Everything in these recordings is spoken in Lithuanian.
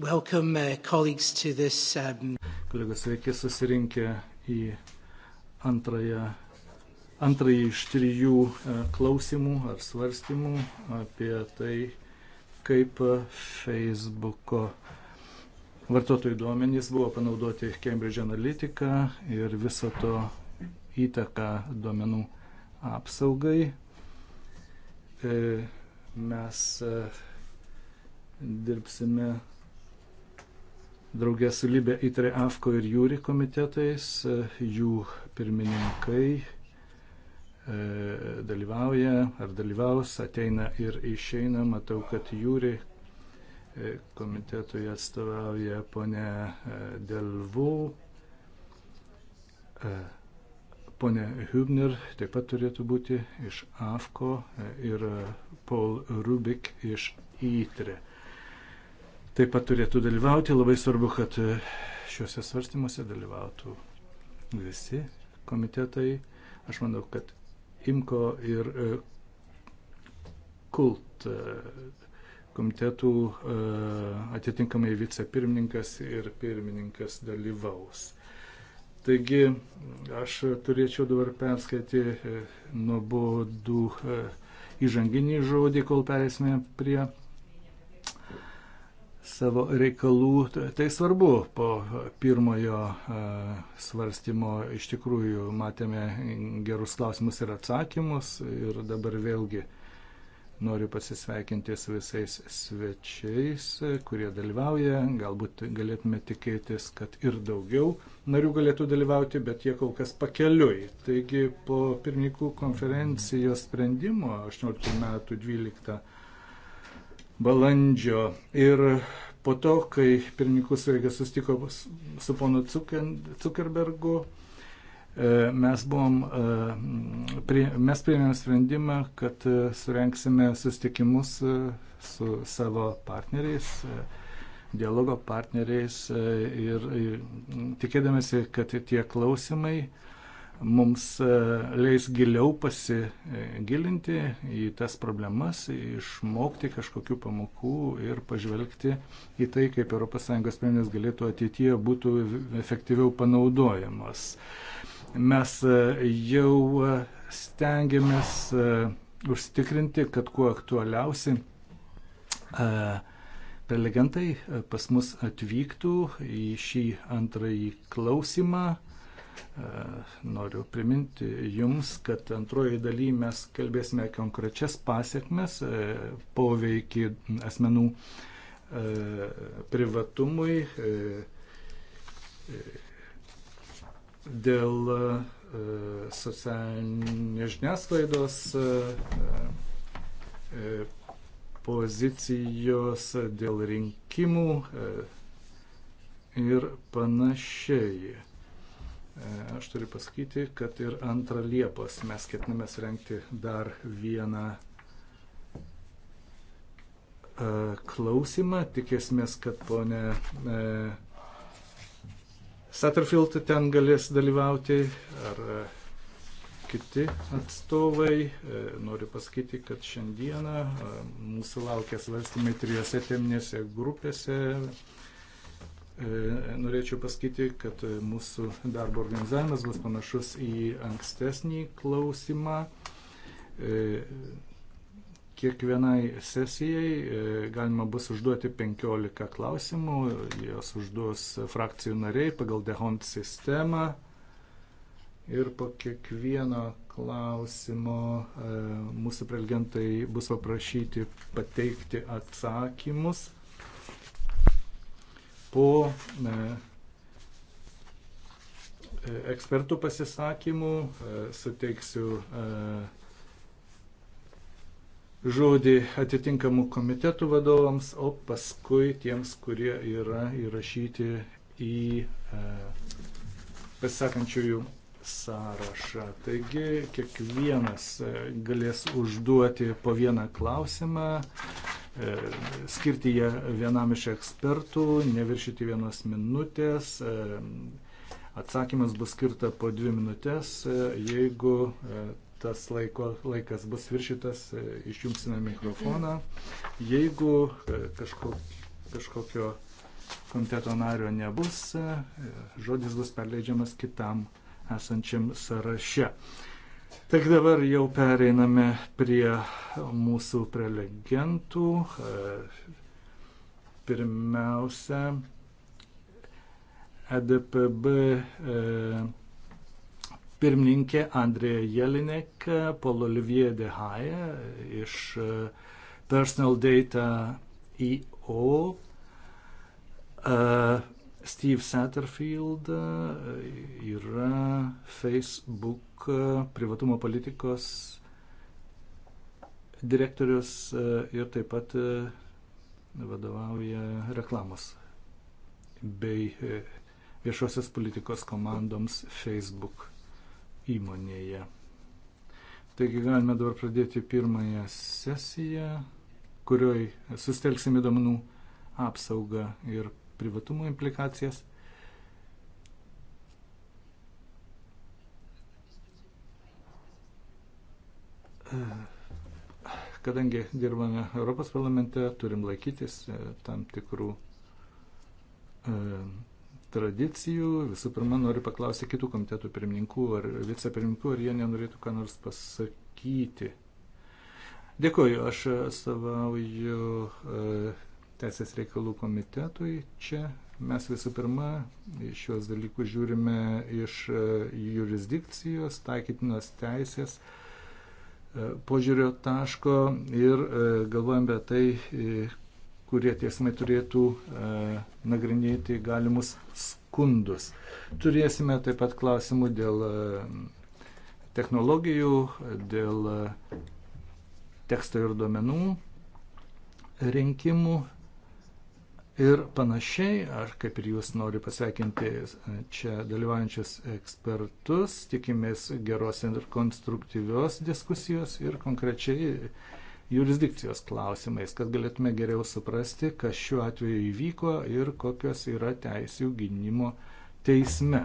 Welcome, uh, colleagues, to this. Um... Kolegos, sveiki susirinkę į antrąją, antrąjį iš trijų e, klausimų ar svarstymų apie tai, kaip Facebook'o vartotojų duomenys buvo panaudoti Cambridge Analytica ir viso to įtaka duomenų apsaugai. E, mes e, dirbsime draugės su Libė Itre Afko ir Jūri komitetais. E, jų pirmininkai e, dalyvauja ar dalyvaus, ateina ir išeina. Matau, kad Jūri e, komitetui atstovauja ponė Delvų. Pone Hübner taip pat turėtų būti iš AFKO ir Paul Rubik iš ITRE taip pat turėtų dalyvauti. Labai svarbu, kad e, šiuose svarstymuose dalyvautų visi komitetai. Aš manau, kad IMKO ir e, KULT e, komitetų atitinkamai vicepirmininkas ir pirmininkas dalyvaus. Taigi aš turėčiau dabar perskaityti nuobodų įžanginį žodį, kol perėsime prie savo reikalų. Tai svarbu, po pirmojo e, svarstymo iš tikrųjų matėme gerus klausimus ir atsakymus ir dabar vėlgi noriu pasisveikinti su visais svečiais, kurie dalyvauja. Galbūt galėtume tikėtis, kad ir daugiau narių galėtų dalyvauti, bet jie kol kas pakeliui. Taigi po pirmininkų konferencijos sprendimo 18 metų 12 balandžio. Ir po to, kai pirmininkus reikia sustiko su ponu Zuckerbergu, e, mes buvom, e, mes priėmėm sprendimą, kad e, surenksime sustikimus su savo partneriais dialogo partneriais ir, ir tikėdamėsi, kad tie klausimai mums e, leis giliau pasigilinti į tas problemas, išmokti kažkokių pamokų ir pažvelgti į tai, kaip ES priemonės galėtų ateityje būtų efektyviau panaudojamos. Mes e, jau stengiamės e, užtikrinti, kad kuo aktualiausi prelegentai pas mus atvyktų į šį antrąjį klausimą Noriu priminti Jums, kad antroji daly mes kalbėsime konkrečias pasiekmes, e, poveikį asmenų e, privatumui e, dėl socialinės žiniasklaidos pozicijos, dėl rinkimų ir panašiai. E, aš turiu pasakyti, kad ir antrą Liepos mes ketiname surenkti dar vieną e, klausimą. Tikėsimės, kad ponė e, Satterfield ten galės dalyvauti ar kiti atstovai. Noriu pasakyti, kad šiandieną mūsų laukia svarstymai trijose teminėse grupėse E, norėčiau pasakyti, kad e, mūsų darbo organizavimas bus panašus į ankstesnį klausimą. E, kiekvienai sesijai galima bus užduoti 15 klausimų, jos užduos frakcijų nariai pagal DeHont sistemą. Ir po kiekvieno klausimo mūsų prelegentai bus paprašyti pateikti atsakymus po e, e, ekspertų pasisakymų e, suteiksiu žodį atitinkamų komitetų vadovams, o paskui tiems, kurie yra įrašyti į pasisakančiųjų sąrašą. Taigi kiekvienas galės užduoti po vieną klausimą skirti ją vienam iš ekspertų, neviršyti vienos minutės. Atsakymas bus skirta po dvi minutės. Jeigu e, tas laiko, laikas bus viršytas, e, išjungsime mikrofoną. Jeigu e, kažko, kažkokio komiteto nario nebus, žodis bus perleidžiamas kitam esančiam sąraše. Tak dabar jau pereiname prie mūsų prelegentų. Pirmiausia, EDPB e, pirmininkė Andrėja Jelinek, Paul Olivier de Haye iš e, Personal Data EO Steve Satterfield e, yra Facebook e, privatumo politikos direktorius e, ir taip pat vadovauja reklamos bei viešosios politikos komandoms Facebook įmonėje. Taigi galime dabar pradėti pirmąją sesiją, kurioj sustelksime domenų apsaugą ir privatumo implikacijas. Kadangi dirbame Europos parlamente, turim laikytis e, tam tikrų e, tradicijų. Visų pirma, noriu paklausti kitų komitetų pirmininkų ar vicepirmininkų, ar jie nenorėtų ką nors pasakyti. Dėkuoju, aš atstovauju e, Teisės reikalų komitetui. Čia mes visų pirma šios dalykus žiūrime iš e, jurisdikcijos, taikytinos teisės e, požiūrio taško ir e, galvojame apie tai, kurie teismai turėtų nagrinėti galimus skundus. Turėsime taip pat klausimų dėl technologijų, dėl teksto ir duomenų rinkimų ir panašiai. Aš kaip ir jūs noriu pasveikinti e, čia dalyvaujančius ekspertus. Tikimės geros ir konstruktyvios diskusijos ir konkrečiai jurisdikcijos klausimais, kad galėtume geriau suprasti, kas šiuo atveju įvyko ir kokios yra teisų gynimo teisme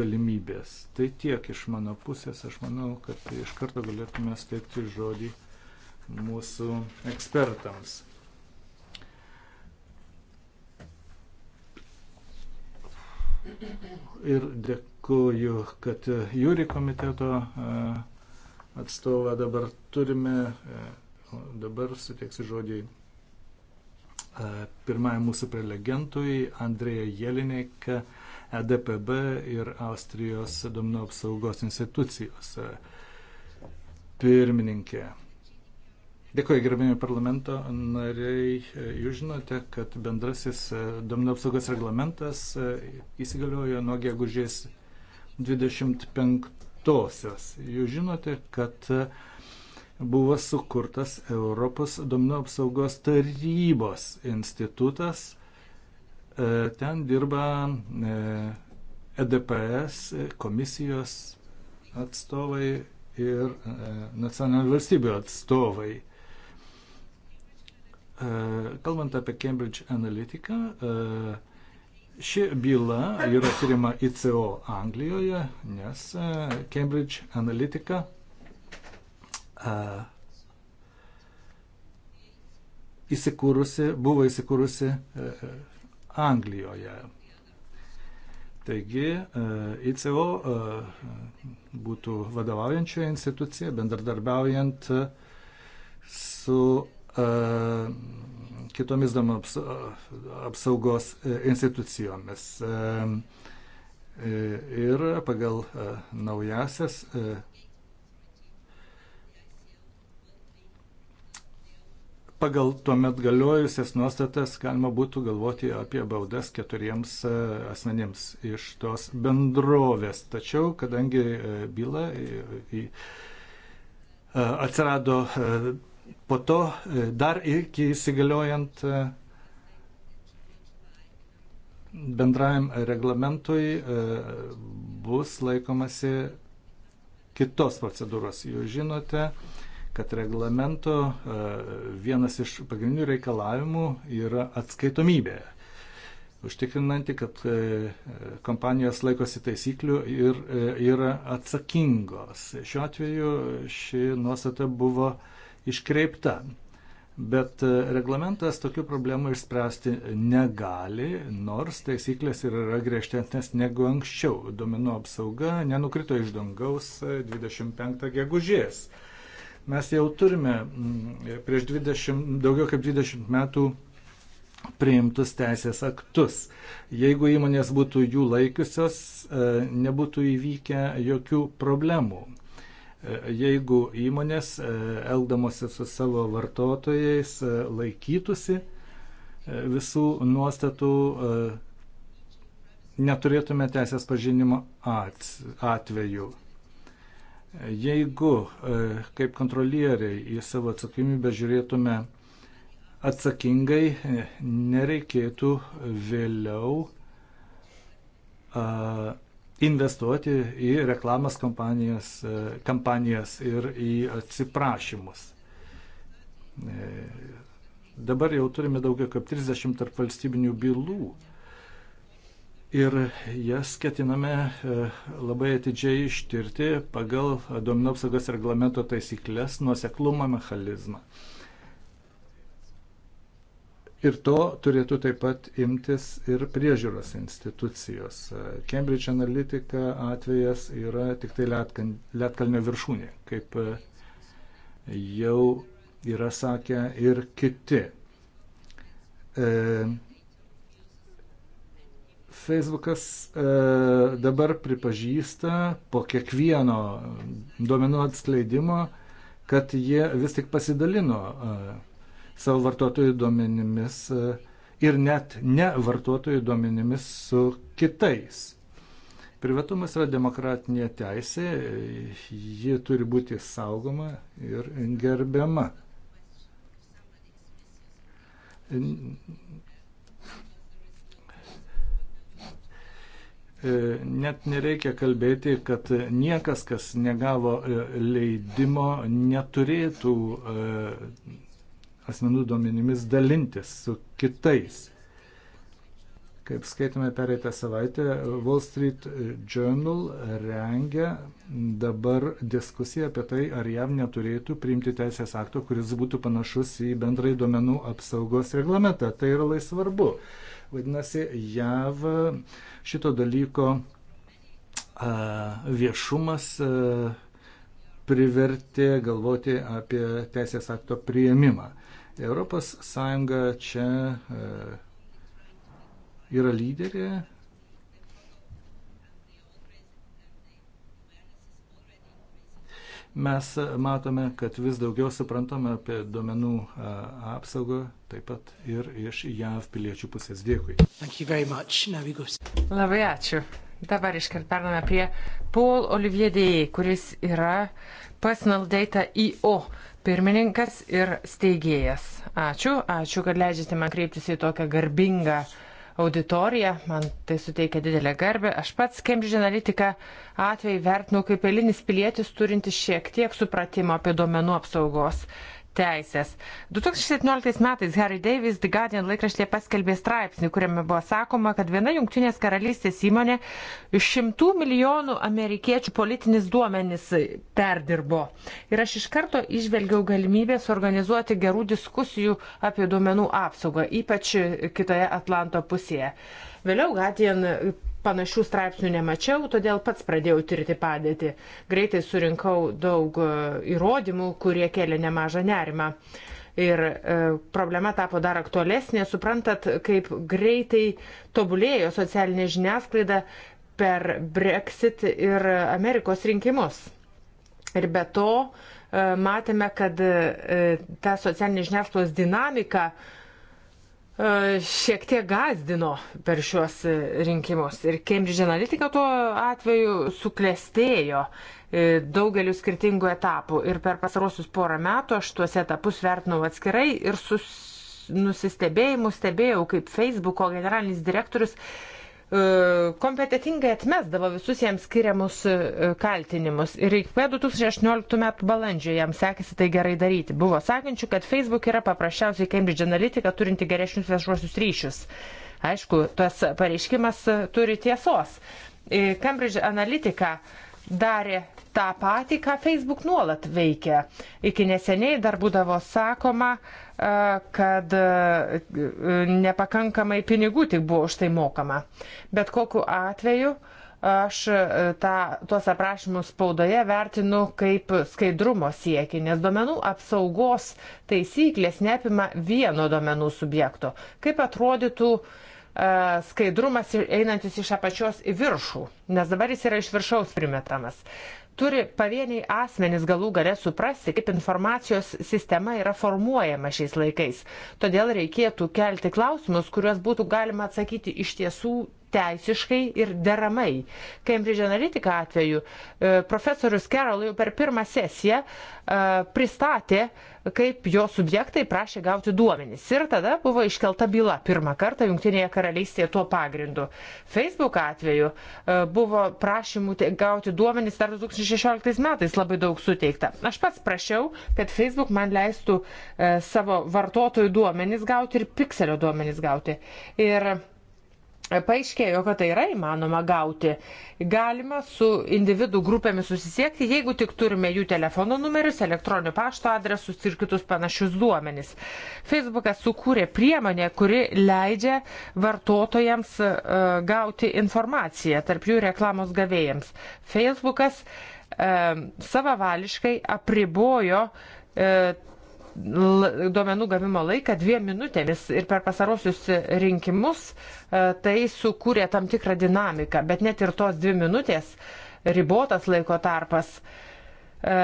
galimybės. Tai tiek iš mano pusės, aš manau, kad iš karto galėtume steigti žodį mūsų ekspertams. ir dėkuoju, kad jūri komiteto e, atstovą dabar turime. E, dabar suteiksiu žodį e, pirmajam mūsų prelegentui Andrėja Jelinek, EDPB ir Austrijos domino apsaugos institucijos pirmininkė. Dėkuoju, gerbėjami parlamento nariai. Jūs žinote, kad bendrasis e, duomenų apsaugos reglamentas e, įsigaliojo nuo gegužės 25-osios. Jūs žinote, kad e, buvo sukurtas Europos duomenų apsaugos tarybos institutas. Ten dirba EDPS komisijos atstovai ir nacionalinių valstybių atstovai. Kalbant apie Cambridge Analytica, ši byla yra tyrima ICO Anglijoje, nes Cambridge Analytica įsikūrusi, buvo įsikūrusi Anglijoje. Taigi ICO būtų vadovaujančioje institucija, bendradarbiaujant su E, kitomis domų apsaugos e, institucijomis. E, ir pagal naujasias pagal tuomet galiojusias nuostatas galima būtų galvoti apie baudas keturiems asmenims iš tos bendrovės. Tačiau, kadangi byla atsirado po to e, dar iki įsigaliojant e, bendrajam reglamentui e, bus laikomasi kitos procedūros. Jūs žinote, kad reglamento vienas iš pagrindinių reikalavimų yra atskaitomybė, užtikrinanti, kad kompanijos laikosi taisyklių ir yra atsakingos. Šiuo atveju ši nuostata buvo uh, iškreipta. Bet e, reglamentas tokių problemų išspręsti negali, nors taisyklės yra griežtesnės negu anksčiau. Domino apsauga nenukrito iš dangaus 25 e, gegužės. Mes jau turime mm, prieš 20, daugiau kaip 20 metų priimtus teisės aktus. Jeigu įmonės būtų jų laikiusios, e, nebūtų įvykę jokių problemų jeigu įmonės e, elgdamosi su savo vartotojais e, laikytųsi e, visų nuostatų, neturėtume teisės pažinimo atveju. Jeigu kaip kontrolieriai į savo atsakomybę žiūrėtume atsakingai, nereikėtų vėliau investuoti į reklamas kampanijas, e, kampanijas ir į atsiprašymus. E, dabar jau turime daugiau kaip 30 tarp valstybinių bylų ir jas ketiname e, labai atidžiai ištirti pagal duomenų apsaugos reglamento taisyklės nuoseklumo mechanizmą. Ir to turėtų taip pat imtis ir priežiūros institucijos. Cambridge Analytica atvejas yra tik tai Lietkalnio viršūnė, kaip e, jau yra sakę ir kiti. E, Facebookas e, dabar pripažįsta po kiekvieno duomenų atskleidimo, kad jie vis tik pasidalino e, savo vartotojų duomenimis e, ir net ne vartotojų duomenimis su kitais. Privatumas yra demokratinė teisė, ji turi būti saugoma ir gerbiama. E, net nereikia kalbėti, kad niekas, kas negavo e, leidimo, neturėtų asmenų duomenimis dalintis su kitais. Kaip skaitome pereitą savaitę, Wall Street Journal rengia dabar diskusiją apie tai, ar jav neturėtų priimti teisės akto, kuris būtų panašus į bendrai duomenų apsaugos reglamentą. Tai yra labai svarbu. Vadinasi, jav šito dalyko viešumas privertė galvoti apie teisės akto prieimimą. Europos Sąjunga čia e, yra lyderė. Mes matome, kad vis daugiau suprantame apie duomenų e, apsaugą, taip pat ir iš JAV piliečių pusės. Dėkui. Labai ačiū. Dabar iškart pername prie Paul Olivier Dėjai, kuris yra Personal Data IO pirmininkas ir steigėjas. Ačiū, ačiū, kad leidžiate man kreiptis į tokią garbingą auditoriją, man tai suteikia didelę garbę. Aš pats Cambridge Analytica atvejį vertinu kaip elinis pilietis turintis šiek tiek supratimo apie duomenų apsaugos teisės. 2017 metais Harry Davis The Guardian laikraštėje paskelbė straipsnį, kuriame buvo sakoma, kad viena jungtinės karalystės įmonė iš šimtų milijonų amerikiečių politinis duomenis perdirbo. Ir aš iš karto išvelgiau galimybę suorganizuoti gerų diskusijų apie duomenų apsaugą, ypač kitoje Atlanto pusėje. Vėliau Guardian panašių straipsnių nemačiau, todėl pats pradėjau tirti padėtį. Greitai surinkau daug e, įrodymų, kurie kėlė nemažą nerimą. Ir e, problema tapo dar aktualesnė, suprantat, kaip greitai tobulėjo socialinė žiniasklaida per Brexit ir Amerikos rinkimus. Ir be to e, matėme, kad e, ta socialinė žiniasklaidos dinamika e, E, šiek tiek gazdino per šiuos e, rinkimus. Ir Cambridge Analytica tuo atveju suklestėjo e, daugeliu skirtingų etapų. Ir per pasarosius porą metų aš tuos etapus vertinau atskirai ir sus... nusistebėjimu stebėjau, kaip Facebooko generalinis direktorius E, kompetitingai atmesdavo visus jam skiriamus e, kaltinimus. Ir iki 2018 metų balandžio jam sekėsi tai gerai daryti. Buvo sakančių, kad Facebook yra paprasčiausiai Cambridge Analytica turinti geresnius viešuosius ryšius. Aišku, tas pareiškimas turi tiesos. E, Cambridge Analytica uh, darė tą patį, ką Facebook nuolat veikia. Iki neseniai dar būdavo sakoma, e, kad e, nepakankamai pinigų tik buvo už tai mokama. Bet kokiu atveju aš e, tą, tuos aprašymus spaudoje vertinu kaip skaidrumo siekį, nes duomenų apsaugos taisyklės neapima vieno duomenų subjekto. Kaip atrodytų uh, E, skaidrumas einantis iš apačios į viršų, nes dabar jis yra iš viršaus primetamas. Turi pavieniai asmenys galų gale suprasti, kaip informacijos sistema yra formuojama šiais laikais. Todėl reikėtų kelti klausimus, kuriuos būtų galima atsakyti iš tiesų teisiškai ir deramai. Cambridge Analytica atveju e, profesorius Carroll jau per pirmą sesiją e, pristatė, kaip jo subjektai prašė gauti duomenys. Ir tada buvo iškelta byla pirmą kartą Junktinėje karalystėje tuo pagrindu. Facebook atveju e, buvo prašymų gauti duomenys dar 2016 metais labai daug suteikta. Aš pats prašiau, kad Facebook man leistų savo vartotojų duomenys gauti ir pikselio duomenys gauti. Ir paaiškėjo, kad tai yra įmanoma gauti. Galima su individų grupėmis susisiekti, jeigu tik turime jų telefono numerius, elektroninio pašto adresus ir kitus panašius duomenis. Facebookas sukūrė priemonę, kuri leidžia vartotojams uh, gauti informaciją, tarp jų reklamos gavėjams. Facebookas uh, savavališkai apribojo uh, duomenų gavimo laiką dviem minutėmis ir per pasarosius rinkimus e, tai sukūrė tam tikrą dinamiką, bet net ir tos dvi minutės, ribotas laiko tarpas, e,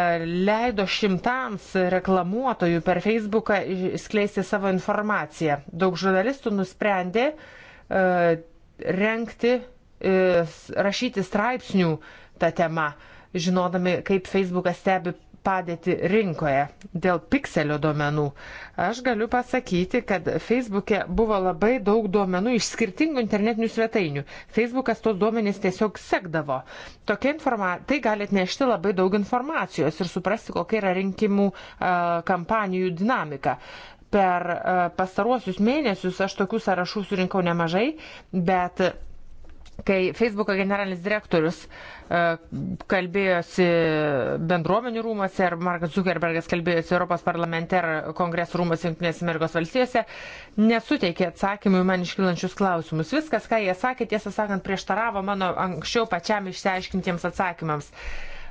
leido šimtams reklamuotojų per Facebooką skleisti savo informaciją. Daug žurnalistų nusprendė e, renkti, rašyti straipsnių tą temą, žinodami, kaip Facebookas stebi padėtį rinkoje dėl pikselio duomenų. Aš galiu pasakyti, kad Facebook'e buvo labai daug duomenų iš skirtingų internetinių svetainių. Facebook'as tos duomenys tiesiog sekdavo. Tokia informa tai gali atnešti labai daug informacijos ir suprasti, kokia yra rinkimų uh, kampanijų dinamika per pastaruosius mėnesius aš tokių sąrašų surinkau nemažai, bet kai Facebooko generalinis direktorius uh, E, kalbėjosi bendruomenių rūmose ir Markas Zuckerbergas kalbėjosi Europos parlamente ir Kongresų rūmose Junktinės Amerikos valstijose, nesuteikė atsakymų į man iškilančius klausimus. Viskas, ką jie sakė, tiesą sakant, prieštaravo mano anksčiau pačiam išsiaiškintiems atsakymams.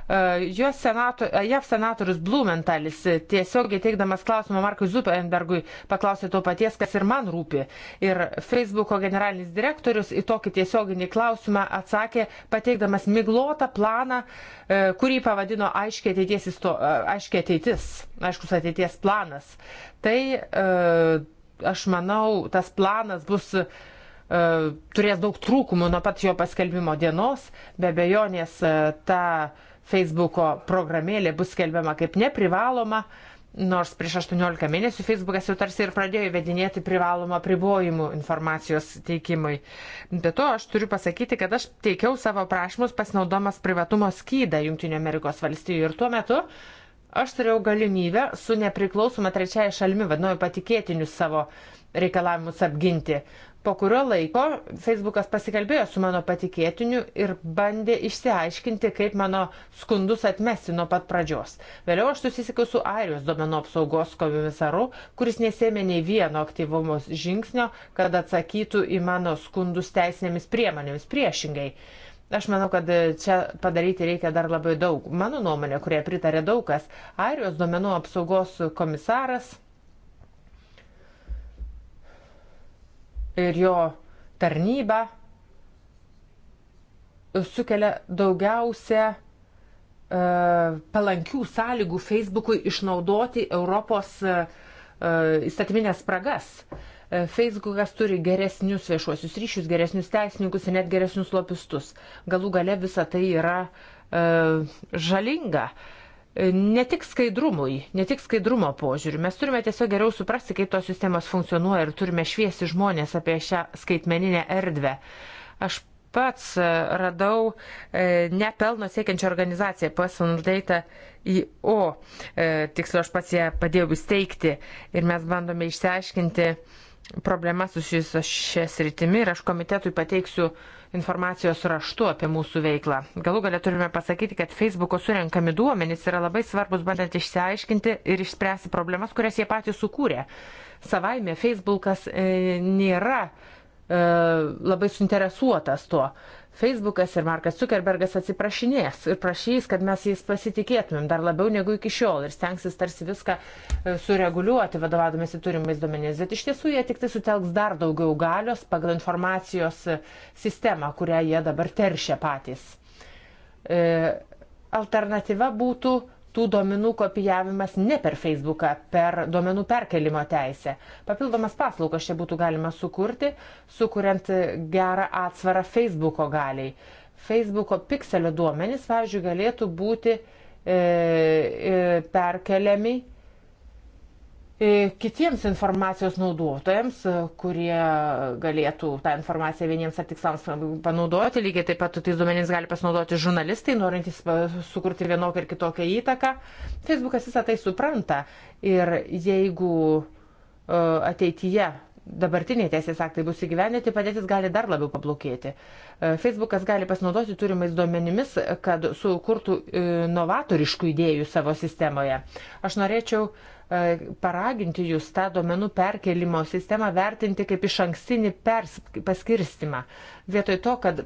E, jos senato, e, JAV senatorius Blumenthalis e, tiesiogiai teikdamas klausimą Markui Zupenbergui paklausė to paties, kas ir man rūpi. Ir Facebooko generalinis direktorius į tokį tiesioginį klausimą atsakė, pateikdamas miglotą planą, kurį pavadino aiškiai ateities, isto, aiškiai ateitis, aiškus ateities planas. Tai aš manau, tas planas bus turės daug trūkumų nuo pat jo paskelbimo dienos, be bejonės ta uh, Facebooko programėlė bus skelbiama kaip neprivaloma, nors prieš 18 mėnesių Facebookas jau tarsi ir pradėjo įvedinėti privalomą pribojimų informacijos teikimui. Be to, aš turiu pasakyti, kad aš teikiau savo prašymus pasinaudomas privatumo skydą Junktinio Amerikos valstijų ir tuo metu aš turėjau galimybę su nepriklausoma trečiaja šalimi, vadinoju, patikėtinius savo reikalavimus apginti. Po kurio laiko Facebookas pasikalbėjo su mano patikėtiniu ir bandė išsiaiškinti, kaip mano skundus atmesti nuo pat pradžios. Vėliau aš susisikiau su Airijos domenų apsaugos komisaru, kuris nesėmė nei vieno aktyvumos žingsnio, kad atsakytų į mano skundus teisinėmis priemonėmis priešingai. Aš manau, kad čia padaryti reikia dar labai daug. Mano nuomonė, kurie pritarė daug kas, Airijos domenų apsaugos komisaras ir jo tarnyba sukelia daugiausia e, palankių sąlygų Facebookui išnaudoti Europos e, e įstatyminės spragas. E, Facebookas turi geresnius viešuosius ryšius, geresnius teisininkus ir net geresnius lobistus. Galų gale visa tai yra e, žalinga. E, ne tik skaidrumui, ne tik skaidrumo požiūriu. Mes turime tiesiog geriau suprasti, kaip tos sistemos funkcionuoja ir turime šviesti žmonės apie šią skaitmeninę erdvę. Aš pats e, radau e, nepelno siekiančią organizaciją Persondata IO. E, tiksliau, aš pats ją padėjau įsteigti ir mes bandome išsiaiškinti problemas susijusios šią sritimį ir aš komitetui pateiksiu e, informacijos raštu apie mūsų veiklą. Galų galę turime pasakyti, kad Facebook'o surenkami duomenys yra labai svarbus, bandant išsiaiškinti ir išspręsti problemas, kurias jie patys sukūrė. Savaime Facebookas e, nėra e, labai suinteresuotas tuo. Facebookas ir Markas Zuckerbergas atsiprašinės ir prašys, kad mes jais pasitikėtumėm dar labiau negu iki šiol ir stengsis tarsi viską e, sureguliuoti, vadovaudomėsi turimais duomenimis. Bet iš tiesų jie tik tai sutelks dar daugiau galios pagal informacijos e, sistemą, kurią jie dabar teršia patys. E, alternatyva būtų tų duomenų kopijavimas ne per Facebooką, per duomenų perkelimo teisę. Papildomas paslaugas čia būtų galima sukurti, sukuriant gerą atsvarą Facebooko galiai. Facebooko pikselio duomenys, pavyzdžiui, galėtų būti e, e, perkeliami E, kitiems informacijos naudotojams, e, kurie galėtų tą informaciją vieniems ar tikslams panaudoti. Lygiai taip pat tais duomenims gali pasinaudoti žurnalistai, norintys sukurti vienokią ir kitokią įtaką. Facebookas visą tai supranta ir jeigu e, ateityje dabartiniai teisės aktai bus įgyvendinti, padėtis gali dar labiau pablokėti. Facebookas gali pasinaudoti turimais duomenimis, kad sukurtų novatoriškų idėjų savo sistemoje. Aš norėčiau uh, E, paraginti jūs tą duomenų perkelimo sistemą vertinti kaip iš ankstinį paskirstimą. Vietoj to, kad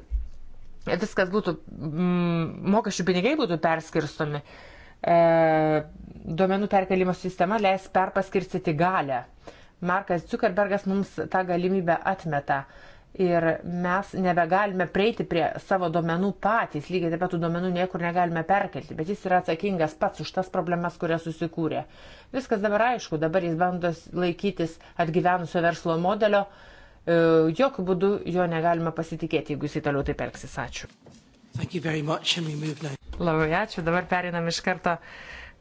viskas būtų, mm, mokesčių pinigai būtų perskirstomi, e, duomenų perkelimo sistema leis perpaskirstyti galę. Markas Zuckerbergas mums tą galimybę atmeta ir mes nebegalime prieiti prie savo duomenų patys, lygiai taip pat tų duomenų niekur negalime perkelti, bet jis yra atsakingas pats už tas problemas, kurias susikūrė. Viskas dabar aišku, dabar jis bando laikytis atgyvenusio verslo modelio, e, jokių būdų jo negalime pasitikėti, jeigu jis į toliau taip elgsis. Ačiū. Labai ačiū, dabar perinam iš karto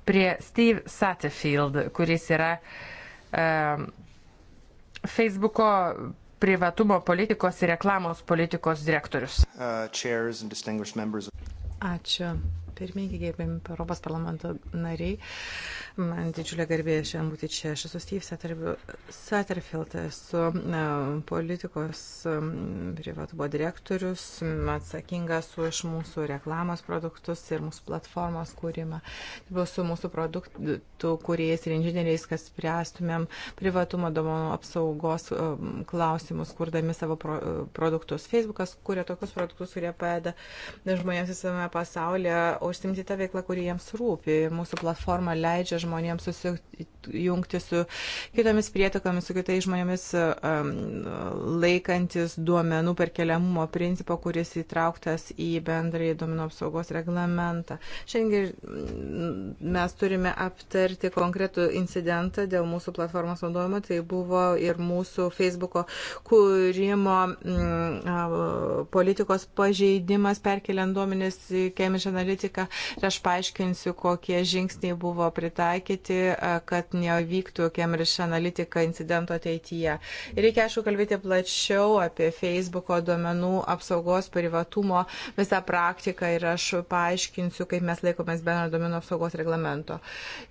prie Steve Satterfield, kuris yra um, Facebook'o privatumo politikos ir reklamos politikos direktorius. Uh, Ačiū pirmininkė, gerbėmi Europos parlamento nariai. Man didžiulė garbė šiandien būti čia. Aš esu Steve Satterfield, esu politikos privatumo direktorius, atsakingas už mūsų reklamos produktus ir mūsų platformos kūrimą. Dirbau su mūsų produktų kūrėjais ir inžinieriais, kad spręstumėm privatumo domenų apsaugos klausimus, kurdami savo pro produktus. Facebookas kūrė tokius produktus, kurie padeda žmonėms visame pasaulyje užsimti tą veiklą, kuri jiems rūpi. Mūsų platforma leidžia žmonėms susijungti su kitomis prietikomis, su kitais žmonėmis um, laikantis duomenų perkeliamumo principo, kuris įtrauktas į bendrąjį duomenų apsaugos reglamentą. Šiandien mes turime aptarti konkretų incidentą dėl mūsų platformos naudojimo. Tai buvo ir mūsų Facebooko kūrimo m, mm, politikos pažeidimas perkeliant duomenis į Cambridge Analytica grafiką ir aš paaiškinsiu, kokie žingsniai buvo pritaikyti, e, kad nevyktų Cambridge Analytica incidento ateityje. Ir reikia, aišku, kalbėti plačiau apie Facebooko duomenų apsaugos privatumo visą praktiką ir aš paaiškinsiu, kaip mes laikomės bendro duomenų apsaugos reglamento.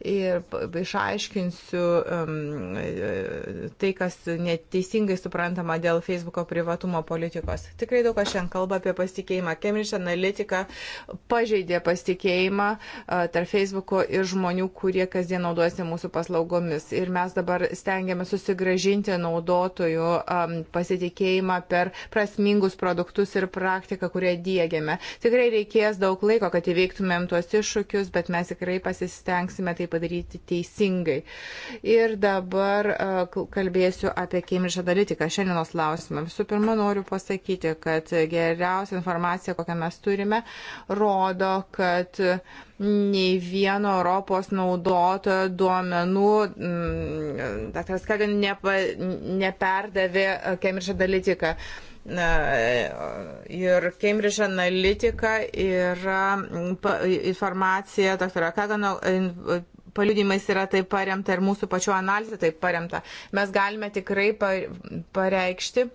Ir išaiškinsiu um, tai, kas neteisingai suprantama dėl Facebooko privatumo politikos. Tikrai daug kas šiandien kalba apie pasitikėjimą. Cambridge Analytica pažeidė pasitikėjimą pasitikėjimą tarp Facebook'o ir žmonių, kurie kasdien naudojasi mūsų paslaugomis. Ir mes dabar stengiame susigražinti naudotojų pasitikėjimą per prasmingus produktus ir praktiką, kurią dėgiame. Tikrai reikės daug laiko, kad įveiktumėm tuos iššūkius, bet mes tikrai pasistengsime tai padaryti teisingai. Ir dabar kalbėsiu apie Cambridge Analytica šiandienos klausimą. Visų pirma, noriu pasakyti, kad geriausia informacija, kokią mes turime, rodo, kad kad nei vieno Europos naudotojo duomenų mm, daktaras Kagan nepa, neperdavė Cambridge Analytica. Ir Cambridge Analytica yra mm, informacija daktaro Kagano paliudymais yra taip paremta ir mūsų pačių analizė taip paremta. Mes galime tikrai pareikšti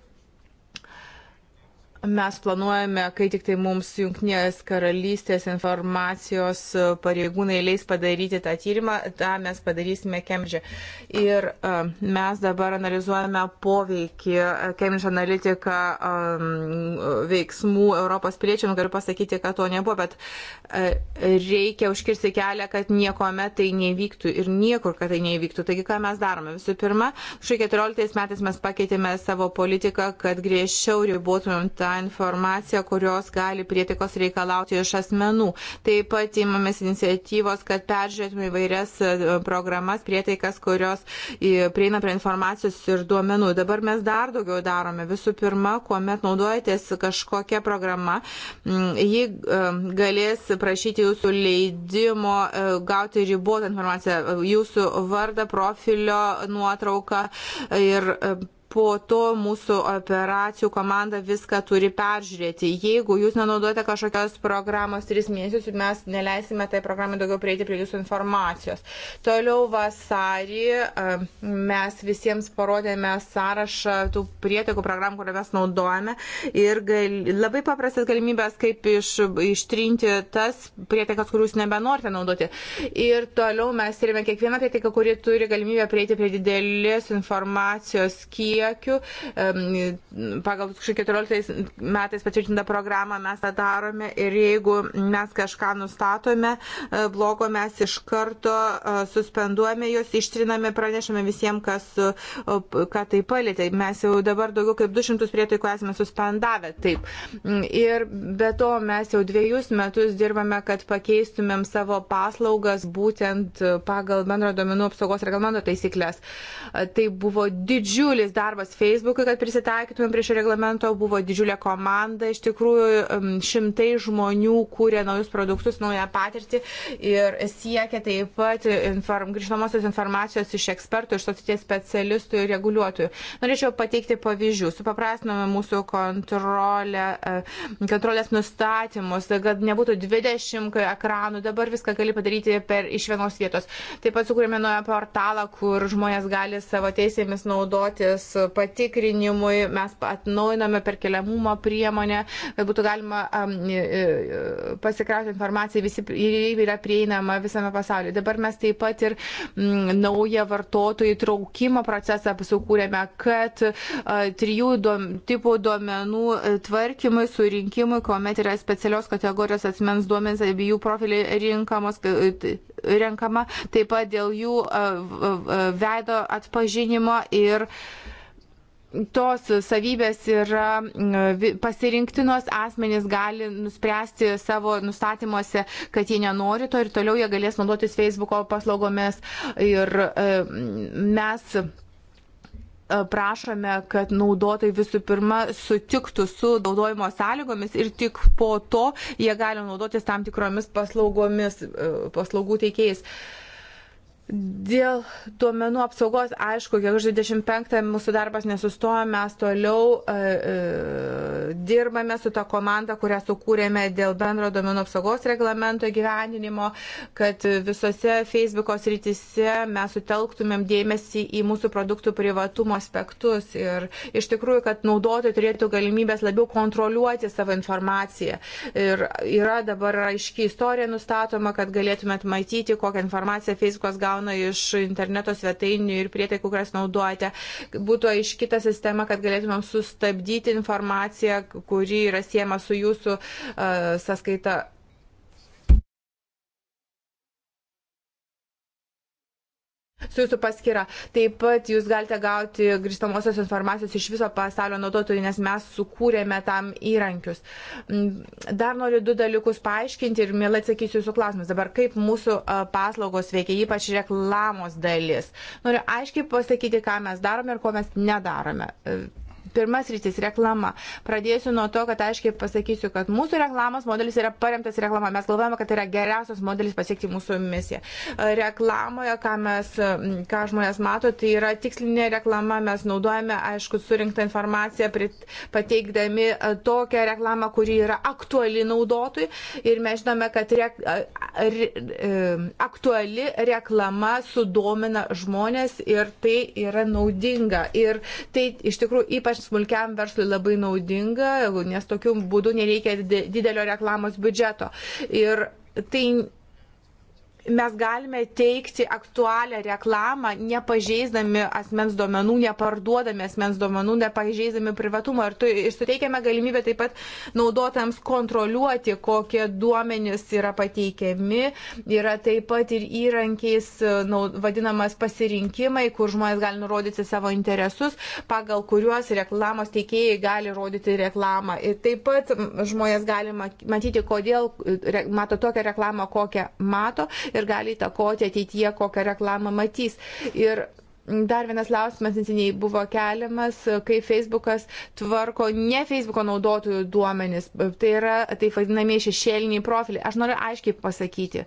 Mes planuojame, kai tik tai mums Junktinės karalystės informacijos pareigūnai leis padaryti tą tyrimą, tą mes padarysime Kemžė. Ir uh, mes dabar analizuojame poveikį Kemžė analitika um, e, veiksmų Europos piliečiams. Galiu pasakyti, kad to nebuvo, bet uh, reikia užkirsti kelią, kad nieko metai nevyktų ir niekur, kad tai nevyktų. Taigi, ką mes darome? Visų pirma, šiai 14 metais mes pakeitėme savo politiką, kad griežčiau ribotumėm tą tą informaciją, kurios gali prietikos reikalauti iš asmenų. Taip pat įmamės iniciatyvos, kad peržiūrėtume įvairias e, programas, prietaikas, kurios prieina prie informacijos ir duomenų. Dabar mes dar daugiau darome. Visų pirma, kuomet naudojatės kažkokia programa, ji e, galės prašyti jūsų leidimo e, gauti ribotą informaciją, jūsų vardą, profilio nuotrauką ir po to mūsų operacijų komanda viską turi peržiūrėti. Jeigu jūs nenaudojate kažkokios programos tris mėnesius, mes neleisime tai programai daugiau prieiti prie jūsų informacijos. Toliau vasarį e, mes visiems parodėme sąrašą tų prietekų programų, kurią mes naudojame ir gal, labai paprastas galimybės, kaip iš, ištrinti tas prietekas, kurių jūs nebenorite naudoti. Ir toliau mes tyrime kiekvieną prieteką, kuri turi galimybę prieiti prie didelės informacijos kiekio siekiu. Pagal 2014 metais patvirtintą programą mes tą darome ir jeigu mes kažką nustatome e, blogo, mes iš karto e, suspenduojame juos, ištriname, pranešame visiems, kas, e, ką tai palėtė. Tai mes jau dabar daugiau kaip 200 prietaikų esame suspendavę. Taip. Mm, ir be to mes jau dviejus metus dirbame, kad pakeistumėm savo paslaugas būtent pagal bendro domenų apsaugos reglamento taisyklės. Tai buvo didžiulis darbas darbas Facebook'ui, kad prisitaikytumėm prie šio reglamento, buvo didžiulė komanda, iš tikrųjų šimtai žmonių kūrė naujus produktus, naują patirtį ir siekia taip pat inform, grįžtamosios informacijos iš ekspertų, iš societės specialistų ir reguliuotojų. Norėčiau pateikti pavyzdžių. Supaprastinome mūsų kontrolę, e, kontrolės nustatymus, tai kad nebūtų 20 ekranų, dabar viską gali padaryti per, iš vienos vietos. Taip pat sukūrėme naują portalą, kur žmonės gali savo teisėmis naudotis patikrinimui, mes atnaujiname perkeliamumo priemonę, kad būtų galima pasikrauti informaciją, visi yra prieinama visame pasaulyje. Dabar mes taip pat ir naują vartotojų traukimo procesą sukūrėme, kad trijų duom, tipų duomenų e, tvarkymui, surinkimui, kuomet yra specialios kategorijos asmens duomenys, abiejų profiliai rinkamos, e, renkama, taip pat dėl jų veido atpažinimo ir tos savybės yra pasirinktinos, asmenys gali nuspręsti savo nustatymuose, kad jie nenori to ir toliau jie galės naudotis Facebook'o paslaugomis. Ir e, mes e, prašome, kad naudotojai visų pirma sutiktų su naudojimo sąlygomis ir tik po to jie gali naudotis tam tikromis paslaugomis, e, paslaugų teikėjais. Uh, Dėl duomenų apsaugos, aišku, gegužės 25 mūsų darbas nesustoja, mes toliau e, e, dirbame su ta komanda, kurią sukūrėme dėl bendro duomenų apsaugos reglamento gyveninimo, kad visose Facebook'o srityse mes sutelktumėm dėmesį į mūsų produktų privatumo aspektus ir iš tikrųjų, kad naudotojai turėtų galimybės labiau kontroliuoti savo informaciją. Ir yra dabar aiškiai istorija nustatoma, kad galėtumėt matyti, kokią informaciją Facebook'as gauna gauna iš interneto svetainių ir prietaikų, kurias naudojate. Būtų aiškita sistema, kad galėtumėm sustabdyti informaciją, kuri yra siema su jūsų uh, sąskaita su jūsų paskira. Taip pat jūs galite gauti grįžtamosios informacijos iš viso pasaulio naudotojų, nes mes sukūrėme tam įrankius. Mm, dar noriu du dalykus paaiškinti ir mielai atsakysiu jūsų klausimus. Dabar kaip mūsų paslaugos veikia, ypač reklamos dalis. Noriu aiškiai pasakyti, ką mes darome ir ko mes nedarome. Pirmas rytis - reklama. Pradėsiu nuo to, kad aiškiai pasakysiu, kad mūsų reklamos modelis yra paremtas reklama. Mes galvojame, kad tai yra geriausias modelis pasiekti mūsų misiją. Reklamoje, ką, mes, ką žmonės mato, tai yra tikslinė reklama. Mes naudojame, aišku, surinktą informaciją, pateikdami e, tokią reklamą, kuri yra aktuali naudotojui. Ir mes žinome, kad re, re, aktuali reklama sudomina žmonės ir tai yra naudinga. Ir tai iš tikrųjų ypač smulkiam verslui labai naudinga, nes tokiu būdu nereikia didelio reklamos biudžeto. Ir tai mes galime teikti aktualią reklamą, nepažeisdami asmens duomenų, neparduodami asmens duomenų, nepažeisdami privatumą. Ir, tu, ir suteikiame galimybę taip pat naudotams kontroliuoti, kokie duomenys yra pateikiami. Yra taip pat ir įrankiais nau, vadinamas pasirinkimai, kur žmonės gali nurodyti savo interesus, pagal kuriuos reklamos teikėjai gali rodyti reklamą. Ir taip pat žmonės gali matyti, kodėl mato tokią reklamą, kokią mato. Ir ir gali įtakoti ateityje, kokią reklamą matys. Ir Dar vienas klausimas neseniai buvo keliamas, kaip Facebookas tvarko ne Facebooko naudotojų duomenis, tai yra taip vadinamieji šešėliniai profiliai. Aš noriu aiškiai pasakyti,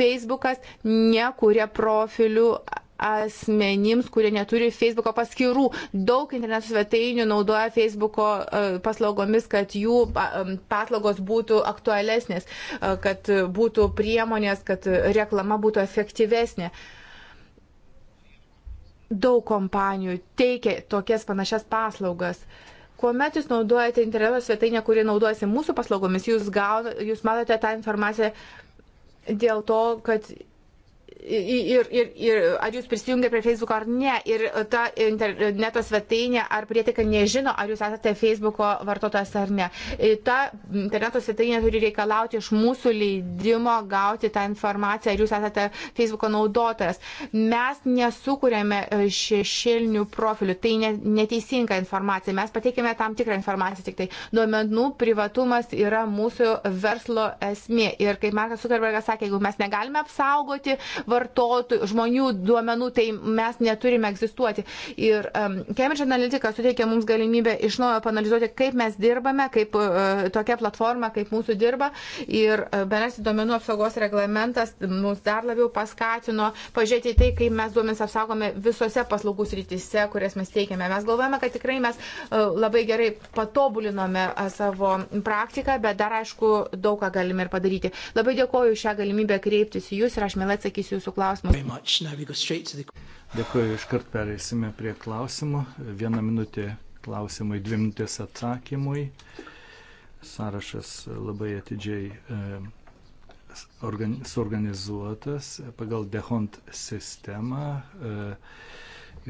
Facebookas nekuria profilių asmenims, kurie neturi Facebook'o paskyrų. Daug interneto svetainių naudoja Facebook'o e, paslaugomis, kad jų e, paslaugos būtų aktualesnės, e, kad būtų priemonės, kad reklama būtų efektyvesnė. Daug kompanijų teikia tokias panašias paslaugas. Kuomet jūs naudojate interneto svetainę, kuri naudojasi mūsų paslaugomis, jūs, gaun, jūs matote tą informaciją dėl to, kad ir, ir, ir ar jūs prisijungia prie Facebook ar ne, ir ta interneto svetainė ar prietika nežino, ar jūs esate Facebooko vartotojas ar ne. Ta interneto svetainė turi reikalauti iš mūsų leidimo gauti tą informaciją, ar jūs esate Facebooko naudotojas. Mes nesukūrėme e, šešėlinių profilių, tai neteisinga informacija, mes pateikėme tam tikrą informaciją, tik tai duomenų privatumas yra mūsų verslo esmė. Ir kaip Markas Zuckerbergas sakė, jeigu mes negalime apsaugoti, vartotojų, žmonių duomenų, tai mes neturime egzistuoti. Ir um, Cambridge Analytica suteikia mums galimybę iš naujo panalizuoti, kaip mes dirbame, kaip uh, tokia platforma, kaip mūsų dirba. Ir uh, e, bendrasis duomenų apsaugos reglamentas mus dar labiau paskatino pažiūrėti į tai, kaip mes duomenis apsaugome visose paslaugų srityse, kurias mes teikiame. Mes galvojame, kad tikrai mes uh, labai gerai patobulinome uh, savo praktiką, bet dar aišku, daug ką galime ir padaryti. Labai dėkoju šią galimybę kreiptis į Jūs ir aš mielai atsakysiu jūsų klausimus. Dėkuoju, iškart pereisime prie klausimų. Vieną minutę klausimui, dvi minutės atsakymui. Sąrašas labai atidžiai e, organ, suorganizuotas pagal dehont sistemą. E,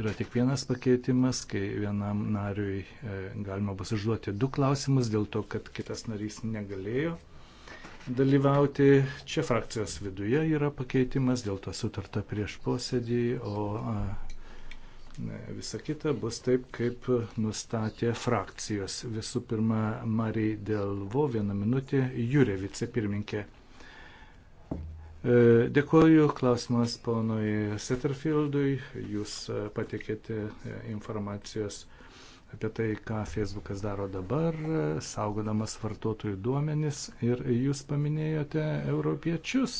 yra tik vienas pakeitimas, kai vienam nariui e, galima bus užduoti du klausimus dėl to, kad kitas narys negalėjo dalyvauti. Čia frakcijos viduje yra pakeitimas, dėl to sutarta prieš posėdį, o visa kita bus taip, kaip nustatė frakcijos. Visų pirma, Marijai Delvo, vieną minutę, Jūrė vicepirminkė. E, Dėkuoju, klausimas ponui Setterfieldui, jūs patikėte e, informacijos apie tai, ką Facebookas daro dabar, saugodamas vartotojų duomenis ir jūs paminėjote europiečius.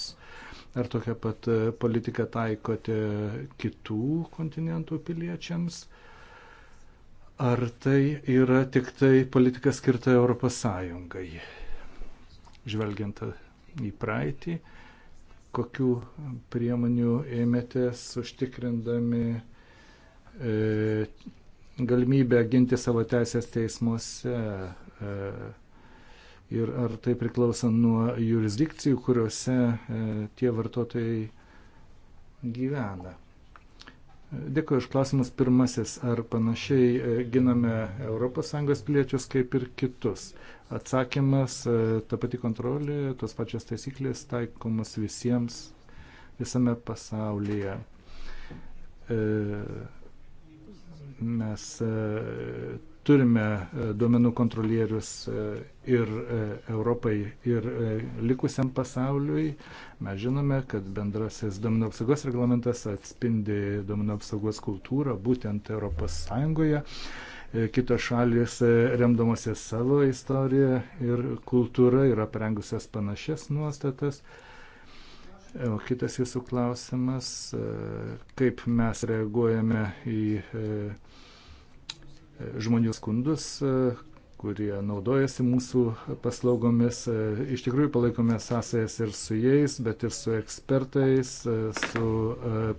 Ar tokią pat e, politiką taikote kitų kontinentų piliečiams? Ar tai yra tik tai politika skirta Europos Sąjungai? Žvelgiant į praeitį, kokių priemonių ėmėtės užtikrindami e, galimybę ginti savo teisės teismuose e, ir ar tai priklauso nuo jurisdikcijų, kuriuose e, tie vartotojai gyvena. Dėkuoju iš klausimus pirmasis, ar panašiai e, giname ES piliečius kaip ir kitus. Atsakymas, ta pati kontrolė, tos pačios taisyklės taikomas visiems visame pasaulyje. Mes e, turime e, duomenų kontrolierius e, ir Europai, ir likusiam pasauliui. Mes žinome, kad bendrasis duomenų apsaugos reglamentas atspindi duomenų apsaugos kultūrą būtent ES. Kitos šalis, remdamosi savo istoriją ir kultūrą, yra prengusios panašias nuostatas. O kitas jūsų klausimas, e, kaip mes reaguojame į e, e, žmonių skundus, kurie naudojasi mūsų paslaugomis. Iš tikrųjų palaikome sąsajas ir su jais, bet ir su ekspertais, su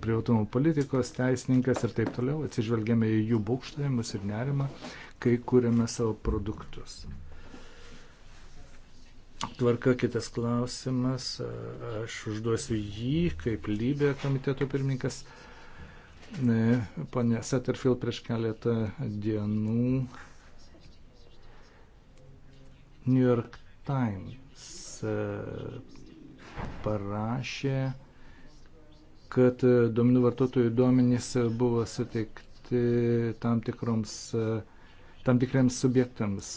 privatumo politikos teisininkas ir taip toliau. Atsižvelgėme į jų būkštavimus ir nerimą, kai kūrėme savo produktus tvarka kitas klausimas. Aš užduosiu jį kaip lybė komiteto pirmininkas. Pane Satterfield prieš keletą dienų New York Times e, parašė, kad duomenų vartotojų duomenys buvo suteikti tam, tikroms, e, tam tikriems subjektams.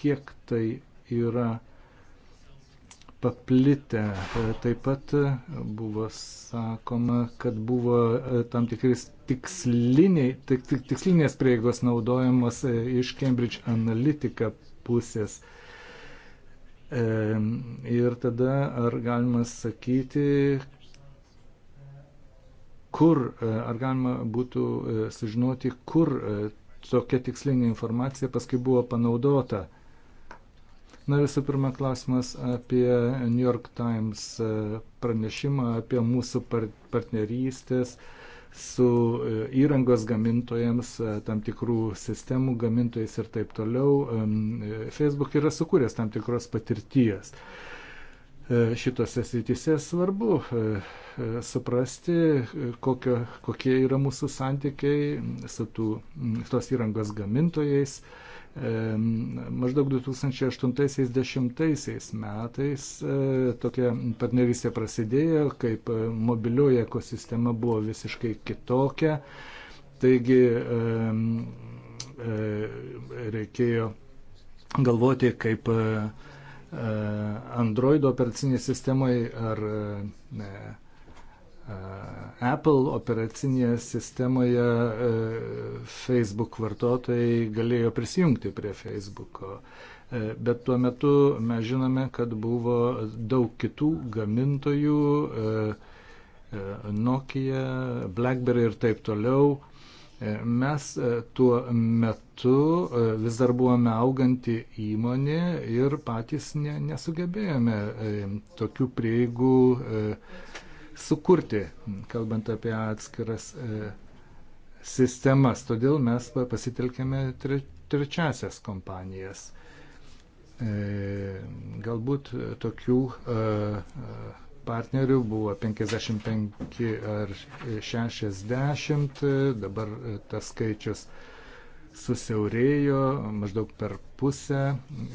Kiek tai yra paplitę. E, taip pat buvo sakoma, kad buvo e, tam tikris tiksliniai, tik, tik, tikslinės prieigos naudojamos e, iš Cambridge Analytica pusės. Ir tada ar galima sakyti, kur, ar galima būtų sužinoti, kur tokia tikslinė informacija paskui buvo panaudota. Na visų pirma, klausimas apie New York Times e, pranešimą apie mūsų partnerystės su e, įrangos gamintojams, e, tam tikrų sistemų gamintojais ir taip toliau. Facebook yra sukūręs tam tikros patirties. Šitose srityse svarbu suprasti, kokio, kokie yra mūsų santykiai su tų, tos įrangos gamintojais. Maždaug 2080 metais e, tokia partnerystė prasidėjo, kaip e, mobilioji ekosistema buvo visiškai kitokia. Taigi e, reikėjo galvoti, kaip Android operaciniai sistemai ar Apple operacinėje sistemoje e, Facebook vartotojai galėjo prisijungti prie Facebooko, e, bet tuo metu mes žinome, kad buvo daug kitų gamintojų, e, Nokia, BlackBerry ir taip toliau. Mes tuo metu vis dar buvome auganti įmonė ir patys nesugebėjome tokių prieigų sukurti, kalbant apie atskiras e, sistemas. Todėl mes pasitelkėme trečiasias kompanijas. E, galbūt e, tokių partnerių buvo 55 ar 60, dabar tas skaičius susiaurėjo maždaug per pusę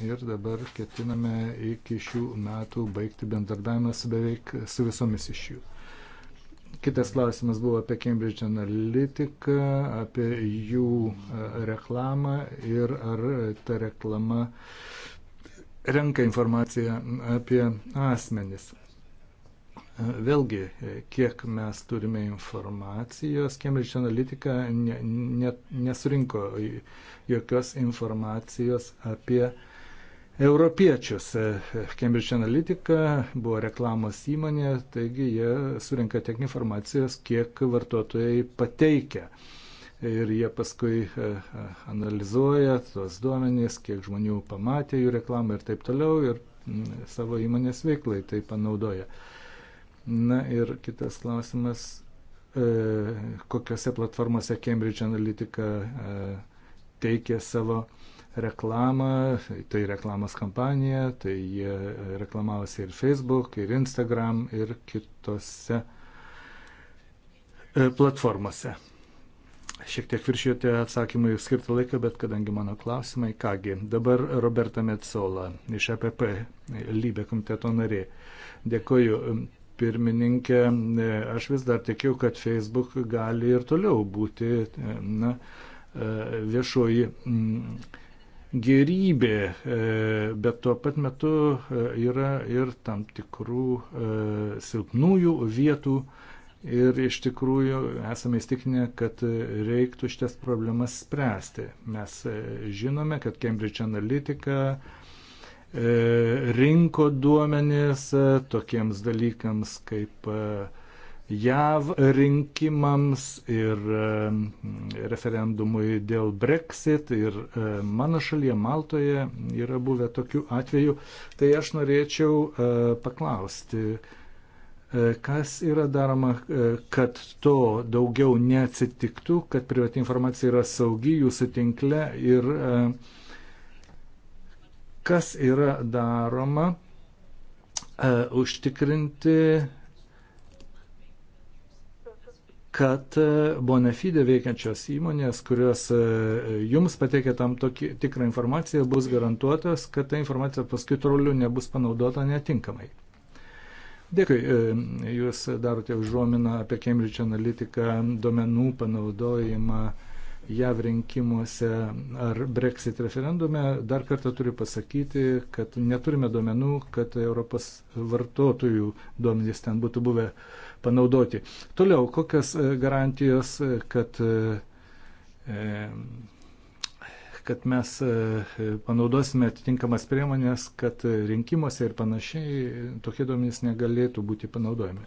ir dabar ketiname iki šių metų baigti bendradarbiavimą su beveik su visomis iš jų. Kitas klausimas buvo apie Cambridge Analytica, apie jų e, reklamą ir ar ta reklama renka informaciją apie asmenis. Vėlgi, kiek mes turime informacijos, Cambridge Analytica ne, ne, nesurinko jokios informacijos apie europiečius. Cambridge Analytica buvo reklamos įmonė, taigi jie surinka tiek informacijos, kiek vartotojai pateikia ir jie paskui e, e, analizuoja tuos duomenys, kiek žmonių pamatė jų reklamą ir taip toliau ir mm, savo įmonės veiklai tai panaudoja. Na ir kitas klausimas, e, kokiose platformose Cambridge Analytica e, teikė savo reklamą, tai reklamos kampanija, tai jie e, reklamavosi ir Facebook, ir Instagram, ir kitose platformose. Šiek tiek viršijote atsakymui skirtą laiką, bet kadangi mano klausimai, kągi, dabar Roberta Metzola iš EPP, lybė komiteto narė. Dėkoju pirmininkė, e, aš vis dar tikiu, kad Facebook gali ir toliau būti e, na, e, viešoji mm, gerybė, bet tuo pat metu yra ir tam tikrų silpnųjų vietų ir iš tikrųjų esame įstikinę, kad reiktų šitas problemas spręsti. Mes žinome, kad Cambridge Analytica, E, rinko duomenys e, tokiems dalykams kaip e, JAV rinkimams ir referendumui dėl Brexit ir mano šalyje Maltoje yra buvę tokių atvejų. Tai aš norėčiau paklausti, kas yra daroma, kad to daugiau neatsitiktų, kad privati informacija yra saugi jūsų tinkle ir uh, kas yra daroma e, užtikrinti, kad e, Bonafide veikiančios įmonės, kurios e, jums pateikia tam tokį, tikrą informaciją, bus garantuotas, kad ta informacija paskui trolių nebus panaudota netinkamai. Dėkui, jūs darote užuominą apie Cambridge Analytica duomenų panaudojimą uh, JAV rinkimuose ar Brexit referendume, dar kartą turiu pasakyti, kad neturime duomenų, kad Europos vartotojų duomenys ten būtų buvę panaudoti. Toliau, kokios e, garantijos, e, kad, e, kad mes panaudosime atitinkamas priemonės, kad rinkimuose ir panašiai tokie duomenys negalėtų būti panaudojami.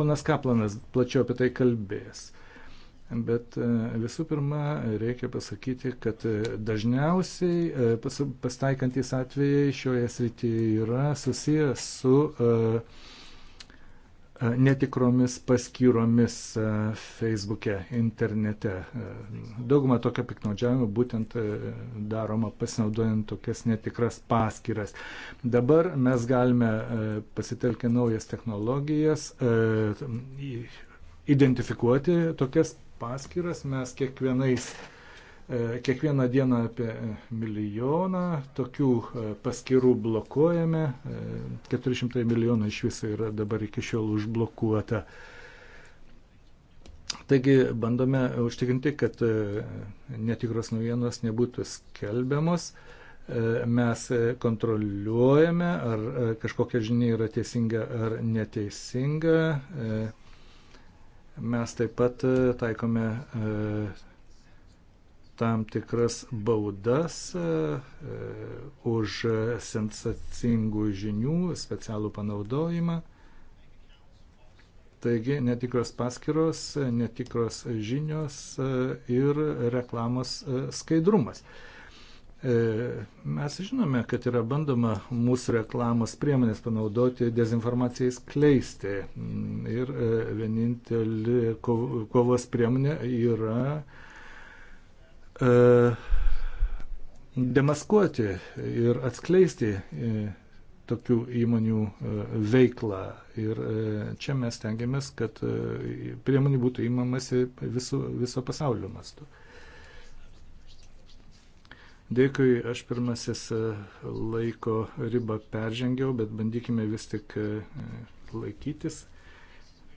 Ponas Kaplanas plačiau apie tai kalbės. Bet e, visų pirma, reikia pasakyti, kad e, dažniausiai e, pastaikantis atvejai šioje srityje yra susijęs su netikromis paskyromis Facebook'e, internete. Dauguma tokio piknaudžiavimo būtent daroma pasinaudojant tokias netikras paskyras. Dabar mes galime pasitelkę naujas technologijas identifikuoti tokias paskyras. Mes kiekvienais, e, kiekvieną dieną apie e, milijoną tokių e, paskirų blokuojame. 400 milijonų iš viso yra dabar iki šiol užblokuota. Taigi bandome užtikrinti, kad netikros naujienos nebūtų skelbiamos mes kontroliuojame, ar kažkokia žinia yra teisinga ar neteisinga. Mes taip pat e, taikome e, tam tikras baudas e, už sensacingų žinių specialų panaudojimą. Taigi netikros paskiros, netikros žinios ir reklamos skaidrumas. E, mes žinome, kad yra bandoma mūsų reklamos priemonės panaudoti dezinformacijai skleisti. Ir e, vienintelė kovos priemonė yra e, demaskuoti ir atskleisti tokių įmonių veiklą. Ir čia mes tengiamės, kad priemonių būtų įmamasi viso, viso pasaulio mastu. Dėkui, aš pirmasis e, laiko ribą peržengiau, bet bandykime vis tik e, laikytis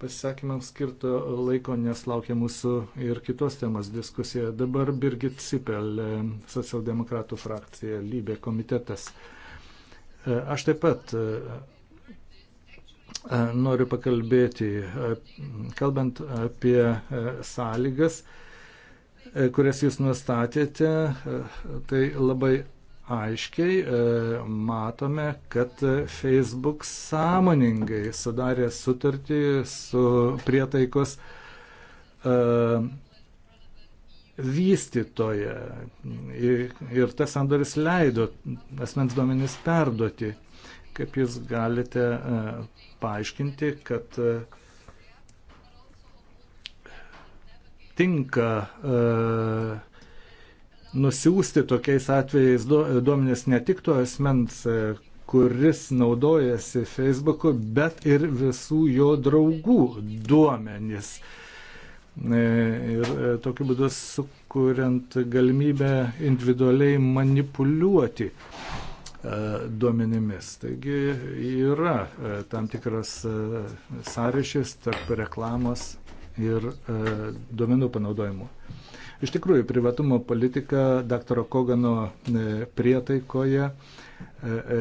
pasisakymams skirto laiko, nes laukia mūsų ir kitos temas diskusija. Dabar Birgit Sipel, e, socialdemokratų frakcija, lybė komitetas. Aš taip pat noriu pakalbėti, kalbant apie sąlygas, E, kurias jūs nustatėte, e, tai labai aiškiai e, matome, kad Facebook sąmoningai sudarė sutartį su prietaikos vystytoje ir tas sandoris leido asmens duomenys perduoti. Kaip jūs galite paaiškinti, kad uh, tinka e, nusiųsti tokiais atvejais duomenis ne tik to asmens, e, kuris naudojasi Facebook'u, bet ir visų jo draugų duomenis. E, ir e, tokiu būdu sukuriant galimybę individualiai manipuliuoti duomenimis. Taigi yra tam tikras sąryšis tarp reklamos ir e, duomenų panaudojimu. Iš tikrųjų, privatumo politika dr. Kogano e, prietaikoje e,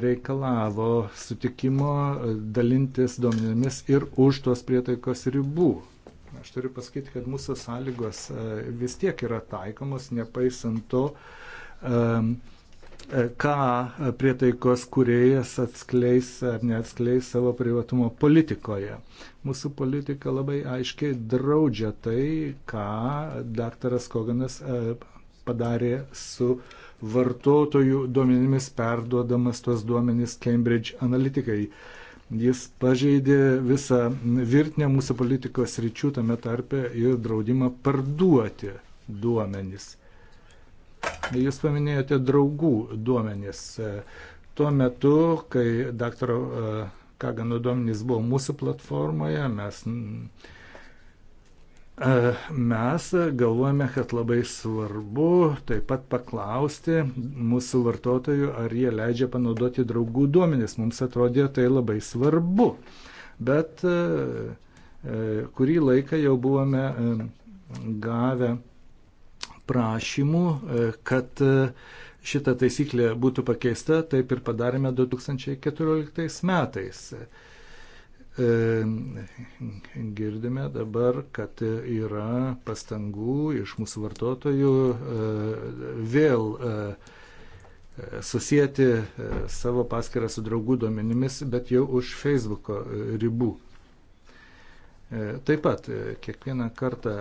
reikalavo sutikimo e, dalintis duomenimis ir už tos prietaikos ribų. Aš turiu pasakyti, kad mūsų sąlygos vis tiek yra taikomos, nepaisant to, um, ką prietaikos kuriejas atskleis ar neatskleis savo privatumo politikoje. Mūsų politika labai aiškiai draudžia tai, ką daktaras Koganas e, padarė su vartotojų duomenimis perduodamas tuos duomenys Cambridge analitikai. Jis pažeidė visą virtinę mūsų politikos ryčių tame tarpe ir draudimą parduoti duomenys. Jūs paminėjote draugų duomenis. Tuo metu, kai daktaro e, Kagano duomenys buvo mūsų platformoje, mes, e, mes galvojame, kad labai svarbu taip pat paklausti mūsų vartotojų, ar jie leidžia panaudoti draugų duomenis. Mums atrodė tai labai svarbu. Bet e, kurį laiką jau buvome gavę prašymų, e, kad e, šita taisyklė būtų pakeista, taip ir padarėme 2014 metais. E, girdime dabar, kad yra pastangų iš mūsų vartotojų vėl susijęti savo paskirą su draugų duomenimis, bet jau už Facebooko ribų. Taip pat kiekvieną kartą,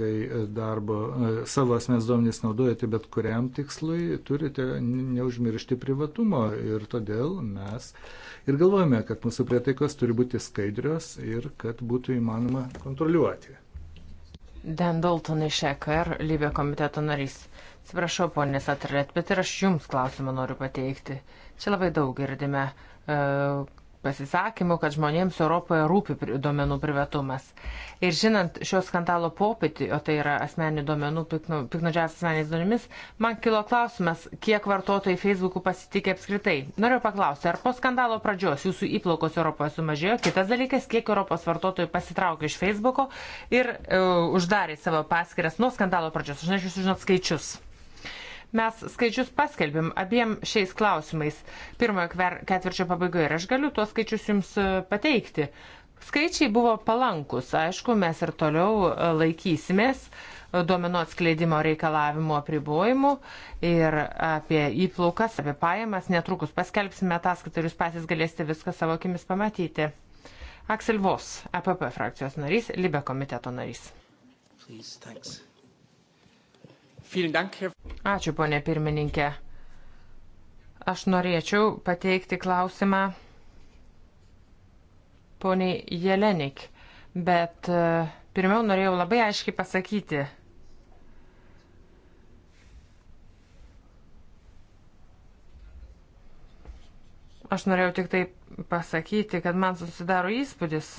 kai darbo, e, savo asmens duomenys naudojate bet kuriam tikslui, turite neužmiršti privatumo ir todėl mes ir galvojame, kad mūsų prietaikos turi būti skaidrios ir kad būtų įmanoma kontroliuoti. Dan Dalton iš EKR, Libė komiteto narys. Atsiprašau, ponės atrėt, bet ir aš jums klausimą noriu pateikti. Čia labai daug girdime e, pasisakymų, kad žmonėms Europoje rūpi duomenų privatumas. Ir žinant šio skandalo popytį, o tai yra asmeninių duomenų piknudžias asmeniais duomenimis, man kilo klausimas, kiek vartotojai Facebook'u pasitikė apskritai. Noriu paklausti, ar po skandalo pradžios jūsų įplaukos Europoje sumažėjo? Kitas dalykas, kiek Europos vartotojų pasitraukė iš Facebook'o ir uh, e, uždarė savo paskiras nuo skandalo pradžios. Aš norėčiau sužinoti skaičius. Mes skaičius paskelbim abiem šiais klausimais pirmojo ketvirčio pabaigoje ir aš galiu tuos skaičius jums e, pateikti. Skaičiai buvo palankus, aišku, mes ir toliau e, laikysimės e, duomenų atskleidimo reikalavimų apribojimų ir apie įplaukas, apie pajamas. Netrukus paskelbsime ataskaitą ir jūs patys galėsite viską savo akimis pamatyti. Aksel Vos, EPP frakcijos narys, Libe komiteto narys. Please, thanks. Ačiū, ponė pirmininkė. Aš norėčiau pateikti klausimą poniai Jelenik, bet e, pirmiau norėjau labai aiškiai pasakyti. Aš norėjau tik tai pasakyti, kad man susidaro įspūdis,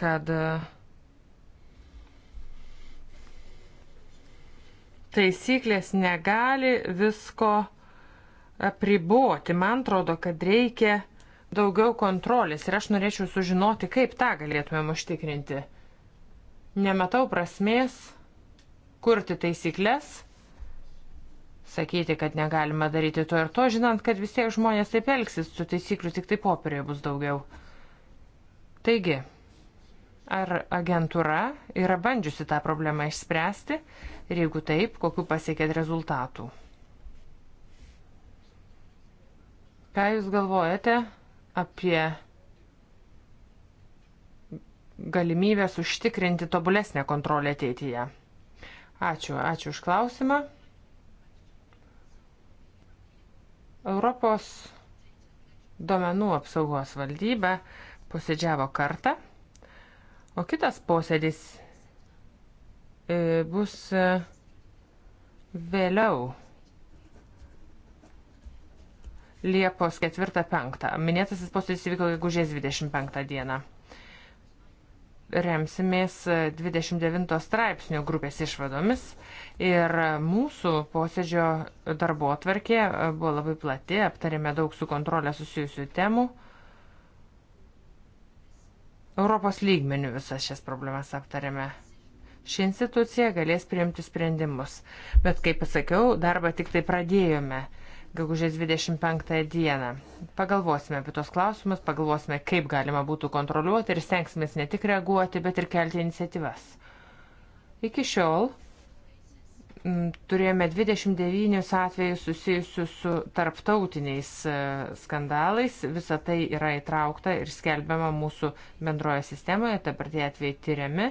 kad uh, taisyklės negali visko apriboti. Man atrodo, kad reikia daugiau kontrolės ir aš norėčiau sužinoti, kaip tą galėtumėm užtikrinti. Nematau prasmės kurti taisyklės, sakyti, kad negalima daryti to ir to, žinant, kad vis tiek žmonės taip elgsis, su taisyklių tik tai popierioje bus daugiau. Taigi, Ar agentūra yra bandžiusi tą problemą išspręsti ir jeigu taip, kokiu pasiekėt rezultatų? Ką Jūs galvojate apie galimybės užtikrinti tobulesnę kontrolę ateityje? Ačiū, ačiū už klausimą. Europos duomenų apsaugos valdyba posėdžiavo kartą O kitas posėdis e, bus e, vėliau. Liepos 4-5. Minėtasis posėdis įvyko gegužės 25 dieną. Remsimės 29 e, straipsnių grupės išvadomis ir mūsų posėdžio darbo atvarkė buvo labai plati, aptarėme daug su kontrolė susijusių temų. Europos lygmenių visas šias problemas aptarėme. Ši institucija galės priimti sprendimus, bet, kaip pasakiau, darbą tik tai pradėjome gegužės 25 dieną. Pagalvosime apie tos klausimus, pagalvosime, kaip galima būtų kontroliuoti ir stengsime ne tik reaguoti, bet ir kelti iniciatyvas. Iki šiol turėjome 29 atvejus susijusius su tarptautiniais e, skandalais. Visa tai yra įtraukta ir skelbiama mūsų bendroje sistemoje, dabar tie atvejai tyriami.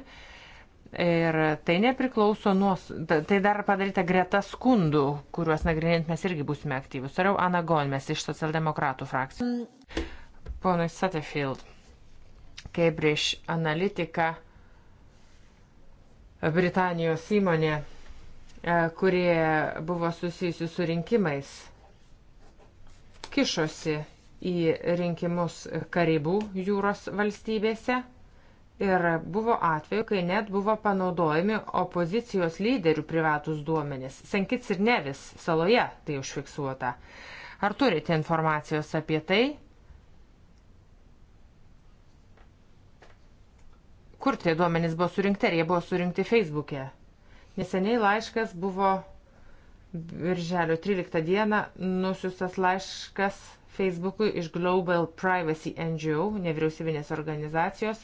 Ir tai nepriklauso nuo, tai dar padaryta greta skundų, kuriuos nagrinėjant mes irgi būsime aktyvus. Toliau Ana Gonmes iš socialdemokratų frakcijos. Ponai Satterfield, Cambridge Analytica, Britanijos įmonė E, kurie buvo susijusi su rinkimais, kišosi į rinkimus Karibų jūros valstybėse ir buvo atveju, kai net buvo panaudojami opozicijos lyderių privatus duomenys. Senkits ir Nevis saloje tai užfiksuota. Ar turite informacijos apie tai? Kur tie duomenys buvo surinkti, ar jie buvo surinkti Facebook'e? Neseniai laiškas buvo Birželio 13 dieną nusiustas laiškas Facebookui iš Global Privacy NGO, nevyriausybinės organizacijos,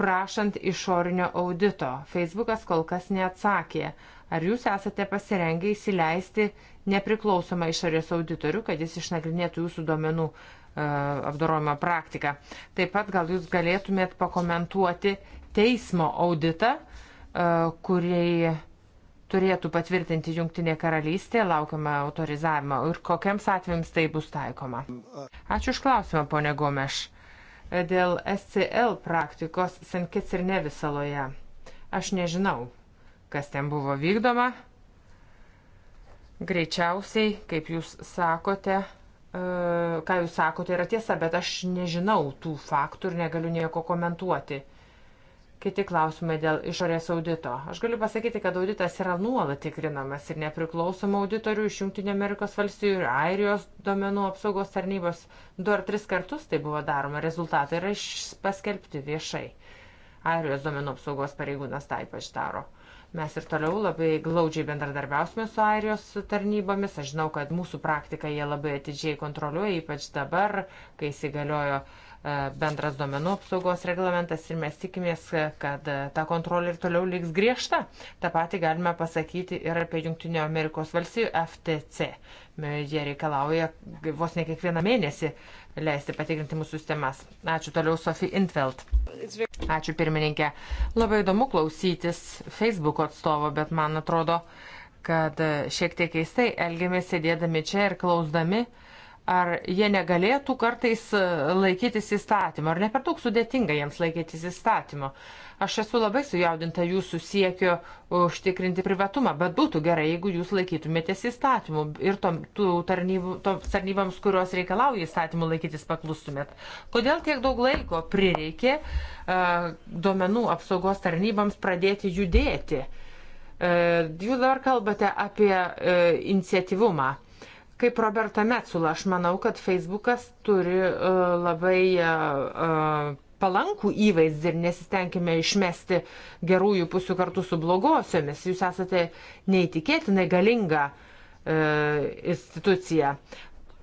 prašant išorinio audito. Facebookas kol kas neatsakė, ar jūs esate pasirengę įsileisti nepriklausomą išorės auditorių, kad jis išnagrinėtų jūsų duomenų e, apdorojimo praktiką. Taip pat gal jūs galėtumėt pakomentuoti teismo auditą, e, kuriai turėtų patvirtinti Junktinė karalystė, laukiama autorizavimo ir kokiems atvejams tai bus taikoma. Ačiū už klausimą, ponė Gomeš. Dėl SCL praktikos Senkits ir Nevisaloje. Aš nežinau, kas ten buvo vykdoma. Greičiausiai, kaip jūs sakote, e, ką jūs sakote yra tiesa, bet aš nežinau tų faktų ir negaliu nieko komentuoti kiti klausimai dėl išorės audito. Aš galiu pasakyti, kad auditas yra nuolat tikrinamas ir nepriklausomų auditorių iš Junktinio Amerikos valstijų ir Airijos domenų apsaugos tarnybos du ar tris kartus tai buvo daroma. Rezultatai yra paskelbti viešai. Airijos domenų apsaugos pareigūnas taip pač daro. Mes ir toliau labai glaudžiai bendradarbiausime su Airijos tarnybomis. Aš žinau, kad mūsų praktiką jie labai atidžiai kontroliuoja, ypač dabar, kai įsigaliojo uh, E, bendras duomenų apsaugos reglamentas ir mes tikimės, kad ta kontrolė ir toliau liks griežta. Ta pati galime pasakyti ir apie Junktinio Amerikos valstybių FTC. E, jie reikalauja vos ne kiekvieną mėnesį leisti patikrinti mūsų sistemas. Ačiū toliau, Sofija Intveld. Ačiū pirmininkė. Labai įdomu klausytis Facebook atstovo, bet man atrodo, kad šiek tiek keistai elgiamės sėdėdami čia ir klausdami uh, ar jie negalėtų kartais e, laikytis įstatymo, ar ne per daug sudėtinga jiems laikytis įstatymo. Aš esu labai sujaudinta jūsų siekio užtikrinti privatumą, bet būtų gerai, jeigu jūs laikytumėtės įstatymų ir tom, tarnybų, tom tarnyboms, kurios reikalauja įstatymų laikytis, paklustumėt. Kodėl tiek daug laiko prireikė uh, duomenų apsaugos tarnyboms pradėti judėti? Uh, jūs dabar kalbate apie uh, iniciatyvumą. Uh, Kaip Roberta Metsula, aš manau, kad Facebookas turi uh, labai uh, palankų įvaizdį ir nesistengime išmesti gerųjų pusių kartu su blogosiomis. Jūs esate neįtikėtinai galinga e, institucija.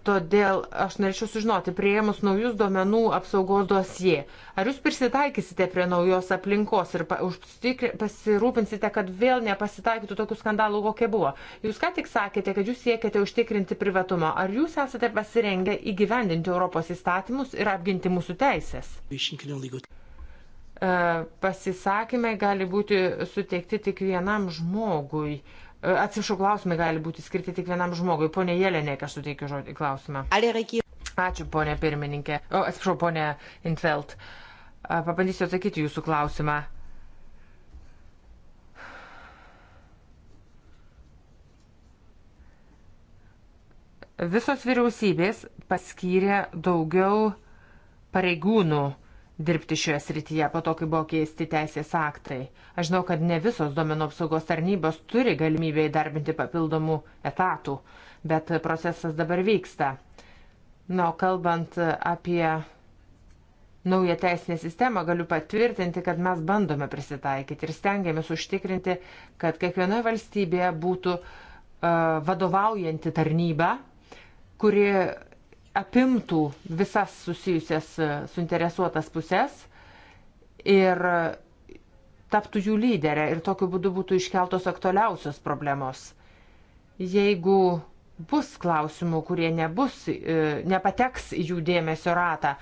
Todėl aš norėčiau sužinoti, prieimus naujus duomenų apsaugos dosie, ar jūs prisitaikysite prie naujos aplinkos ir pasirūpinsite, kad vėl nepasitaikytų tokių skandalų, kokie buvo. Jūs ką tik sakėte, kad jūs siekiate užtikrinti privatumą. Ar jūs esate pasirengę įgyvendinti Europos įstatymus ir apginti mūsų teisės? E, pasisakymai gali būti suteikti tik vienam žmogui E, atsiprašau, klausimai gali būti skirti tik vienam žmogui. Pone Jelenėk, aš suteikiu žodį klausimą. Ačiū, ponė pirmininkė. O, atsiprašau, ponė Intfeld. Pabandysiu atsakyti jūsų klausimą. Visos vyriausybės paskyrė daugiau pareigūnų dirbti šioje srityje po to, kai buvo keisti teisės aktai. Aš žinau, kad ne visos duomenų apsaugos tarnybos turi galimybę įdarbinti papildomų etatų, bet procesas dabar vyksta. Na, o kalbant apie naują teisinę sistemą, galiu patvirtinti, kad mes bandome prisitaikyti ir stengiamės užtikrinti, kad kiekvienoje valstybėje būtų uh, vadovaujanti tarnyba, kuri apimtų visas susijusias e, suinteresuotas pusės ir taptų jų lyderė ir tokiu būdu būtų iškeltos aktualiausios problemos. Jeigu bus klausimų, kurie nebus, e, nepateks į jų dėmesio ratą,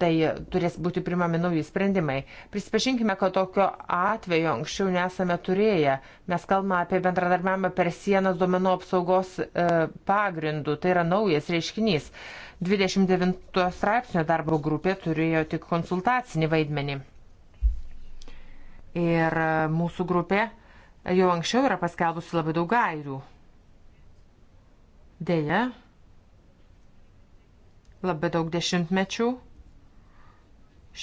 tai turės būti primami nauji sprendimai. Prisipažinkime, kad tokio atvejo anksčiau nesame turėję. Mes kalbame apie bendradarbiavimą per sienas duomenų apsaugos e, pagrindų. Tai yra naujas reiškinys. E, 29 straipsnio darbo grupė turėjo tik konsultacinį vaidmenį. Ir e, mūsų grupė jau anksčiau yra paskelbusi labai daug gairių. Deja, labai daug dešimtmečių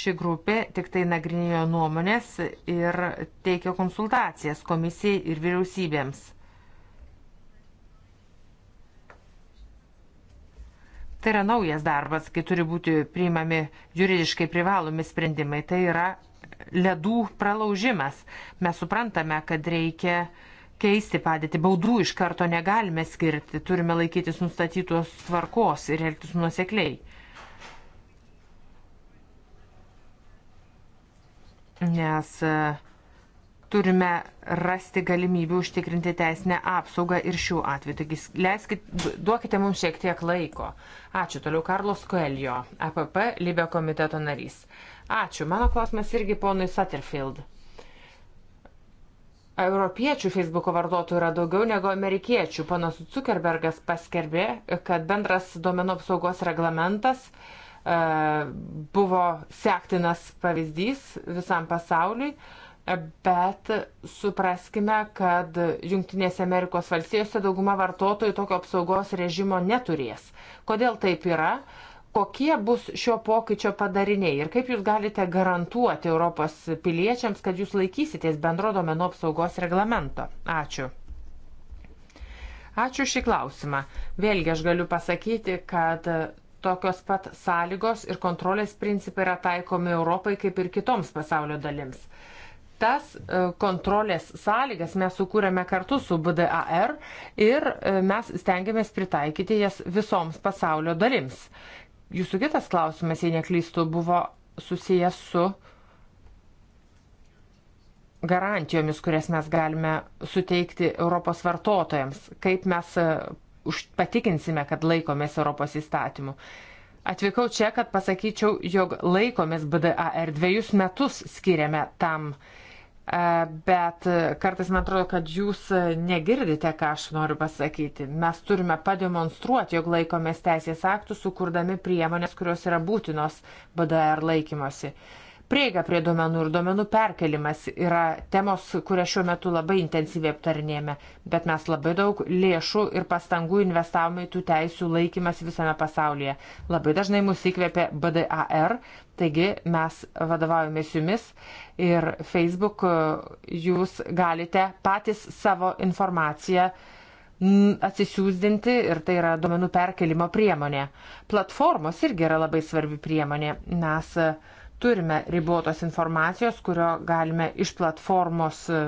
ši grupė tik tai nagrinėjo nuomonės ir teikė konsultacijas komisijai ir vyriausybėms. Tai yra naujas darbas, kai turi būti priimami juridiškai privalomi sprendimai. Tai yra ledų pralaužimas. Mes suprantame, kad reikia keisti padėtį. Baudų iš karto negalime skirti, turime laikytis nustatytos tvarkos ir elgtis nuosekliai. Nes uh, turime rasti galimybių užtikrinti teisinę apsaugą ir šių atvejų. Taigi, leiskit, duokite mums šiek tiek laiko. Ačiū. Toliau Karlos Koelio, APP Libė komiteto narys. Ačiū. Mano klausimas irgi ponui Sutterfield. Europiečių Facebook'o vartotojų yra daugiau negu amerikiečių. Panas Zuckerbergas paskelbė, kad bendras duomenų apsaugos reglamentas e, buvo sektinas pavyzdys visam pasauliui. E, bet supraskime, kad Junktinėse Amerikos valstijose dauguma vartotojų tokio apsaugos režimo neturės. Kodėl taip yra? Kokie bus šio pokyčio padariniai ir kaip jūs galite garantuoti Europos piliečiams, kad jūs laikysitės bendro domenų apsaugos reglamento? Ačiū. Ačiū šį klausimą. Vėlgi aš galiu pasakyti, kad tokios pat sąlygos ir kontrolės principai yra taikomi Europai kaip ir kitoms pasaulio dalims tas e, kontrolės sąlygas mes sukūrėme kartu su BDAR ir e, mes stengiamės pritaikyti jas visoms pasaulio dalims. Jūsų kitas klausimas, jei neklystu, buvo susijęs su garantijomis, kurias mes galime suteikti Europos vartotojams, kaip mes e, patikinsime, kad laikomės Europos įstatymų. Atvykau čia, kad pasakyčiau, jog laikomės BDAR dviejus metus skiriame tam uh, bet kartais man atrodo, kad jūs negirdite, ką aš noriu pasakyti. Mes turime pademonstruoti, jog laikomės teisės aktų, sukurdami priemonės, kurios yra būtinos BDR laikymosi. Prieiga prie duomenų ir duomenų perkelimas yra temos, kurias šiuo metu labai intensyviai aptarinėjame, bet mes labai daug lėšų ir pastangų investavome į tų teisių laikymas visame pasaulyje. Labai dažnai mus įkvėpė BDAR, taigi mes vadovaujamės jumis ir Facebook jūs galite patys savo informaciją atsisiųsdinti ir tai yra duomenų perkelimo priemonė. Platformos irgi yra labai svarbi priemonė. Mes uh, turime ribotos informacijos, kurio galime iš platformos e,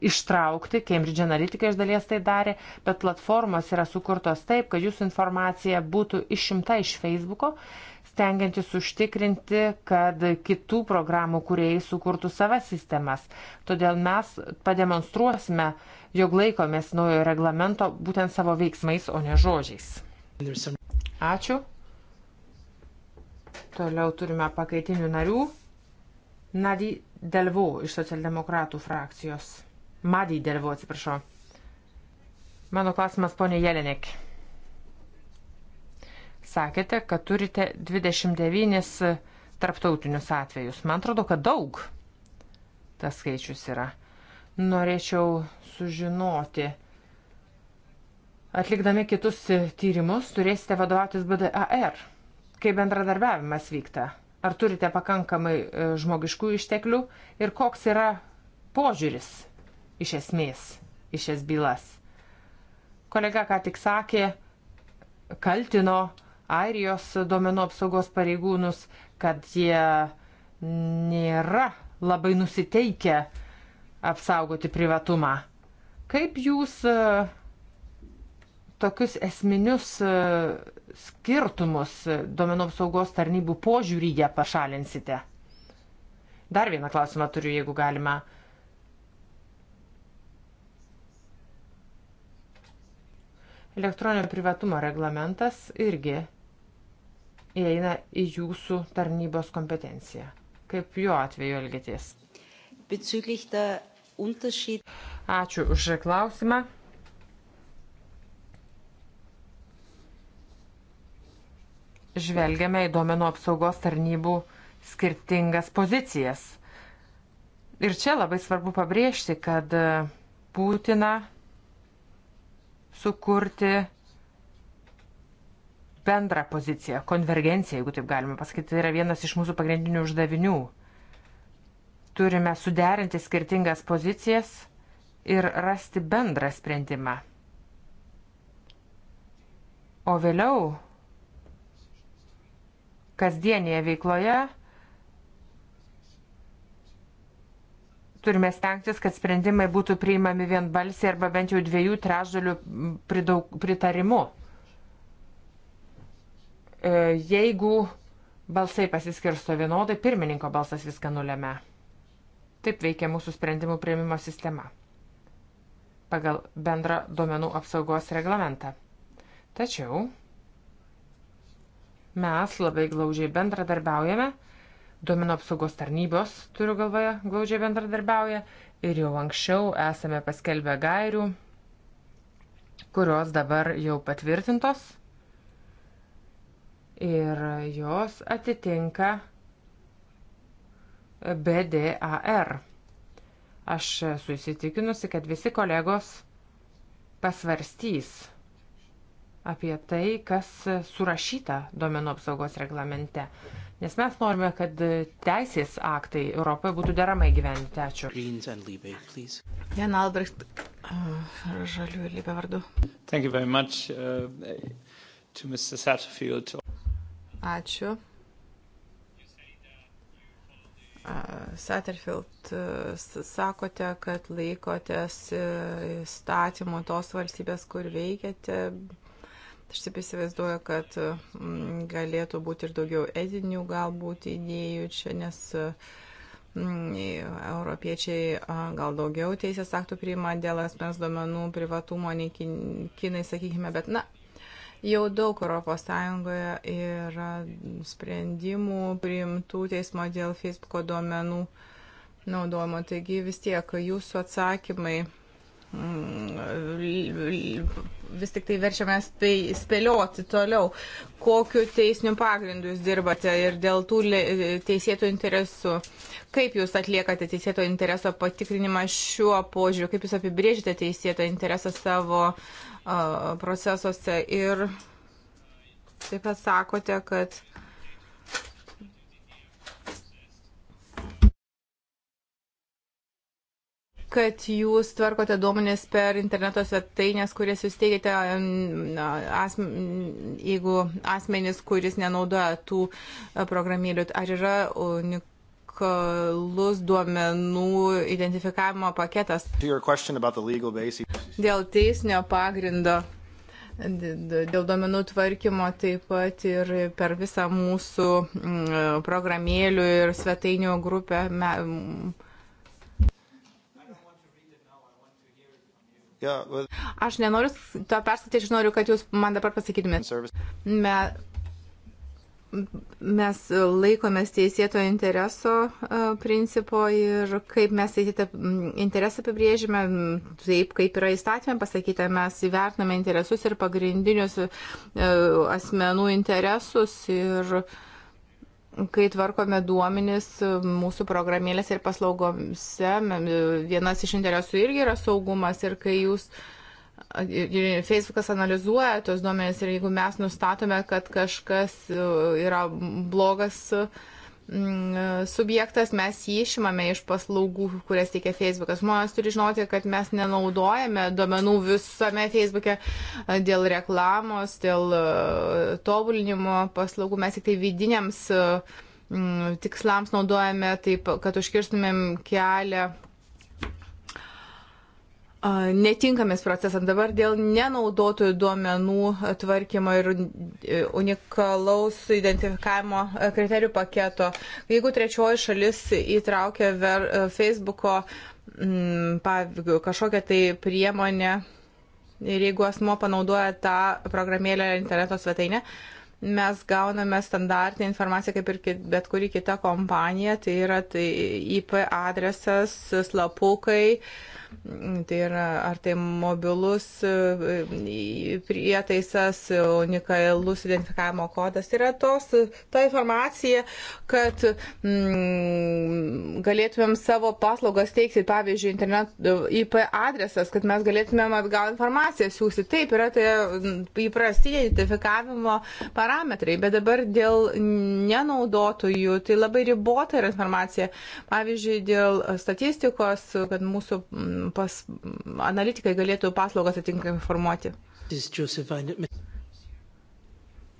ištraukti, Cambridge Analytica iš dalies tai darė, bet platformos yra sukurtos taip, kad jūsų informacija būtų išimta iš Facebooko, stengiantis užtikrinti, kad kitų programų kuriejai sukurtų savas sistemas. Todėl mes pademonstruosime, jog laikomės naujo reglamento būtent savo veiksmais, o ne žodžiais. Ačiū. Toliau turime pakaitinių narių. Nadi Delvo iš socialdemokratų frakcijos. Madį Delvo, atsiprašau. Mano klausimas, ponė Jelinek. Sakėte, kad turite 29 tarptautinius atvejus. Man atrodo, kad daug tas skaičius yra. Norėčiau sužinoti, atlikdami kitus tyrimus, turėsite vadovautis BDAR kaip bendradarbiavimas vyksta. Ar turite pakankamai e, žmogiškų išteklių ir koks yra požiūris iš esmės į šias bylas. Kolega ką tik sakė, kaltino Airijos duomenų apsaugos pareigūnus, kad jie nėra labai nusiteikę apsaugoti privatumą. Kaip jūs uh, tokius esminius e, skirtumus domenų apsaugos tarnybų požiūryje pašalinsite? Dar vieną klausimą turiu, jeigu galima. Elektroninio privatumo reglamentas irgi įeina į jūsų tarnybos kompetenciją. Kaip jo atveju elgėtės? Ačiū už klausimą. žvelgiame į duomenų apsaugos tarnybų skirtingas pozicijas. Ir čia labai svarbu pabrėžti, kad būtina sukurti bendrą poziciją, konvergenciją, jeigu taip galima pasakyti, tai yra vienas iš mūsų pagrindinių uždavinių. Turime suderinti skirtingas pozicijas ir rasti bendrą sprendimą. O vėliau kasdienėje veikloje turime stengtis, kad sprendimai būtų priimami vienbalsiai arba bent jau dviejų trešdalių pritarimu. E, jeigu balsai pasiskirsto vienodai, pirmininko balsas viską nulėmė. Taip veikia mūsų sprendimų prieimimo sistema pagal bendrą duomenų apsaugos reglamentą. Tačiau Mes labai glaužiai bendradarbiaujame, duomenų apsaugos tarnybos, turiu galvoje, glaužiai bendradarbiauja ir jau anksčiau esame paskelbę gairių, kurios dabar jau patvirtintos ir jos atitinka BDAR. Aš susitikinusi, kad visi kolegos pasvarstys apie tai, kas surašyta domenų apsaugos reglamente. Nes mes norime, kad teisės aktai Europoje būtų deramai gyventi. Ačiū. Jan Albrecht, uh, žaliųjų lybė vardu. Much, uh, Ačiū. Uh, Satterfield, uh, sakote, kad laikotės įstatymų tos valstybės, kur veikiate, Aš taip įsivaizduoju, kad mm, galėtų būti ir daugiau etinių galbūt idėjų čia, nes mm, europiečiai gal daugiau teisės aktų priima dėl asmens duomenų privatumo nei kinai, sakykime, bet na. Jau daug ES yra sprendimų priimtų teismo dėl Facebook duomenų naudojimo. Taigi vis tiek jūsų atsakymai Mm, vis tik tai verčiamės tai spėlioti toliau, kokiu teisiniu pagrindu jūs dirbate ir dėl tų teisėtų interesų. Kaip jūs atliekate teisėto intereso patikrinimą šiuo požiūriu, kaip jūs apibrėžite teisėtą interesą savo uh, procesuose ir taip pat sakote, kad uh, kad jūs tvarkote duomenis per interneto svetainės, kurias jūs teikiate, asm, jeigu asmenys, kuris nenaudoja tų e, programėlių, ar yra unikalus duomenų identifikavimo paketas dėl teisinio pagrindo? dėl domenų tvarkymo taip pat ir per visą mūsų programėlių ir svetainių grupę Aš nenoriu to perskaityti, aš noriu, kad jūs man dabar pasakytumėt. Me, mes laikomės teisėto intereso e, principo ir kaip mes teisėtą interesą apibrėžime, taip kaip yra įstatymė pasakyta, mes įvertiname interesus ir pagrindinius e, asmenų interesus ir uh, kai tvarkome duomenis mūsų programėlėse ir paslaugomse, vienas iš interesų irgi yra saugumas ir kai jūs Facebookas analizuoja tos duomenys ir jeigu mes nustatome, kad kažkas e, yra blogas, uh, Mm, subjektas, mes jį išimame iš paslaugų, kurias teikia Facebookas. Žmonės turi žinoti, kad mes nenaudojame duomenų visame Facebooke dėl reklamos, dėl tobulinimo paslaugų. Mes tik tai vidiniams tikslams naudojame taip, kad užkirstumėm kelią netinkamis procesams. Dabar dėl nenaudotojų duomenų tvarkymo ir e, unikalaus identifikavimo e, kriterijų paketo. Jeigu trečioji šalis įtraukia ver, e, Facebooko mm, pavyzdžiui, kažkokią tai priemonę ir jeigu asmo panaudoja tą programėlę interneto svetainę, mes gauname standartinę informaciją kaip ir bet kuri kita kompanija, tai yra tai IP adresas, slapukai, uh, Tai yra, ar tai mobilus e, prietaisas, unikalus identifikavimo kodas. Tai yra tos, ta informacija, kad mm, galėtumėm savo paslaugas teikti, pavyzdžiui, internet IP adresas, kad mes galėtumėm atgal informaciją siūsti. Taip, yra tai mm, įprastiniai identifikavimo parametrai, bet dabar dėl nenaudotojų tai labai ribota yra informacija. Pavyzdžiui, dėl statistikos, kad mūsų mm, pas, analitikai galėtų paslaugas atitinkamai formuoti.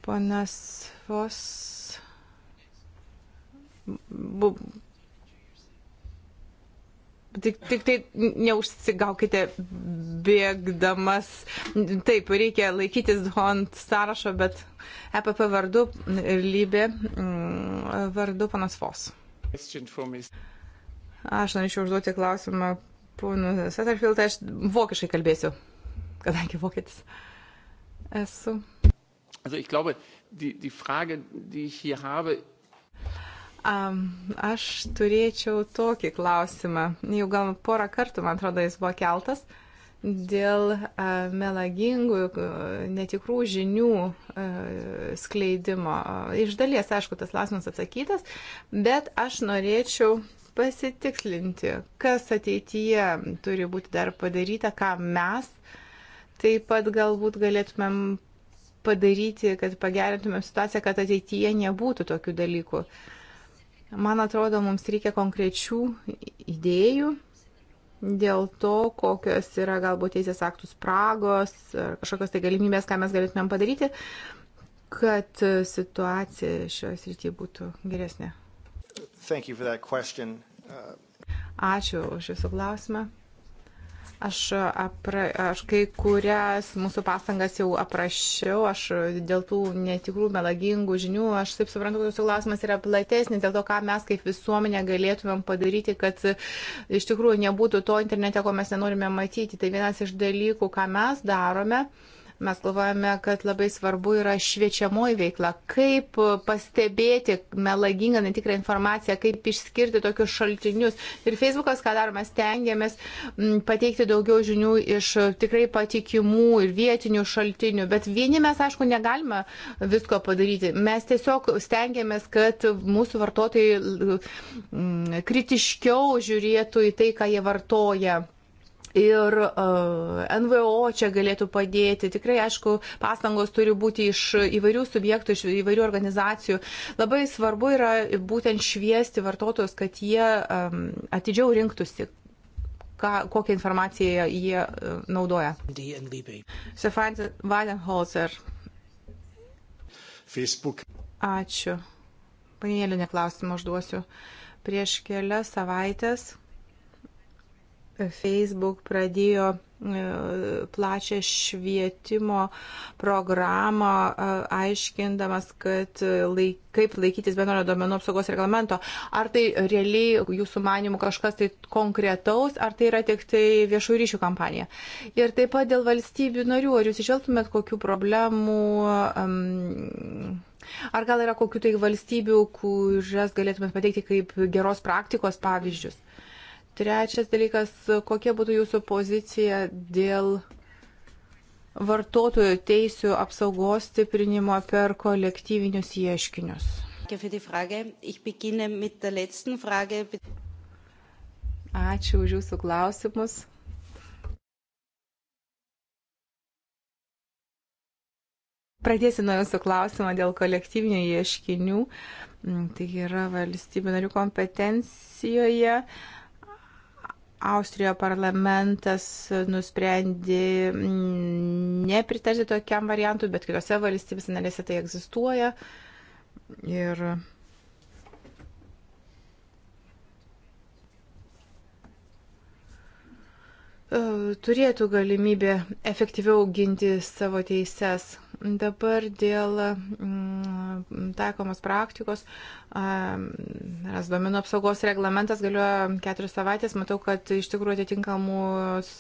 Panas Vos. Bu... Tik, tik tai neužsigaukite bėgdamas. Taip, reikia laikytis Hont sąrašo, bet EPP vardu ir Lybė mm, vardu panas Vos. Aš norėčiau užduoti klausimą Pono Satterfield, aš vokiškai kalbėsiu, kadangi vokietis esu. Also ich glaube, die, die Frage, die ich hier habe. Um, aš turėčiau tokį klausimą. Jau gal porą kartų, man atrodo, jis buvo keltas dėl uh, melagingų, uh, netikrų žinių uh, skleidimo. Iš dalies, aišku, tas klausimas atsakytas, bet aš norėčiau pasitikslinti, kas ateityje turi būti dar padaryta, ką mes taip pat galbūt galėtumėm padaryti, kad pagerintumėm situaciją, kad ateityje nebūtų tokių dalykų. Man atrodo, mums reikia konkrečių idėjų dėl to, kokios yra galbūt teisės aktų spragos ar kažkokios tai galimybės, ką mes galėtumėm padaryti, kad situacija šioje srityje būtų geresnė. Ačiū už Jūsų klausimą. Aš, apra, aš kai kurias mūsų pastangas jau aprašiau, aš dėl tų netikrų, melagingų žinių, aš taip suprantu, kad jūsų klausimas yra platesnis, dėl to, ką mes kaip visuomenė galėtumėm padaryti, kad iš tikrųjų nebūtų to internete, ko mes nenorime matyti. Tai vienas iš dalykų, ką mes darome. Uh, Mes galvojame, kad labai svarbu yra šviečiamoji veikla, kaip pastebėti melagingą, netikrą informaciją, kaip išskirti tokius šaltinius. Ir Facebookas, ką dar mes tengiamės, pateikti daugiau žinių iš tikrai patikimų ir vietinių šaltinių. Bet vieni mes, aišku, negalime visko padaryti. Mes tiesiog stengiamės, kad mūsų vartotojai kritiškiau žiūrėtų į tai, ką jie vartoja ir e, NVO čia galėtų padėti. Tikrai, aišku, pastangos turi būti iš įvairių subjektų, iš įvairių organizacijų. Labai svarbu yra būtent šviesti vartotojus, kad jie e, atidžiau rinktųsi ką, kokią informaciją jie e, naudoja. Stefan Weidenholzer. Facebook. Ačiū. Panėlinį klausimą užduosiu. Prieš kelias savaitės Facebook pradėjo e, plačią švietimo programą, e, aiškindamas, kad e, laik, kaip laikytis bendrojo domenų apsaugos reglamento. Ar tai realiai jūsų manimų kažkas tai konkretaus, ar tai yra tik tai viešų ryšių kampanija? Ir taip pat dėl valstybių narių, ar jūs išvelgtumėt kokių problemų? Um, Ar gal yra kokių tai valstybių, kurias galėtumėt pateikti kaip geros praktikos pavyzdžius? Trečias dalykas, kokia būtų jūsų pozicija dėl vartotojų teisų apsaugos stiprinimo per kolektyvinius ieškinius? Ačiū už jūsų klausimus. Pradėsiu nuo jūsų klausimo dėl kolektyvinių ieškinių. Mm, tai yra valstybių narių kompetencijoje. Uh, Austrijoje parlamentas nusprendė mm, nepritarti tokiam variantui, bet kitose valstybės narėse tai egzistuoja. Ir e, turėtų galimybę efektyviau ginti savo teises. Dabar dėl mm, taikomos praktikos, nes domino apsaugos reglamentas galioja keturias savaitės, matau, kad iš tikrųjų atitinkamų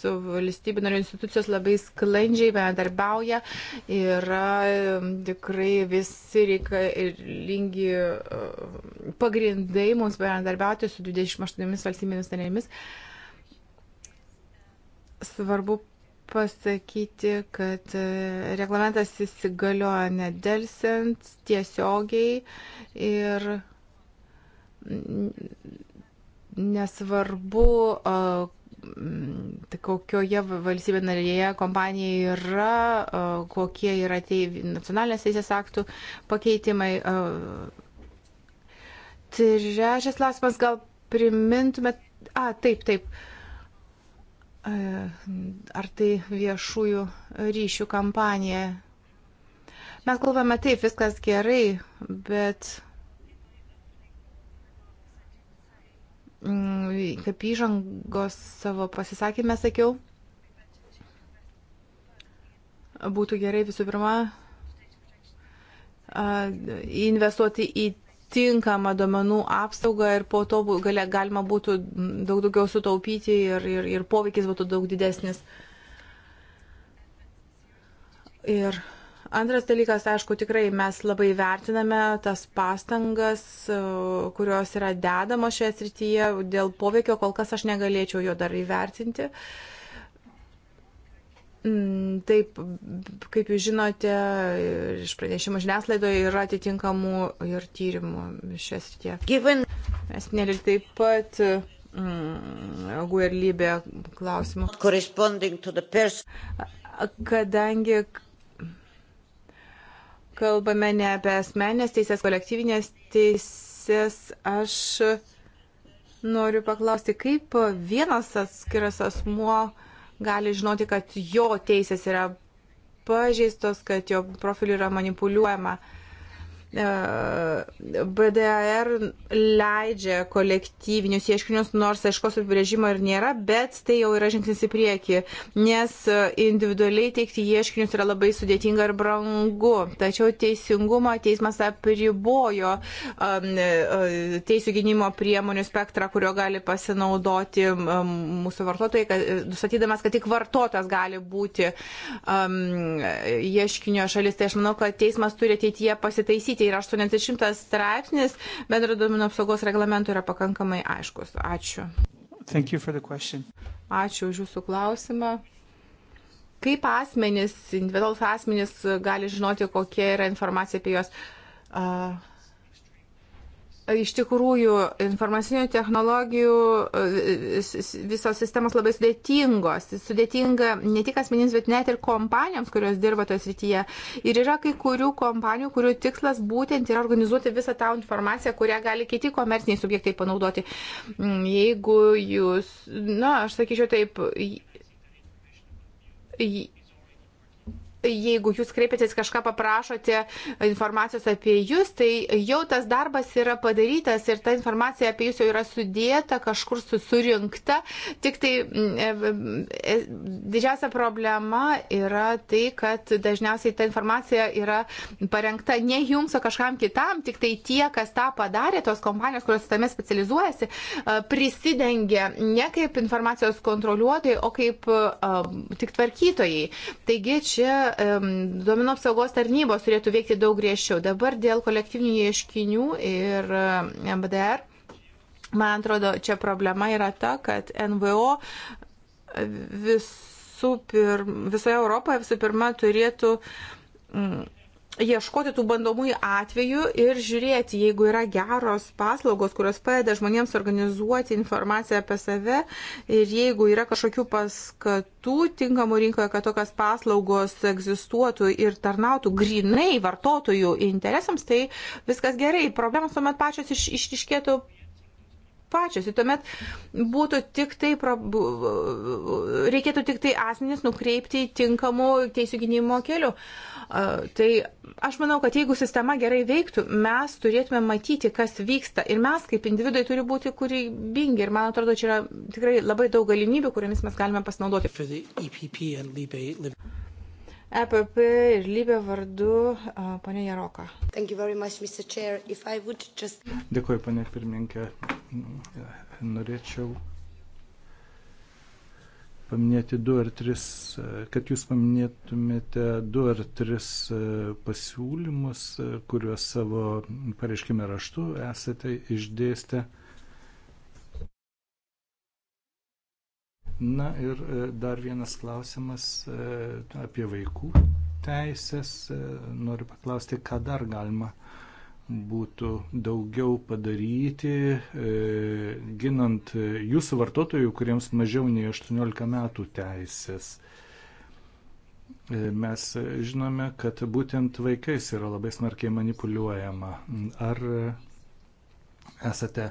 valstybių narių institucijos labai sklandžiai bendarbiauja ir tikrai visi reikalingi pagrindai mums bendarbiauti su 28 valstybėmis narėmis. Svarbu pasakyti, kad e, reglamentas įsigalioja nedelsiant, tiesiogiai ir mm, nesvarbu, mm, tai kokioje valstybė narėje kompanija yra, kokie yra tai nacionalinės teisės aktų pakeitimai. Trečias klausimas, gal primintumėt, a, taip, taip. Uh, E, ar tai viešųjų ryšių kampanija. Mes kalbame taip, viskas gerai, bet mm, kaip įžangos savo pasisakymę sakiau, būtų gerai visų pirma investuoti į tinkamą duomenų apsaugą ir po to galia, galima būtų daug daugiau sutaupyti ir, ir, ir poveikis būtų daug didesnis. Ir antras dalykas, aišku, tikrai mes labai vertiname tas pastangas, e, kurios yra dedamos šioje srityje. Dėl poveikio kol kas aš negalėčiau jo dar įvertinti. Uh, Mm, taip, kaip jūs žinote, iš pranešimų žiniaslaidoje yra atitinkamų ir tyrimų šią srityje. Given... Mes nelik taip pat mm, guerlybė klausimų. Kadangi kalbame ne apie asmenės teisės, kolektyvinės teisės, aš noriu paklausti, kaip vienas atskiras asmuo gali žinoti, kad jo teisės yra pažeistos, kad jo profiliu yra manipuliuojama. Uh, BDR leidžia kolektyvinius ieškinius, nors aiškos apibrėžimo ir nėra, bet tai jau yra žingsnis į priekį, nes individualiai teikti ieškinius yra labai sudėtinga ir brangu. Tačiau teisingumo teismas apribojo um, e, e, teisų gynimo priemonių spektrą, kurio gali pasinaudoti um, mūsų vartotojai, kad, nustatydamas, kad tik vartotojas gali būti um, ieškinio šalis. Tai aš manau, kad teismas turi ateityje pasitaisyti veikia ir 80 straipsnis bendro duomenų apsaugos reglamento yra pakankamai aiškus. Ačiū. Ačiū už Jūsų klausimą. Kaip asmenys, individualus asmenys gali žinoti, kokia yra informacija apie juos? Uh, Iš tikrųjų, informacinių technologijų e, visos sistemos labai sudėtingos. Sudėtinga ne tik asmenims, bet net ir kompanijoms, kurios dirba toje srityje. Ir yra kai kurių kompanijų, kurių tikslas būtent yra organizuoti visą tą informaciją, kurią gali kiti komerciniai subjektai panaudoti. Mm, jeigu jūs, na, aš sakyčiau taip, jeigu jūs kreipiatės kažką paprašote informacijos apie jūs, tai jau tas darbas yra padarytas ir ta informacija apie jūs jau yra sudėta, kažkur susurinkta. Tik tai mm, e, e, didžiausia problema yra tai, kad dažniausiai ta informacija yra parengta ne jums, o kažkam kitam, tik tai tie, kas tą padarė, tos kompanijos, kurios tame specializuojasi, e, prisidengia ne kaip informacijos kontroliuotojai, o kaip tik tvarkytojai. Taigi čia duomenų apsaugos tarnybos turėtų veikti daug griežčiau. Dabar dėl kolektyvinių ieškinių ir MDR. Man atrodo, čia problema yra ta, kad NVO visų pir, visoje Europoje visų pirma turėtų ieškoti tų bandomųjų atvejų ir žiūrėti, jeigu yra geros paslaugos, kurios padeda žmonėms organizuoti informaciją apie save ir jeigu yra kažkokių paskatų tinkamų rinkoje, kad tokios paslaugos egzistuotų ir tarnautų grinai vartotojų interesams, tai viskas gerai. Problemas tuomet pačios iš, išriškėtų pačios. Ir tuomet būtų tik tai, reikėtų tik tai asmenis nukreipti į tinkamų teisų gynimo kelių. Tai aš manau, kad jeigu sistema gerai veiktų, mes turėtume matyti, kas vyksta. Ir mes kaip individai turi būti kūrybingi. Ir man atrodo, čia yra tikrai labai daug galimybių, kuriamis mes galime pasinaudoti. EPP ir Lybė vardu, ponė Jaroka. Just... Dėkuoju, ponė pirmininkė. Norėčiau paminėti du ar tris, kad jūs paminėtumėte du ar tris pasiūlymus, kuriuos savo pareiškime raštu esate išdėstę. Na ir e, dar vienas klausimas e, apie vaikų teisės. E, noriu paklausti, ką dar galima būtų daugiau padaryti, ginant jūsų vartotojų, kuriems mažiau nei 18 metų teisės. Mes žinome, kad būtent vaikais yra labai smarkiai manipuliuojama. Ar esate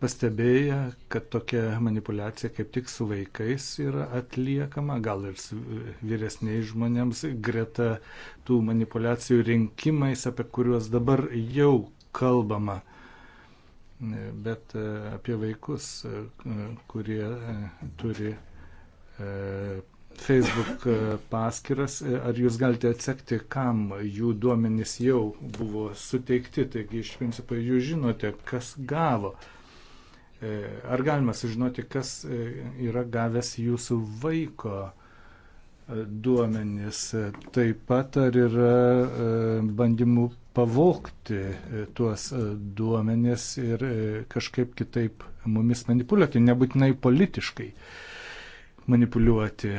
pastebėję, kad tokia manipulacija kaip tik su vaikais yra atliekama, gal ir vyresniais žmonėms, greta tų manipulacijų rinkimais, apie kuriuos dabar jau kalbama. Bet e, apie vaikus, e, kurie e, turi Facebook paskiras, ar jūs galite atsekti, kam jų duomenys jau buvo suteikti, taigi iš principo jūs žinote, kas gavo uh, E, ar galima sužinoti, kas e, yra gavęs jūsų vaiko e, duomenis? Taip pat ar yra bandymų pavokti tuos duomenis ir kažkaip kitaip mumis manipuliuoti, nebūtinai politiškai manipuliuoti,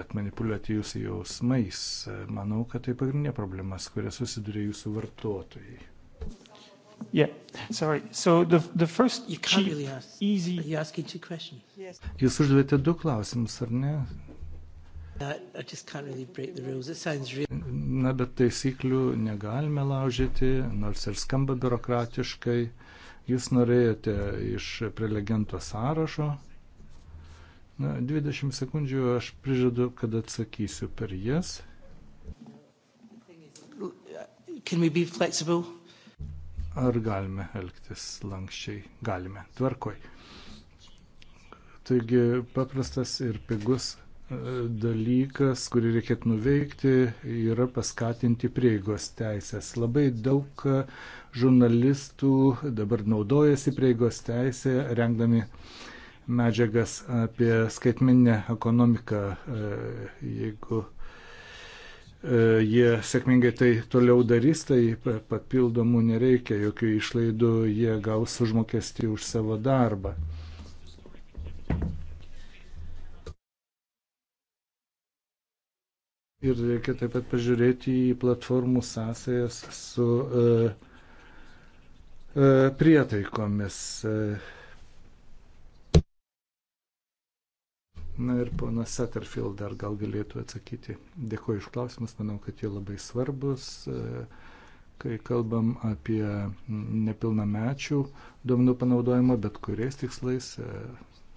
bet manipuliuoti jūsų jausmais. Manau, kad tai pagrindinė problemas, kuria susiduria jūsų vartotojai. Yeah, sorry. So the, the first you can't cheap, really ask. Easy. Are you asking two questions? Yes. Jūs uždavėte du klausimus, ar ne? Uh, I just can't really break the rules. It sounds real. Na, bet taisyklių negalime laužyti, nors ir skamba biurokratiškai. Jūs norėjote iš prelegento sąrašo. Na, 20 sekundžių aš prižadu, kad atsakysiu per jas. Can we be flexible? Ar galime elgtis lankščiai? Galime. Tvarkoj. Taigi paprastas ir pigus e, dalykas, kurį reikėtų nuveikti, yra paskatinti prieigos teisės. Labai daug e, žurnalistų dabar naudojasi prieigos teisė, rengdami medžiagas apie skaitminę ekonomiką. E, jeigu E, jie sėkmingai tai toliau darys, tai papildomų nereikia, jokių išlaidų jie gaus užmokestį už savo darbą. Ir reikia taip pat pažiūrėti į platformų sąsajas su uh, uh, prietaikomis. Uh, Na ir ponas Satterfield dar gal galėtų atsakyti. Dėkuoju iš klausimus, manau, kad jie labai svarbus. Kai kalbam apie nepilnamečių duomenų panaudojimą, bet kuriais tikslais,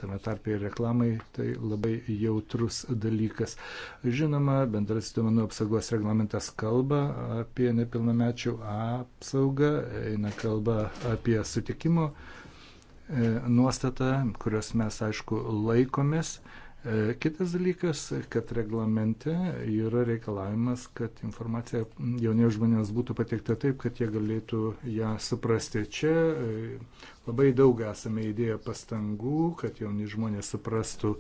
tame tarpe ir reklamai, tai labai jautrus dalykas. Žinoma, bendras duomenų apsaugos reglamentas kalba apie nepilnamečių apsaugą, eina kalba apie sutikimo e, nuostatą, kurios mes, aišku, laikomės. E, kitas dalykas, kad reglamente yra reikalavimas, kad informacija jauniems žmonėms būtų pateikta taip, kad jie galėtų ją suprasti. Čia e, labai daug esame įdėję pastangų, kad jauni žmonės suprastų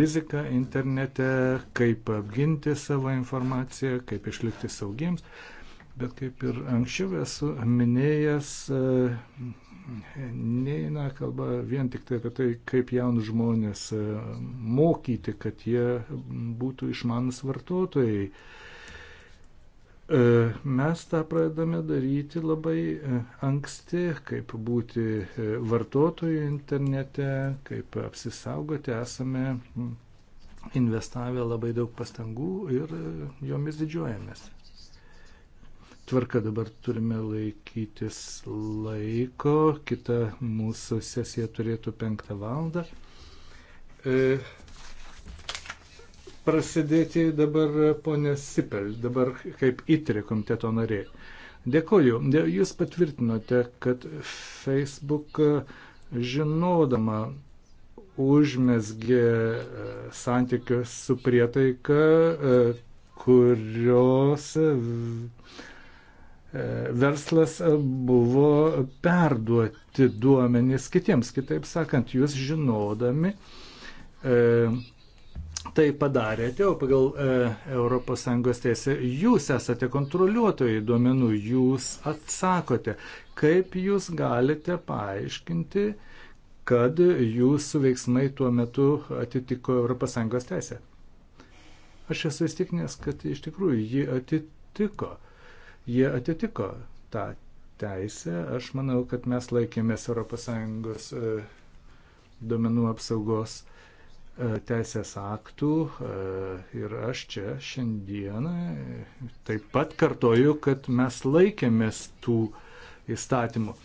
riziką internete, kaip apginti savo informaciją, kaip išlikti saugiems. Bet kaip ir anksčiau esu minėjęs, e, neina kalba vien tik tai apie tai, kaip jaunus žmonės e, mokyti, kad jie būtų išmanus vartotojai. E, mes tą pradedame daryti labai e, anksti, kaip būti vartotojų internete, kaip apsisaugoti, esame investavę labai daug pastangų ir jomis didžiuojamės tvarka dabar turime laikytis laiko. Kita mūsų sesija turėtų penktą valandą. E, prasidėti dabar ponė Sipel, dabar kaip įtrė komiteto narė. Dėkoju. Jūs patvirtinote, kad Facebook e, žinodama užmesgė e, santykius su prietaika, e, kurios verslas buvo perduoti duomenys kitiems. Kitaip sakant, jūs žinodami e, tai padarėte, o pagal e, ES teisę jūs esate kontroliuotojai duomenų, jūs atsakote. Kaip jūs galite paaiškinti, kad jūsų veiksmai tuo metu atitiko ES teisę? Aš esu įstikinęs, kad iš tikrųjų ji atitiko. E, jie atitiko tą teisę. Aš manau, kad mes laikėmės ES e, duomenų apsaugos e, teisės aktų e, ir aš čia šiandieną taip pat kartoju, kad mes laikėmės tų įstatymų.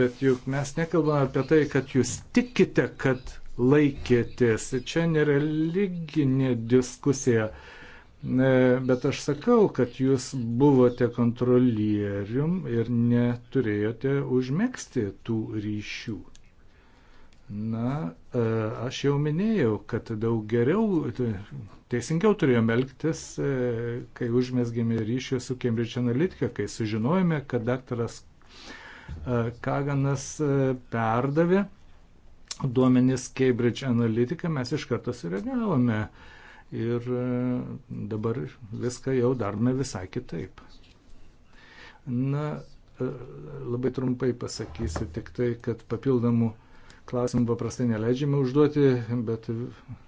Bet juk mes nekalbame apie tai, kad jūs tikite, kad laikėtės. Čia nereliginė diskusija. Uh, Bet aš sakau, kad jūs buvote kontrolierium ir neturėjote užmėgsti tų ryšių. Na, e, aš jau minėjau, kad daug geriau, teisingiau turėjome elgtis, e, kai užmėsgėme ryšį su Cambridge Analytica, kai sužinojome, kad daktaras e, Kaganas perdavė duomenis Cambridge Analytica, mes iš karto sureagavome. Uh, ir e, dabar viską jau darome visai kitaip. Na, e, labai trumpai pasakysiu tik tai, kad papildomų klausimų paprastai neleidžiame užduoti, bet, e,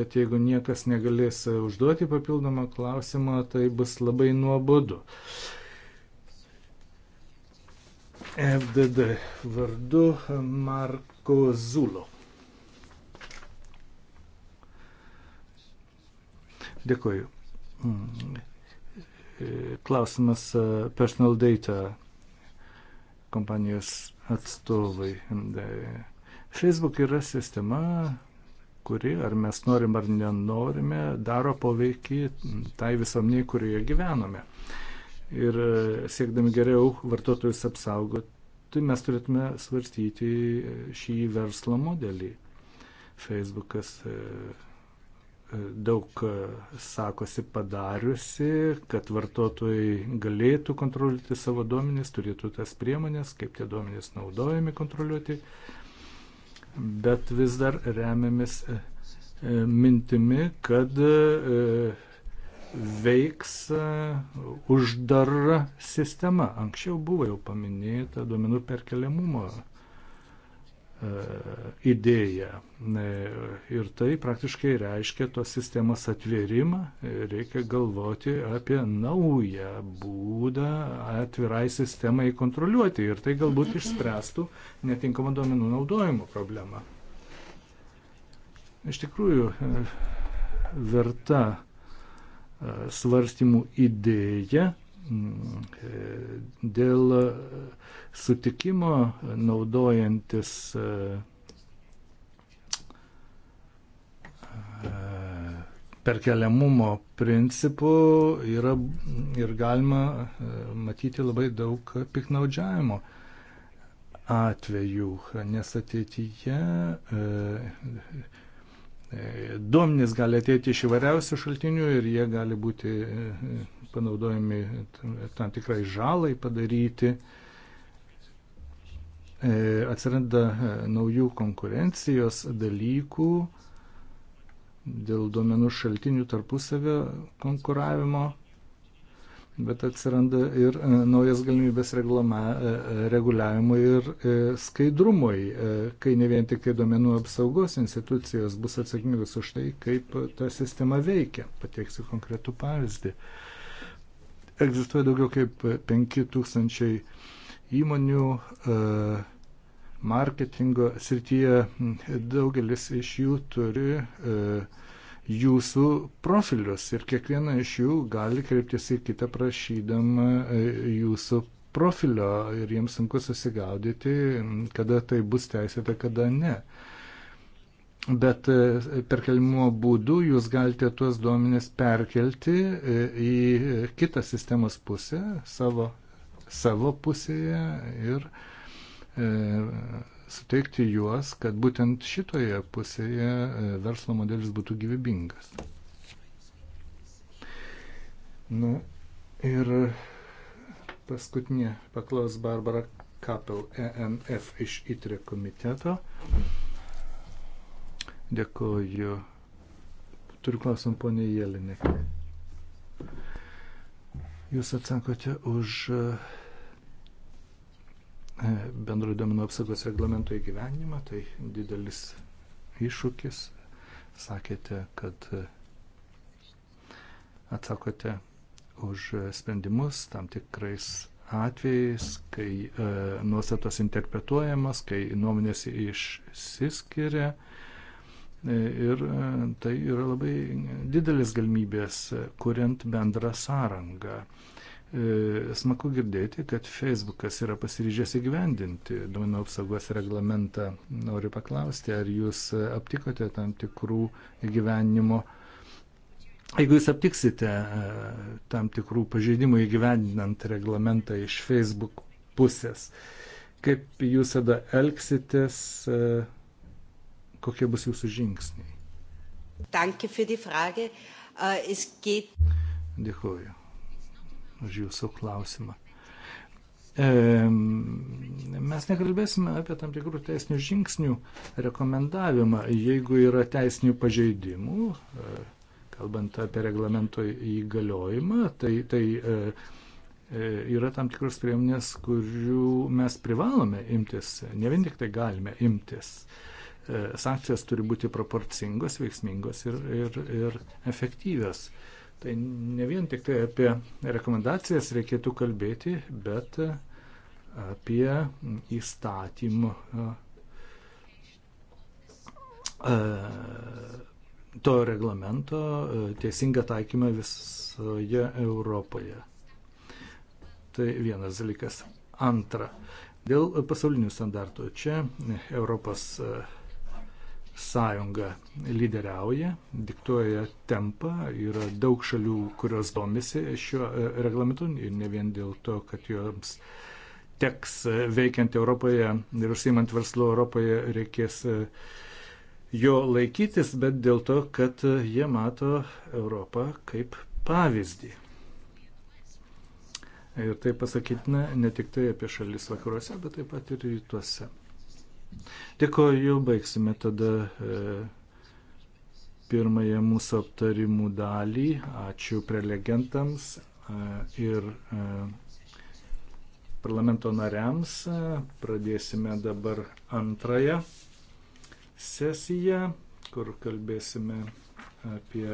bet jeigu niekas negalės užduoti papildomą klausimą, tai bus labai nuobodu. FDD vardu Marko Zulo. Dėkuoju. Mm. Klausimas e, personal data kompanijos atstovai. E, Facebook yra sistema, kuri, ar mes norim ar nenorime, daro poveikį tai visuomeniai, kurioje gyvename. Ir e, siekdami geriau vartotojus apsaugoti, mes turėtume svarstyti šį verslo modelį. Facebookas daug e, sakosi padariusi, kad vartotojai galėtų kontroliuoti savo duomenis, turėtų tas priemonės, kaip tie duomenys naudojami kontroliuoti, bet vis dar remiamis e, e, mintimi, kad veiks uždara sistema. Anksčiau buvo jau paminėta duomenų perkeliamumo E, idėja. E, ir tai praktiškai reiškia tos sistemos atvėrimą, e, reikia galvoti apie naują būdą atvirai sistemai kontroliuoti ir tai galbūt išspręstų netinkamą duomenų naudojimo problemą. Iš tikrųjų, verta svarstymų idėja dėl sutikimo naudojantis e, e, perkeliamumo principu yra ir galima e, matyti labai daug piknaudžiavimo atvejų, nes ateityje duomenys gali ateiti iš įvairiausių šaltinių ir jie gali būti panaudojami tam tikrai žalai padaryti. E, atsiranda e, naujų konkurencijos dalykų dėl duomenų šaltinių tarpusavio konkuravimo, bet atsiranda ir e, naujas galimybės reglama, reguliavimui ir skaidrumui, kai ne vien tik tai duomenų apsaugos institucijos bus atsakingos už tai, kaip ta sistema veikia. Pateiksiu konkretų pavyzdį. Egzistuoja daugiau kaip 5000 įmonių, marketingo srityje daugelis iš jų turi e, jūsų profilius ir kiekviena iš jų gali kreiptis į kitą prašydama e, jūsų profilio ir jiems sunku susigaudyti, kada tai bus teisėta, kada ne. Bet e, perkelimo būdu jūs galite tuos duomenis perkelti į kitą sistemos pusę, savo, savo pusėje ir uh, E, suteikti juos, kad būtent šitoje pusėje e, verslo modelis būtų gyvybingas. Na nu, ir paskutinė paklaus Barbara Kapel ENF iš ITRE komiteto. Dėkoju. Turiu klausimą ponė Jelinė. Jūs atsakote už uh, E, bendro duomenų apsaugos reglamento įgyvenimą, tai didelis iššūkis. Sakėte, kad e, atsakote už sprendimus tam tikrais atvejais, kai e, nuostatos interpretuojamas, kai nuomonės išsiskiria. E, ir e, tai yra labai didelis galimybės, kuriant bendrą sąrangą. E, E, Smaku girdėti, kad Facebookas yra pasiryžęs įgyvendinti duomenų apsaugos reglamentą. Noriu paklausti, ar jūs aptikote tam tikrų įgyvendinimo, jeigu jūs aptiksite e, tam tikrų pažeidimų įgyvendinant reglamentą iš Facebook pusės, kaip jūs tada elgsitės, e, kokie bus jūsų žingsniai? Danke für die Frage. Äh, es geht. Dėkuoju už jūsų klausimą. Mes nekalbėsime apie tam tikrų teisinių žingsnių rekomendavimą, jeigu yra teisinių pažeidimų, e, kalbant apie reglamento įgaliojimą, tai, tai e, e, yra tam tikros priemonės, kurių mes privalome imtis, ne vien tik tai galime imtis. Sankcijos turi būti proporcingos, veiksmingos ir, ir, ir efektyvios. Tai ne vien tik tai apie rekomendacijas reikėtų kalbėti, bet apie įstatymų to reglamento teisingą taikymą visoje Europoje. Tai vienas dalykas. Antra, dėl pasaulinių standartų. Čia Europos uh, sąjunga lyderiauja, diktuoja tempą, yra daug šalių, kurios domisi šiuo e, reglamentu ir ne vien dėl to, kad joms teks e, veikiant Europoje ir užsiimant verslo Europoje reikės e, jo laikytis, bet dėl to, kad jie mato Europą kaip pavyzdį. Ir tai pasakytina ne tik tai apie šalis vakaruose, bet taip pat ir rytuose. Dėkoju, baigsime tada e, pirmąją mūsų aptarimų dalį. Ačiū prelegentams e, ir e, parlamento nariams. Pradėsime dabar antrąją sesiją, kur kalbėsime apie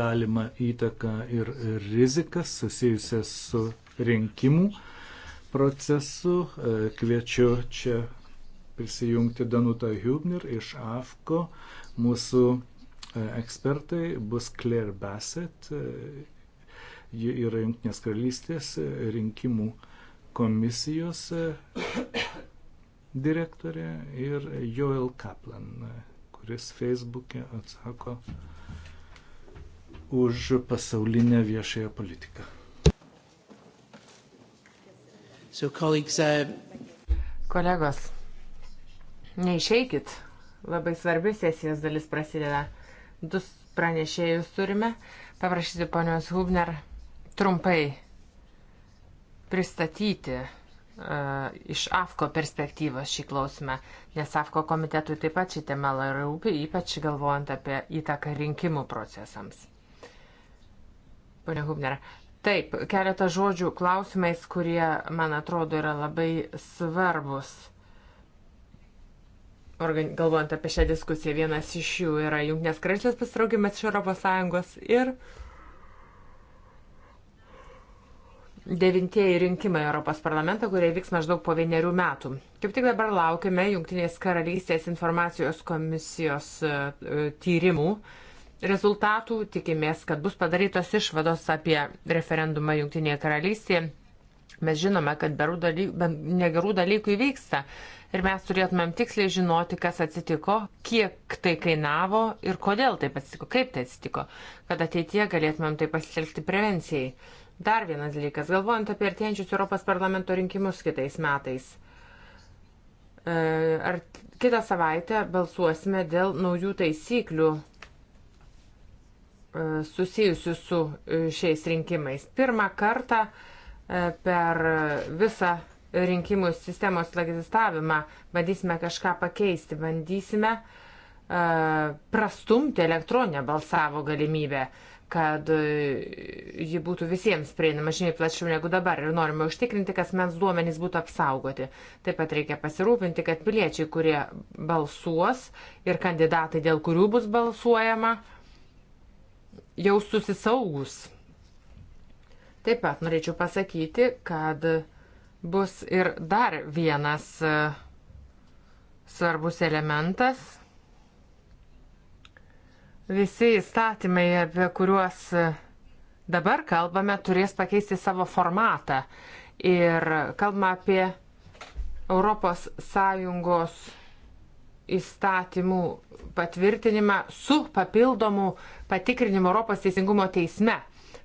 galimą įtaką ir rizikas susijusias su rinkimų procesu. E, kviečiu čia prisijungti Danutą Hübner iš AFKO. Mūsų e, ekspertai bus Claire Bassett. E, ji yra Junktinės karalystės rinkimų komisijos direktorė ir Joel Kaplan, kuris Facebook'e atsako už pasaulinę viešąją politiką. So, colleagues, uh... Kolegos, neišeikit. Labai svarbi sesijos dalis prasideda. Du pranešėjus turime. Paprašysiu ponios Hubner trumpai pristatyti uh, iš AFKO perspektyvos šį klausimą, nes AFKO komitetui taip pat ši tema rūpi, ypač galvojant apie įtaką rinkimų procesams. Pone Hubner, Taip, keletą žodžių klausimais, kurie, man atrodo, yra labai svarbus. Organ... Galvojant apie šią diskusiją, vienas iš jų yra Junktinės karalystės pasitraukimas iš ES ir devintieji rinkimai Europos parlamentą, kurie vyks maždaug po vienerių metų. Kaip tik dabar laukime Junktinės karalystės informacijos komisijos e, tyrimų. Uh, rezultatų. Tikimės, kad bus padarytos išvados apie referendumą Junktinėje karalystėje. Mes žinome, kad dalykų, negerų dalykų įvyksta ir mes turėtumėm tiksliai žinoti, kas atsitiko, kiek tai kainavo ir kodėl taip atsitiko, kaip tai atsitiko, kad ateitie galėtumėm tai pasitelkti prevencijai. Dar vienas dalykas, galvojant apie artėjančius Europos parlamento rinkimus kitais metais. E, ar kitą savaitę balsuosime dėl naujų taisyklių E, susijusių su e, šiais rinkimais. Pirmą kartą e, per visą rinkimų sistemos egzistavimą bandysime kažką pakeisti, bandysime prastumti elektroninę balsavo galimybę, kad ji būtų visiems prieinama žymiai plačiau negu dabar ir norime užtikrinti, kad mens duomenys būtų apsaugoti. Taip pat reikia pasirūpinti, kad piliečiai, kurie balsuos ir kandidatai, dėl kurių bus balsuojama, uh, jaustųsi saugus. Taip pat norėčiau pasakyti, kad bus ir dar vienas e, svarbus elementas. Visi įstatymai, apie kuriuos e, dabar kalbame, turės pakeisti savo formatą. Ir kalbame apie Europos Sąjungos įstatymų patvirtinimą su papildomu patikrinimu Europos teisingumo teisme.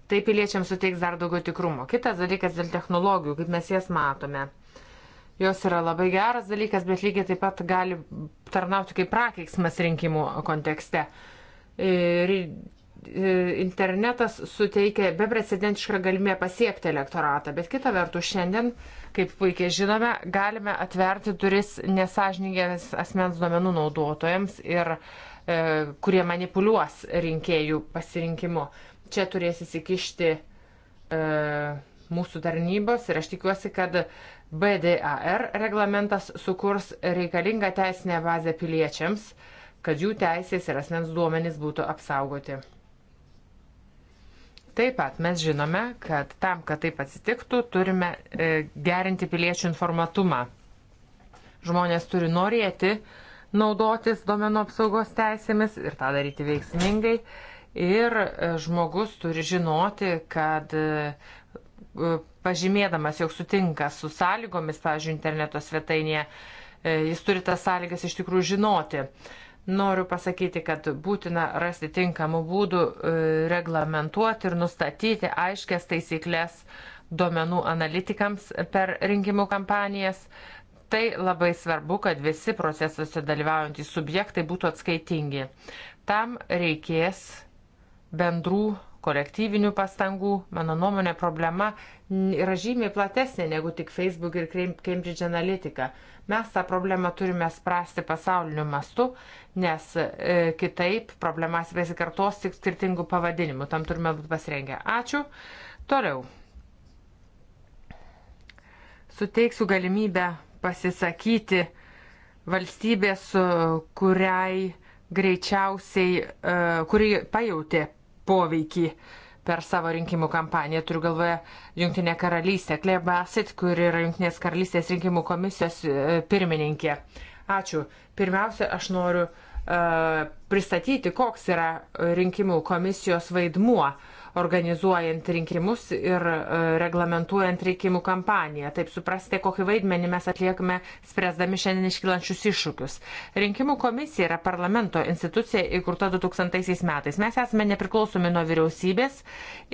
Tai piliečiams suteiks dar daugiau tikrumo. Kitas dalykas dėl technologijų, kaip mes jas matome. Jos yra labai geras dalykas, bet lygiai taip pat gali tarnauti kaip prakeiksmas rinkimų kontekste. Ir e, internetas suteikia beprecedentišką galimybę pasiekti elektoratą, bet kita vertus šiandien uh, kaip puikiai žinome, galime atverti duris nesažiningiems asmens duomenų naudotojams ir e, kurie manipuliuos rinkėjų pasirinkimu. Čia turės įsikišti e, mūsų tarnybos ir aš tikiuosi, kad BDAR reglamentas sukurs reikalingą teisinę bazę piliečiams, kad jų teisės ir asmens duomenys būtų apsaugoti. Taip pat mes žinome, kad tam, kad taip atsitiktų, turime e, gerinti piliečių informatumą. Žmonės turi norėti naudotis domenų apsaugos teisėmis ir tą daryti veiksmingai. Ir e, žmogus turi žinoti, kad e, pažymėdamas, jog sutinka su sąlygomis, pavyzdžiui, interneto svetainėje, jis turi tas sąlygas iš tikrųjų žinoti. Noriu pasakyti, kad būtina rasti tinkamų būdų e, reglamentuoti ir nustatyti aiškias taisyklės duomenų analitikams per rinkimų kampanijas. Tai labai svarbu, kad visi procesuose dalyvaujantys subjektai būtų atskaitingi. Tam reikės bendrų kolektyvinių pastangų. Mano nuomonė, problema yra žymiai platesnė negu tik Facebook ir Cambridge Analytica. Mes tą problemą turime spręsti pasauliniu mastu, nes e, kitaip problemas besikartos tik skirtingų pavadinimų. Tam turime būti pasirengę. Ačiū. Toliau. Suteiksiu galimybę pasisakyti valstybės, kuriai greičiausiai, e, kuri pajutė poveikį per savo rinkimų kampaniją. Turiu galvoje Junktinę karalystę, Claire Bassett, kuri yra Junktinės karalystės rinkimų komisijos e, pirmininkė. Ačiū. Pirmiausia, aš noriu uh, pristatyti, koks yra rinkimų komisijos vaidmuo uh, organizuojant rinkimus ir e, reglamentuojant rinkimų kampaniją. Taip suprasite, kokį vaidmenį mes atliekame spręsdami šiandien iškilančius iššūkius. Rinkimų komisija yra parlamento institucija įkurta 2000 metais. Mes esame nepriklausomi nuo vyriausybės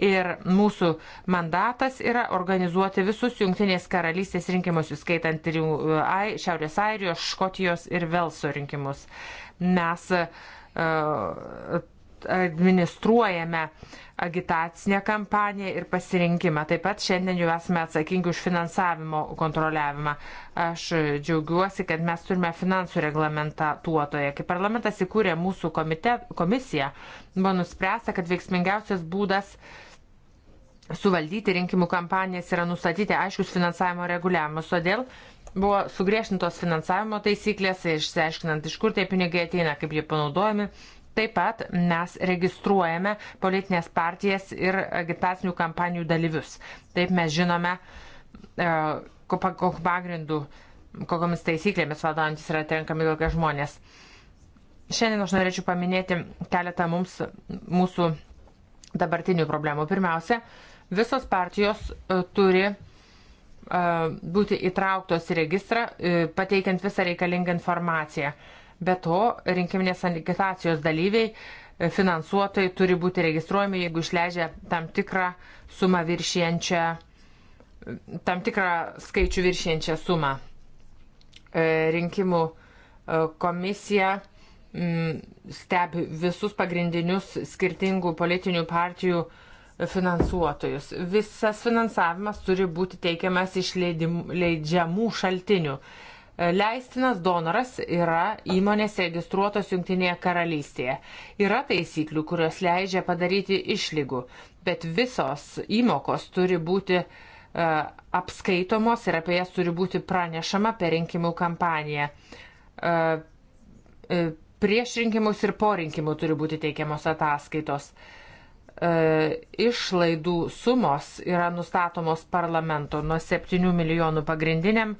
ir mūsų mandatas yra organizuoti visus Junktinės karalystės rinkimus, įskaitant ir e, Šiaurės Airijos, Škotijos ir Velso rinkimus. Mes uh, administruojame agitacinę kampaniją ir pasirinkimą. Taip pat šiandien jau esame atsakingi už finansavimo kontroliavimą. Aš džiaugiuosi, kad mes turime finansų reglamentatuotoje. Kai parlamentas įkūrė mūsų komitet, komisiją, buvo nuspręsta, kad veiksmingiausias būdas suvaldyti rinkimų kampanijas yra nustatyti aiškius finansavimo reguliavimus. Todėl buvo sugriešintos finansavimo taisyklės, išsiaiškinant, iš kur tie pinigai ateina, kaip jie panaudojami. Taip pat mes registruojame politinės partijas ir agitacinių kampanijų dalyvius. Taip mes žinome, e, kokiu pagrindu, kokiamis taisyklėmis vadovantis yra tenkami kokie žmonės. Šiandien aš norėčiau paminėti keletą mums, mūsų dabartinių problemų. Pirmiausia, visos partijos e, turi e, būti įtrauktos į registrą, pateikiant visą reikalingą informaciją. Be to, rinkiminės agitacijos dalyviai e, finansuotojai turi būti registruojami, jeigu išleidžia tam tikrą sumą viršienčią, e, tam tikrą skaičių viršienčią sumą. E, rinkimų komisija stebi visus pagrindinius skirtingų politinių partijų finansuotojus. Visas finansavimas turi būti teikiamas iš leidimų, leidžiamų šaltinių. Leistinas donoras yra įmonės registruotos Junktinėje karalystėje. Yra taisyklių, kurios leidžia padaryti išlygų, bet visos įmokos turi būti e, apskaitomos ir apie jas turi būti pranešama per rinkimų kampaniją. E, e, prieš rinkimus ir po rinkimų turi būti teikiamos ataskaitos. Išlaidų sumos yra nustatomos parlamento nuo 7 milijonų pagrindiniam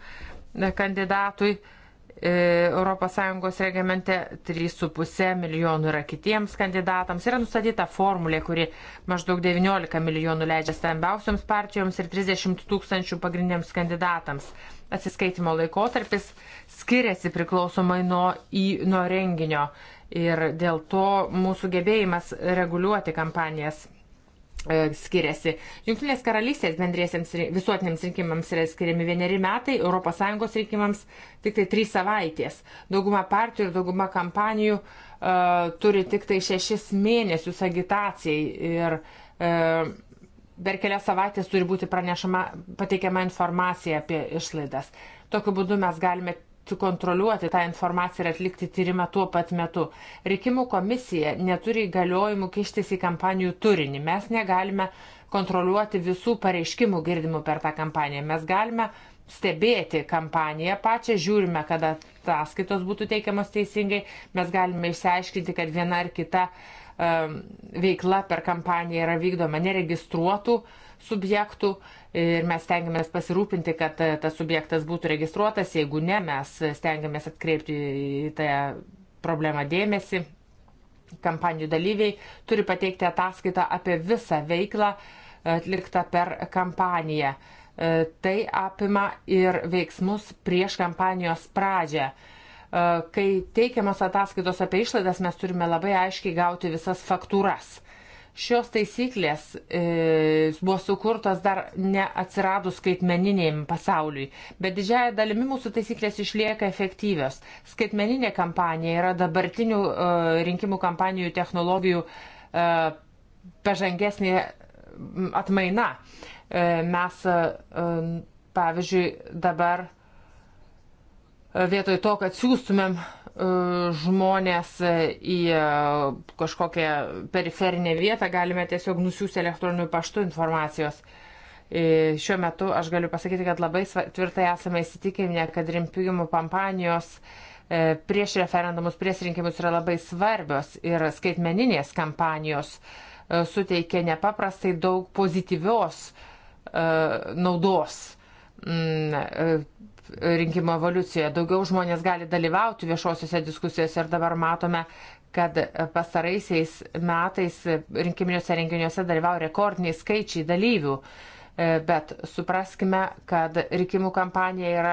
E, kandidatui. ES reglamente 3,5 milijonų yra kitiems kandidatams. Yra nustatyta formulė, kuri maždaug 19 milijonų leidžia stambiausioms partijoms ir 30 tūkstančių pagrindiniams kandidatams. Atsiskaitimo laikotarpis skiriasi priklausomai nuo, į, nuo renginio ir dėl to mūsų gebėjimas reguliuoti kampanijas E, skiriasi. Junktinės karalystės bendriesiams visuotiniams rinkimams yra skiriami vieneri metai, ES rinkimams tik tai trys savaitės. Dauguma partijų ir dauguma kampanijų uh, turi tik tai šešis mėnesius agitacijai ir uh, per kelias savaitės turi būti pranešama, pateikiama informacija apie išlaidas. Tokiu būdu mes galime kontroliuoti tą informaciją ir atlikti tyrimą tuo pat metu. Rinkimų komisija neturi įgaliojimų kištis į kampanijų turinį. Mes negalime kontroliuoti visų pareiškimų girdimų per tą kampaniją. Mes galime stebėti kampaniją pačią, žiūrime, kad ataskaitos būtų teikiamos teisingai, mes galime išsiaiškinti, kad viena ar kita um, veikla per kampaniją yra vykdoma neregistruotų subjektų ir mes stengiamės pasirūpinti, kad e, tas subjektas būtų registruotas, jeigu ne, mes stengiamės atkreipti į tą problemą dėmesį. Kampanijų dalyviai turi pateikti ataskaitą apie visą veiklą e, atliktą per kampaniją. E, tai apima ir veiksmus prieš kampanijos pradžią. Kai teikiamos ataskaitos apie išlaidas, mes turime labai aiškiai gauti visas faktūras Šios taisyklės e, buvo sukurtos dar neatsiradus skaitmeniniam pasauliui, bet didžiaja dalimi mūsų taisyklės išlieka efektyvios. Skaitmeninė kampanija yra dabartinių e, rinkimų kampanijų technologijų e, pažangesnė atmaina. E, mes, e, pavyzdžiui, dabar e, vietoj to, kad siūstumėm E, žmonės e, į e, kažkokią periferinę vietą, galime tiesiog nusiųsti elektroniniu paštu informacijos. Šiuo metu aš galiu pasakyti, kad labai tvirtai esame įsitikinę, kad rimpimų kampanijos prieš referendumus, prieš rinkimus yra labai svarbios ir skaitmeninės kampanijos suteikia nepaprastai daug pozityvios naudos mm, rinkimo evoliucijoje. Daugiau žmonės gali dalyvauti viešuosiuose diskusijose ir dabar matome, kad pastaraisiais metais rinkiminiuose renginiuose dalyvauja rekordiniai skaičiai dalyvių. Uh, E, bet supraskime, kad rinkimų kampanija yra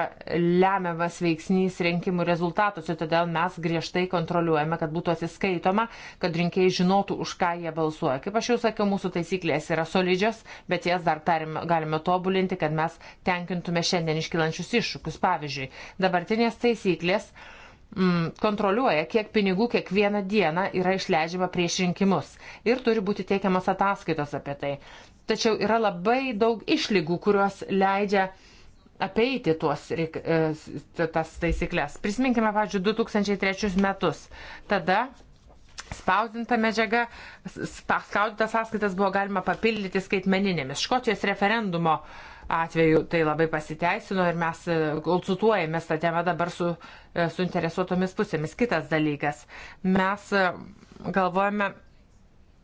lemiamas veiksnys rinkimų rezultatus ir todėl mes griežtai kontroliuojame, kad būtų atsiskaitoma, kad rinkėjai žinotų, už ką jie balsuoja. Kaip aš jau sakiau, mūsų taisyklės yra solidžios, bet jas dar tarime, galime tobulinti, kad mes tenkintume šiandien iškilančius iššūkius. Pavyzdžiui, dabartinės taisyklės mm, kontroliuoja, kiek pinigų kiekvieną dieną yra išleidžiama prieš rinkimus ir turi būti teikiamas ataskaitos apie tai tačiau yra labai daug išlygų, kurios leidžia apeiti tuos, e, tas taisyklės. Prisiminkime, pavyzdžiui, 2003 metus. Tada spausdinta medžiaga, spausdintas sąskaitas buvo galima papildyti skaitmeninėmis. Škotijos referendumo atveju tai labai pasiteisino ir mes e, konsultuojamės tą temą dabar su e, suinteresuotomis pusėmis. Kitas dalykas, mes galvojame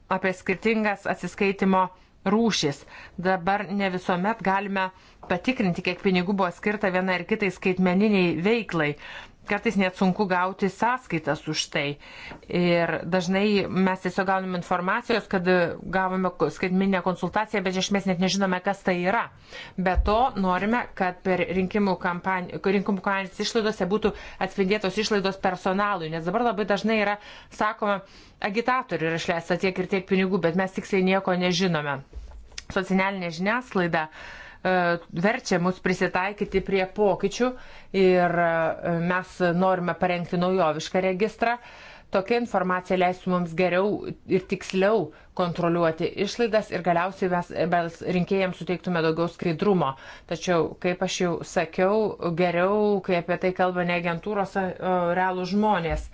apie skirtingas atsiskaitimo rūšis. Dabar ne visuomet galime patikrinti, kiek pinigų buvo skirta vienai ar kitai skaitmeniniai veiklai kartais net sunku gauti sąskaitas už tai. Ir dažnai mes tiesiog gauname informacijos, kad gavome skaitminę konsultaciją, bet iš esmės net nežinome, kas tai yra. Be to norime, kad per rinkimų kampanijos išlaidose būtų atspindėtos išlaidos personalui, nes dabar labai dažnai yra sakoma, agitatorių yra išleista tiek ir tiek pinigų, bet mes tiksliai nieko nežinome. Socialinė žiniasklaida uh, E, verčia mus prisitaikyti prie pokyčių ir e, mes norime parengti naujovišką registrą. Tokia informacija leis mums geriau ir tiksliau kontroliuoti išlaidas ir galiausiai mes, mes rinkėjams suteiktume daugiau skaidrumo. Tačiau, kaip aš jau sakiau, geriau, kai apie tai kalba ne agentūros, o realų žmonės.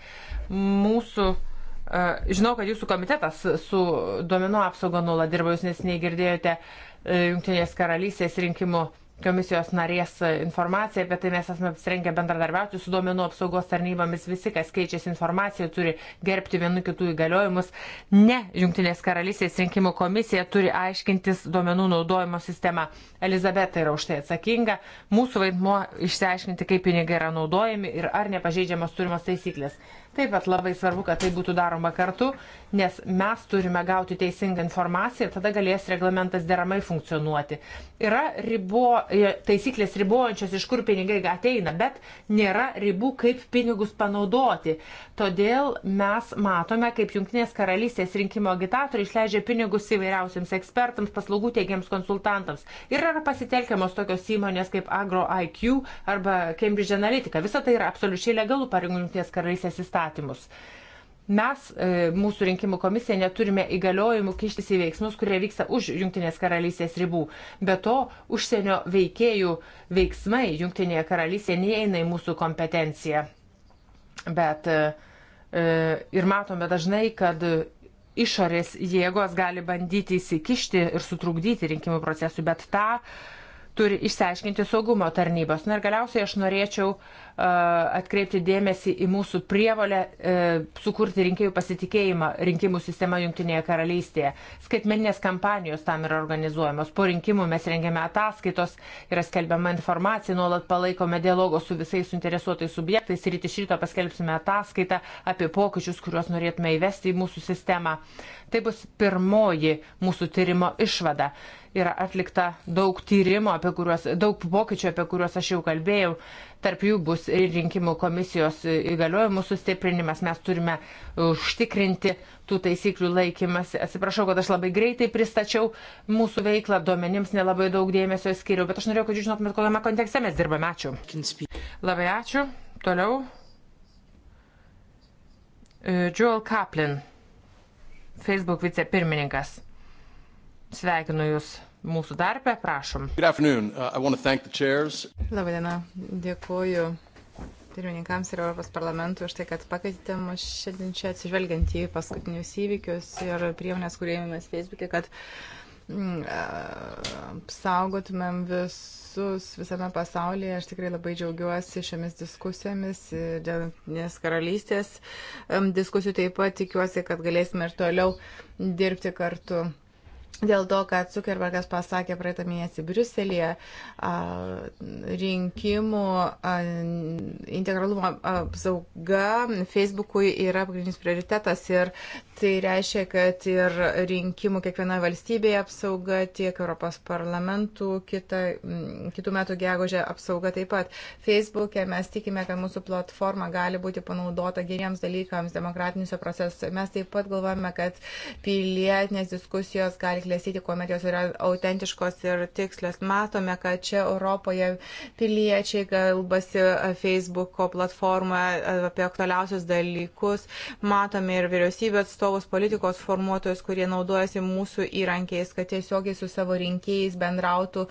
Mūsų e, Žinau, kad jūsų komitetas su duomenų apsauga nuolat dirba, jūs nesiniai girdėjote E, Junktinės karalystės rinkimų komisijos narės informaciją, apie tai mes esame apsirengę bendradarbiauti su duomenų apsaugos tarnybomis, visi, kas keičiasi informacija, turi gerbti vienu kitų įgaliojimus. Ne, Junktinės karalystės rinkimų komisija turi aiškintis duomenų naudojimo sistemą. Elizabeta yra už tai atsakinga. Mūsų vaidmuo išsiaiškinti, kaip pinigai yra naudojami ir ar nepažeidžiamos turimos taisyklės. Taip pat labai svarbu, kad tai būtų daroma kartu, nes mes turime gauti teisingą informaciją ir tada galės reglamentas deramai funkcionuoti. Yra ribo, e, taisyklės ribojančios, iš kur pinigai ateina, bet nėra ribų, kaip pinigus panaudoti. Todėl mes matome, kaip Junktinės karalystės rinkimo agitatoriai išleidžia pinigus įvairiausiams ekspertams, paslaugų teigiams konsultantams. Ir yra pasitelkiamos tokios įmonės kaip AgroIQ arba Cambridge Analytica. Visa tai yra absoliučiai legalu pagal Junktinės karalystės įstatymą įstatymus. Mes, e, mūsų rinkimų komisija, neturime įgaliojimų kištis į veiksmus, kurie vyksta už Junktinės karalystės ribų. Be to, užsienio veikėjų veiksmai Junktinėje karalystėje neįeina į mūsų kompetenciją. Bet e, e, ir matome dažnai, kad išorės jėgos gali bandyti įsikišti ir sutrukdyti rinkimų procesų, bet tą turi išsiaiškinti saugumo tarnybos. Na ir galiausiai aš norėčiau uh, atkreipti dėmesį į mūsų prievalę uh, e, sukurti rinkėjų pasitikėjimą rinkimų sistema Junktinėje karalystėje. Skaitmeninės kampanijos tam yra organizuojamos. Po rinkimų mes rengiame ataskaitos, yra skelbiama informacija, nuolat palaikome dialogo su visais suinteresuotais subjektais ir iš ryto paskelbsime ataskaitą apie pokyčius, kuriuos norėtume įvesti į mūsų sistemą. Tai bus pirmoji mūsų tyrimo išvada. Yra atlikta daug tyrimų, apie kuriuos, daug pokyčių, apie kuriuos aš jau kalbėjau. Tarp jų bus ir rinkimų komisijos įgaliojimų sustiprinimas. Mes turime užtikrinti tų taisyklių laikymas. Atsiprašau, kad aš labai greitai pristačiau mūsų veiklą, duomenims nelabai daug dėmesio skiriu, bet aš norėjau, kad jūs žinotumėt, kokiame kontekste mes dirbame. Ačiū. Labai ačiū. Toliau. E, Joel Kaplan, Facebook vicepirmininkas. Sveikinu Jūs mūsų darbę, prašom. Uh, Labadiena, dėkuoju pirmininkams ir Europos parlamentui už tai, kad pakeitėte mus šiandien čia atsižvelgiant į paskutinius įvykius ir priemonės, kurie ėmėmės Facebook'e, kad apsaugotumėm mm, uh, visus visame pasaulyje. Aš tikrai labai džiaugiuosi šiomis diskusijomis dėl nes karalystės um, diskusijų. Taip pat tikiuosi, kad galėsime ir toliau dirbti kartu dėl to, kad Zuckerbergas pasakė praeitą mėnesį Briuselėje rinkimų a, integralumo apsauga Facebookui yra pagrindinis prioritetas ir tai reiškia, kad ir rinkimų kiekvienoje valstybėje apsauga, tiek Europos parlamentų kita, kitų metų gegužė apsauga taip pat. Facebook'e mes tikime, kad mūsų platforma gali būti panaudota geriems dalykams, demokratiniuose procesuose. Mes taip pat galvojame, kad pilietinės diskusijos gali klėstyti, kuomet jos yra autentiškos ir tikslios. Matome, kad čia Europoje piliečiai kalbasi Facebook'o platformoje apie aktualiausius dalykus. Matome ir vyriausybės atstovus, politikos formuotojus, kurie naudojasi mūsų įrankiais, kad tiesiogiai su savo rinkėjais bendrautų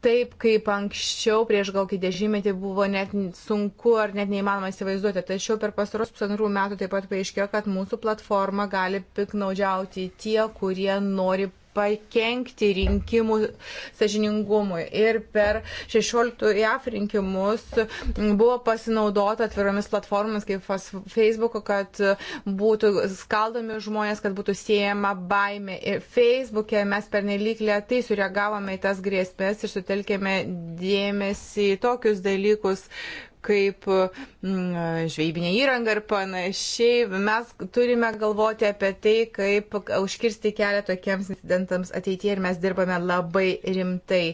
taip, kaip anksčiau, prieš gal kai dešimtmetį buvo net sunku ar net neįmanoma įsivaizduoti. Tačiau per pastaros pusantrų metų taip pat paaiškėjo, kad mūsų platforma gali piknaudžiauti tie, kurie nori pakenkti rinkimų sažiningumui. Ir per 16 JAF rinkimus buvo pasinaudota atviromis platformomis kaip Facebook'u, kad būtų skaldomi žmonės, kad būtų siejama baime. Ir Facebook'e mes pernelyg lietai sureagavome į tas grėsmės ir sutelkėme dėmesį į tokius dalykus, kaip mm, žvejybinė įranga ir panašiai. Mes turime galvoti apie tai, kaip užkirsti kelią tokiems incidentams ateityje ir mes dirbame labai rimtai.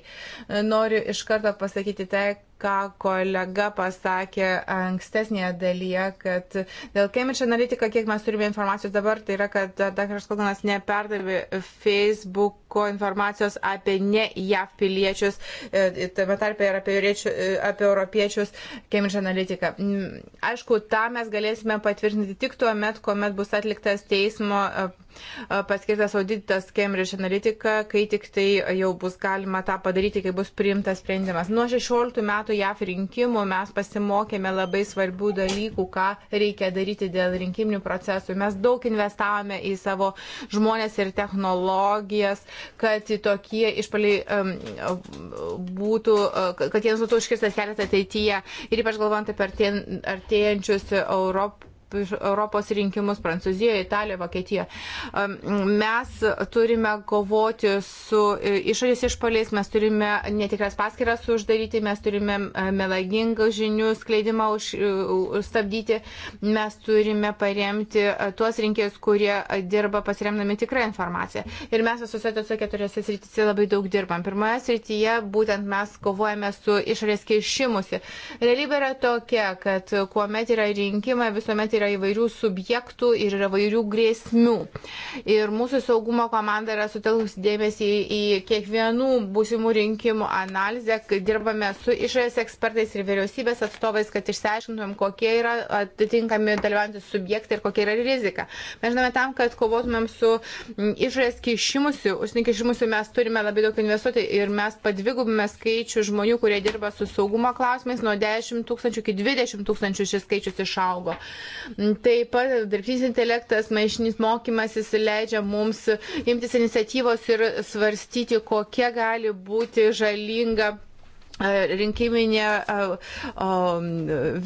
Noriu iš karto pasakyti tai, ką kolega pasakė ankstesnėje dalyje, kad dėl Cambridge Analytica, kiek mes turime informacijos dabar, tai yra, kad daktaras Kaldanas neperdavė Facebooko informacijos apie ne JAV piliečius, e, tame tarpe ir apie, e, apie europiečius Cambridge Analytica. Aišku, tą mes galėsime patvirtinti tik tuo met, kuomet bus atliktas teismo e, paskirtas auditas Cambridge Analytica, kai tik tai jau bus galima tą padaryti, kai bus priimtas sprendimas. Nuo 16 metų JAF rinkimų mes pasimokėme labai svarbių dalykų, ką reikia daryti dėl rinkiminių procesų. Mes daug investavome į savo žmonės ir technologijas, kad tokie išpaliai um, būtų, kad jiems būtų užkirstas kelias ateityje. Ir ypač galvojant apie artėjančius Europos Europos rinkimus Prancūzijoje, Italijoje, Vokietijoje. Mes turime kovoti su e, išorės išpoliais, mes turime netikras paskiras uždaryti, mes turime e, melagingą žinių skleidimą už, e, stabdyti, mes turime paremti tuos rinkėjus, kurie dirba pasiremdami tikrą informaciją. Ir mes visose tose keturiose srityse labai daug dirbam. Pirmoje srityje būtent mes kovojame su išorės kišimusi. Realybė yra tokia, kad kuomet yra rinkimai, visuomet yra įvairių subjektų ir yra įvairių grėsmių. Ir mūsų saugumo komanda yra sutelkusi dėmesį į kiekvienų būsimų rinkimų analizę, kai dirbame su išorės ekspertais ir vyriausybės atstovais, kad išsiaiškintumėm, kokie yra atitinkami dalyvaujantis subjektai ir kokia yra rizika. Mes žinome tam, kad kovotumėm su išorės kišimusiu, užsienio kišimusiu mes turime labai daug investuoti ir mes padvigubime skaičių žmonių, kurie dirba su saugumo klausimais, nuo 10 tūkstančių iki 20 tūkstančių šis skaičius išaugo. Taip pat dirbtinis intelektas, maišinis mokymasis leidžia mums imtis iniciatyvos ir svarstyti, kokia gali būti žalinga rinkiminė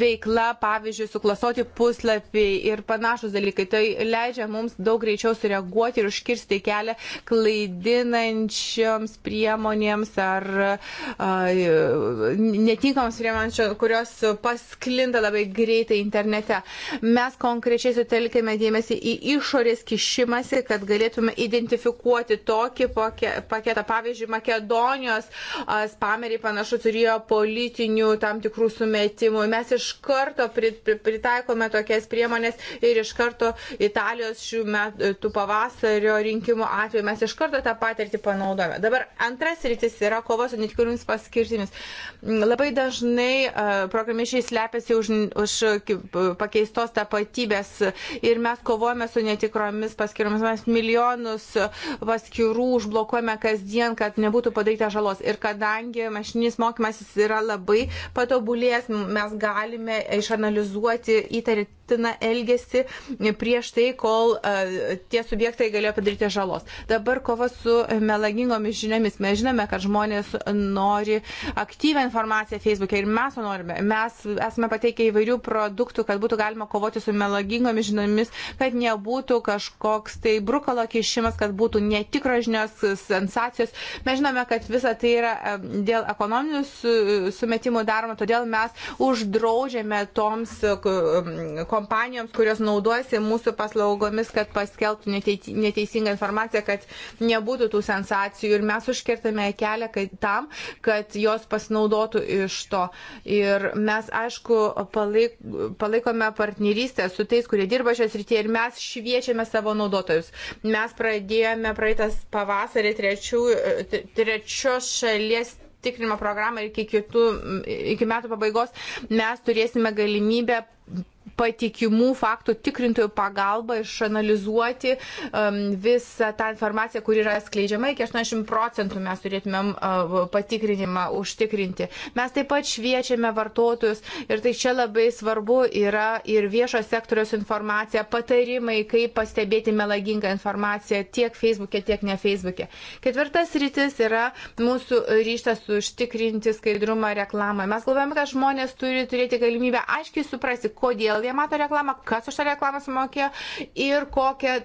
veikla, pavyzdžiui, suklastoti puslapį ir panašus dalykai. Tai leidžia mums daug greičiau sureaguoti ir užkirsti kelią klaidinančioms priemonėms ar netinkams priemonėms, kurios pasklinda labai greitai internete. Mes konkrečiai sutelkėme dėmesį į išorės kišimąsi, kad galėtume identifikuoti tokį paketą. Pavyzdžiui, Makedonijos spamerį panašus turėjo politinių tam tikrų sumetimų. Mes iš karto pritaikome tokias priemonės ir iš karto Italijos šių metų pavasario rinkimų atveju mes iš karto tą patirtį panaudojame. Dabar antras rytis yra kovos su netikrimis paskirtimis. Labai dažnai e, programišiai slepiasi už, už pakeistos tapatybės ir mes kovojame su netikromis paskirimis. Mes milijonus paskirų užblokuojame kasdien, kad nebūtų padaryta žalos. Ir kadangi mašininis mokymas mokymasis yra labai patobulėjęs, mes galime išanalizuoti įtarti leistiną elgesį prieš tai, kol e, tie subjektai galėjo padaryti žalos. Dabar kova su melagingomis žiniomis. Mes žinome, kad žmonės nori aktyvę informaciją Facebook'e ir mes to norime. Mes esame pateikę įvairių produktų, kad būtų galima kovoti su melagingomis žiniomis, kad nebūtų kažkoks tai brukalo kišimas, kad būtų netikros žinios, sensacijos. Mes žinome, kad visa tai yra e, dėl ekonominių sumetimų daroma, todėl mes uždraudžiame toms e, komandai kompanijoms, kurios naudojasi mūsų paslaugomis, kad paskelbtų neteisingą informaciją, kad nebūtų tų sensacijų. Ir mes užkirtame kelią kad, tam, kad jos pasinaudotų iš to. Ir mes, aišku, palaik, palaikome partnerystę su tais, kurie dirba šios rytyje ir mes šviečiame savo naudotojus. Mes pradėjome praeitas pavasarį trečių, trečios šalies tikrinimo programą ir iki, kitų, iki metų pabaigos mes turėsime galimybę patikimų faktų tikrintojų pagalba išanalizuoti um, visą tą informaciją, kur yra skleidžiama. Iki 80 procentų mes turėtumėm uh, patikrinimą užtikrinti. Mes taip pat šviečiame vartotojus ir tai čia labai svarbu yra ir viešo sektoriaus informacija, patarimai, kaip pastebėti melagingą informaciją tiek Facebook'e, tiek ne Facebook'e. Ketvirtas rytis yra mūsų ryštas užtikrinti skaidrumą reklamą. Mes galvojame, kad žmonės turi turėti galimybę aiškiai suprasti, kodėl jie jie mato reklamą, kas už tą reklamą sumokėjo ir kokia,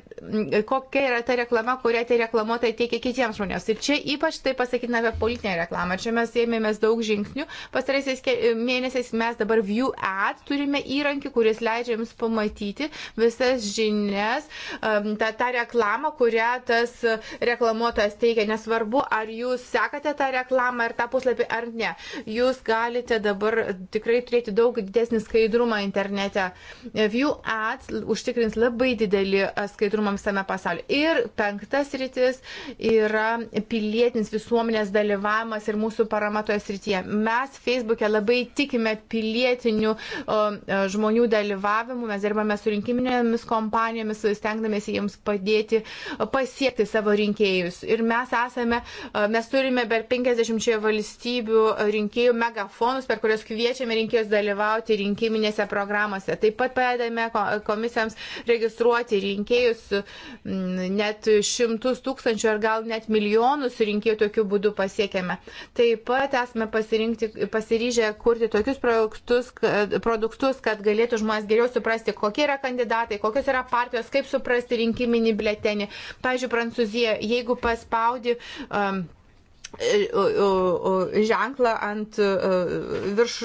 kokia yra ta reklama, kurią tie reklamuotojai teikia kitiems žmonėms. Ir čia ypač tai pasakytina apie politinę reklamą. Čia mes ėmėmės daug žingsnių. Pastaraisiais mėnesiais mes dabar View Ad turime įrankį, kuris leidžia jums pamatyti visas žinias, um, tą, tą reklamą, kurią tas reklamuotojas teikia. Nesvarbu, ar jūs sekate tą reklamą ir tą puslapį ar ne. Jūs galite dabar tikrai turėti daug didesnį skaidrumą internete srityje. View ads užtikrins labai didelį e, skaidrumą visame pasaulyje. Ir penktas rytis yra pilietinis visuomenės dalyvavimas ir mūsų parama toje srityje. Mes Facebook'e labai tikime pilietinių o, e, žmonių dalyvavimu, mes dirbame su rinkiminėmis kompanijomis, stengdamėsi jiems padėti pasiekti savo rinkėjus. Ir mes esame, mes turime per 50 valstybių rinkėjų megafonus, per kurios kviečiame rinkėjus dalyvauti rinkiminėse programose. Taip pat padedame komisijoms registruoti rinkėjus mm, net šimtus tūkstančių ar gal net milijonus rinkėjų tokiu būdu pasiekėme. Taip pat esame pasiryžę kurti tokius projektus, produktus, kad galėtų žmonės geriau suprasti, kokie yra kandidatai, kokios yra partijos, kaip suprasti rinkiminį biletenį. Pavyzdžiui, Prancūzija, jeigu paspaudi um, ženklą ant e, virš,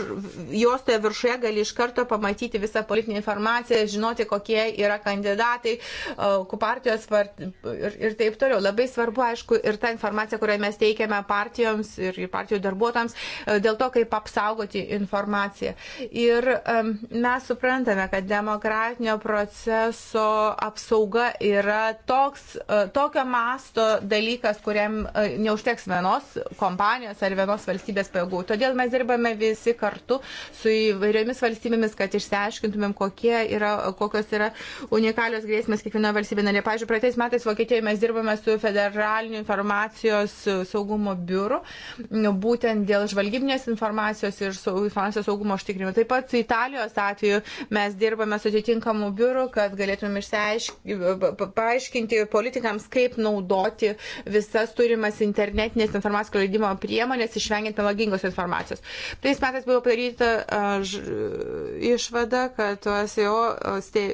juostoje viršuje gali iš karto pamatyti visą politinę informaciją, žinoti, kokie yra kandidatai, e, partijos ir, ir taip toliau. Labai svarbu, aišku, ir ta informacija, kurią mes teikiame partijoms ir partijų darbuotojams, e, dėl to, kaip apsaugoti informaciją. Ir mes suprantame, kad demokratinio proceso apsauga yra toks, tokio masto dalykas, kuriam neužteks vienos vienos kompanijos ar vienos valstybės pajėgų. Todėl mes dirbame visi kartu su įvairiomis valstybėmis, kad išsiaiškintumėm, yra, kokios yra unikalios grėsmės kiekvienoje valstybėje narėje. Pavyzdžiui, praeitais metais Vokietijoje mes dirbame su federaliniu informacijos saugumo biuru, būtent dėl žvalgybinės informacijos ir informacijos saugumo užtikrinimo. Taip pat su Italijos atveju mes dirbame su atitinkamu biuru, kad galėtume išsiaiškinti, paaiškinti politikams, kaip naudoti visas turimas internetinės informacijos informacijos skleidimo priemonės, išvengiant melagingos informacijos. Tais metais buvo padaryta išvada, kad SEO e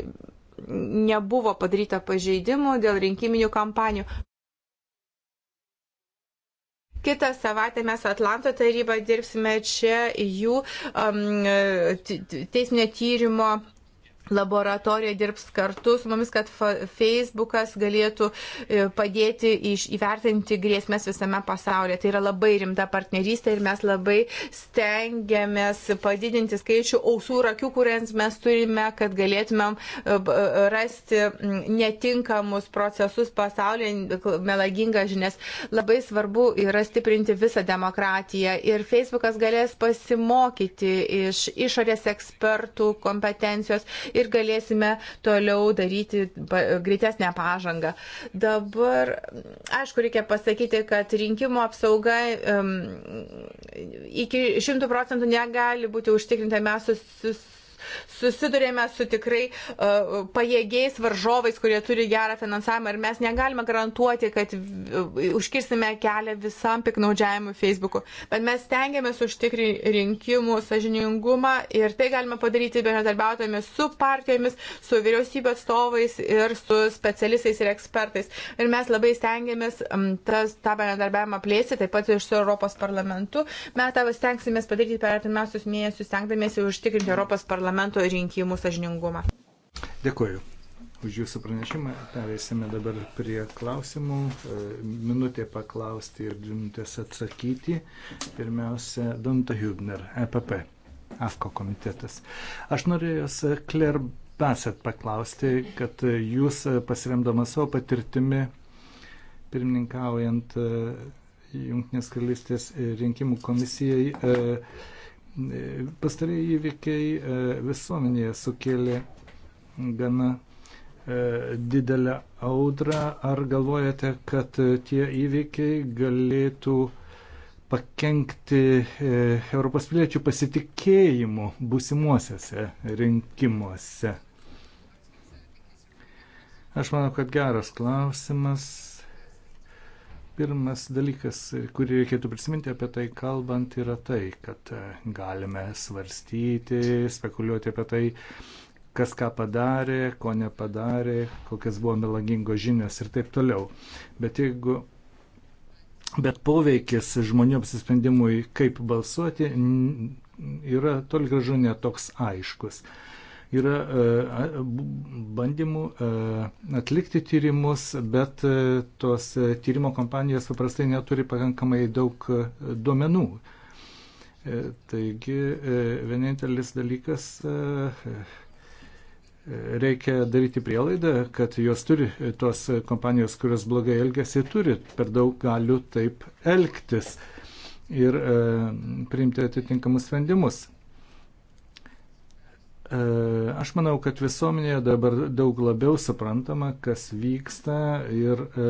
nebuvo padaryta pažeidimų dėl rinkiminių kampanijų. Kitą savaitę mes Atlanto tarybą dirbsime čia jų um, teisminio tyrimo laboratorija dirbs kartu su mumis, kad Facebookas galėtų e, padėti iš, įvertinti grėsmės visame pasaulyje. Tai yra labai rimta partnerystė ir mes labai stengiamės padidinti skaičių ausų rakių, kuriems mes turime, kad galėtumėm e, e, rasti netinkamus procesus pasaulyje, melagingas žinias. Labai svarbu yra stiprinti visą demokratiją ir Facebookas galės pasimokyti iš išorės ekspertų kompetencijos ir galėsime toliau daryti greitesnę pažangą. Dabar, aišku, reikia pasakyti, kad rinkimų apsauga um, iki 100 procentų negali būti užtikrinta. Mes sus, sus, susidurėme su tikrai uh, pajėgiais varžovais, kurie turi gerą finansavimą ir mes negalime garantuoti, kad e, užkirsime kelią visam piknaudžiavimui Facebook'u. Bet mes stengiamės užtikrinti rinkimų sažiningumą ir tai galime padaryti bendradarbiaudami su partijomis, su vyriausybė atstovais ir su specialistais ir ekspertais. Ir mes labai stengiamės tas, tą bendradarbiavimą plėsti, taip pat ir su Europos parlamentu. Mes tą stengsimės padaryti per artimiausius mėnesius, stengdamiesi užtikrinti Europos parlamentą parlamento rinkimų sažiningumą. Dėkuoju už Jūsų pranešimą. Pereisime dabar prie klausimų. E, minutė paklausti ir dvi minutės atsakyti. Pirmiausia, Donta Hübner, EPP, AFKO komitetas. Aš norėjau Kler e, Baset paklausti, kad e, Jūs pasiremdamas savo patirtimi, pirmininkaujant Junktinės karalystės rinkimų komisijai, e, Pastarėjai įvykiai e, visuomenėje sukėlė gana e, didelę audrą. Ar galvojate, kad tie įvykiai galėtų pakengti e, Europos piliečių pasitikėjimu būsimuosiuose rinkimuose? Aš manau, kad geras klausimas Pirmas dalykas, kurį reikėtų prisiminti apie tai kalbant, yra tai, kad e, galime svarstyti, spekuliuoti apie tai, kas ką padarė, ko nepadarė, kokias buvo melagingos žinios ir taip toliau. Bet jeigu Bet poveikis žmonių apsisprendimui, kaip balsuoti, yra toli gražu netoks aiškus. Uh, Yra e, bandymų e, atlikti tyrimus, bet e, tos tyrimo kompanijos paprastai neturi pakankamai daug duomenų. Taigi vienintelis dalykas reikia daryti prielaidą, kad jos turi, tos kompanijos, kurios blogai elgesi, turi per daug galių taip elgtis ir e, priimti atitinkamus sprendimus. E, aš manau, kad visuomenėje dabar daug labiau suprantama, kas vyksta ir e,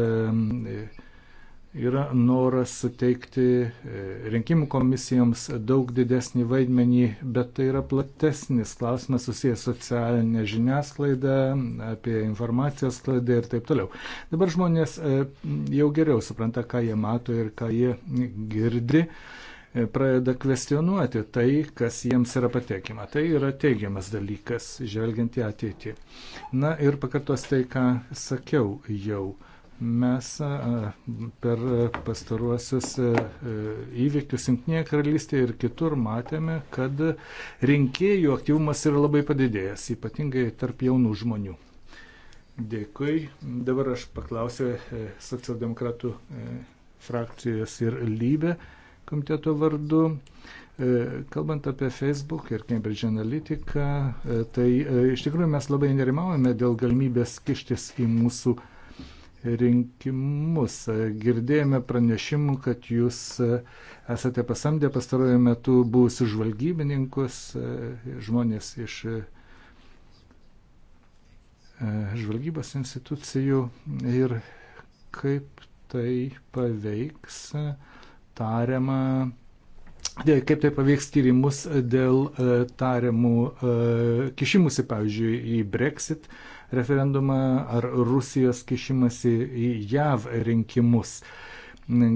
yra noras suteikti e, rinkimų komisijoms daug didesnį vaidmenį, bet tai yra platesnis klausimas susijęs socialinė žiniasklaida, apie informacijos sklaidą ir taip toliau. Dabar žmonės jau geriau supranta, ką jie mato ir ką jie girdi pradeda kvestionuoti tai, kas jiems yra patekima. Tai yra teigiamas dalykas, žvelgiant į ateitį. Na ir pakartos tai, ką sakiau jau. Mes per pastaruosius įvykius Junktinėje karalystėje ir kitur matėme, kad rinkėjų aktyvumas yra labai padidėjęs, ypatingai tarp jaunų žmonių. Dėkui. Dabar aš paklausiu e, socialdemokratų e, frakcijos ir lybę komiteto vardu. E, kalbant apie Facebook ir Cambridge Analytica, e, tai e, iš tikrųjų mes labai nerimaujame dėl galimybės kištis į mūsų rinkimus. Girdėjome pranešimų, kad jūs esate pasamdę pastarojame metu buvusius žvalgybininkus, žmonės iš žvalgybos institucijų ir kaip tai paveiks uh, tariamą, kaip tai paveiks tyrimus dėl e, tariamų e, kišimusi, pavyzdžiui, į Brexit referendumą ar Rusijos kišimasi į JAV rinkimus.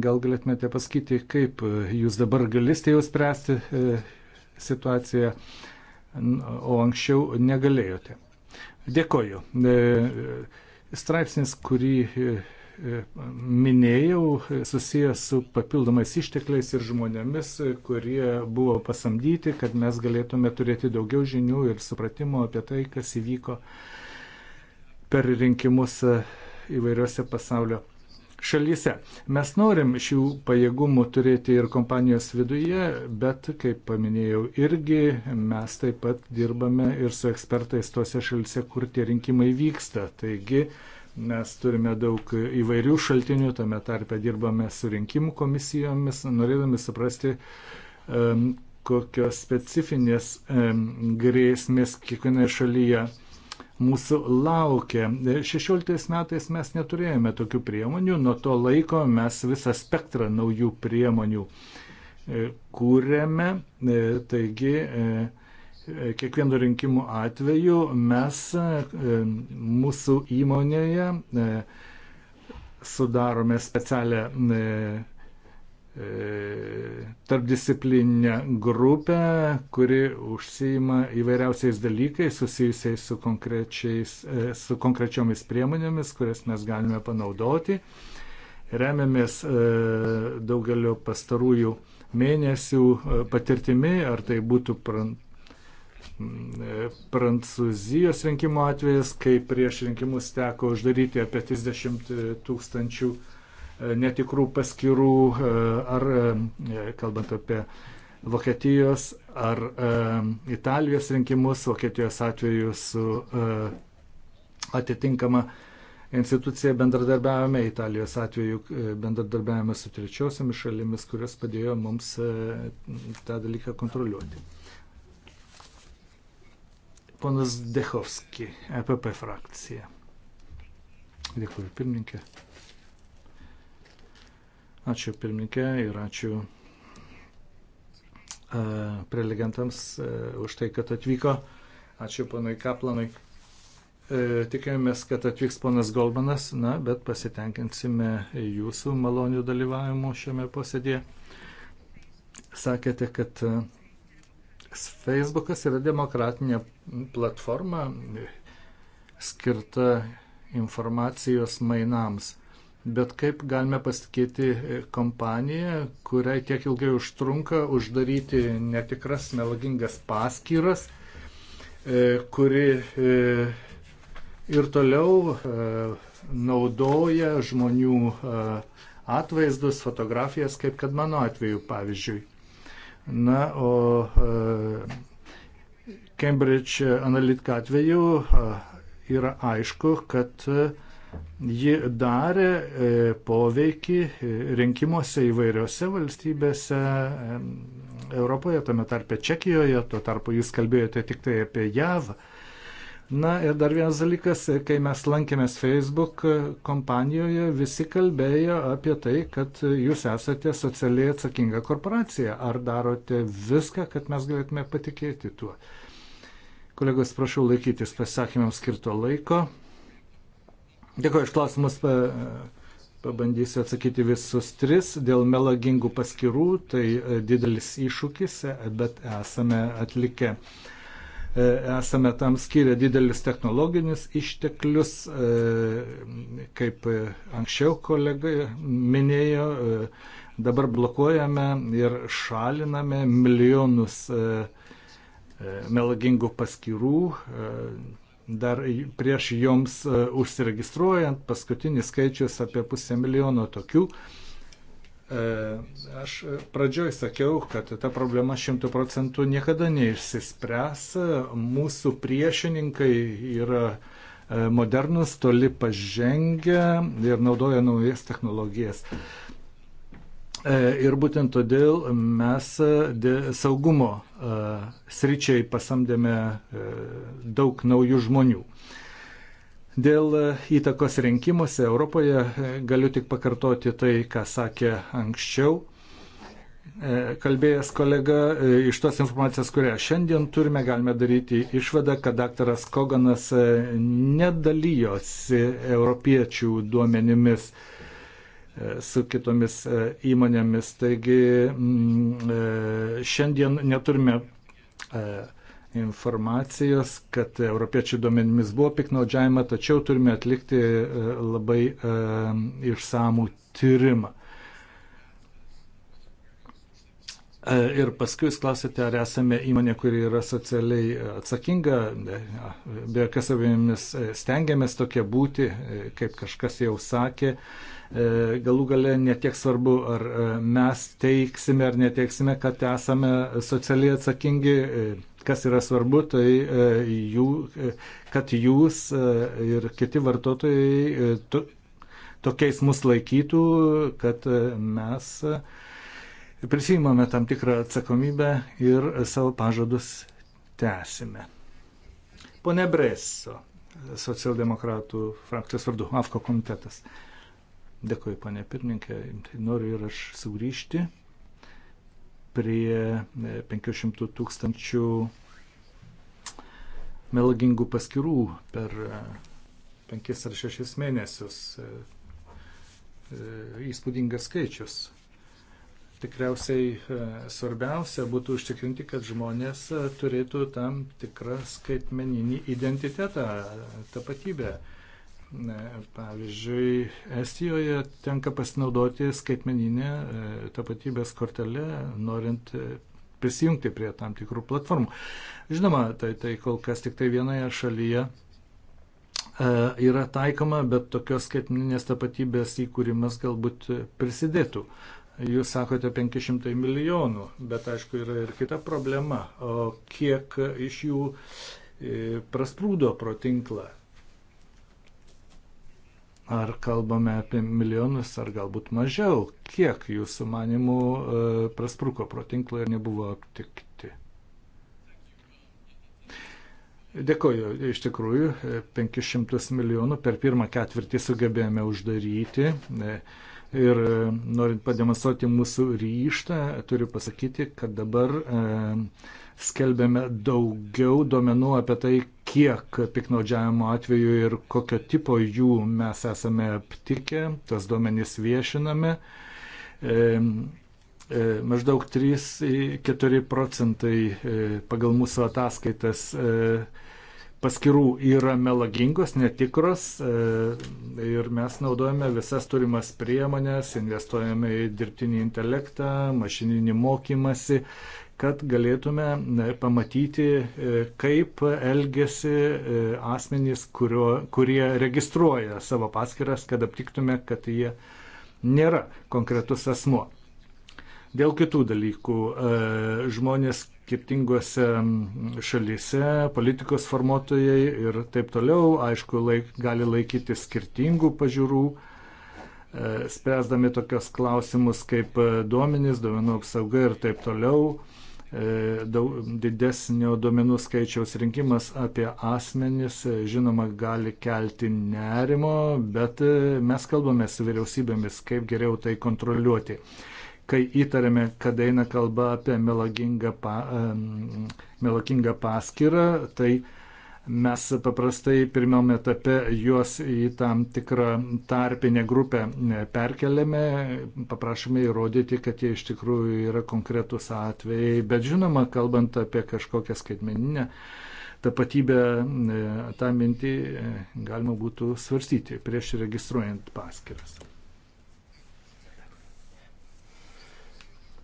Gal galėtumėte pasakyti, kaip jūs dabar galėsite jau spręsti e, situaciją, o anksčiau negalėjote. Dėkoju. Straipsnis, kurį minėjau, susijęs su papildomais ištekliais ir žmonėmis, kurie buvo pasamdyti, kad mes galėtume turėti daugiau žinių ir supratimo apie tai, kas įvyko per rinkimus e, įvairiose pasaulio šalyse. Mes norim šių pajėgumų turėti ir kompanijos viduje, bet, kaip paminėjau, irgi mes taip pat dirbame ir su ekspertais tose šalyse, kur tie rinkimai vyksta. Taigi, Mes turime daug įvairių šaltinių, tame tarpe dirbame su rinkimų komisijomis, norėdami suprasti, kokios specifinės grėsmės kiekvienoje šalyje mūsų laukia. 16 metais mes neturėjome tokių priemonių, nuo to laiko mes visą spektrą naujų priemonių e, kūrėme, e, taigi e, kiekvieno rinkimų atveju mes e, mūsų įmonėje e, sudarome specialią e, tarpdisciplinę grupę, kuri užsijima įvairiausiais dalykais susijusiais su, su konkrečiomis priemonėmis, kurias mes galime panaudoti. Remiamės daugelio pastarųjų mėnesių patirtimi, ar tai būtų Prancūzijos rinkimo atvejais, kai prieš rinkimus teko uždaryti apie 30 tūkstančių e, netikrų paskirų, e, ar e, kalbant apie Vokietijos ar Italijos rinkimus, Vokietijos atveju su atitinkama institucija bendradarbiavame, Italijos atveju bendradarbiavame su trečiosiamis šalimis, kurios padėjo mums tą dalyką kontroliuoti. Ponas Dechovski, EPP frakcija. Dėkuoju pirmininkė. Ačiū pirmininkė ir ačiū uh, prelegentams uh, už tai, kad atvyko. Ačiū ponui Kaplanui. Uh, Tikėjomės, kad atvyks ponas Golmanas, na, bet pasitenkinsime jūsų malonių dalyvavimu šiame posėdėje. Sakėte, kad uh, Facebookas yra demokratinė platforma skirta informacijos mainams. Bet kaip galime pasitikėti kompaniją, kuriai tiek ilgai užtrunka uždaryti netikras melagingas paskyras, e, kuri e, ir toliau e, naudoja žmonių atvaizdus, fotografijas, kaip kad mano atveju, pavyzdžiui. Na, o e, Cambridge Analytica atveju e, yra aišku, kad e, ji darė poveikį rinkimuose įvairiose valstybėse Europoje, tame tarpe Čekijoje, tuo tarpu jūs kalbėjote tik tai apie JAV. Na ir dar vienas dalykas, kai mes lankėmės Facebook kompanijoje, visi kalbėjo apie tai, kad jūs esate socialiai atsakinga korporacija. Ar darote viską, kad mes galėtume patikėti tuo? Kolegos, prašau laikytis pasakymams skirto laiko. Dėkuoju iš klausimus. Pa, Pabandysiu atsakyti visus tris. Dėl melagingų paskirų tai didelis iššūkis, bet esame atlikę uh, E, esame tam skiria didelis technologinis išteklius, e, kaip e, anksčiau kolega minėjo, dabar blokuojame ir šaliname milijonus melagingų paskirų. Dar prieš joms užsiregistruojant, paskutinis skaičius apie pusę milijono tokių E, aš pradžioj sakiau, kad ta problema šimtų procentų niekada neišsispręs. Mūsų priešininkai yra e, modernus, toli pažengę ir naudoja naujas technologijas. E, ir būtent todėl mes saugumo sričiai pasamdėme daug naujų žmonių. Dėl e, įtakos rinkimuose Europoje e, galiu tik pakartoti tai, ką sakė anksčiau e, kalbėjęs kolega. Iš tos informacijos, kurią šiandien turime, galime daryti išvadą, kad daktaras Koganas nedalyjosi europiečių duomenimis su kitomis įmonėmis. Taigi mm, šiandien neturime informacijos, kad europiečių duomenimis buvo piknaudžiavima, tačiau turime atlikti e, labai e, išsamų tyrimą. E, ir paskui jūs klausėte, ar esame įmonė, kuri yra socialiai atsakinga. Be jokios abejonės stengiamės tokia būti, kaip kažkas jau sakė. Galų gale netiek svarbu, ar mes teiksime ar neteiksime, kad esame socialiai atsakingi. Kas yra svarbu, tai e, jų, e, kad jūs e, ir kiti vartotojai to, tokiais mus laikytų, kad mes prisimame tam tikrą atsakomybę ir savo pažadus tęsime. Pone Breso, socialdemokratų frakcijos vardu, AFKO komitetas. Dėkuoju, ponė pirmininkė, noriu ir aš sugrįžti prie 500 e, tūkstančių melagingų paskirų per 5 e, ar 6 mėnesius. E, įspūdingas skaičius. Tikriausiai svarbiausia būtų užtikrinti, kad žmonės turėtų tam tikrą skaitmeninį identitetą, tapatybę. Pavyzdžiui, Estijoje tenka pasinaudoti skaitmeninę e, tapatybės kortelę, norint e, prisijungti prie tam tikrų platformų. Žinoma, tai, tai kol kas tik tai vienoje šalyje e, yra taikoma, bet tokios skaitmeninės tapatybės įkūrimas galbūt prisidėtų. Jūs sakote 500 milijonų, bet aišku yra ir kita problema, o kiek iš jų prasprūdo pro tinklą. Ar kalbame apie milijonus, ar galbūt mažiau? Kiek jūsų manimų e, praspruko pro tinklą ir nebuvo aptikti? Dėkoju. Iš tikrųjų, 500 e, milijonų per pirmą ketvirtį sugebėjome uždaryti. E, ir norint pademonstruoti mūsų ryštą, turiu pasakyti, kad dabar e, skelbėme daugiau duomenų apie tai, kiek piknaudžiavimo atveju ir kokio tipo jų mes esame aptikę, tas duomenys viešiname. E, e, maždaug 3-4 procentai e, pagal mūsų ataskaitas e, paskirų yra melagingos, netikros e, ir mes naudojame visas turimas priemonės, investuojame į dirbtinį intelektą, mašininį mokymasi, kad galėtume pamatyti, e, kaip elgesi e, asmenys, kurio, kurie registruoja savo paskiras, kad aptiktume, kad jie nėra konkretus asmo. Dėl kitų dalykų e, žmonės skirtingose šalyse, politikos formuotojai ir taip toliau, aišku, laik, gali laikyti skirtingų pažiūrų, spręsdami tokios klausimus kaip duomenys, duomenų apsauga ir taip toliau E, daug, didesnio duomenų skaičiaus rinkimas apie asmenis, e, žinoma, gali kelti nerimo, bet e, mes kalbame su vyriausybėmis, kaip geriau tai kontroliuoti. Kai įtarėme, kad eina kalba apie melagingą, pa, melagingą paskirą, tai uh, Mes paprastai pirmiam etape juos į tam tikrą tarpinę grupę perkeliame, paprašome įrodyti, kad jie iš tikrųjų yra konkretus atvejai, bet žinoma, kalbant apie kažkokią skaitmeninę tapatybę, tą mintį e, galima būtų svarstyti prieš registruojant paskiras.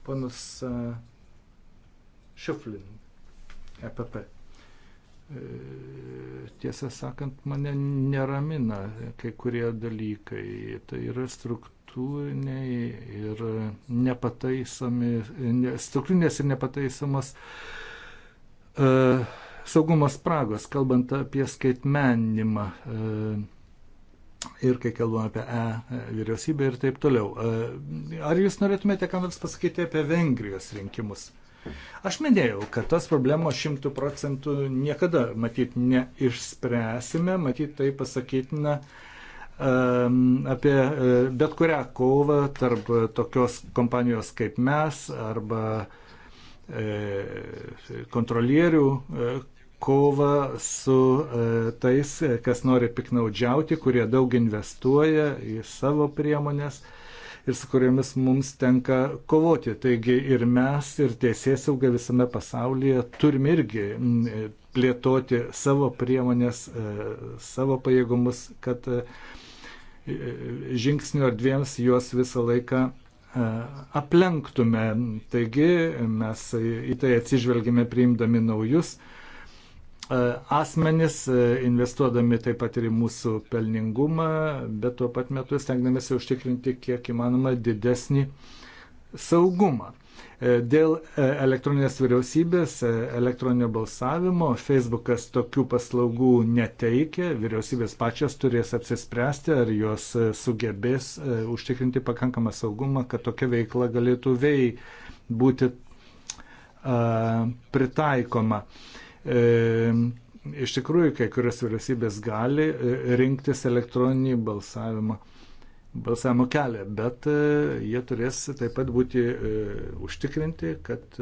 Ponas e, Šiflin, EPP. E, tiesą sakant, mane neramina kai kurie dalykai. Tai yra struktūriniai ir nepataisomi, struktūrinės ir nepataisomas e, saugumo spragos, kalbant apie skaitmenimą e, ir kai kalbame apie E vyriausybę ir taip toliau. Ar jūs norėtumėte ką nors pasakyti apie Vengrijos rinkimus? Aš minėjau, kad tas problemos šimtų procentų niekada, matyt, neišspręsime, matyt, tai pasakytina ehm, apie e, bet kurią kovą tarp tokios kompanijos kaip mes arba e, kontrolierių e, kovą su tais, kas nori piknaudžiauti, kurie daug investuoja į savo priemonės ir su kuriomis mums tenka kovoti. Taigi ir mes, ir teisėsauga visame pasaulyje turime irgi plėtoti savo priemonės, e, savo pajėgumus, kad e, žingsnių ar dviems juos visą laiką e, aplenktume. Taigi mes į tai atsižvelgime priimdami naujus E, asmenis, e, investuodami taip pat ir į mūsų pelningumą, bet tuo pat metu stengdamėsi užtikrinti kiek įmanoma didesnį saugumą. E, dėl elektroninės vyriausybės, elektroninio balsavimo, Facebookas tokių paslaugų neteikia, vyriausybės pačios turės apsispręsti, ar jos sugebės užtikrinti pakankamą saugumą, kad tokia veikla galėtų vei būti pritaikoma. Uh, E, iš tikrųjų, kai kurios vyriausybės gali e, rinktis elektroninį balsavimą, balsavimo kelią, bet e, jie turės taip pat būti užtikrinti, kad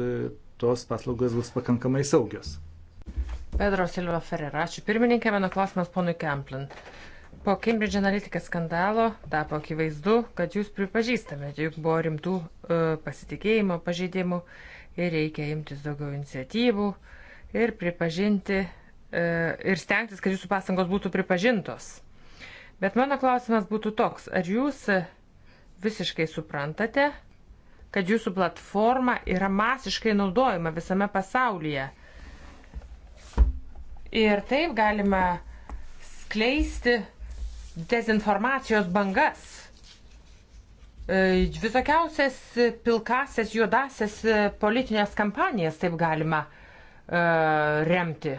tos paslaugos bus pakankamai saugios. Pedro Silva Ferrera, ačiū pirmininkė, mano klausimas ponui Kemplin. Po Cambridge Analytica skandalo tapo akivaizdu, kad jūs pripažįstamėte, jog buvo rimtų e, pasitikėjimo pažeidimų ir reikia imtis daugiau iniciatyvų. E, ir pripažinti e, ir stengtis, kad jūsų pastangos būtų pripažintos. Bet mano klausimas būtų toks, ar jūs visiškai suprantate, kad jūsų platforma yra masiškai naudojama visame pasaulyje? Ir taip galima skleisti dezinformacijos bangas, e, visokiausias pilkasias, juodasias e, politinės kampanijas taip galima uh, E, remti.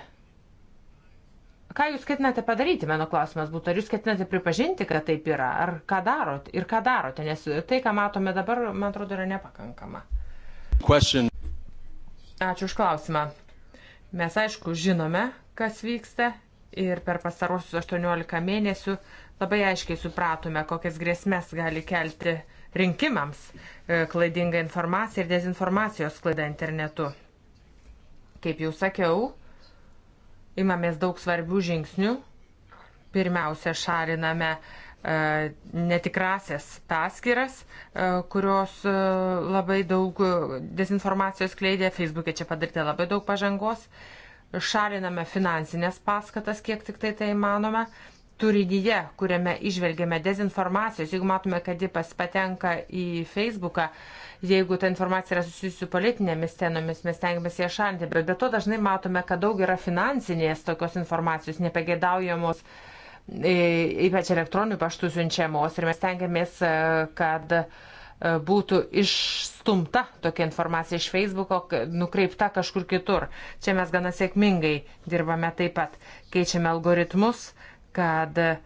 Ką jūs ketinate padaryti, mano klausimas būtų, ar jūs ketinate pripažinti, kad taip yra, ar ką darot ir ką darote, nes tai, ką matome dabar, man atrodo, yra nepakankama. Question. Ačiū už klausimą. Mes aišku žinome, kas vyksta ir per pastarosius 18 mėnesių labai aiškiai supratome, kokias grėsmės gali kelti rinkimams e, klaidinga informacija ir dezinformacijos klaida internetu. Kaip jau sakiau, imamės daug svarbių žingsnių. Pirmiausia, šaliname e, netikrasias paskiras, e, kurios e, labai daug dezinformacijos kleidė, Facebook'e čia padarėte labai daug pažangos, šaliname finansinės paskatas, kiek tik tai tai manome, turinyje, kuriame išvelgiame dezinformacijos, jeigu matome, kad ji patenka į Facebooką, jeigu ta informacija yra susijusi su politinėmis tenomis, mes tengiamės ją šalinti, bet be to dažnai matome, kad daug yra finansinės tokios informacijos, nepageidaujamos, e, ypač elektroninių paštų siunčiamos ir mes tengiamės, e, kad e, būtų išstumta tokia informacija iš Facebooko, nukreipta kažkur kitur. Čia mes gana sėkmingai dirbame taip pat. Keičiame algoritmus, kad e,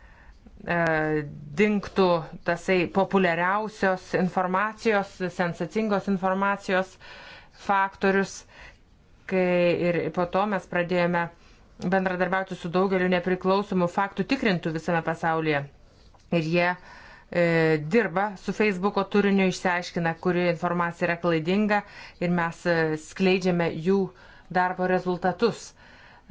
dinktų tasai populiariausios informacijos, sensacingos informacijos faktorius. Kai ir po to mes pradėjome bendradarbiauti su daugeliu nepriklausomų faktų tikrintų visame pasaulyje. Ir jie e, dirba su Facebooko turiniu, išsiaiškina, kuri informacija yra klaidinga ir mes e, skleidžiame jų darbo rezultatus.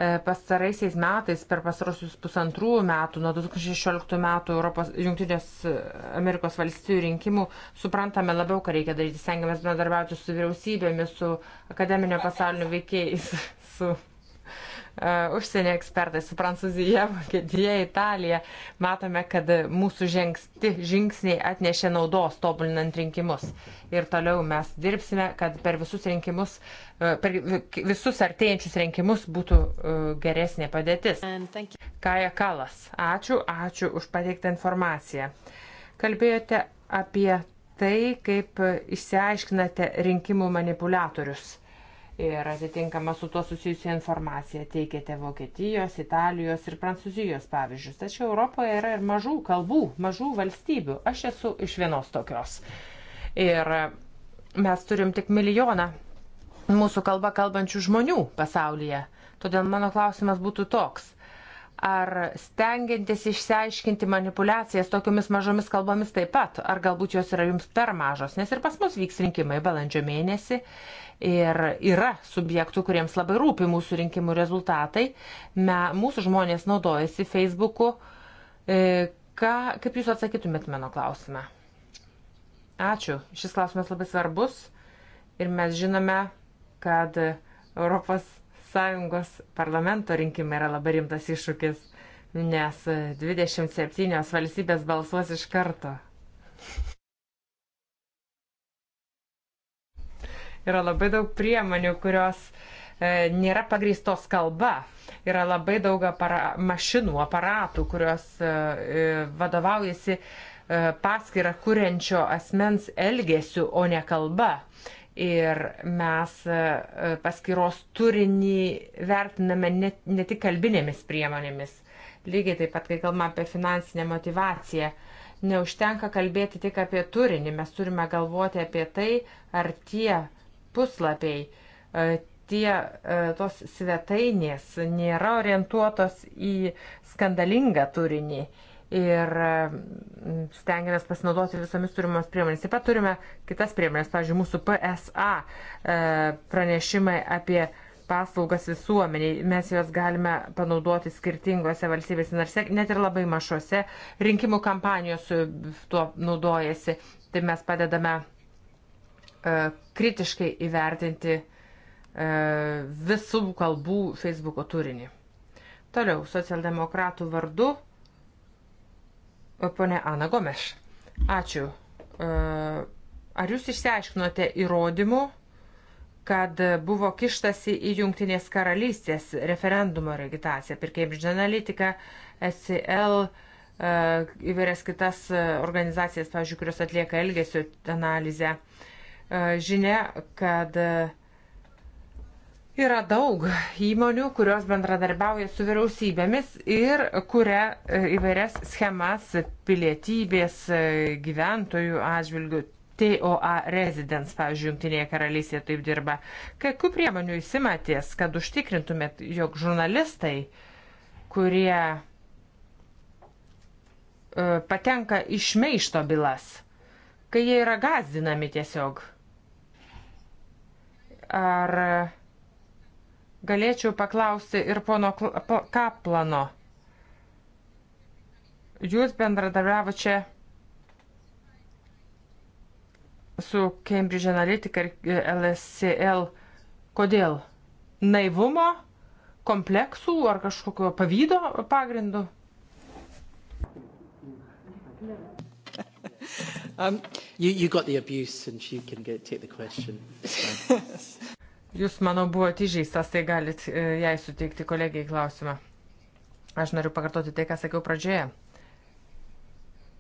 E, pastaraisiais metais, per pastarosius pusantrų metų, nuo 2016 metų Europos Junktinės e, Amerikos valstybių rinkimų, suprantame labiau, ką reikia daryti. Stengiamės bendarbiauti su vyriausybėmis, su akademinio pasaulio veikėjais, su užsienio ekspertai su Prancūzija, Vokietija, Italija. Matome, kad mūsų žengsti žingsniai atnešė naudos tobulinant rinkimus. Ir toliau mes dirbsime, kad per visus rinkimus, per visus artėjančius rinkimus būtų geresnė padėtis. Kaja Kalas, ačiū, ačiū už pateiktą informaciją. Kalbėjote apie tai, kaip išsiaiškinate rinkimų manipuliatorius ir atitinkamą su tuo susijusią informaciją teikėte Vokietijos, Italijos ir Prancūzijos pavyzdžius. Tačiau Europoje yra ir mažų kalbų, mažų valstybių. Aš esu iš vienos tokios. Ir mes turim tik milijoną mūsų kalbą kalbančių žmonių pasaulyje. Todėl mano klausimas būtų toks. Ar stengiantis išsiaiškinti manipulacijas tokiomis mažomis kalbomis taip pat, ar galbūt jos yra jums per mažos, nes ir pas mus vyks rinkimai balandžio mėnesį Ir yra subjektų, kuriems labai rūpi mūsų rinkimų rezultatai. Me, mūsų žmonės naudojasi Facebooku. E, ką, kaip Jūs atsakytumėt mano klausimą? Ačiū. Šis klausimas labai svarbus. Ir mes žinome, kad Europos Sąjungos parlamento rinkimai yra labai rimtas iššūkis, nes 27 valstybės balsuos iš karto. Yra labai daug priemonių, kurios e, nėra pagrįstos kalba. Yra labai daug apara, mašinų, aparatų, kurios e, e vadovaujasi e, paskirą kuriančio asmens elgesiu, o ne kalba. Ir mes e, e, paskiros turinį vertiname ne, ne tik kalbinėmis priemonėmis. Lygiai taip pat, kai kalbame apie finansinę motivaciją, neužtenka kalbėti tik apie turinį, mes turime galvoti apie tai, ar tie puslapiai, e, tie, e, tos svetainės nėra orientuotos į skandalingą turinį ir e, stengiamės pasinaudoti visomis turimos priemonės. Taip pat turime kitas priemonės, pavyzdžiui, mūsų PSA pranešimai apie paslaugas visuomeniai. Mes juos galime panaudoti skirtingose valstybėse narse, net ir labai mažose. Rinkimų kampanijos tuo naudojasi. Tai mes padedame E, kritiškai įvertinti e, visų kalbų Facebook'o turinį. Toliau, socialdemokratų vardu, e, ponė Ana Gomeš. Ačiū. Ar jūs išsiaiškinote įrodymų, kad buvo kištasi į Junktinės karalystės referendumo agitaciją, per Cambridge Analytica, SCL, įvairias kitas organizacijas, pavyzdžiui, kurios atlieka elgesio analizę? E, žinia, kad e, yra daug įmonių, kurios bendradarbiauja su vyriausybėmis ir kuria e, įvairias schemas pilietybės gyventojų atžvilgių. TOA Residence, pavyzdžiui, Junktinėje karalystėje taip dirba. Kokių priemonių įsimatės, kad užtikrintumėt, jog žurnalistai, kurie patenka į šmeišto bylas, kai jie yra gazdinami tiesiog Ar galėčiau paklausti ir pono Kaplano? Jūs bendradarbiavote čia su Cambridge Analytica ir LSCL. Kodėl? Naivumo, kompleksų ar kažkokio pavydo pagrindu? Um, you, you got the abuse and she can get, take the question. Jūs, manau, buvote įžeistas, tai galit e, jai suteikti kolegijai klausimą. Aš noriu pakartoti tai, ką sakiau pradžioje.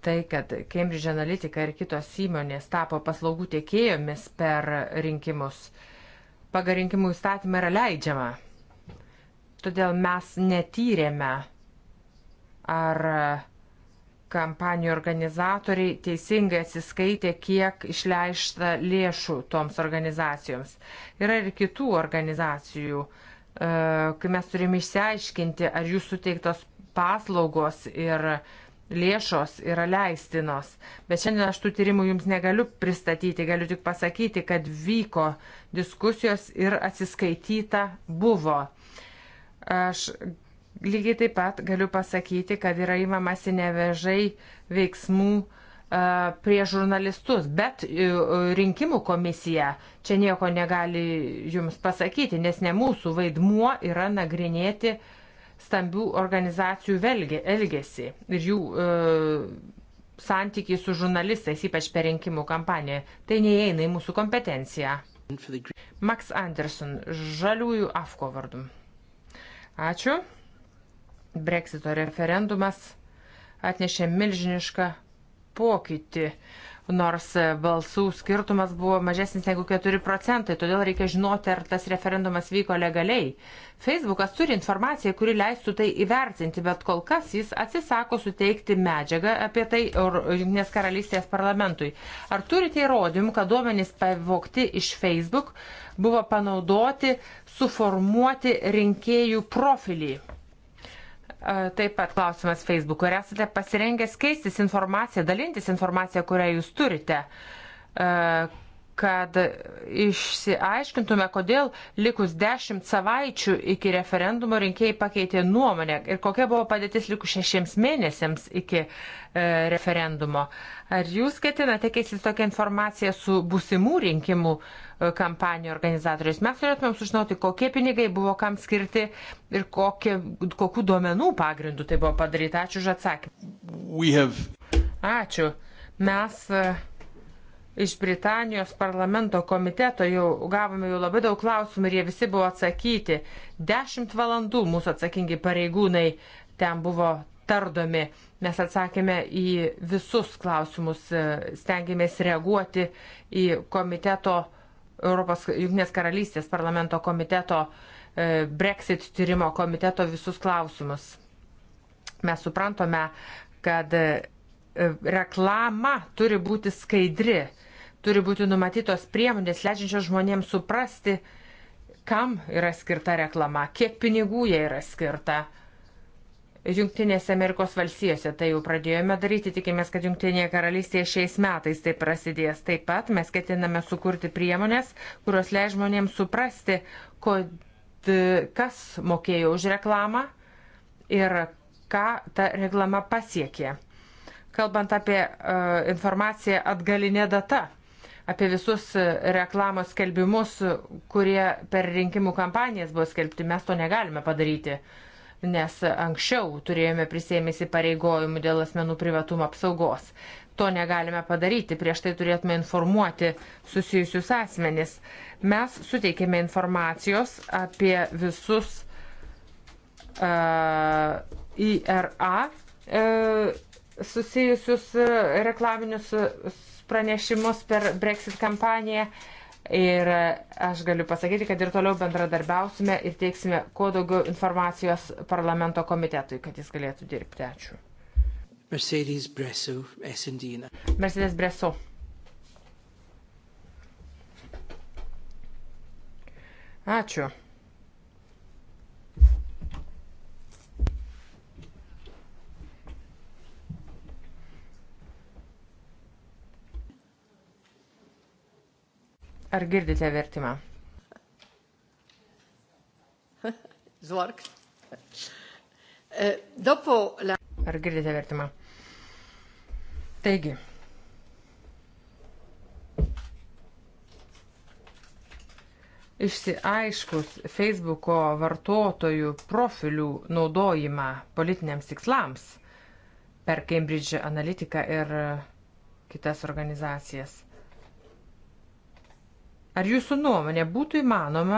Tai, kad Cambridge Analytica ir kitos įmonės tapo paslaugų tiekėjomis per rinkimus, pagal rinkimų įstatymą yra leidžiama. Todėl mes netyrėme, ar kampanijų organizatoriai teisingai atsiskaitė, kiek išleista lėšų toms organizacijoms. Yra ir kitų organizacijų, e, kai mes turime išsiaiškinti, ar jų suteiktos paslaugos ir lėšos yra leistinos. Bet šiandien aš tų tyrimų jums negaliu pristatyti, galiu tik pasakyti, kad vyko diskusijos ir atsiskaityta buvo. Aš Lygiai taip pat galiu pasakyti, kad yra įmamasi nevežai veiksmų e, prie žurnalistus, bet e, rinkimų komisija čia nieko negali jums pasakyti, nes ne mūsų vaidmuo yra nagrinėti stambių organizacijų elgesį ir jų e, santykiai su žurnalistais, ypač per rinkimų kampaniją. Tai neįeina į mūsų kompetenciją. Max Anderson, žaliųjų AFKO vardu. Ačiū. Brexito referendumas atnešė milžinišką pokytį, nors balsų skirtumas buvo mažesnis negu 4 procentai, todėl reikia žinoti, ar tas referendumas vyko legaliai. Facebookas turi informaciją, kuri leistų tai įvertinti, bet kol kas jis atsisako suteikti medžiagą apie tai Junktinės karalystės parlamentui. Ar turite įrodymų, kad duomenys pavokti iš Facebook buvo panaudoti suformuoti rinkėjų profilį? Taip pat klausimas Facebook'u. Ar esate pasirengęs keistis informaciją, dalintis informaciją, kurią jūs turite? kad išsiaiškintume, kodėl likus dešimt savaičių iki referendumo rinkėjai pakeitė nuomonę ir kokia buvo padėtis likus šešiems mėnesiams iki e, referendumo. Ar jūs ketinate keistis tokią informaciją su busimų rinkimų e, kampanijų organizatoriais? Mes turėtumėm sužinoti, kokie pinigai buvo kam skirti ir kokie, kokiu duomenų pagrindu tai buvo padaryta. Ačiū už atsakymą. Have... Ačiū. Mes. Uh, iš Britanijos parlamento komiteto jau gavome jau labai daug klausimų ir jie visi buvo atsakyti. Dešimt valandų mūsų atsakingi pareigūnai ten buvo tardomi. Mes atsakėme į visus klausimus, e, stengiamės reaguoti į komiteto, Europos Junknės karalystės parlamento komiteto, e, Brexit tyrimo komiteto visus klausimus. Mes suprantame, kad e, reklama turi būti skaidri Turi būti numatytos priemonės, leidžiančios žmonėms suprasti, kam yra skirta reklama, kiek pinigų jie yra skirta. Junktinėse Amerikos valstijose tai jau pradėjome daryti, tikimės, kad Junktinėje karalystėje šiais metais tai prasidės. Taip pat mes ketiname sukurti priemonės, kurios leidžia žmonėms suprasti, kod, kas mokėjo už reklamą ir ką ta reklama pasiekė. Kalbant apie uh, informaciją atgalinė data, apie visus e, reklamos skelbimus, kurie per rinkimų kampanijas buvo skelbti. Mes to negalime padaryti, nes anksčiau turėjome prisėmėsi pareigojimų dėl asmenų privatumo apsaugos. To negalime padaryti, prieš tai turėtume informuoti susijusius asmenis. Mes suteikėme informacijos apie visus uh, e, IRA uh, e, susijusius e, reklaminius e, pranešimus per Brexit kampaniją. Ir e, aš galiu pasakyti, kad ir toliau bendradarbiausime ir teiksime kuo daugiau informacijos parlamento komitetui, kad jis galėtų dirbti. Ačiū. Mercedes Bresu, SND. Mercedes Bresu. Ačiū. Ar girdite vertimą? Zork. E, Ar girdite vertimą? Taigi. Išsiaiškus Facebooko vartotojų profilių naudojimą politiniams tikslams per Cambridge Analytica ir kitas organizacijas. Ar jūsų nuomonė būtų įmanoma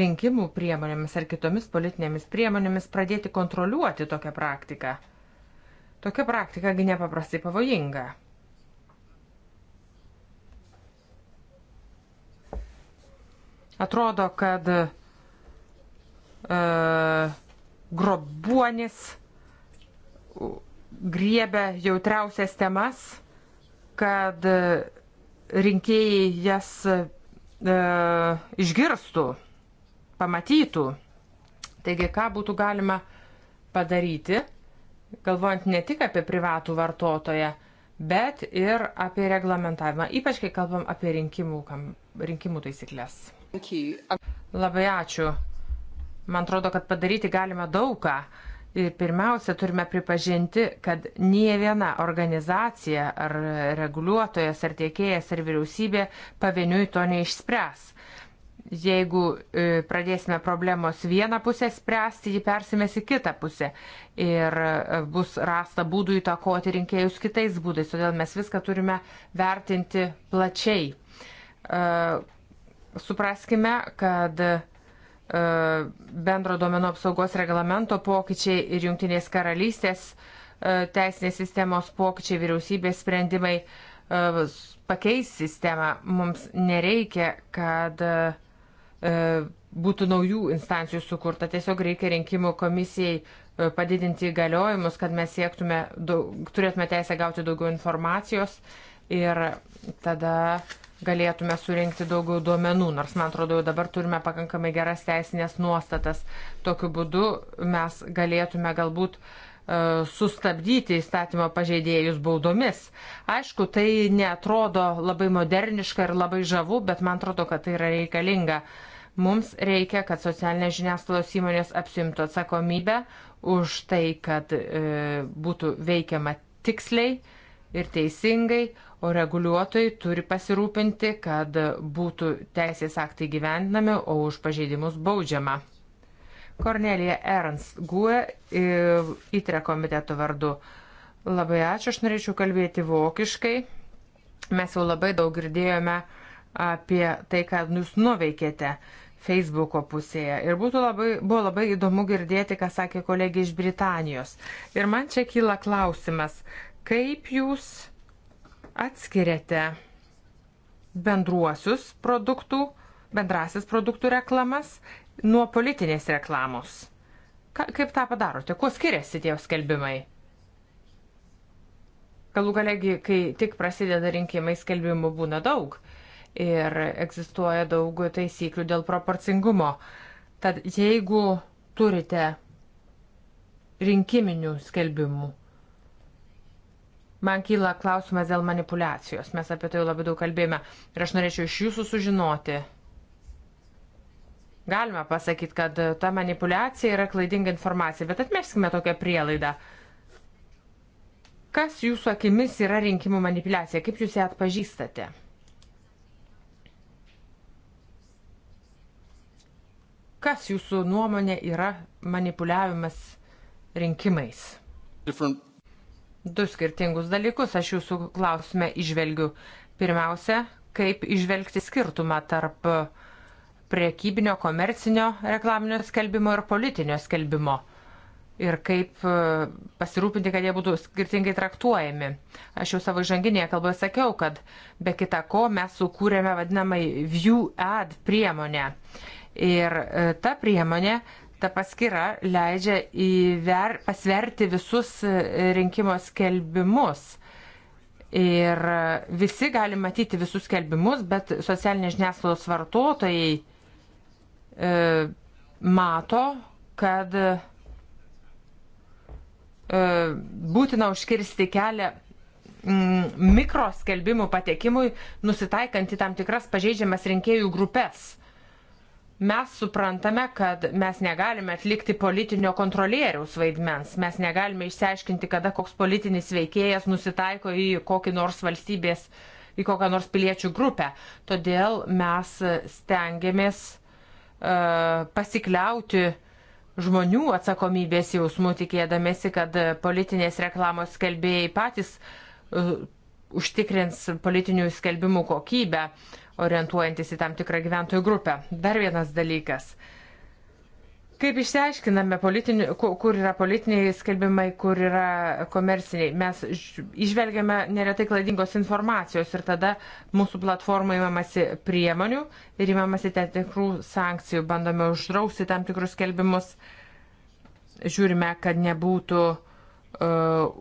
rinkimų priemonėmis ar kitomis politinėmis priemonėmis pradėti kontroliuoti tokią praktiką? Tokia praktikagi nepaprastai pavojinga. Atrodo, kad e, grobuonis griebia jautriausias temas, kad rinkėjai jas e, išgirstų, pamatytų. Taigi, ką būtų galima padaryti, galvojant ne tik apie privatų vartotoją, bet ir apie reglamentavimą, ypač kai kalbam apie rinkimų, kam, rinkimų taisyklės. Labai ačiū. Man atrodo, kad padaryti galima daug ką pirmiausia turime pripažinti, kad nie viena organizacija ar reguliuotojas ar tiekėjas ar vyriausybė pavieniui to neišspręs. Jeigu e, pradėsime problemos vieną pusę spręsti, ji persimės į kitą pusę ir e, bus rasta būdų įtakoti rinkėjus kitais būdais, todėl mes viską turime vertinti plačiai. E, supraskime, kad E, bendro duomenų apsaugos reglamento pokyčiai ir Junktinės karalystės e, teisinės sistemos pokyčiai, vyriausybės sprendimai e, pakeis sistemą. Mums nereikia, kad būtų naujų instancijų sukurta. Tiesiog reikia rinkimų komisijai padidinti įgaliojimus, kad mes siektume, daug, turėtume teisę gauti daugiau informacijos ir tada uh, galėtume surinkti daugiau duomenų, nors man atrodo jau dabar turime pakankamai geras teisinės nuostatas. Tokiu būdu mes galėtume galbūt e, sustabdyti įstatymo pažeidėjus baudomis. Aišku, tai netrodo labai moderniška ir labai žavu, bet man atrodo, kad tai yra reikalinga. Mums reikia, kad socialinės žiniasklaidos įmonės apsimtų atsakomybę už tai, kad e, būtų veikiama tiksliai, e, ir teisingai, o reguliuotojai turi pasirūpinti, kad būtų teisės aktai gyvendinami, o už pažeidimus baudžiama. Kornelija Ernst Gue, įtre komiteto vardu. Labai ačiū, aš norėčiau kalbėti vokiškai. Mes jau labai daug girdėjome apie tai, ką jūs nuveikėte. Facebooko pusėje. Ir būtų labai, buvo labai įdomu girdėti, ką sakė kolegė iš Britanijos. Ir man čia kyla klausimas, Kaip jūs atskiriate bendruosius produktų, bendrasis produktų reklamas nuo politinės reklamos? Ka, kaip tą padarote? Kuo skiriasi tie skelbimai? Galų galegi, kai tik prasideda rinkimai, skelbimų būna daug ir egzistuoja daug taisyklių dėl proporcingumo. Tad jeigu turite rinkiminių skelbimų, Man kyla klausimas dėl manipulacijos. Mes apie tai labai daug kalbėjome. Ir aš norėčiau iš jūsų sužinoti. Galima pasakyti, kad ta manipulacija yra klaidinga informacija, bet atmeskime tokią prielaidą. Kas jūsų akimis yra rinkimų manipulacija? Kaip jūs ją atpažįstate? Kas jūsų nuomonė yra manipuliavimas rinkimais? Different du skirtingus dalykus aš jūsų klausime išvelgiu. Pirmiausia, kaip išvelgti skirtumą tarp priekybinio, komercinio reklaminio skelbimo ir politinio skelbimo. Ir kaip e, pasirūpinti, kad jie būtų skirtingai traktuojami. Aš jau savo žanginėje kalboje sakiau, kad be kita ko mes sukūrėme vadinamai view ad priemonę. Ir e, ta priemonė ta paskira leidžia įver, pasverti visus e, rinkimo skelbimus. Ir visi gali matyti visus skelbimus, bet socialinės žiniasklaidos vartotojai e, mato, kad e, būtina užkirsti kelią mm, mikroskelbimų patekimui, nusitaikant į tam tikras pažeidžiamas rinkėjų grupės. Mes suprantame, kad mes negalime atlikti politinio kontrolieriaus vaidmens, mes negalime išsiaiškinti, kada koks politinis veikėjas nusitaiko į kokį nors valstybės, į kokią nors piliečių grupę. Todėl mes stengiamės uh, pasikliauti uh, žmonių atsakomybės jausmų, tikėdamėsi, kad politinės reklamos skelbėjai patys e, užtikrins politinių skelbimų kokybę, orientuojantis į tam tikrą gyventojų grupę. Dar vienas dalykas. Kaip išsiaiškiname, politinių, kur yra politiniai skelbimai, kur yra komerciniai? Mes išvelgiame neretai klaidingos informacijos ir tada mūsų platforma įmamasi priemonių ir įmamasi ten tikrų sankcijų. Bandome uždrausti tam tikrus skelbimus, žiūrime, kad nebūtų uh, E,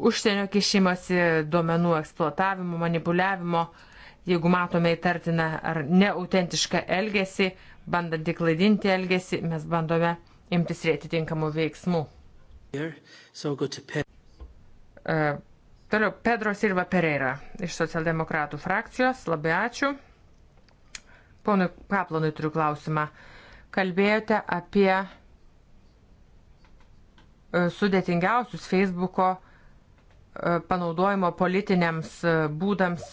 užsienio kišimasi, duomenų eksploatavimo, manipuliavimo, jeigu matome įtartiną ar neautentišką elgesį, bandant įklaidinti elgesį, mes bandome imtis atitinkamų veiksmų. E, toliau Pedro Silva Pereira iš socialdemokratų frakcijos. Labai ačiū. Ponui Kaplonui turiu klausimą. Kalbėjote apie E, sudėtingiausius Facebooko e, panaudojimo politiniams e, būdams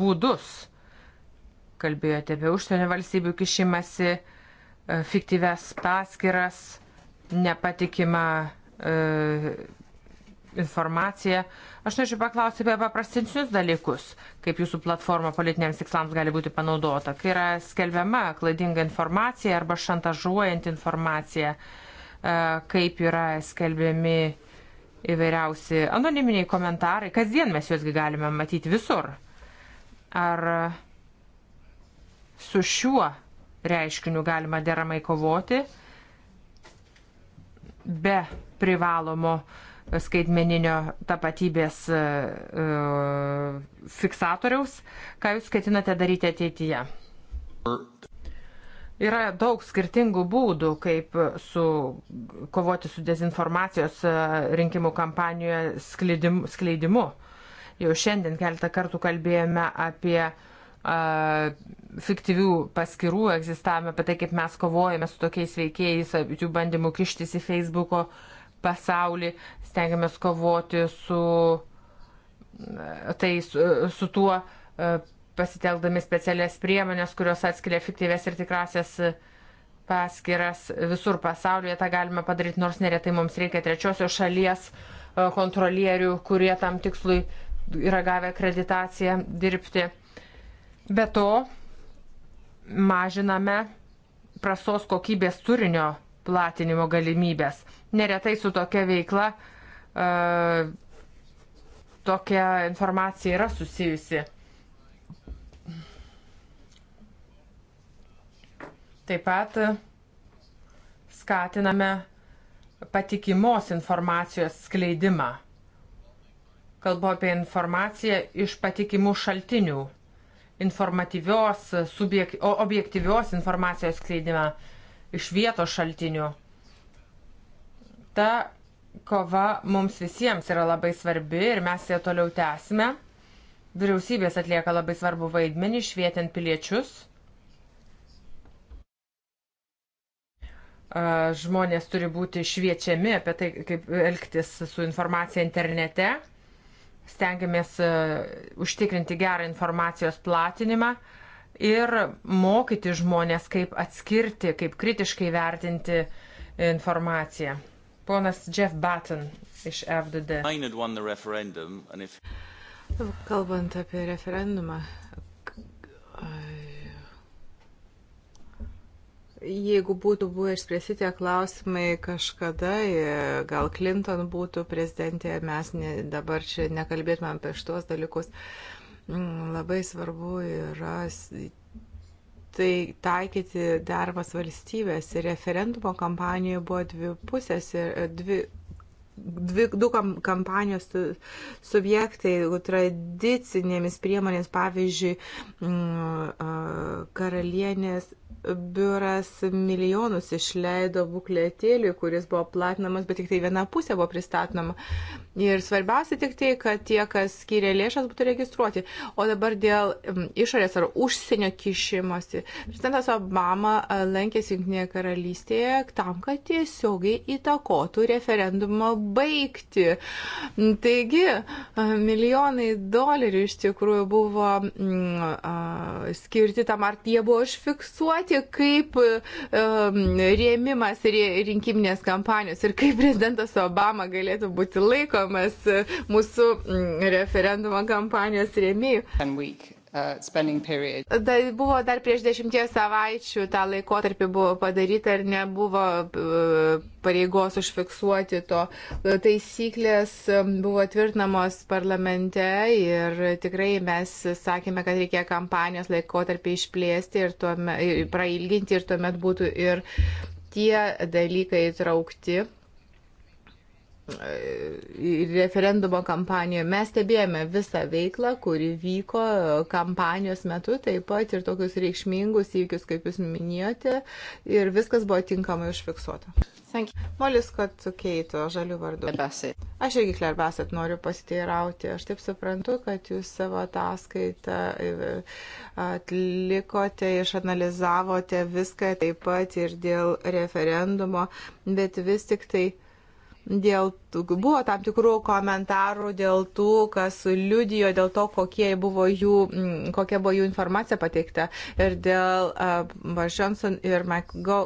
būdus. Kalbėjote apie užsienio valstybių kišimasi, fiktyves paskiras, nepatikimą informaciją. Aš norėčiau paklausti apie paprastinius dalykus, kaip jūsų platforma politiniams tikslams gali būti panaudota, kai yra skelbiama klaidinga informacija arba šantažuojant informacija. Uh, E, kaip yra skelbiami įvairiausi anoniminiai komentarai. Kasdien mes juosgi galime matyti visur. Ar su šiuo reiškiniu galima deramai kovoti be privalomo skaitmeninio tapatybės e, e, fiksatoriaus, ką jūs ketinate daryti ateityje? Yra daug skirtingų būdų, kaip su, kovoti su dezinformacijos e, rinkimų kampanijoje skleidimu. skleidimu. Jau šiandien keletą kartų kalbėjome apie a, e, fiktyvių paskirų egzistavimą, apie tai, kaip mes kovojame su tokiais veikėjais, jų bandymų kištis į Facebook'o pasaulį, stengiamės kovoti su, e, tai, su, su tuo pasiteldami specialias priemonės, kurios atskiria fiktyvės ir tikrasias paskiras visur pasaulyje. Ta galime padaryti, nors neretai mums reikia trečiosios šalies e, kontrolierių, kurie tam tikslui yra gavę akreditaciją dirbti. Be to, mažiname prastos kokybės turinio platinimo galimybės. Neretai su tokia veikla uh, tokia informacija yra susijusi. Taip pat skatiname patikimos informacijos skleidimą. Kalbu apie informaciją iš patikimų šaltinių, informatyvios, subjek, objektyvios informacijos skleidimą iš vietos šaltinių. Ta kova mums visiems yra labai svarbi ir mes ją toliau tęsime. Vyriausybės atlieka labai svarbu vaidmenį švietiant piliečius žmonės turi būti šviečiami apie tai, kaip elgtis su informacija internete. Stengiamės užtikrinti gerą informacijos platinimą ir mokyti žmonės, kaip atskirti, kaip kritiškai vertinti informaciją. Ponas Jeff Batten iš FDD. Kalbant apie referendumą, Jeigu būtų buvę išspręsti tie klausimai kažkada, e, gal Clinton būtų prezidentė, mes ne, dabar čia nekalbėtumėm apie šitos dalykus. Mm, labai svarbu yra tai taikyti darbas valstybės. Ir referendumo kampanijoje buvo dvi pusės ir e, dvi dvi, du kam, kampanijos su, subjektai tradicinėmis priemonės, pavyzdžiui, m, mm, a, karalienės biuras milijonus išleido bukletėliui, kuris buvo platinamas, bet tik tai viena pusė buvo pristatoma. Ir svarbiausia tik tai, kad tie, kas skiria lėšas, būtų registruoti. O dabar dėl mm, išorės ar užsienio kišimosi. Prezidentas Obama e, lankėsi Junktinėje karalystėje tam, kad tiesiogiai įtakotų referendumo baigti. Taigi, e, milijonai dolerių iš tikrųjų buvo mm, a, e, skirti tam, ar jie buvo užfiksuoti matyti kaip rėmimas rinkiminės kampanijos ir kaip prezidentas Obama galėtų būti laikomas e, mūsų referendumo kampanijos rėmėjų. Tai buvo dar prieš dešimties savaičių tą laikotarpį buvo padaryta ir nebuvo uh, pareigos užfiksuoti to. Taisyklės um, buvo tvirtinamos parlamente ir tikrai mes sakėme, kad reikia kampanijos laikotarpį išplėsti ir, tuome, ir prailginti ir tuomet būtų ir tie dalykai įtraukti referendumo kampanijoje. Mes stebėjome visą veiklą, kuri vyko kampanijos metu, taip pat ir tokius reikšmingus įvykius, kaip jūs minėjote, ir viskas buvo tinkamai užfiksuota. Molis, kad keito žalių vardu. Aš irgi klerbasat noriu pasiteirauti. Aš taip suprantu, kad jūs savo ataskaitą atlikote, išanalizavote viską taip pat ir dėl referendumo, bet vis tik tai Dėl buvo tam tikrų komentarų dėl tų, kas liudijo, dėl to, buvo jų, mm, kokia buvo jų informacija pateikta. Ir dėl uh, Johnson ir McGo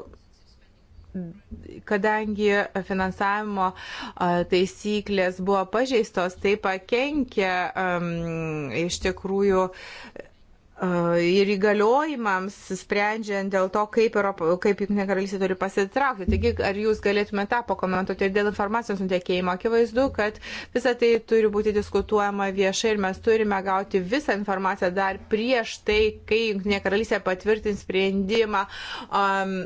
kadangi finansavimo taisyklės buvo pažeistos, tai pakenkė um, iš tikrųjų ir įgaliojimams, sprendžiant dėl to, kaip, Europo, kaip Junktinė karalystė turi pasitraukti. Taigi, ar jūs galėtumėte tą pakomentuoti ir dėl informacijos nutekėjimo? Akivaizdu, kad visa tai turi būti diskutuojama viešai ir mes turime gauti visą informaciją dar prieš tai, kai Junktinė karalystė patvirtins sprendimą um,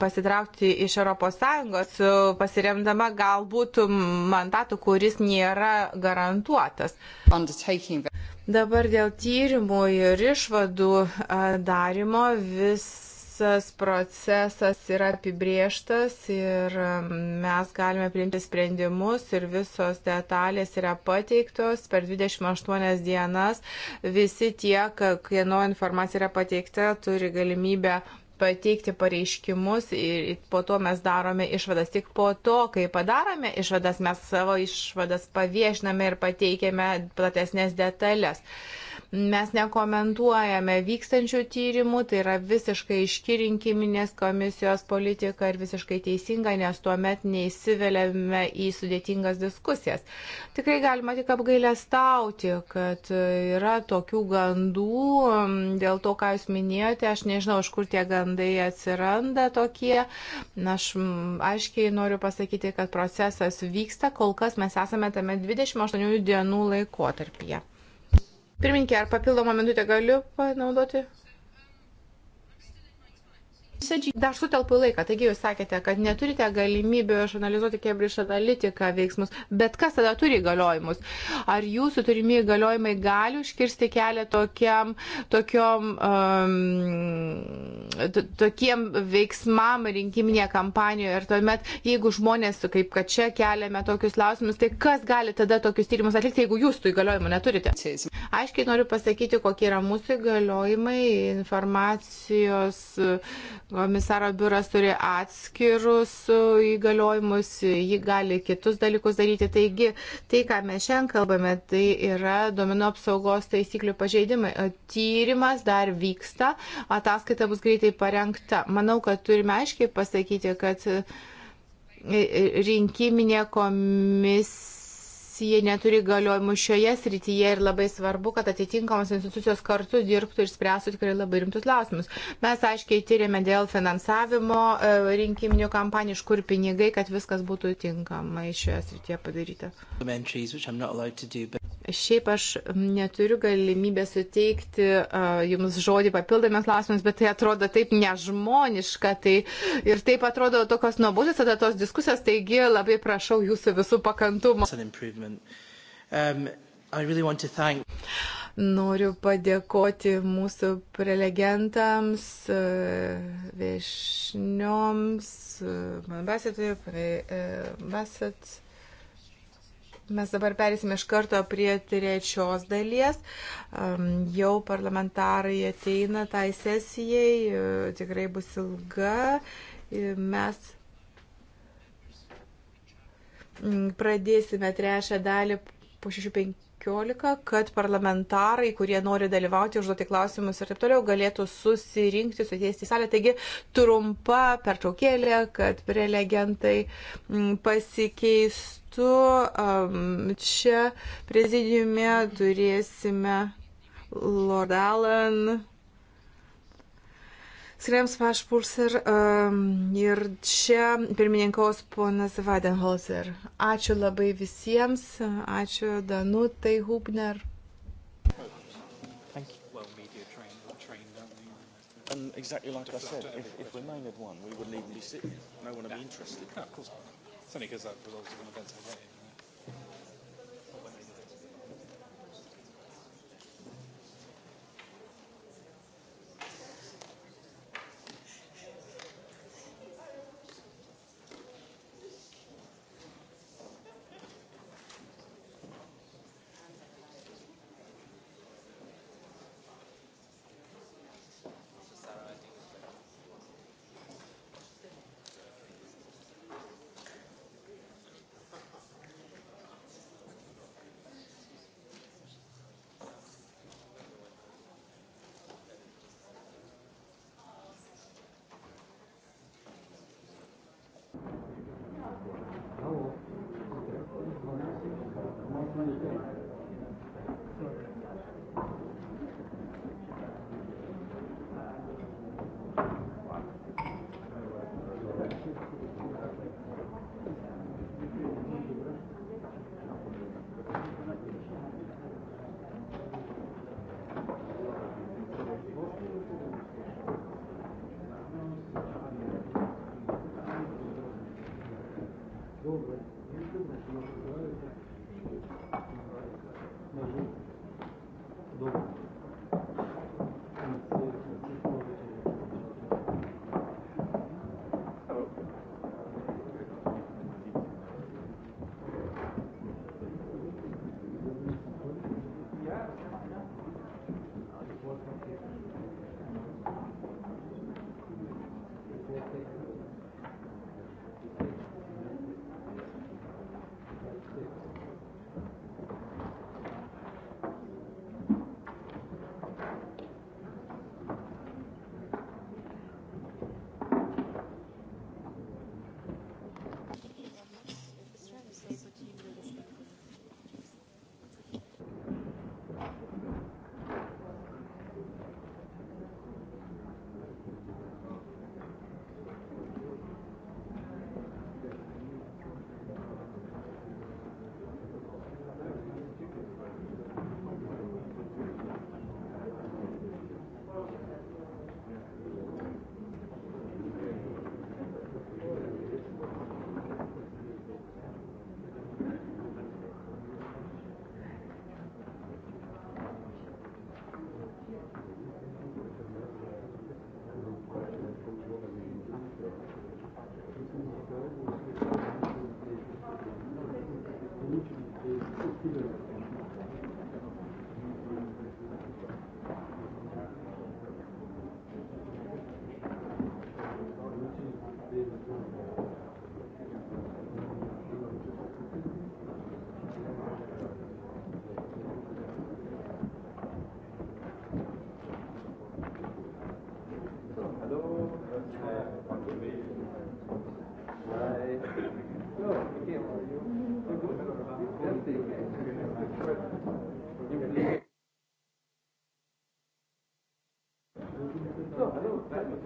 pasitraukti iš ES, pasiremdama galbūt mandatų, kuris nėra garantuotas. Undertaking. Dabar dėl tyrimų ir išvadų darimo visas procesas yra apibrieštas ir mes galime priimti sprendimus ir visos detalės yra pateiktos per 28 dienas. Visi tie, kieno informacija yra pateikta, turi galimybę pateikti pareiškimus ir po to mes darome išvadas. Tik po to, kai padarome išvadas, mes savo išvadas paviešiname ir pateikėme platesnės detalės. Uh, Mes nekomentuojame vykstančių tyrimų, tai yra visiškai iškirinkiminės komisijos politika ir visiškai teisinga, nes tuomet neįsiveliame į sudėtingas diskusijas. Tikrai galima tik apgailę stauti, kad yra tokių gandų, dėl to, ką jūs minėjote, aš nežinau, iš kur tie gandai atsiranda tokie. Aš aiškiai noriu pasakyti, kad procesas vyksta, kol kas mes esame tame 28 dienų laikotarpyje. Pirminkė, ar papildomą minutę galiu panaudoti? Dar sutelpu laiką, taigi jūs sakėte, kad neturite galimybių išanalizuoti Cambridge Analytica veiksmus, bet kas tada turi įgaliojimus? Ar jūsų turimi įgaliojimai gali užkirsti kelią tokiam, tokiom, um, tokiem veiksmam rinkiminėje kampanijoje? Ir tuomet, jeigu žmonės, kaip kad čia keliame tokius klausimus, tai kas gali tada tokius tyrimus atlikti, jeigu jūs tų įgaliojimų neturite? Aiškiai noriu pasakyti, kokie yra mūsų įgaliojimai informacijos Komisaro biuras turi atskirus įgaliojimus, jį gali kitus dalykus daryti. Taigi, tai, ką mes šiandien kalbame, tai yra domino apsaugos taisyklių pažeidimai. Tyrimas dar vyksta, ataskaita bus greitai parengta. Manau, kad turime aiškiai pasakyti, kad rinkiminė komisija komisija neturi galiojimų šioje srityje ir labai svarbu, kad atitinkamos institucijos kartu dirbtų ir spręstų tikrai labai rimtus klausimus. Mes aiškiai tyrėme dėl finansavimo e, rinkiminių kampanijų, iš kur pinigai, kad viskas būtų tinkamai šioje srityje padaryta. Šiaip aš neturiu galimybę suteikti uh, jums žodį papildomiems klausimams, bet tai atrodo taip nežmoniška tai, ir taip atrodo tokios nuobodžios tada tos diskusijos, taigi labai prašau jūsų visų pakantumo. Parliament. Um, I really want to thank. Noriu padėkoti mūsų prelegentams, e, viešnioms, e, ambasadoriui, e, Mes dabar perėsime iš karto prie trečios dalies. Jau parlamentarai ateina tai sesijai, tikrai bus ilga. Mes Mm, pradėsime trečią dalį po 6.15, kad parlamentarai, kurie nori dalyvauti, užduoti klausimus ir taip toliau, galėtų susirinkti, suteisti į salę. Taigi trumpa pertraukėlė, kad prelegentai mm, pasikeistų. Čia prezidiume turėsime Lord Allen. Skiriams Pašpulser ehm, ir čia pirmininkaus ponas Vadenholzer. Ačiū labai visiems, ačiū Danutai Hubner. And exactly like I said, if, if Remain had won, we wouldn't even be sitting. No one would be interested. No, of course not. It's only because that was obviously an event today.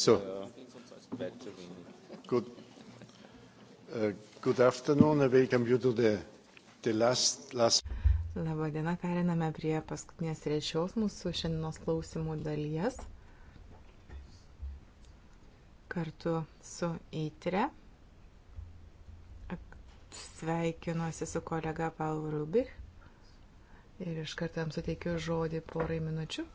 So, good, uh, good afternoon. I welcome you to the, the last, last. Labadiena, periname prie paskutinės trečios mūsų šiandienos klausimų dalies. Kartu su Eitre sveikinuosi su kolega Paul Rubik ir iš kartam suteikiu žodį porai minučių.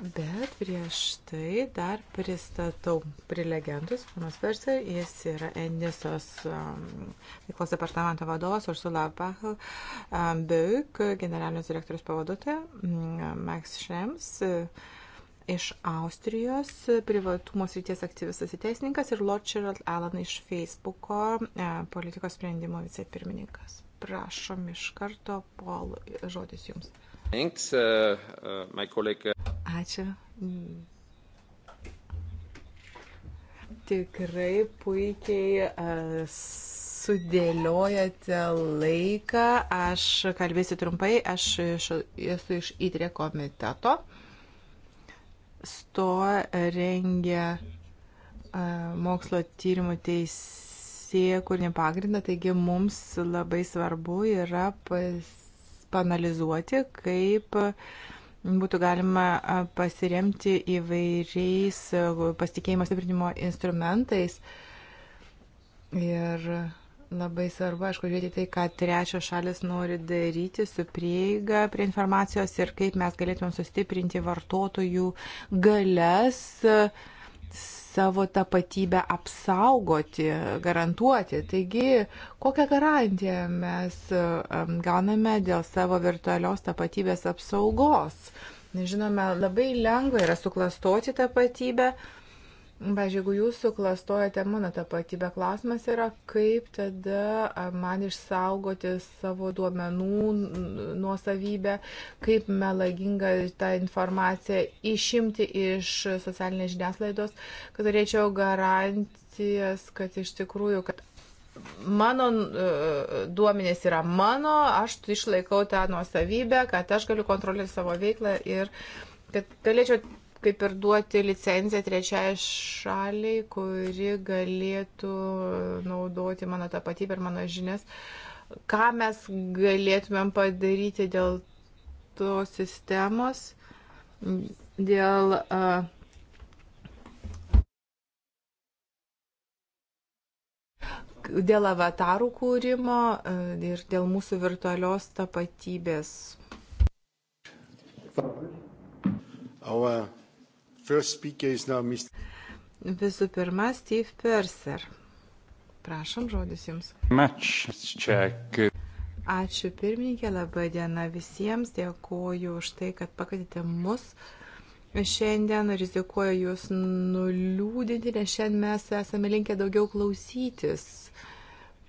Bet prieš tai dar pristatau prilegentus. Ponas Persa, jis yra Enisos um, veiklos departamento vadovas, Ursula Pachel, um, Beuk, generalinio direktorius pavaduotoja, um, Max Šrems. Uh, e, iš Austrijos, privatumo srities aktyvistas ir teisininkas ir Lord Gerald Allen iš Facebooko e, politikos sprendimo vicepirmininkas. Prašom iš karto, Paul, žodis jums. Thanks, uh, uh, Ačiū. Tikrai puikiai uh, sudėliojate laiką. Aš kalbėsiu trumpai, aš iš, esu iš įtrė e komiteto. Sto rengia uh, mokslo tyrimų teisė, kur nepagrinda, taigi mums labai svarbu yra pas, panalizuoti, kaip uh, būtų galima pasiremti įvairiais pasitikėjimo stiprinimo instrumentais. Ir labai svarbu, aišku, žiūrėti tai, ką trečios šalis nori daryti su prieiga prie informacijos ir kaip mes galėtumėm sustiprinti vartotojų galias savo tapatybę apsaugoti, garantuoti. Taigi, kokią garantiją mes gauname dėl savo virtualios tapatybės apsaugos? Žinome, labai lengva yra suklastoti tapatybę. patybę Pavyzdžiui, jeigu jūs suklastojate mano tapatybę, klausimas yra, kaip tada man išsaugoti savo duomenų nuosavybę, kaip melagingą tą informaciją išimti iš socialinės žiniaslaidos, kad turėčiau garantijas, kad iš tikrųjų, kad mano e, duomenės yra mano, aš išlaikau tą nuosavybę, kad aš galiu kontroliuoti savo veiklą ir kad galėčiau kaip ir duoti licenciją trečiai šaliai, kuri galėtų naudoti mano tapatybę ir mano žinias. Ką mes galėtumėm padaryti dėl tos sistemos, dėl uh, dėl avatarų kūrimo ir dėl mūsų virtualios tapatybės. Our Visų pirma, Steve Perser. Prašom, žodis jums. Ačiū pirmininkė, laba diena visiems, dėkuoju už tai, kad pakvietėte mus. Šiandien rizikuoju jūs nuliūdinti, nes šiandien mes esame linkę daugiau klausytis.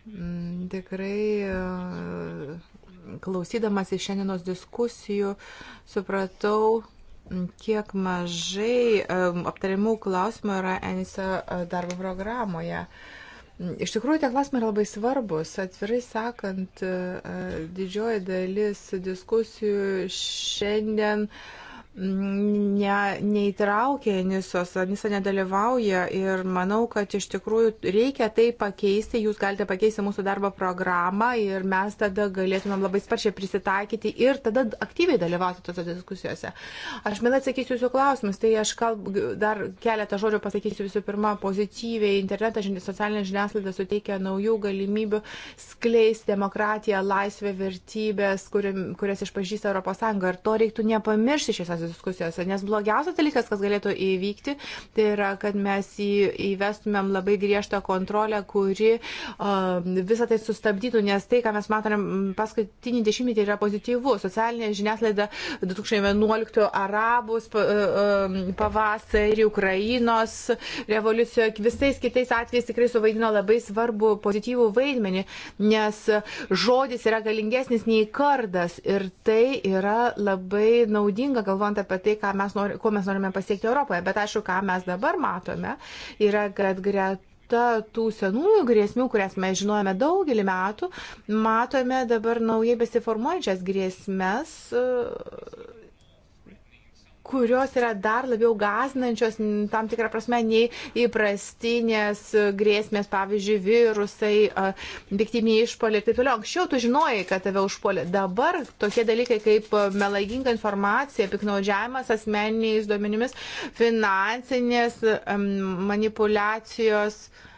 Mm, tikrai e, klausydamas iš šiandienos diskusijų supratau, kiek mažai aptariamų klausimų yra ENISA e, darbo programoje. Iš tikrųjų, tie klausimai yra labai svarbus. Atvirai sakant, e, e, didžioji dalis diskusijų šiandien uh, ne, neįtraukia Enisos, Enisa nedalyvauja ir manau, kad iš tikrųjų reikia tai pakeisti, jūs galite pakeisti mūsų darbo programą ir mes tada galėtumėm labai sparčiai prisitaikyti ir tada aktyviai dalyvauti tose diskusijose. Aš man atsakysiu jūsų klausimus, tai aš kalb, dar keletą žodžių pasakysiu visų pirma, pozityviai internetas, socialinė žiniasklaida suteikia naujų galimybių skleisti demokratiją, laisvę, vertybės, kuri, kurias išpažįsta ES ir to reiktų nepamiršti šiose politinės diskusijos. Nes blogiausias dalykas, kas galėtų įvykti, tai yra, kad mes į, įvestumėm labai griežtą kontrolę, kuri uh, visą tai sustabdytų, nes tai, ką mes matome paskutinį dešimtmetį, yra pozityvu. Socialinė žiniaslaida 2011 arabus pavasarį, Ukrainos revoliucijoje, visais kitais atvejais tikrai suvaidino labai svarbu pozityvų vaidmenį, nes žodis yra galingesnis nei kardas ir tai yra labai naudinga, galvojant galvojant apie tai, mes nori, ko mes norime pasiekti Europoje. Bet aišku, ką mes dabar matome, yra, kad greta greta tų senųjų grėsmių, kurias mes žinojame daugelį metų, matome dabar naujai besiformuojančias grėsmes kurios yra dar labiau gazinančios tam tikrą prasme nei įprastinės grėsmės, pavyzdžiui, virusai, viktimiai išpolė ir taip toliau. Anksčiau tu žinojai, kad tave užpolė. Dabar tokie dalykai kaip melaginga informacija, piknaudžiavimas asmeniniais duomenimis, finansinės manipulacijos. Um,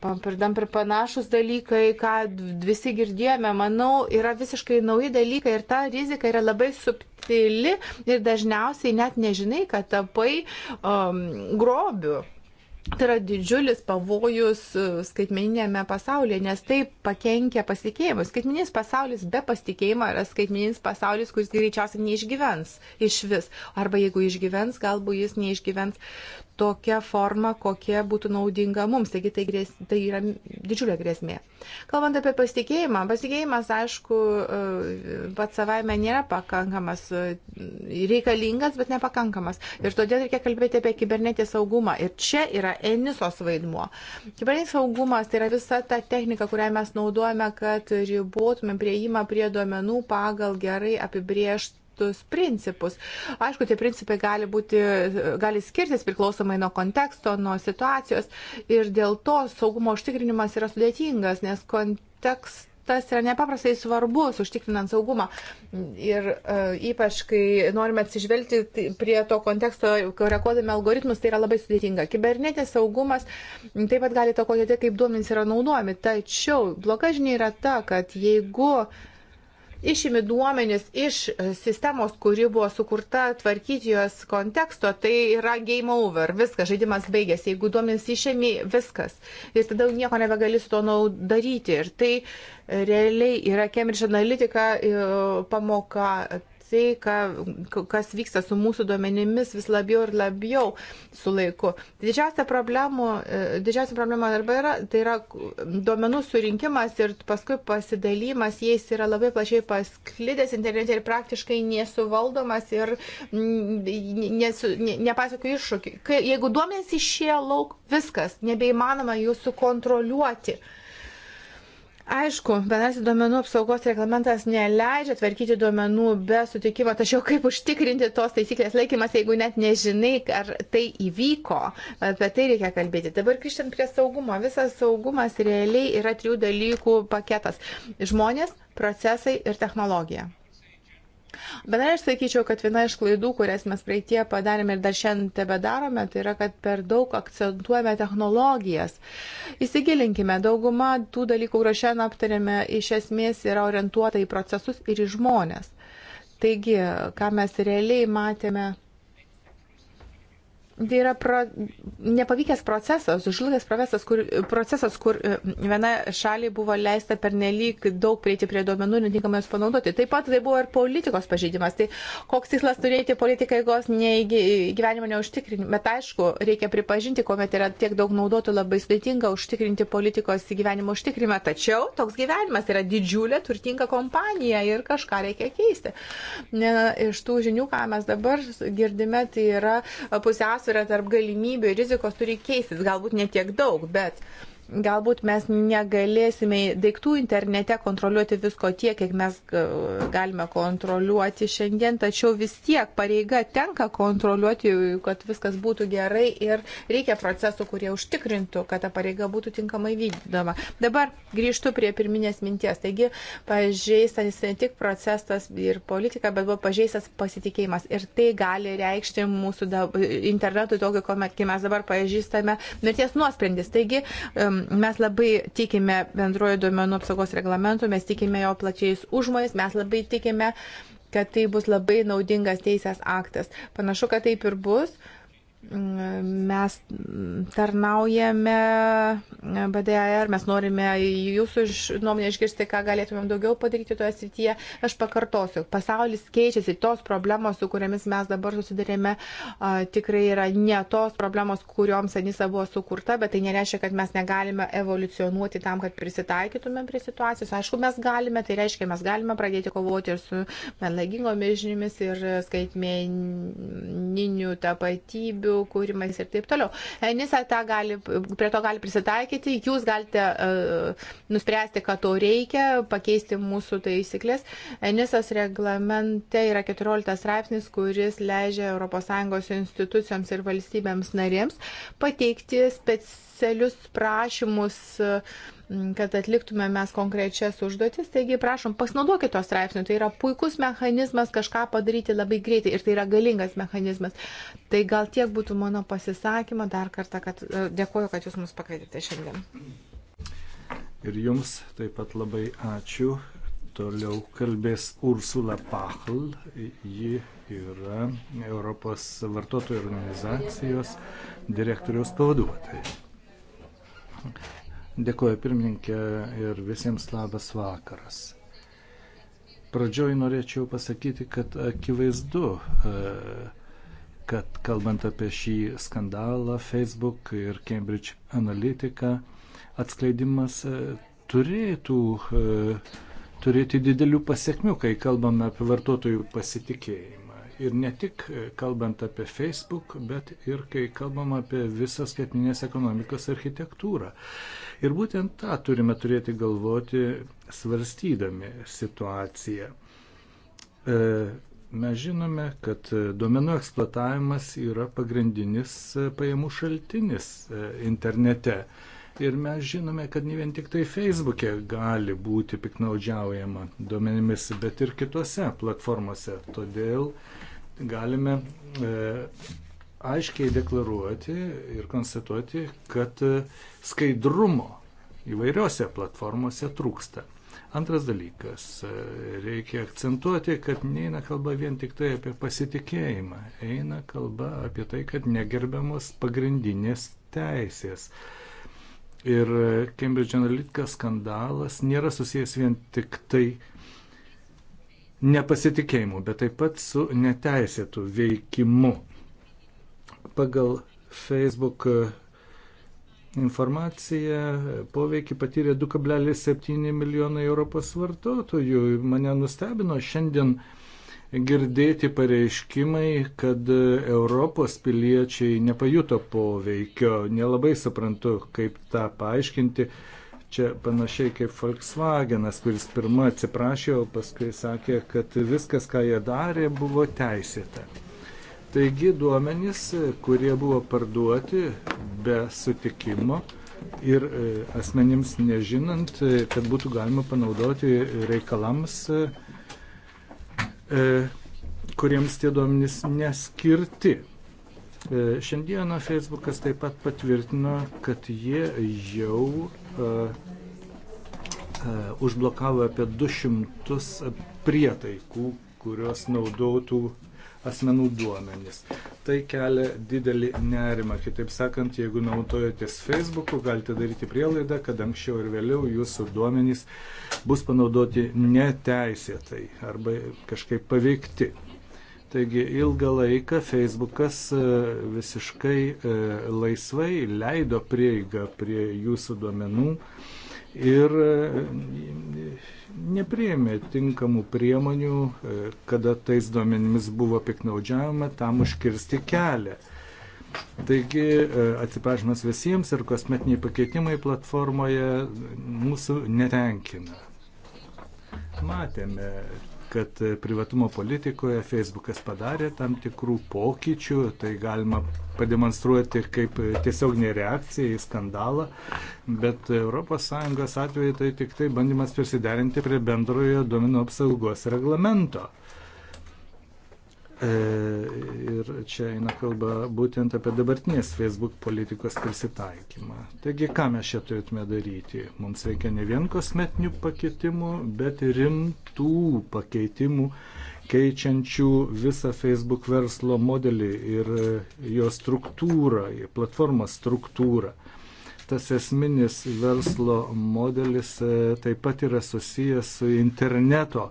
Pampardam ir panašus dalykai, ką visi girdėjome, manau, yra visiškai nauji dalykai ir ta rizika yra labai subtili ir dažniausiai net nežinai, kad tapai um, grobiu. Tai yra didžiulis pavojus e, skaitmeninėme pasaulyje, nes tai pakenkia pasitikėjimui. Skaitmeninis pasaulis be pasitikėjimo yra skaitmeninis pasaulis, kuris greičiausiai neišgyvens iš vis. Arba jeigu išgyvens, galbūt jis neišgyvens tokia forma, kokia būtų naudinga mums. Taigi tai, grės, tai yra didžiulė grėsmė. Kalbant apie pasitikėjimą, pasitikėjimas, aišku, e, pats savaime nėra pakankamas, e, reikalingas, bet nepakankamas. Ir todėl reikia kalbėti apie kibernetį saugumą. Ir čia yra Enisos vaidmuo. Kibernetinis saugumas tai yra visa ta technika, kurią mes naudojame, kad ribotumėm prieimą prie duomenų pagal gerai apibriežtą pagrystus principus. Aišku, tie principai gali, būti, gali skirtis priklausomai nuo konteksto, nuo situacijos ir dėl to saugumo užtikrinimas yra sudėtingas, nes kontekstas tas yra nepaprastai svarbus užtikrinant saugumą. Ir uh, ypač, kai norime atsižvelgti tai prie to konteksto, koreguodami algoritmus, tai yra labai sudėtinga. Kibernetės saugumas taip pat gali to kodėti, tai, kaip duomenys yra naudojami. Tačiau bloga žinia yra ta, kad jeigu uh, išimi duomenis iš e, sistemos, kuri buvo sukurta tvarkyti jos konteksto, tai yra game over, viskas, žaidimas baigėsi. Jeigu duomenis išimi, viskas. Ir tada nieko nebegali su to daryti. Ir tai realiai yra Cambridge Analytica e, pamoka tai, ka, kas vyksta su mūsų duomenimis vis labiau ir labiau su laiku. Didžiausia problema, e, didžiausia problema darba yra, tai yra duomenų surinkimas ir paskui pasidalymas, jais yra labai plačiai pasklidęs internete ir praktiškai nesuvaldomas ir nesu, ne, nepasako iššūkį. Kai, jeigu duomenys išėjo lauk, viskas, nebeįmanoma jų sukontroliuoti. Aišku, bendrasis duomenų apsaugos reglamentas neleidžia tvarkyti duomenų be sutikimo, tačiau kaip užtikrinti tos taisyklės laikymas, jeigu net nežinai, ar tai įvyko, apie tai reikia kalbėti. Dabar grįžtant prie saugumo, visas saugumas realiai yra trijų dalykų paketas - žmonės, procesai ir technologija. Bendrai aš sakyčiau, kad viena iš klaidų, kurias mes praeitie padarėme ir dar šiandien tebe darome, tai yra, kad per daug akcentuojame technologijas. Įsigilinkime, dauguma tų dalykų, kuriuos šiandien aptarėme, iš esmės yra orientuota į procesus ir į žmonės. Taigi, ką mes realiai matėme Tai yra pro, nepavykęs procesas, žlugęs procesas kur, procesas, kur e, viena šaliai buvo leista per nelik daug prieiti prie duomenų ir netinkamai jos panaudoti. Taip pat tai buvo ir politikos pažeidimas. Tai koks tikslas turėti politiką, jeigu jos gyvenimo neužtikrinti. Bet aišku, reikia pripažinti, kuomet yra tiek daug naudotų, labai sudėtinga užtikrinti politikos gyvenimo užtikrimą. Tačiau toks gyvenimas yra didžiulė, turtinga kompanija ir kažką reikia keisti. Ne, iš tų žinių, ką mes dabar girdime, tai yra pusiausvė pusiausvyrą tarp galimybių ir rizikos turi keistis, galbūt ne tiek daug, bet galbūt mes negalėsime daiktų internete kontroliuoti visko tiek, kiek mes galime kontroliuoti šiandien, tačiau vis tiek pareiga tenka kontroliuoti, kad viskas būtų gerai ir reikia procesų, kurie užtikrintų, kad ta pareiga būtų tinkamai vykdoma. Dabar grįžtu prie pirminės minties. Taigi pažeistas ne tik procesas ir politika, bet buvo pažeistas pasitikėjimas. Ir tai gali reikšti mūsų internetui tokį, kuomet mes dabar pažįstame mirties nuosprendis. Taigi, um, Mes labai tikime bendrojo duomenų apsaugos reglamentų, mes tikime jo plačiais užmojais, mes labai tikime, kad tai bus labai naudingas teisės aktas. Panašu, kad taip ir bus. Uh, mes tarnaujame BDAR, mes norime jūsų nuomonę išgirsti, ką galėtumėm daugiau padaryti toje srityje. Aš pakartosiu, pasaulis keičiasi, tos problemos, su kuriamis mes dabar susidarėme, tikrai yra ne tos problemos, kurioms Anisa buvo sukurta, bet tai nereiškia, kad mes negalime evoliucionuoti tam, kad prisitaikytumėm prie situacijos. Aišku, mes galime, tai reiškia, mes galime pradėti kovoti ir su melagingomis žiniomis ir skaitmeninių tapatybių vietų kūrimais ir taip toliau. Enisa gali, prie to gali prisitaikyti, jūs galite uh, nuspręsti, kad to reikia, pakeisti mūsų taisyklės. Enisas reglamente yra 14 straipsnis, kuris leidžia ES institucijoms ir valstybėms narėms pateikti specialius prašymus. Uh, kad atliktume mes konkrečias užduotis. Taigi, prašom, pasinaudokit to straipsnio. Tai yra puikus mechanizmas kažką padaryti labai greitai ir tai yra galingas mechanizmas. Tai gal tiek būtų mano pasisakymo. Dar kartą, kad e, dėkoju, kad jūs mus pakvietėte šiandien. Ir jums taip pat labai ačiū. Toliau kalbės Ursula Pachl. Ji yra Europos vartotojų organizacijos direktoriaus pavaduotoja. Okay. Dėkuoju pirmininkė ir visiems labas vakaras. Pradžioj norėčiau pasakyti, kad akivaizdu, e, kad kalbant apie šį skandalą Facebook ir Cambridge Analytica, atskleidimas e, turėtų e, turėti didelių pasiekmių, kai kalbame apie vartotojų pasitikėjimą. Ir ne tik kalbant apie Facebook, bet ir kai kalbam apie visą skaitminės ekonomikos architektūrą. Ir būtent tą turime turėti galvoti svarstydami situaciją. E, mes žinome, kad duomenų eksploatavimas yra pagrindinis pajamų šaltinis e, internete. Ir mes žinome, kad ne vien tik tai Facebook'e gali būti piknaudžiaujama duomenimis, bet ir kitose platformose. Todėl galime e, aiškiai deklaruoti ir konstatuoti, kad e, skaidrumo įvairiose platformose trūksta. Antras dalykas, e, reikia akcentuoti, kad neina kalba vien tik tai apie pasitikėjimą, eina kalba apie tai, kad negerbiamos pagrindinės teisės. Ir e, Cambridge Analytica skandalas nėra susijęs vien tik tai nepasitikėjimu, bet taip pat su neteisėtu veikimu. Pagal Facebook e, informaciją poveikį patyrė 2,7 milijonai Europos vartotojų. Mane nustebino šiandien girdėti pareiškimai, kad Europos piliečiai nepajuto poveikio. Nelabai suprantu, kaip tą paaiškinti. Čia panašiai kaip Volkswagenas, kuris pirmą atsiprašė, o paskui sakė, kad viskas, ką jie darė, buvo teisėta. Taigi duomenys, kurie buvo parduoti be sutikimo ir e, asmenims nežinant, e, kad būtų galima panaudoti reikalams, e, kuriems tie duomenys neskirti. Šiandieną Facebookas taip pat patvirtino, kad jie jau uh, uh, užblokavo apie 200 prietaikų, kurios naudotų uh, asmenų duomenys. Tai kelia didelį nerimą. Kitaip sakant, jeigu naudojatės Facebooku, galite daryti prielaidą, kad anksčiau ir vėliau jūsų duomenys bus panaudoti neteisėtai arba kažkaip paveikti. Taigi ilgą laiką Facebookas e, visiškai e, laisvai leido prieigą prie jūsų duomenų ir e, nepriėmė tinkamų priemonių, e, kada tais duomenimis buvo piknaudžiavama, tam užkirsti kelią. Taigi e, atsiprašymas visiems ir kosmetiniai pakeitimai platformoje mūsų netenkina. Matėme kad e, privatumo politikoje Facebookas padarė tam tikrų pokyčių, tai galima pademonstruoti kaip e, tiesioginė reakcija į skandalą, bet ES atveju tai tik tai bandymas prisiderinti prie bendrojo duomenų apsaugos reglamento. E, ir čia eina kalba būtent apie dabartinės Facebook politikos prisitaikymą. Taigi, ką mes čia turėtume daryti? Mums reikia ne vien kosmetinių pakeitimų, bet ir rimtų pakeitimų, keičiančių visą Facebook verslo modelį ir jo struktūrą, platformos struktūrą. Tas esminis verslo modelis e, taip pat yra susijęs su interneto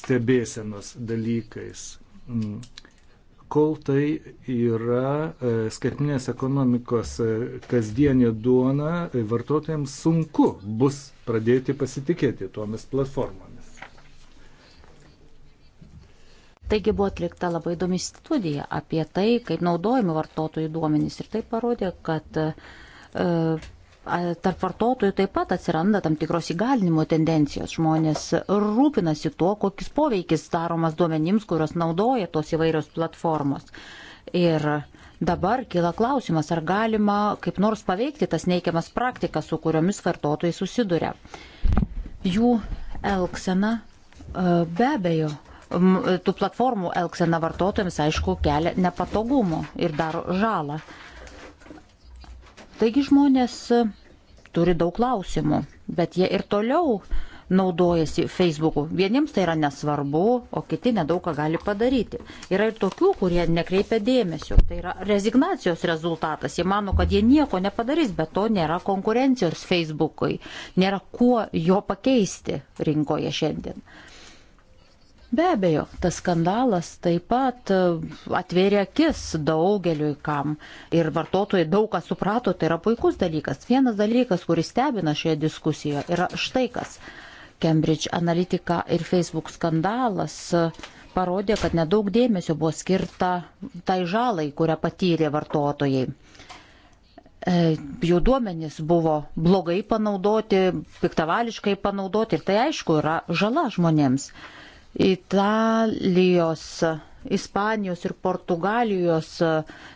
stebėsenos dalykais Kol tai yra e, skaitinės ekonomikos e, kasdienė duona, e, vartotojams sunku bus pradėti pasitikėti tomis platformomis. Taigi buvo atlikta labai įdomi studija apie tai, kaip naudojami vartotojų duomenys ir tai parodė, kad e, tarp vartotojų taip pat atsiranda tam tikros įgalinimo tendencijos. Žmonės rūpinasi tuo, kokis poveikis daromas duomenims, kurios naudoja tos įvairios platformos. Ir dabar kyla klausimas, ar galima kaip nors paveikti tas neigiamas praktikas, su kuriomis vartotojai susiduria. Jų elgsena e, be abejo. Tų platformų elgsena vartotojams, aišku, kelia nepatogumų ir daro žalą. Taigi žmonės e, turi daug klausimų, bet jie ir toliau naudojasi Facebooku. Vieniems tai yra nesvarbu, o kiti nedaug ką gali padaryti. Yra ir tokių, kurie nekreipia dėmesio. Tai yra rezignacijos rezultatas. Jie mano, kad jie nieko nepadarys, bet to nėra konkurencijos Facebookui. Nėra kuo jo pakeisti rinkoje šiandien. Be abejo, tas skandalas taip pat e, atvėrė akis daugeliui kam ir vartotojai daug ką suprato, tai yra puikus dalykas. Vienas dalykas, kuris stebina šioje diskusijoje, yra štai kas. Cambridge Analytica ir Facebook skandalas e, parodė, kad nedaug dėmesio buvo skirta tai žalai, kurią patyrė vartotojai. E, jų duomenys buvo blogai panaudoti, piktavališkai panaudoti ir tai aišku yra žala žmonėms Italijos, Ispanijos ir Portugalijos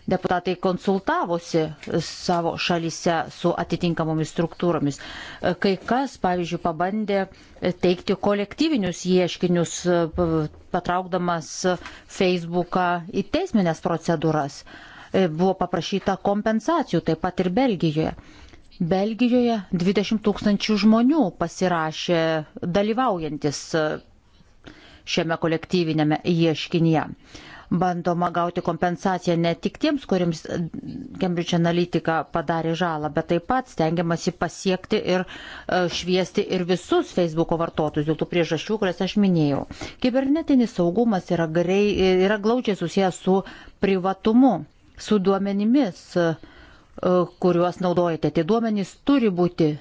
deputatai konsultavosi savo šalyse su atitinkamomis struktūromis. Kai kas, pavyzdžiui, pabandė teikti kolektyvinius ieškinius, patraukdamas Facebooką į teisminės procedūras. Buvo paprašyta kompensacijų taip pat ir Belgijoje. Belgijoje 20 tūkstančių žmonių pasirašė dalyvaujantis šiame kolektyvinėme ieškinyje. Bandoma gauti kompensaciją ne tik tiems, kuriems Cambridge Analytica padarė žalą, bet taip pat stengiamasi pasiekti ir e, šviesti ir visus Facebook'o vartotojus dėl tų priežasčių, kurias aš minėjau. Kibernetinis saugumas yra, grei, yra glaučiai susijęs su privatumu, su duomenimis e, kuriuos naudojate. Tie duomenys turi būti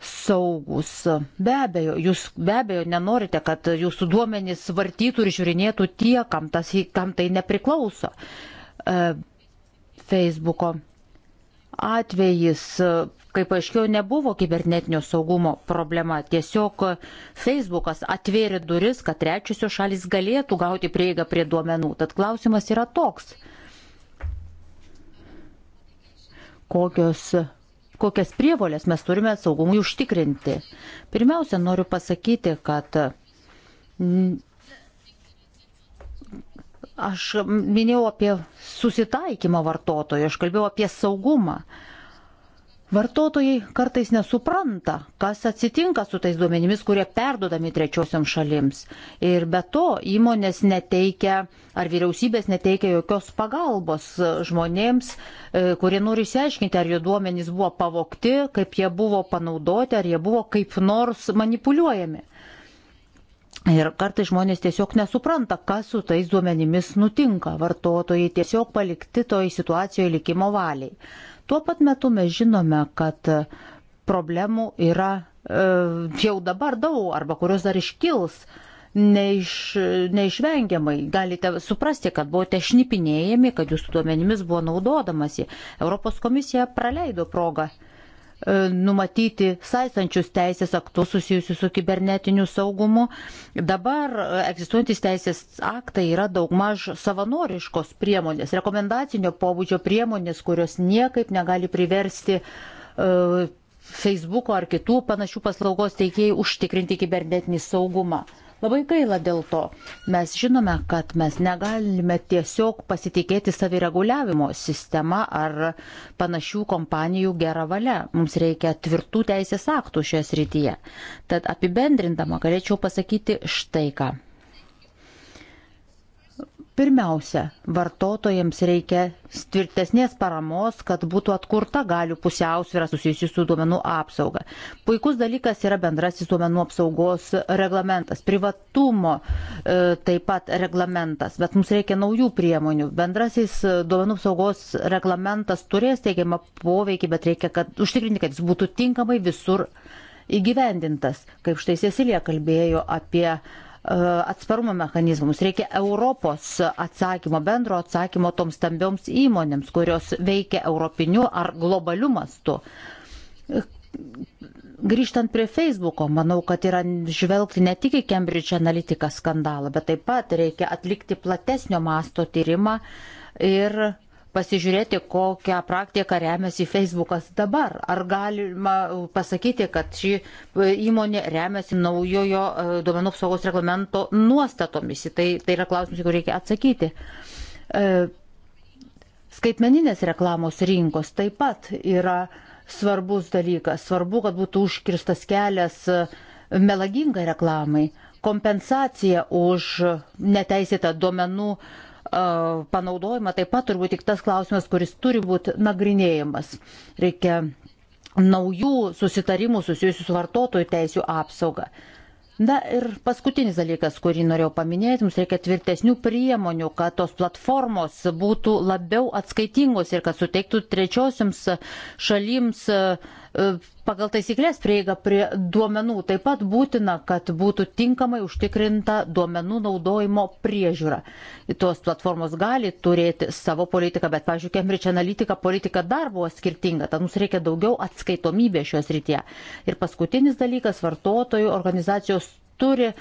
saugus. Be abejo, jūs be abejo nenorite, kad jūsų duomenys vartytų ir žiūrinėtų tie, kam, tas, kam tai nepriklauso. E, Facebooko atvejis, kaip aiškiau, nebuvo kibernetinio saugumo problema. Tiesiog Facebookas atvėrė duris, kad trečiosios šalis galėtų gauti prieigą prie duomenų. Tad klausimas yra toks. Kokios kokias prievolės mes turime saugumui užtikrinti. Pirmiausia, noriu pasakyti, kad mm, aš minėjau apie susitaikymą vartotojų, aš kalbėjau apie saugumą. Vartotojai kartais nesupranta, kas atsitinka su tais duomenimis, kurie perdodami trečiosiam šalims. Ir be to įmonės neteikia ar vyriausybės neteikia jokios pagalbos žmonėms, e, kurie nori išsiaiškinti, ar jų duomenys buvo pavokti, kaip jie buvo panaudoti, ar jie buvo kaip nors manipuliuojami. Ir kartai žmonės tiesiog nesupranta, kas su tais duomenimis nutinka. Vartotojai tiesiog palikti toj situacijoje likimo valiai. Tuo pat metu mes žinome, kad problemų yra e, jau dabar daug arba kurios dar iškils. Neiš, neišvengiamai galite suprasti, kad buvote šnipinėjami, kad jūsų duomenimis buvo naudodamasi. Europos komisija praleido progą E, numatyti saistančius teisės aktus susijusius su kibernetiniu saugumu. Dabar egzistuojantis teisės aktai yra daugmaž savanoriškos priemonės, rekomendacinio pobūdžio priemonės, kurios niekaip negali priversti uh, Facebook'o ar kitų panašių paslaugos teikėjų užtikrinti kibernetinį saugumą. Labai gaila dėl to. Mes žinome, kad mes negalime tiesiog pasitikėti savireguliavimo sistema ar panašių kompanijų gerą valią. Mums reikia tvirtų teisės aktų šioje srityje. Tad apibendrindama galėčiau pasakyti štai ką. Pirmiausia, vartotojams reikia tvirtesnės paramos, kad būtų atkurta galių pusiausvėra susijusi su duomenų apsauga. Puikus dalykas yra bendrasis duomenų apsaugos reglamentas, privatumo e, taip pat reglamentas, bet mums reikia naujų priemonių. Bendrasis e, duomenų apsaugos reglamentas turės teigiamą poveikį, bet reikia kad, užtikrinti, kad jis būtų tinkamai visur įgyvendintas, kaip štai Cecilija kalbėjo apie E, atsparumo mechanizmus, reikia Europos atsakymo, bendro atsakymo toms stambioms įmonėms, kurios veikia europiniu ar globaliu mastu. Grįžtant prie Facebooko, manau, kad yra žvelgti ne tik į Cambridge Analytica skandalą, bet taip pat reikia atlikti platesnio masto tyrimą ir pasižiūrėti, kokią praktiką remiasi Facebookas dabar. Ar galima pasakyti, kad ši įmonė remiasi naujojo e, duomenų apsaugos reglamento nuostatomis? Tai, tai yra klausimas, kurį reikia atsakyti. E, skaitmeninės reklamos rinkos taip pat yra svarbus dalykas. Svarbu, kad būtų užkirstas kelias e, melagingai reklamai. Kompensacija už neteisėtą duomenų uh, panaudojimą taip pat turbūt tik tas klausimas, kuris turi būti nagrinėjamas. Reikia naujų susitarimų susijusių su vartotojų teisų apsauga. Na ir paskutinis dalykas, kurį norėjau paminėti, mums reikia tvirtesnių priemonių, kad tos platformos būtų labiau atskaitingos ir kad suteiktų trečiosiams šalims uh, E, pagal taisyklės prieiga prie duomenų. Taip pat būtina, kad būtų tinkamai užtikrinta duomenų naudojimo priežiūra. Tos platformos gali turėti savo politiką, bet, pavyzdžiui, Cambridge Analytica politika dar buvo skirtinga, tad mums reikia daugiau atskaitomybės šios rytyje. Ir paskutinis dalykas - vartotojų organizacijos turi e,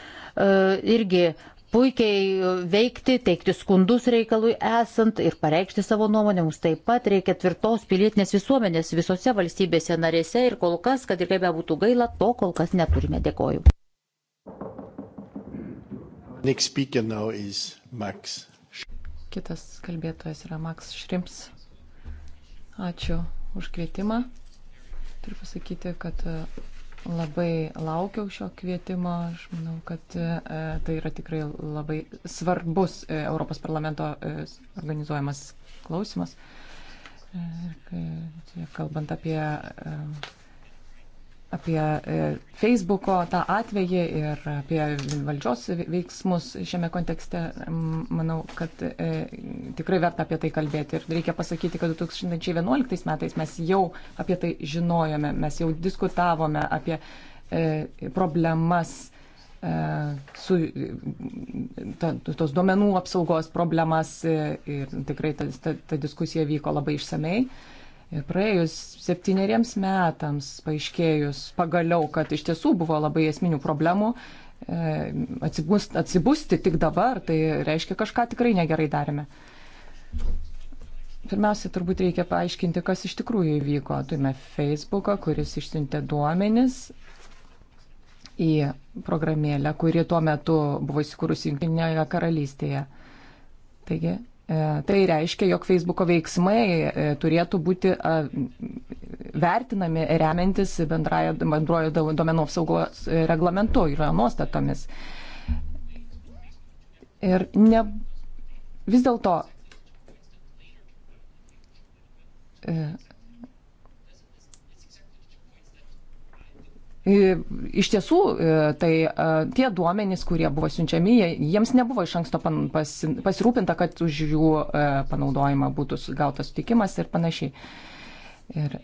irgi puikiai e, veikti, teikti skundus reikalui esant ir pareikšti savo nuomonę. Mums taip pat reikia tvirtos pilietinės visuomenės visose valstybėse narėse ir kol kas, kad ir kaip bebūtų gaila, to kol kas neturime. Dėkoju. Kitas kalbėtojas yra Max Šrims. Ačiū už kvietimą. Turiu pasakyti, kad e, Labai laukiau šio kvietimo. Aš manau, kad e, tai yra tikrai labai svarbus e, Europos parlamento e, organizuojamas klausimas. Kalbant apie apie e, Facebooko tą atvejį ir apie valdžios veiksmus šiame kontekste, manau, kad e, tikrai verta apie tai kalbėti. Ir reikia pasakyti, kad 2011 metais mes jau apie tai žinojome, mes jau diskutavome apie e, problemas su ta, tos duomenų apsaugos problemas ir tikrai ta, ta, ta diskusija vyko labai išsamei. Ir praėjus septyneriems metams paaiškėjus pagaliau, kad iš tiesų buvo labai esminių problemų, e, atsibust, atsibusti tik dabar, tai reiškia kažką tikrai negerai darėme. Pirmiausia, turbūt reikia paaiškinti, kas iš tikrųjų įvyko. Turime Facebooką, kuris išsiuntė duomenis į programėlę, kuri tuo metu buvo įsikūrusi Junktinėje karalystėje. Taigi E, tai reiškia, jog Facebooko veiksmai e, turėtų būti vertinami remiantis bendrojo domenų apsaugos e, reglamentu ir nuostatomis. Ir ne, vis dėlto Iš tiesų, e, tai e, tie duomenys, kurie buvo siunčiami, jiems nebuvo iš anksto pasirūpinta, kad už jų e, panaudojimą būtų gautas sutikimas ir panašiai. Ir,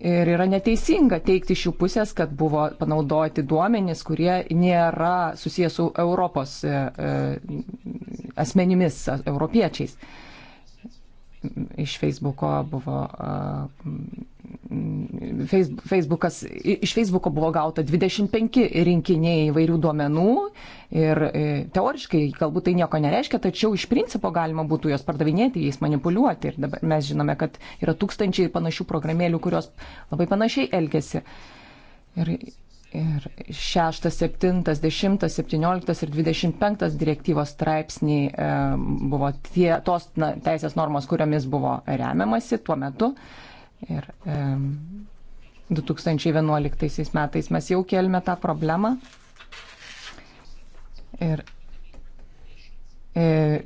ir yra neteisinga teikti iš jų pusės, kad buvo panaudoti duomenys, kurie nėra susijęs su Europos asmenimis, europiečiais iš Facebooko buvo. Facebookas, iš Facebooko buvo gauta 25 rinkiniai įvairių duomenų ir e, teoriškai galbūt tai nieko nereiškia, tačiau iš principo galima būtų juos pardavinėti, jais manipuliuoti. Ir dabar mes žinome, kad yra tūkstančiai panašių programėlių, kurios labai panašiai elgesi. Ir ir 6, 7, 10, 17 ir 25 direktyvos straipsniai e, buvo tie, tos na, teisės normos, kuriomis buvo remiamasi tuo metu. Ir e, 2011 metais mes jau kelime tą problemą. Ir e,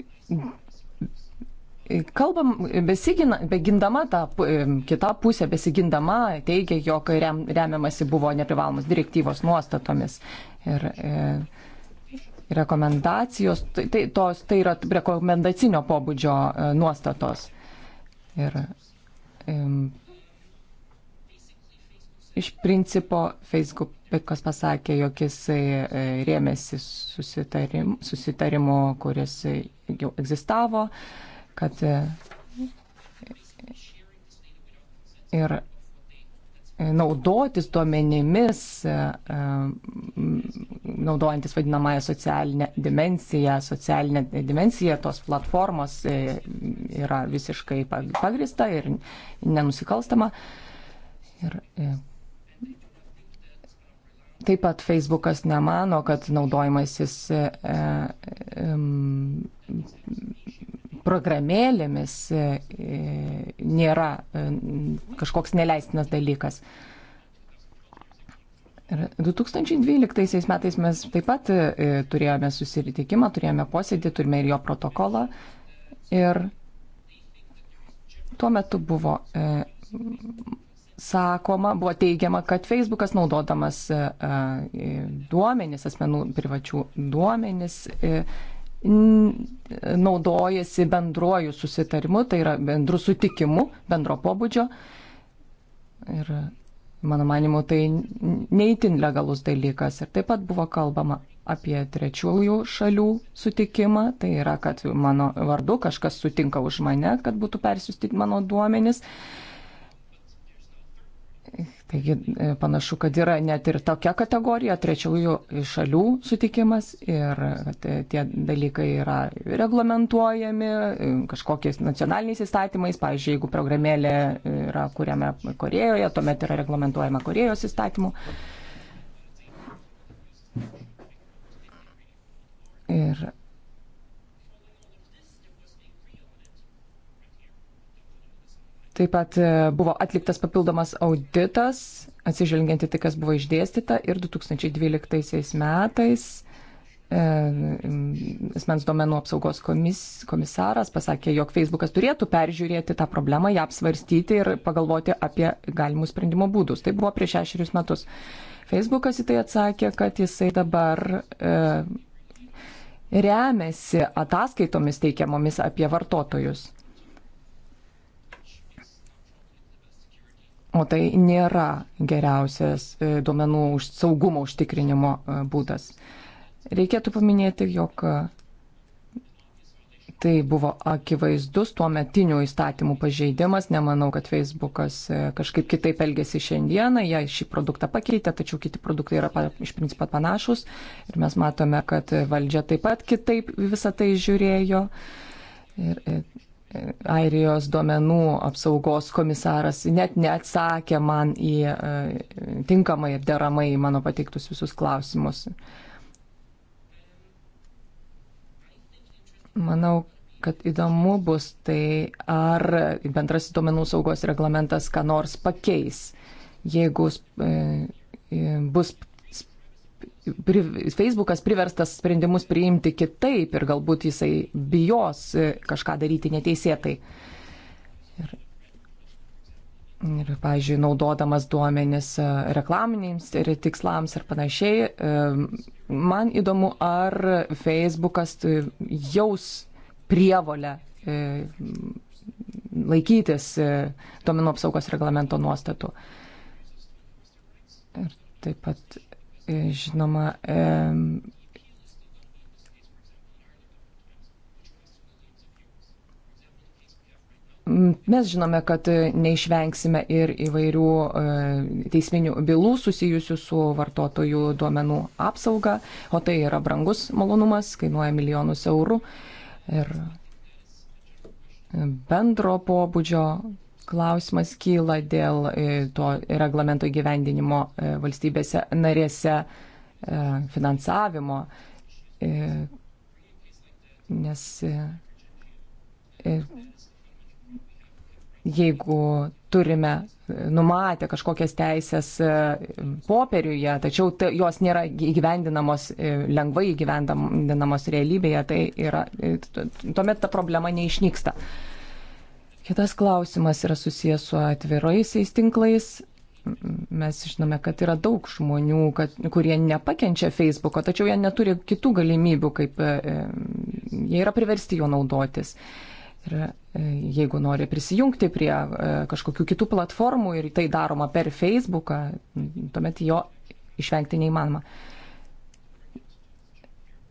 Kalbam, besigina, begindama tą e, kitą pusę, besigindama teigia, jog rem, remiamasi buvo neprivalomus direktyvos nuostatomis. Ir, e, rekomendacijos, tai, tai, tos, tai yra rekomendacinio pobūdžio e, nuostatos. Ir e, iš principo Facebookas pasakė, jog jisai e, rėmėsi susitarimu, susitarimu kuris jau egzistavo. E, kad e, ir e, naudotis duomenimis, e, naudojantis vadinamąją socialinę dimensiją, socialinę dimensiją tos platformos yra visiškai pagrista ir nenusikalstama. Ir taip pat Facebookas nemano, kad naudojimasis programėlėmis e, e, nėra e, kažkoks neleistinas dalykas. Ir 2012 metais mes taip pat turėjome susiritikimą, turėjome posėdį, turime ir jo protokolą. Ir tuo metu buvo sakoma, buvo teigiama, kad Facebookas naudodamas duomenis, asmenų privačių duomenis, naudojasi bendruoju susitarimu, tai yra bendru sutikimu, bendro pobūdžio. Ir mano manimu, tai neįtin legalus dalykas. Ir taip pat buvo kalbama apie trečiųjų šalių sutikimą, tai yra, kad mano vardu kažkas sutinka už mane, kad būtų persiusti mano duomenys. Taigi e, panašu, kad yra net ir tokia kategorija, trečiųjų šalių sutikimas ir e, tie dalykai yra reglamentuojami e, kažkokiais nacionaliniais įstatymais. Pavyzdžiui, jeigu programėlė yra kuriame Korejoje, tuomet yra reglamentuojama Korejos įstatymu. Ir Taip pat e, buvo atliktas papildomas auditas, atsižvelgiant į tai, kas buvo išdėstyta ir 2012 metais e, asmens duomenų apsaugos komis, komisaras pasakė, jog Facebookas turėtų peržiūrėti tą problemą, ją apsvarstyti ir pagalvoti apie galimus sprendimo būdus. Tai buvo prieš šešerius metus. Facebookas į tai atsakė, kad jisai dabar e, remiasi ataskaitomis teikiamomis apie vartotojus. O tai nėra geriausias e, duomenų už saugumo užtikrinimo e, būdas. Reikėtų paminėti, jog e, tai buvo akivaizdus tuo metinių įstatymų pažeidimas. Nemanau, kad Facebookas kažkaip kitaip elgėsi šiandieną. Jie šį produktą pakeitė, tačiau kiti produktai yra iš principo panašus. Ir mes matome, kad valdžia taip pat kitaip visą tai žiūrėjo. Ir, ir Airijos duomenų apsaugos komisaras net neatsakė man į e, tinkamai ir deramai mano pateiktus visus klausimus. Manau, kad įdomu bus tai, ar bendrasis duomenų saugos reglamentas ką nors pakeis, jeigu e, bus pri, Facebookas priverstas sprendimus priimti kitaip ir galbūt jisai bijos e, kažką daryti neteisėtai. Ir, ir pavyzdžiui, naudodamas duomenis e, reklaminiams ir tikslams ir panašiai, e, man įdomu, ar Facebookas jaus prievolę laikytis duomenų apsaugos reglamento nuostatų. Ir taip pat žinoma, Mes žinome, kad neišvengsime ir įvairių e, teisminių bylų susijusių su vartotojų duomenų apsauga, o tai yra brangus malonumas, kainuoja milijonus eurų. Ir bendro pobūdžio klausimas kyla dėl e, to reglamento įgyvendinimo e, valstybėse narėse e, finansavimo, nes jeigu turime numatę kažkokias teisės popieriuje, tačiau jos nėra įgyvendinamos, lengvai įgyvendinamos realybėje, tai yra, tuomet ta problema neišnyksta. Kitas klausimas yra susijęs su atviraisiais tinklais. Mes žinome, kad yra daug žmonių, kad, kurie nepakenčia Facebooko, tačiau jie neturi kitų galimybių, kaip e, e jie yra priversti jo naudotis. Ir e, jeigu nori prisijungti prie e, kažkokių kitų platformų ir tai daroma per Facebooką, tuomet jo išvengti neįmanoma. E,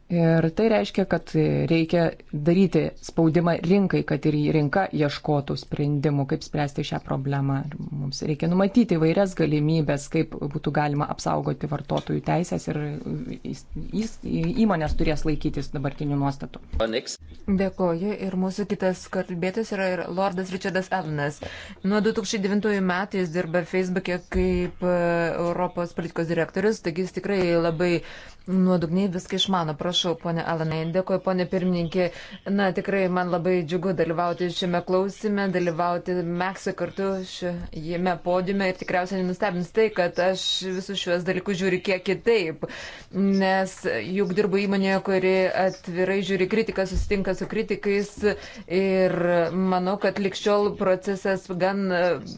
Ir tai reiškia, kad reikia daryti spaudimą rinkai, kad ir rinka ieškotų sprendimų, kaip spręsti šią problemą. Mums reikia numatyti vairias galimybės, kaip būtų galima apsaugoti vartotojų teisės ir įmonės turės laikytis dabartinių nuostatų. Dėkoju ir mūsų kitas kalbėtas yra ir Lordas Richardas Elnas. Nuo 2009 metų jis dirba Facebook'e kaip e, Europos politikos direktorius, taigi jis tikrai labai uh, nuodugniai viską išmano. Prašau, ponė Alanai, dėkoju, ponė pirmininkė. Na, tikrai man labai džiugu dalyvauti šiame klausime, dalyvauti Meksui kartu šiame podiume ir tikriausiai nenustebins tai, kad aš visus šiuos dalykus žiūriu kiek kitaip, nes juk dirbu įmonėje, kuri atvirai žiūri kritiką, susitinka su kritikais ir manau, kad likščiol procesas gan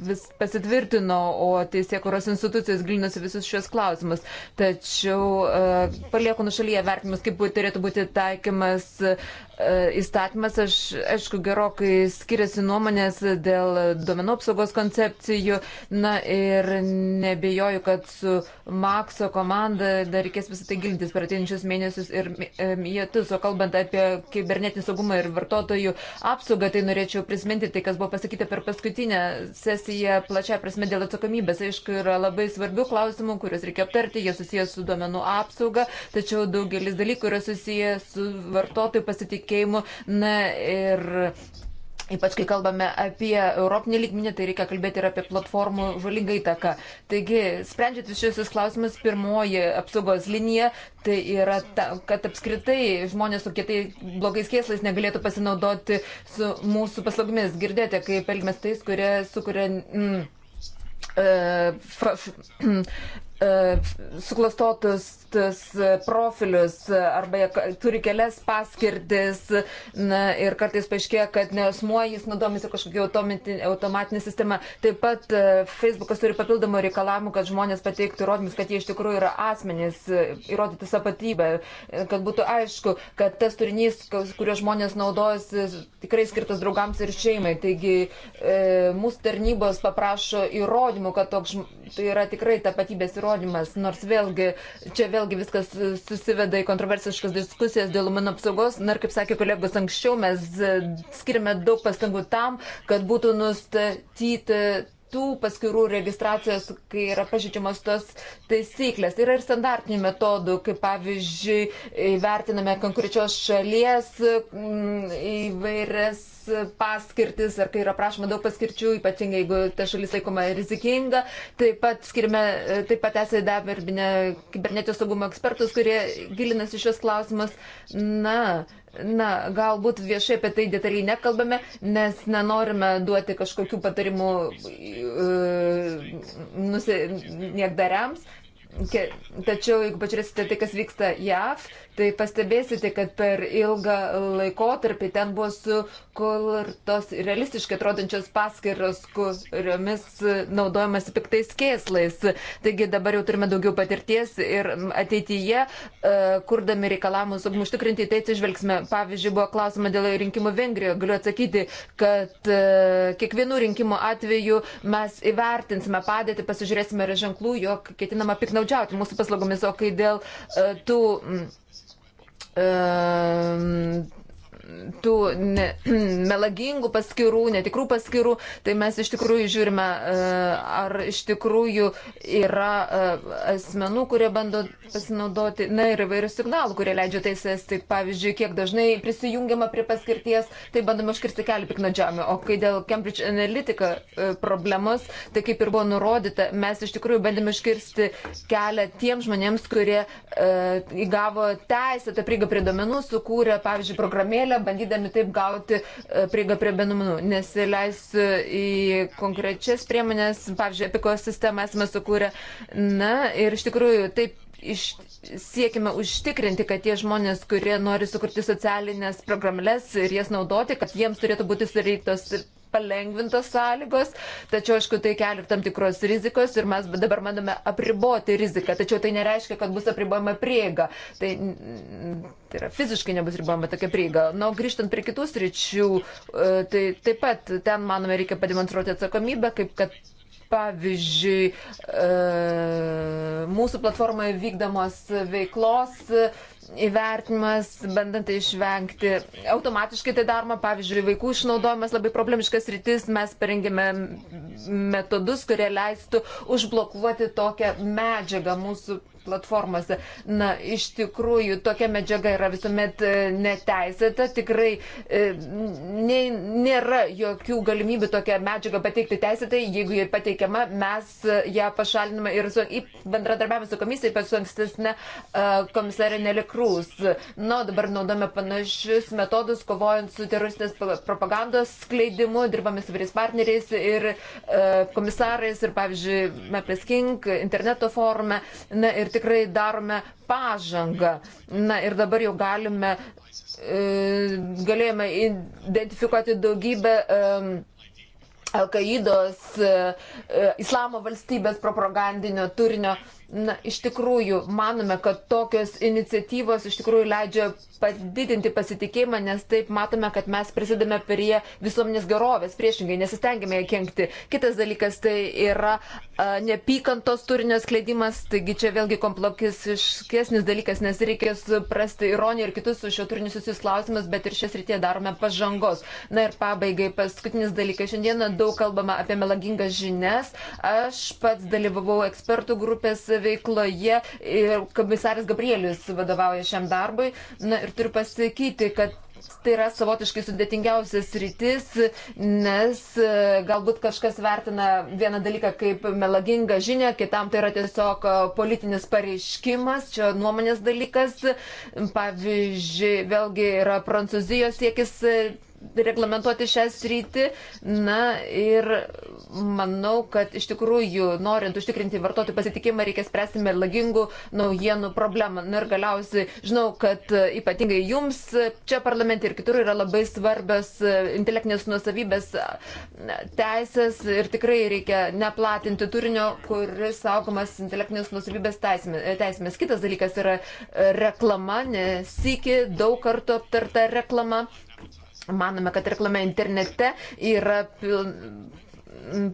vis pasitvirtino, o teisėkuros institucijos gilinosi visus šios klausimus. Tačiau palieku nušalyje vertinimus, kaip turėtų būti taikymas e, įstatymas. Aš, aišku, gerokai skiriasi nuomonės dėl domenų apsaugos koncepcijų. Na ir nebejoju, kad su Makso komanda dar reikės visą tai gildytis per ateinančius mėnesius ir e, mėtus. O kalbant apie kibernetinį saugumą ir vartotojų apsaugą, tai norėčiau prisiminti tai, kas buvo pasakyta per paskutinę sesiją plačia prasme dėl atsakomybės. Aišku, yra labai svarbių klausimų, kuriuos reikia aptarti. Jie susijęs su domenų apsauga tačiau daugelis dalykų yra susiję su vartotojų pasitikėjimu. Na, ir Ypač kai kalbame apie Europinį lygmenį, tai reikia kalbėti ir apie platformų žalingą įtaką. Taigi, sprendžiant visus klausimus, pirmoji apsaugos linija tai yra ta, kad apskritai žmonės su kitais blogais kėslais negalėtų pasinaudoti su mūsų paslaugomis. Girdėjote, kaip elgmės tais, kurie sukuria. Mm, uh, f, f, uh, suklastotus keistus e, profilius e, arba turi kelias paskirtis na, ir kartais paaiškėja, kad ne asmuo jis naudojasi kažkokia automatinė sistema. Taip pat e, Facebookas turi papildomų reikalavimų, kad žmonės pateiktų įrodymus, kad jie iš tikrųjų yra asmenys, įrodyti sapatybę, kad būtų aišku, kad tas turinys, kurio žmonės naudojasi, tikrai skirtas draugams ir šeimai. Taigi e, mūsų tarnybos paprašo įrodymų, kad toks, tai yra tikrai tapatybės įrodymas, nors vėlgi čia vėl vėlgi viskas e, susiveda į kontroversiškas diskusijas dėl mano apsaugos. Na ir kaip sakė kolegos anksčiau, mes e, skirime daug pastangų tam, kad būtų nustatyti tų paskirų registracijos, kai yra pažydžiamas tos taisyklės. Tai yra ir standartinių metodų, kaip pavyzdžiui, vertiname konkrečios šalies įvairias paskirtis ar kai yra prašoma daug paskirčių, ypatingai jeigu ta šalis laikoma rizikinga. Taip pat skirime, e, taip pat esame įdarbinę kibernetijos saugumo ekspertus, kurie gilinasi šios klausimus. Na, na, galbūt viešai apie tai detaliai nekalbame, nes nenorime duoti kažkokių patarimų uh, nusi, niekdariams. Tačiau, jeigu pažiūrėsite tai, kas vyksta JAV, tai pastebėsite, kad per ilgą laikotarpį ten buvo sukurtos realistiškai atrodančios paskiros, kuriomis naudojamasi piktais kėslais. Taigi dabar jau turime daugiau patirties ir ateityje, e, kurdami reikalavimus, užtikrinti tai atsižvelgsime. Pavyzdžiui, buvo klausima dėl rinkimų Vengrijoje. Galiu atsakyti, kad e, kiekvienų rinkimų atveju mes įvertinsime padėtį, pasižiūrėsime, yra ženklų, jog ketinama piknaudžiauti mūsų paslaugomis, o kai dėl e, tų um, tų ne, melagingų paskirų, netikrų paskirų, tai mes iš tikrųjų žiūrime, e, ar iš tikrųjų yra e, asmenų, kurie bando pasinaudoti, na ir įvairių signalų, kurie leidžia tai sėsti, pavyzdžiui, kiek dažnai prisijungiama prie paskirties, tai bandoma užkirsti kelią piknadžiamį. O kai dėl Cambridge Analytica e, problemos, tai kaip ir buvo nurodyta, mes iš tikrųjų bandėme iškirsti kelią tiem žmonėms, kurie e, įgavo teisę, tą prieigą prie domenų, sukūrė, pavyzdžiui, programėlę, rinką, bandydami taip gauti e, prieigą prie benomenų. Nesileisiu e, į konkrečias priemonės, pavyzdžiui, epikos sistemą esame sukūrę. Na ir iš tikrųjų taip iš, siekime užtikrinti, kad tie žmonės, kurie nori sukurti socialinės programėlės ir jas naudoti, kad jiems turėtų būti sureiktos palengvintos sąlygos, tačiau, aišku, tai kelia tam tikros rizikos ir mes dabar manome apriboti riziką, tačiau tai nereiškia, kad bus apribojama prieiga. Tai, tai yra fiziškai nebus ribojama tokia prieiga. Na, nu, grįžtant prie kitų sričių, e, tai taip pat ten, manome, reikia pademonstruoti atsakomybę, kaip kad pavyzdžiui, e, mūsų platformoje vykdomos veiklos įvertinimas, bandant išvengti. Automatiškai tai daroma, pavyzdžiui, vaikų išnaudojimas labai problemiškas rytis, mes parengėme metodus, kurie leistų užblokuoti tokią medžiagą mūsų platformose. Na, iš tikrųjų, tokia medžiaga yra visuomet e, neteisėta, tikrai e, ne, nėra jokių galimybių tokią medžiagą pateikti teisėtai, jeigu jie pateikiama, mes e, ją pašaliname ir su, bendradarbiavame su komisija, ypač su ankstesne komisarė Nelikrūs. Na, dabar naudome panašius metodus, kovojant su teroristinės propagandos skleidimu, dirbame su vyriais partneriais ir komisarais ir, pavyzdžiui, Meples King interneto forume. Na, ir tikrai darome pažangą. Na ir dabar jau galime, e, galėjome identifikuoti daugybę e, Al-Qaidos, e, Islamo valstybės propagandinio turinio Na, iš tikrųjų, manome, kad tokios iniciatyvos iš tikrųjų leidžia padidinti pasitikėjimą, nes taip matome, kad mes prisidame prie visuomenės gerovės, priešingai nesistengime ją kenkti. Kitas dalykas tai yra a, nepykantos turinio skleidimas, taigi čia vėlgi komplokiškesnis dalykas, nes reikia suprasti ironiją ir kitus su šio turiniu susijus klausimus, bet ir šias rytie darome pažangos. Na ir pabaigai, paskutinis dalykas. Šiandieną daug kalbama apie melagingas žinias. Aš pats dalyvavau ekspertų grupės veikloje ir komisaris Gabrielius vadovauja šiam darbui. Na ir turiu pasakyti, kad tai yra savotiškai sudėtingiausias rytis, nes e, galbūt kažkas vertina vieną dalyką kaip melagingą žinią, kitam tai yra tiesiog e, politinis pareiškimas, čia nuomonės dalykas. Pavyzdžiui, vėlgi yra Prancūzijos siekis e, reglamentuoti šią sritį. Na ir manau, kad iš tikrųjų, norint užtikrinti vartotojų pasitikimą, reikia spręsti melagingų naujienų problemą. Na ir galiausiai, žinau, kad ypatingai jums čia parlamente ir kitur yra labai svarbios intelektinės nuosavybės teisės ir tikrai reikia neplatinti turinio, kuris saugomas intelektinės nuosavybės teisėmis. Kitas dalykas yra reklama, nesikė daug kartų aptarta reklama. Manome, kad reklama internete yra pil...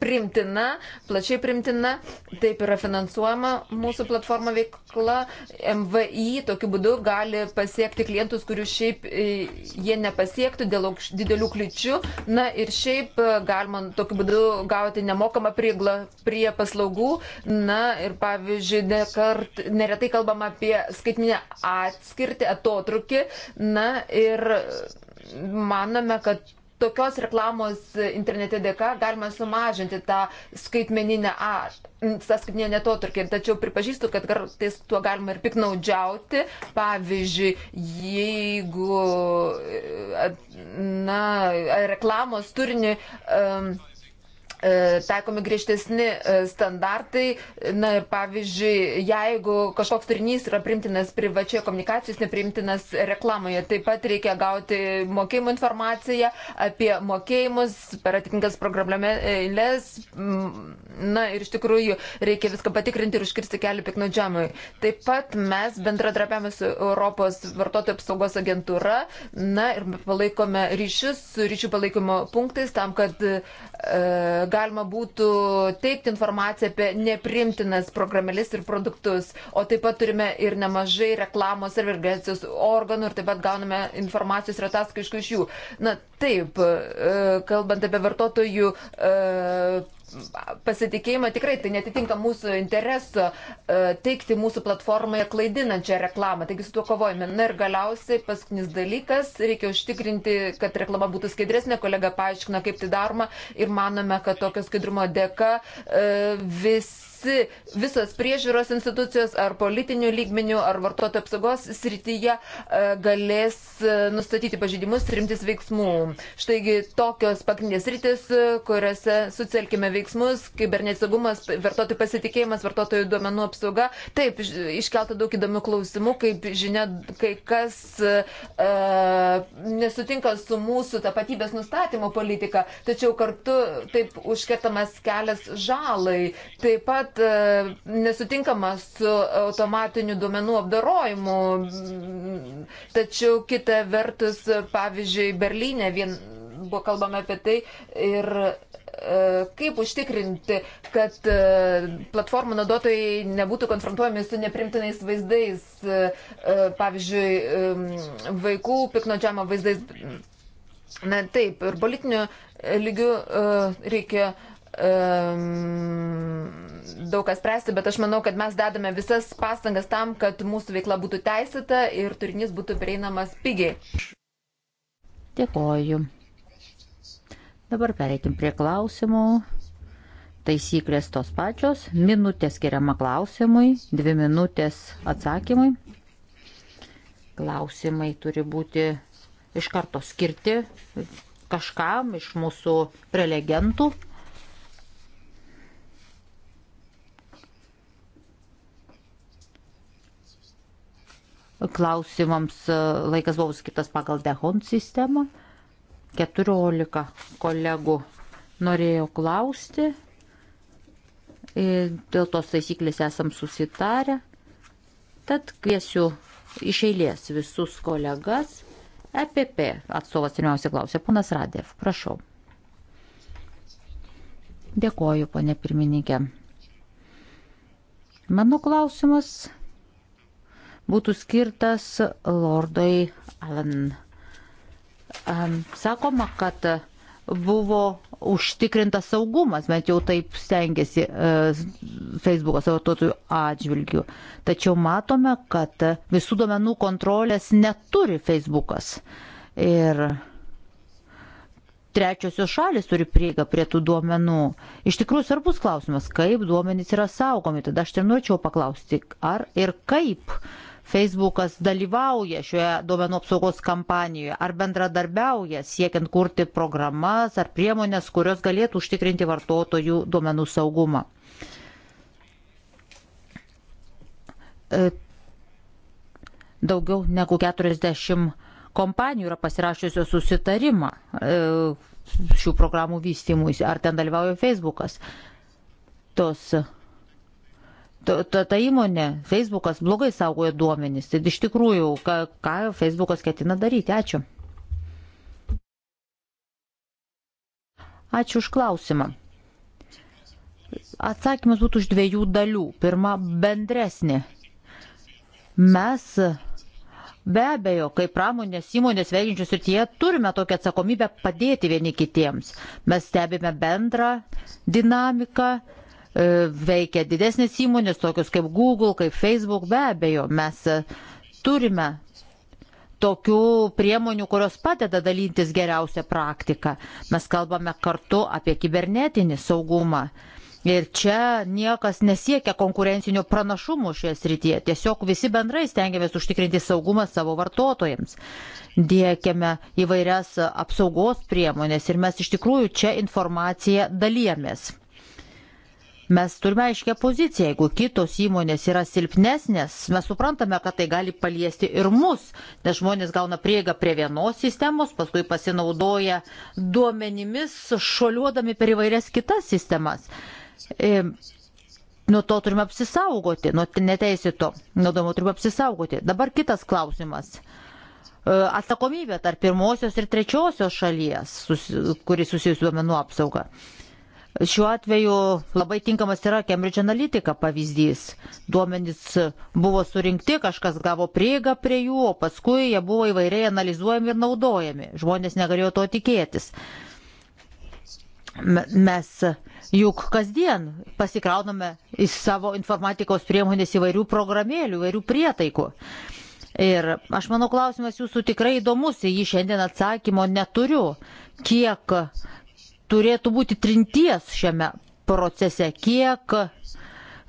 primtina, plačiai primtina, taip yra finansuojama mūsų platforma veikla. MVI tokiu būdu gali pasiekti klientus, kurių šiaip e, jie nepasiektų dėl aukš... didelių kliučių. Na ir šiaip e, galima tokiu būdu gauti nemokamą prieglą prie paslaugų. Na ir pavyzdžiui, nekart, neretai kalbam apie skaitminę atskirtį, atotrukį. Na ir manome, kad tokios reklamos internete dėka galima sumažinti tą skaitmeninę aštą, tą skaitmeninę netoturkį. Tačiau pripažįstu, kad kartais tuo galima ir piknaudžiauti. Pavyzdžiui, jeigu na, reklamos turinį um, E, taikomi griežtesni e, standartai. Na ir pavyzdžiui, jeigu kažkoks turinys yra primtinas privačioje komunikacijos, neprimtinas reklamoje, taip pat reikia gauti mokėjimų informaciją apie mokėjimus per atitinkas programėlės. Mm, na ir iš tikrųjų reikia viską patikrinti ir užkirsti kelią piknaudžiamui. Taip pat mes bendradarbiavame su Europos vartotojų apsaugos agentūra na, ir palaikome ryšius su ryšių palaikymo punktais tam, kad e, galima būtų teikti informaciją apie neprimtinas programėlės ir produktus. O taip pat turime ir nemažai reklamos ir vergacijos organų ir taip pat gauname informacijos ir ataskaiškų iš jų. Na taip, e, kalbant apie vartotojų e, pasitikėjimą, tikrai tai netitinka mūsų intereso e, teikti mūsų platformoje klaidinančią reklamą. Taigi su tuo kovojame. Na ir galiausiai paskutinis dalykas, reikia užtikrinti, kad reklama būtų skaidresnė. Kolega paaiškina, kaip tai daroma ir manome, kad tokio skaidrumo dėka e, visi visi, visos priežiūros institucijos ar politinių lygmenių ar vartotojų apsaugos srityje e, galės e, nustatyti pažydimus ir rimtis veiksmų. Štaigi tokios pagrindinės rytis, e, kuriuose sucelkime veiksmus, kibernetis saugumas, vartotojų pasitikėjimas, vartotojų duomenų apsauga. Taip, iškelta daug įdomių klausimų, kaip žinia, kai kas e, nesutinka su mūsų tapatybės nustatymo politika, tačiau kartu taip užkertamas kelias žalai. Taip pat pat e, nesutinkama su automatiniu duomenų apdarojimu. Tačiau kita vertus, pavyzdžiui, Berlyne vien buvo kalbama apie tai ir e, kaip užtikrinti, kad e, platformų naudotojai nebūtų konfrontuojami su neprimtinais vaizdais, pavyzdžiui, vaikų piknodžiamo vaizdais. Na taip, ir politiniu lygiu reikia uh, daug kas spręsti, bet aš manau, kad mes dedame visas pastangas tam, kad mūsų veikla būtų teisėta ir turinys būtų prieinamas pigiai. Dėkoju. Dabar pereikim prie klausimų. Taisyklės tos pačios. Minutė skiriama klausimui, dvi minutės atsakymui. Klausimai turi būti iš karto skirti kažkam iš mūsų prelegentų. klausimams e, laikas buvo skirtas pagal Dehon sistemą. 14 kolegų norėjo klausti. Ir e, dėl tos taisyklės esam susitarę. Tad kviesiu iš eilės visus kolegas. EPP atstovas pirmiausia klausė. Ponas Radėv, prašau. Dėkoju, ponė pirmininkė. Mano klausimas būtų skirtas lordui Alan. Sakoma, kad buvo užtikrintas saugumas, bent jau taip stengiasi e, Facebook'o vartotojų atžvilgių. Tačiau matome, kad visų duomenų kontrolės neturi Facebook'as. Ir trečiosios šalis turi prieigą prie tų duomenų. Iš tikrųjų svarbus klausimas, kaip duomenys yra saugomi. Tada aš ir norėčiau paklausti, ar ir kaip Facebookas dalyvauja šioje duomenų apsaugos kampanijoje ar bendradarbiauja siekiant kurti programas ar priemonės, kurios galėtų užtikrinti vartotojų duomenų saugumą. E, daugiau negu 40 kompanijų yra pasirašiusios susitarimą e, šių programų vystymuisi, ar ten dalyvauja Facebookas. Tos ta, ta įmonė, Facebookas blogai saugoja duomenys. Tai iš tikrųjų, ką, ką Facebookas ketina daryti? Ačiū. Ačiū už klausimą. Atsakymas būtų už dviejų dalių. Pirma, bendresnė. Mes be abejo, kaip pramonės įmonės veikiančios ir tie, turime tokią atsakomybę padėti vieni kitiems. Mes stebime bendrą dinamiką E, veikia didesnės įmonės, tokios kaip Google, kaip Facebook, be abejo, mes e, turime tokių priemonių, kurios padeda dalintis geriausią praktiką. Mes kalbame kartu apie kibernetinį saugumą. Ir čia niekas nesiekia konkurencinio pranašumo šioje srityje. Tiesiog visi bendrai stengiamės užtikrinti saugumą savo vartotojams. Dėkiame įvairias apsaugos priemonės ir mes iš tikrųjų čia informaciją dalyjamės. Mes turime aiškę poziciją, jeigu kitos įmonės yra silpnesnės, mes suprantame, kad tai gali paliesti ir mus, nes žmonės gauna prieigą prie vienos sistemos, paskui pasinaudoja duomenimis, šoliuodami per įvairias kitas sistemas. E, nuo to turime apsisaugoti, nuo neteisėto naudojimo turime apsisaugoti. Dabar kitas klausimas. E, atsakomybė tarp pirmosios ir trečiosios šalies, susi, kuris susijusi duomenų apsauga. E, Šiuo atveju labai tinkamas yra Cambridge Analytica pavyzdys. Duomenys buvo surinkti, kažkas gavo prieigą prie jų, o paskui jie buvo įvairiai analizuojami ir naudojami. Žmonės negalėjo to tikėtis. Mes juk kasdien pasikrauname į savo informatikos priemonės įvairių programėlių, įvairių prietaikų. Ir aš manau, klausimas jūsų tikrai įdomus, į jį šiandien atsakymo neturiu, kiek turėtų būti trinties šiame procese, kiek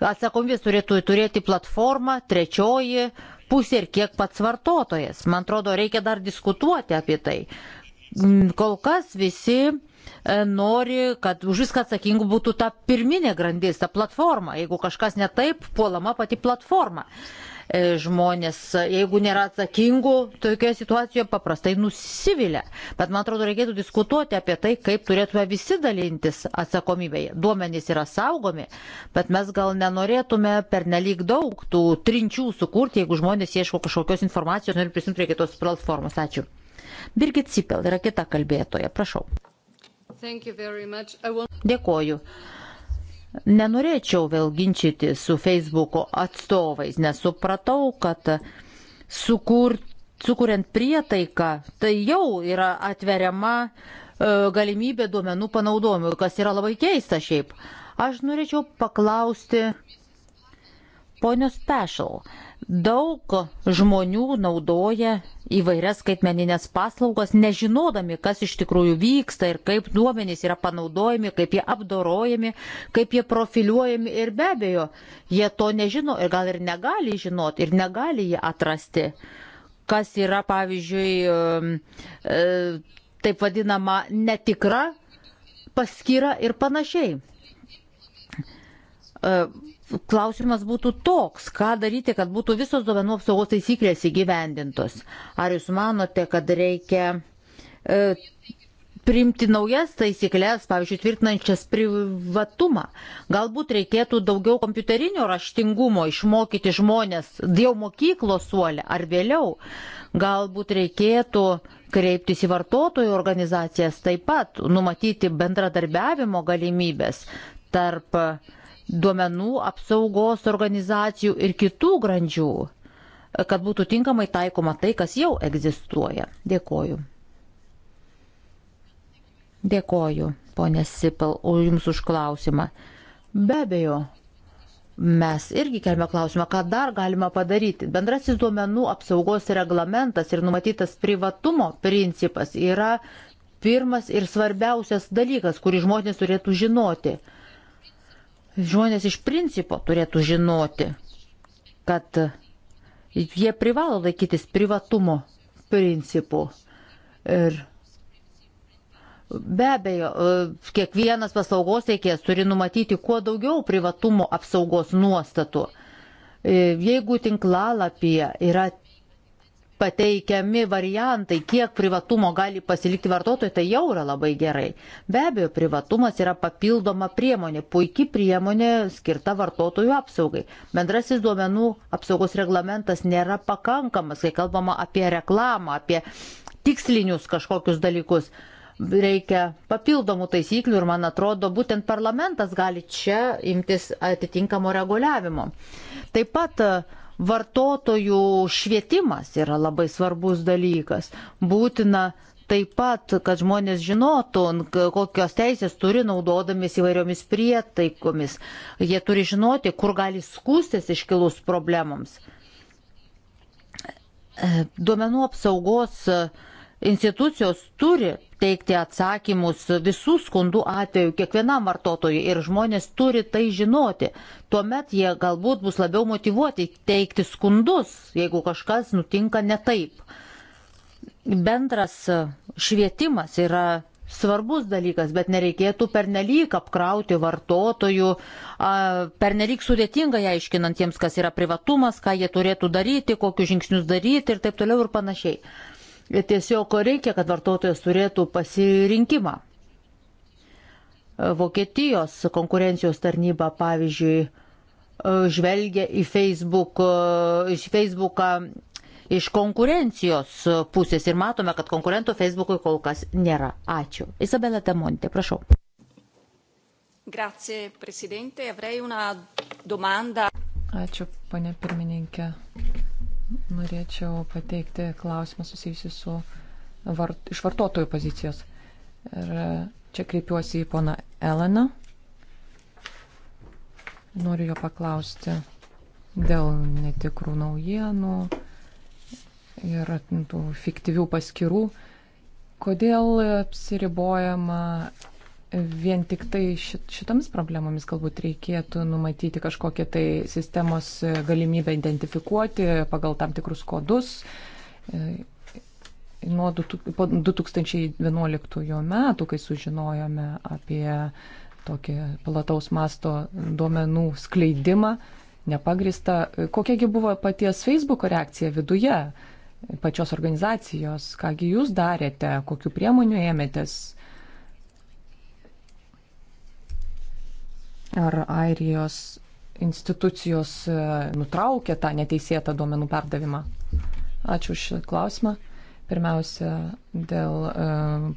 atsakomybės turėtų turėti platforma, trečioji pusė ir kiek pats vartotojas. Man atrodo, reikia dar diskutuoti apie tai. Mm, kol kas visi e, nori, kad už viską atsakingų būtų ta pirminė grandis, ta platforma. Jeigu kažkas netaip, puolama pati platforma. Uh, E, žmonės, e, jeigu nėra atsakingų, tokioje situacijoje paprastai nusivilia. Bet man atrodo, reikėtų diskutuoti apie tai, kaip turėtume visi dalintis atsakomybėje. Duomenys yra saugomi, bet mes gal nenorėtume per nelik daug tų trinčių sukurti, jeigu žmonės ieško kažkokios informacijos, nori prisimti prie kitos platformos. Ačiū. Birgit Sipel yra kita kalbėtoja. Prašau. Will... Dėkoju. Nenorėčiau vėl ginčyti su Facebook'o atstovais, nes supratau, kad sukur, sukuriant prietaiką, tai jau yra atveriama e, galimybė duomenų panaudojimui, kas yra labai keista šiaip. Aš norėčiau paklausti Ponios Pešal, daug žmonių naudoja įvairias skaitmeninės paslaugas, nežinodami, kas iš tikrųjų vyksta ir kaip duomenys yra panaudojami, kaip jie apdorojami, kaip jie profiliuojami ir be abejo, jie to nežino ir gal ir negali žinoti ir negali jį atrasti, kas yra, pavyzdžiui, um, e, taip vadinama netikra paskyra ir panašiai e, Klausimas būtų toks, ką daryti, kad būtų visos duomenų apsaugos taisyklės įgyvendintos. Ar jūs manote, kad reikia e, priimti naujas taisyklės, pavyzdžiui, tvirtinančias privatumą. Galbūt reikėtų daugiau kompiuterinio raštingumo išmokyti žmonės jau mokyklos suolę ar vėliau. Galbūt reikėtų kreiptis į vartotojų organizacijas taip pat, numatyti bendradarbiavimo galimybės tarp uh, duomenų apsaugos organizacijų ir kitų grandžių, kad būtų tinkamai taikoma tai, kas jau egzistuoja. Dėkoju. Dėkoju, ponė Sipel, jums už klausimą. Be abejo, mes irgi kelme klausimą, ką dar galima padaryti. Bendrasis duomenų apsaugos reglamentas ir numatytas privatumo principas yra pirmas ir svarbiausias dalykas, kurį žmonės turėtų žinoti žmonės iš principo turėtų žinoti, kad jie privalo laikytis privatumo principų. Ir be abejo, kiekvienas paslaugos teikėjas turi numatyti kuo daugiau privatumo apsaugos nuostatų. Jeigu tinklalapyje yra pateikiami variantai, kiek privatumo gali pasilikti vartotojai, tai jau yra labai gerai. Be abejo, privatumas yra papildoma priemonė, puikia priemonė skirta vartotojų apsaugai. Bendrasis duomenų apsaugos reglamentas nėra pakankamas, kai kalbama apie reklamą, apie tikslinius kažkokius dalykus. Reikia papildomų taisyklių ir, man atrodo, būtent parlamentas gali čia imtis atitinkamo reguliavimo. Taip pat uh, Vartotojų švietimas yra labai svarbus dalykas. Būtina taip pat, kad žmonės žinotų, kokios teisės turi naudodamis įvairiomis prietaikomis. Jie turi žinoti, kur gali skūstis iškilus problemams. E, duomenų apsaugos institucijos turi teikti atsakymus visų skundų atveju kiekvienam vartotojui ir žmonės turi tai žinoti. Tuomet jie galbūt bus labiau motivuoti teikti skundus, jeigu kažkas nutinka ne taip. Bendras švietimas yra svarbus dalykas, bet nereikėtų pernelyg apkrauti vartotojų, pernelyg sudėtingai aiškinant jiems, kas yra privatumas, ką jie turėtų daryti, kokius žingsnius daryti ir taip toliau ir panašiai. Tiesiog reikia, kad vartotojas turėtų pasirinkimą. Vokietijos konkurencijos tarnyba, pavyzdžiui, žvelgia į Facebook, iš Facebooką iš konkurencijos pusės ir matome, kad konkurentų Facebookui kol kas nėra. Ačiū. Izabela Temonte, prašau. Grazie, prezidente. Avrei una domanda. Ačiū, ponė pirmininkė norėčiau pateikti klausimą susijusi su vart, iš vartotojų pozicijos. Ir čia kreipiuosi į poną Eleną. Noriu jo paklausti dėl netikrų naujienų ir tų fiktyvių paskirų. Kodėl apsiribojama vien tik tai šitoms problemomis galbūt reikėtų numatyti kažkokią tai sistemos galimybę identifikuoti pagal tam tikrus kodus. E, nuo 2011 metų, kai sužinojome apie tokį plataus masto duomenų skleidimą, nepagristą, kokiagi buvo paties Facebooko reakcija viduje pačios organizacijos, kągi jūs darėte, kokiu priemoniu ėmėtės Ar Airijos institucijos e, nutraukė tą neteisėtą duomenų perdavimą? Ačiū už klausimą. Pirmiausia, dėl e,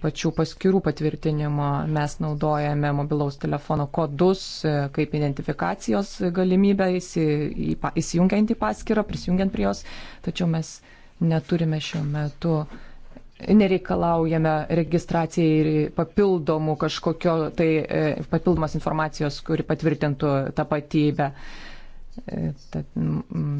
pačių paskirų patvirtinimo mes naudojame mobilaus telefono kodus e, kaip identifikacijos galimybę įsi, į, įsijungiant į paskirą, prisijungiant prie jos, tačiau mes neturime šiuo metu e, nereikalaujame registracijai ir papildomų kažkokio tai e, papildomos informacijos, kuri patvirtintų tapatybę. E,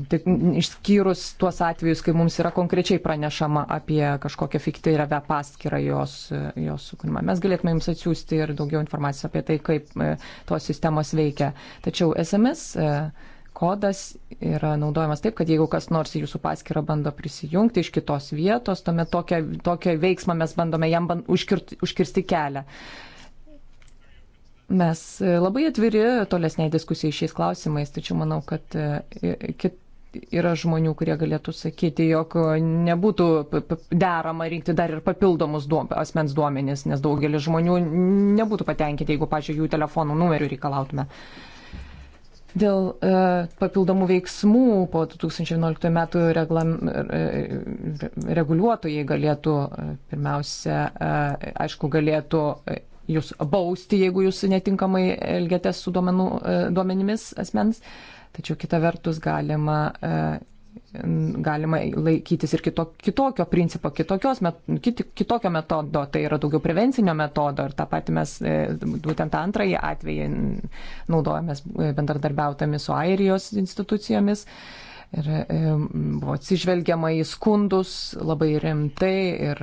tik išskyrus tuos atvejus, kai mums yra konkrečiai pranešama apie kažkokią fiktyvę paskirą jos, e, jos sukūrimą. Mes galėtume jums atsiųsti ir daugiau informacijos apie tai, kaip tos sistemos veikia. Tačiau SMS kodas yra naudojamas taip, kad jeigu kas nors į jūsų paskirtą bando prisijungti iš kitos vietos, tuomet tokią, tokią veiksmą mes bandome jam band, užkirti, užkirsti kelią. Mes e, labai atviri tolesniai diskusijai šiais klausimais, tačiau manau, kad e, e, kit, yra žmonių, kurie galėtų sakyti, jog nebūtų derama rinkti dar ir papildomus duom, asmens duomenis, nes daugelis žmonių nebūtų patenkinti, jeigu pačiu jų telefonų numerių reikalautume. Uh, Dėl e, papildomų veiksmų po 2011 metų reglam, e, reguliuotojai galėtų, e, pirmiausia, e, aišku, galėtų e, jūs bausti, jeigu jūs netinkamai elgėtės su duomenų, e, duomenimis asmens, tačiau kita vertus galima e, galima laikytis ir kito, kitokio principo, kitokios, met, kit, kitokio metodo, tai yra daugiau prevencinio metodo ir tą patį mes e, būtent tą antrąjį atvejį naudojamės e, bendradarbiautami su Airijos institucijomis. E, Ir buvo atsižvelgiama į skundus labai rimtai ir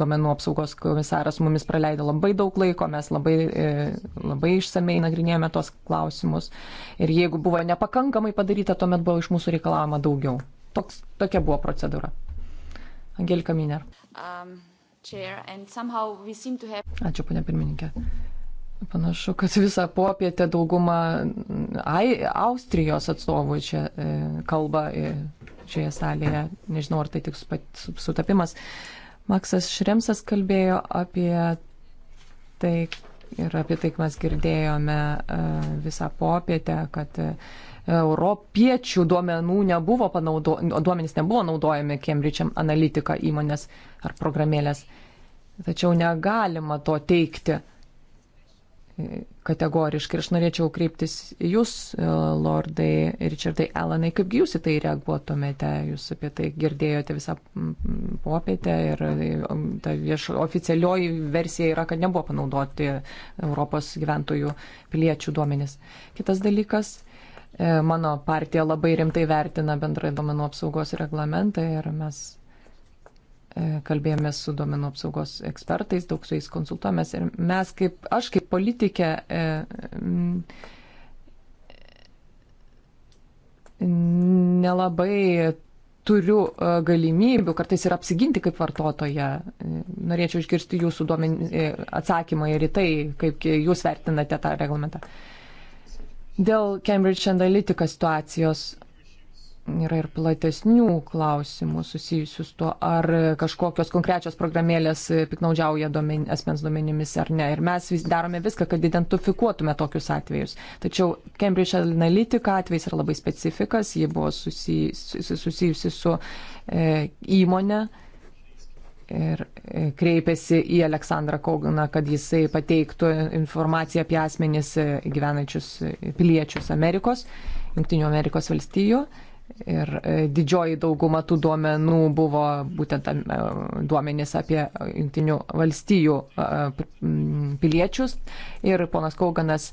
duomenų apsaugos komisaras mumis praleido labai daug laiko, mes labai, e, labai išsamei nagrinėjome tos klausimus. Ir jeigu buvo nepakankamai padaryta, tuomet buvo iš mūsų reikalavama daugiau. Toks, tokia buvo procedūra. Angelika Miner. Um, chair, have... Ačiū, ponia pirmininkė Panašu, kad visą popietę dauguma Ai, Austrijos atstovų čia e, kalba e, šioje salėje. Nežinau, ar tai tik sutapimas. Maksas Šremsas kalbėjo apie tai ir apie tai, mes girdėjome e, visą popietę, kad e, europiečių duomenų nebuvo panaudo, duomenys nebuvo naudojami Cambridge Analytica įmonės ar programėlės. Tačiau negalima to teikti kategoriškai. Ir aš norėčiau kreiptis jūs, e, lordai Richardai Elanai, kaip jūs į tai reaguotumėte, jūs apie tai girdėjote visą popietę ir e, ta vieš, oficialioji versija yra, kad nebuvo panaudoti Europos gyventojų piliečių duomenys. Kitas dalykas. E, mano partija labai rimtai vertina bendrąjį domenų apsaugos reglamentą ir mes E, kalbėjome su duomenų apsaugos ekspertais, daug su jais konsultuomės ir mes kaip, aš kaip politikė e, nelabai turiu e, galimybių kartais ir apsiginti kaip vartotoja. Norėčiau išgirsti jūsų duomenį atsakymą ir į tai, kaip jūs vertinate tą reglamentą. Dėl Cambridge Analytica situacijos yra ir platesnių klausimų susijusių su tuo, ar kažkokios konkrečios programėlės piknaudžiauja duomen, asmens duomenimis ar ne. Ir mes vis darome viską, kad identifikuotume tokius atvejus. Tačiau Cambridge Analytica atvejs yra labai specifikas, ji buvo susijusi, susijusi su e, įmonė. Ir e, kreipėsi į Aleksandrą Kauganą, kad jisai pateiktų informaciją apie asmenys e, gyvenančius e, piliečius Amerikos, Junktinių Amerikos valstijų. E, Ir e, didžioji dauguma tų duomenų buvo būtent e, duomenys apie jungtinių valstijų e, piliečius. Ir ponas Kauganas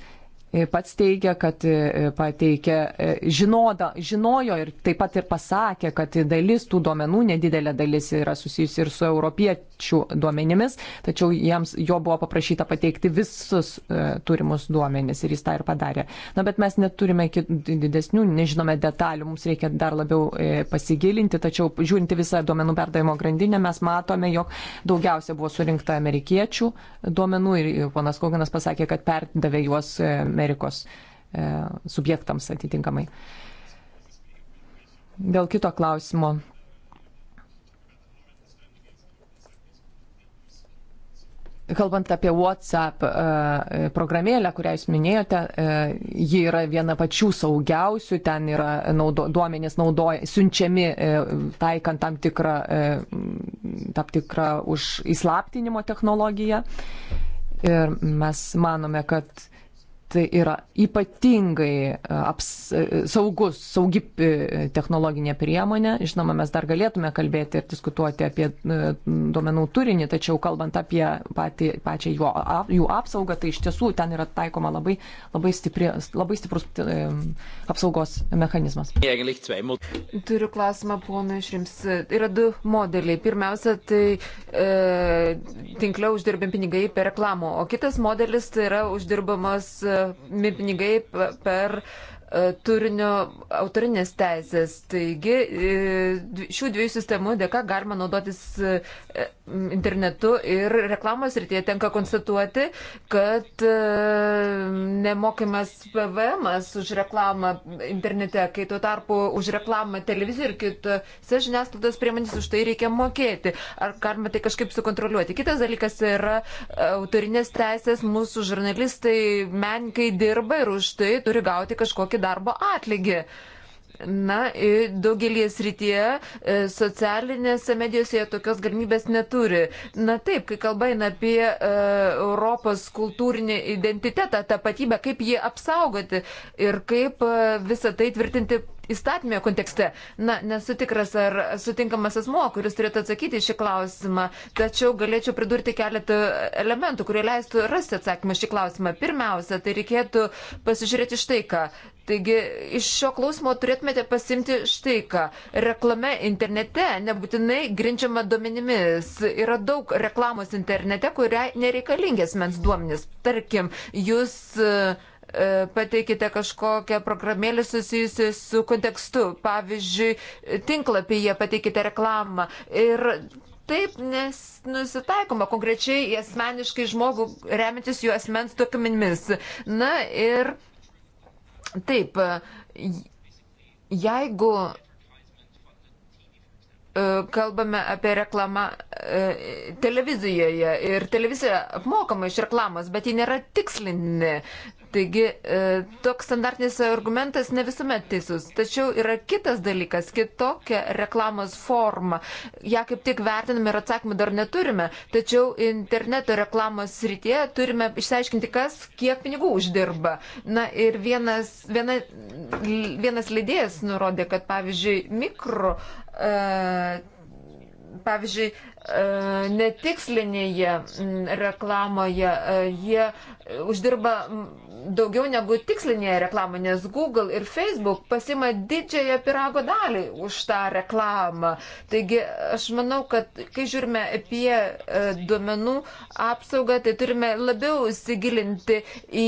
E, pats teigia, kad e, pateikė, e, žinoda, žinojo ir taip pat ir pasakė, kad dalis tų duomenų, nedidelė dalis yra susijusi ir su europiečių duomenimis, tačiau jiems jo buvo paprašyta pateikti visus turimus duomenis ir jis tą ir padarė. Na, bet mes neturime didesnių, nežinome detalių, mums reikia dar labiau pasigilinti, tačiau žiūrinti visą duomenų perdavimo grandinę, mes matome, jog daugiausia buvo surinkta amerikiečių duomenų ir ponas Koganas pasakė, kad perdavė juos amerikiečių Amerikos e, subjektams atitinkamai. Dėl kito klausimo. Kalbant apie WhatsApp e, programėlę, kurią jūs minėjote, e, ji yra viena pačių saugiausių, ten yra naudo, duomenys naudoja, siunčiami taikant tam tikrą, tam tikrą už įslaptinimo technologiją. Ir mes manome, kad kad tai yra ypatingai e, aps, e, saugus, saugi e, technologinė priemonė. Žinoma, mes dar galėtume kalbėti ir diskutuoti apie duomenų turinį, tačiau kalbant apie patį, pačią jų, jų apsaugą, tai iš tiesų ten yra taikoma labai, labai, stipri, labai stiprus apsaugos mechanizmas. Turiu klausimą, ponai Šrims. Yra du modeliai. Pirmiausia, tai e, tinkliau uždirbim pinigai per reklamą, o kitas modelis tai yra uždirbamas e, panaudojami pinigai per uh, E, turinio autorinės teisės. Taigi e, šių dviejų sistemų dėka galima naudotis e, internetu ir reklamos rytėje tenka konstatuoti, kad nemokimas PVM už reklamą internete, kai tuo tarpu už reklamą televiziją ir kitose žiniasklaidos priemonės už tai reikia mokėti. Ar galima tai kažkaip sukontroliuoti? Kitas dalykas yra autorinės teisės, mūsų žurnalistai, menkai dirba ir už tai turi gauti kažkokią tokį darbo atlygį. Na, daugelį srityje e, socialinėse medijose tokios galimybės neturi. Na taip, kai kalba eina apie e, Europos kultūrinį identitetą, tapatybę, kaip jį apsaugoti ir kaip e, visą tai tvirtinti įstatymė kontekste. Na, nesu tikras, ar sutinkamas asmo, kuris turėtų atsakyti šį klausimą, tačiau galėčiau pridurti keletą elementų, kurie leistų rasti atsakymą šį klausimą. Pirmiausia, tai reikėtų pasižiūrėti štai ką. Taigi iš šio klausimo turėtumėte pasimti štai ką. Reklame internete nebūtinai grindžiama duomenimis. Yra daug reklamos internete, kuriai nereikalingi asmens duomenys. Tarkim, jūs uh, E, pateikite kažkokią programėlį susijusią su kontekstu. Pavyzdžiui, tinklapyje pateikite reklamą. Ir taip nes, nusitaikoma konkrečiai į asmeniškai žmogų, remintis jų asmens duomenimis. Na ir taip, jeigu e, kalbame apie reklamą e, televizijoje ir televizija apmokama iš reklamos, bet ji nėra tikslinė, Taigi e, toks standartinis argumentas ne visuomet teisus. Tačiau yra kitas dalykas, kitokia reklamos forma. Ja kaip tik vertiname ir atsakymų dar neturime. Tačiau interneto reklamos srityje turime išsiaiškinti, kas kiek pinigų uždirba. Na ir vienas, viena, vienas leidėjas nurodė, kad pavyzdžiui mikro. Uh, Pavyzdžiui, E, netikslinėje reklamoje, e, jie e, uždirba daugiau negu tikslinėje reklamoje, nes Google ir Facebook pasima didžiąją pirago dalį už tą reklamą. Taigi aš manau, kad kai žiūrime apie duomenų apsaugą, tai turime labiau įsigilinti į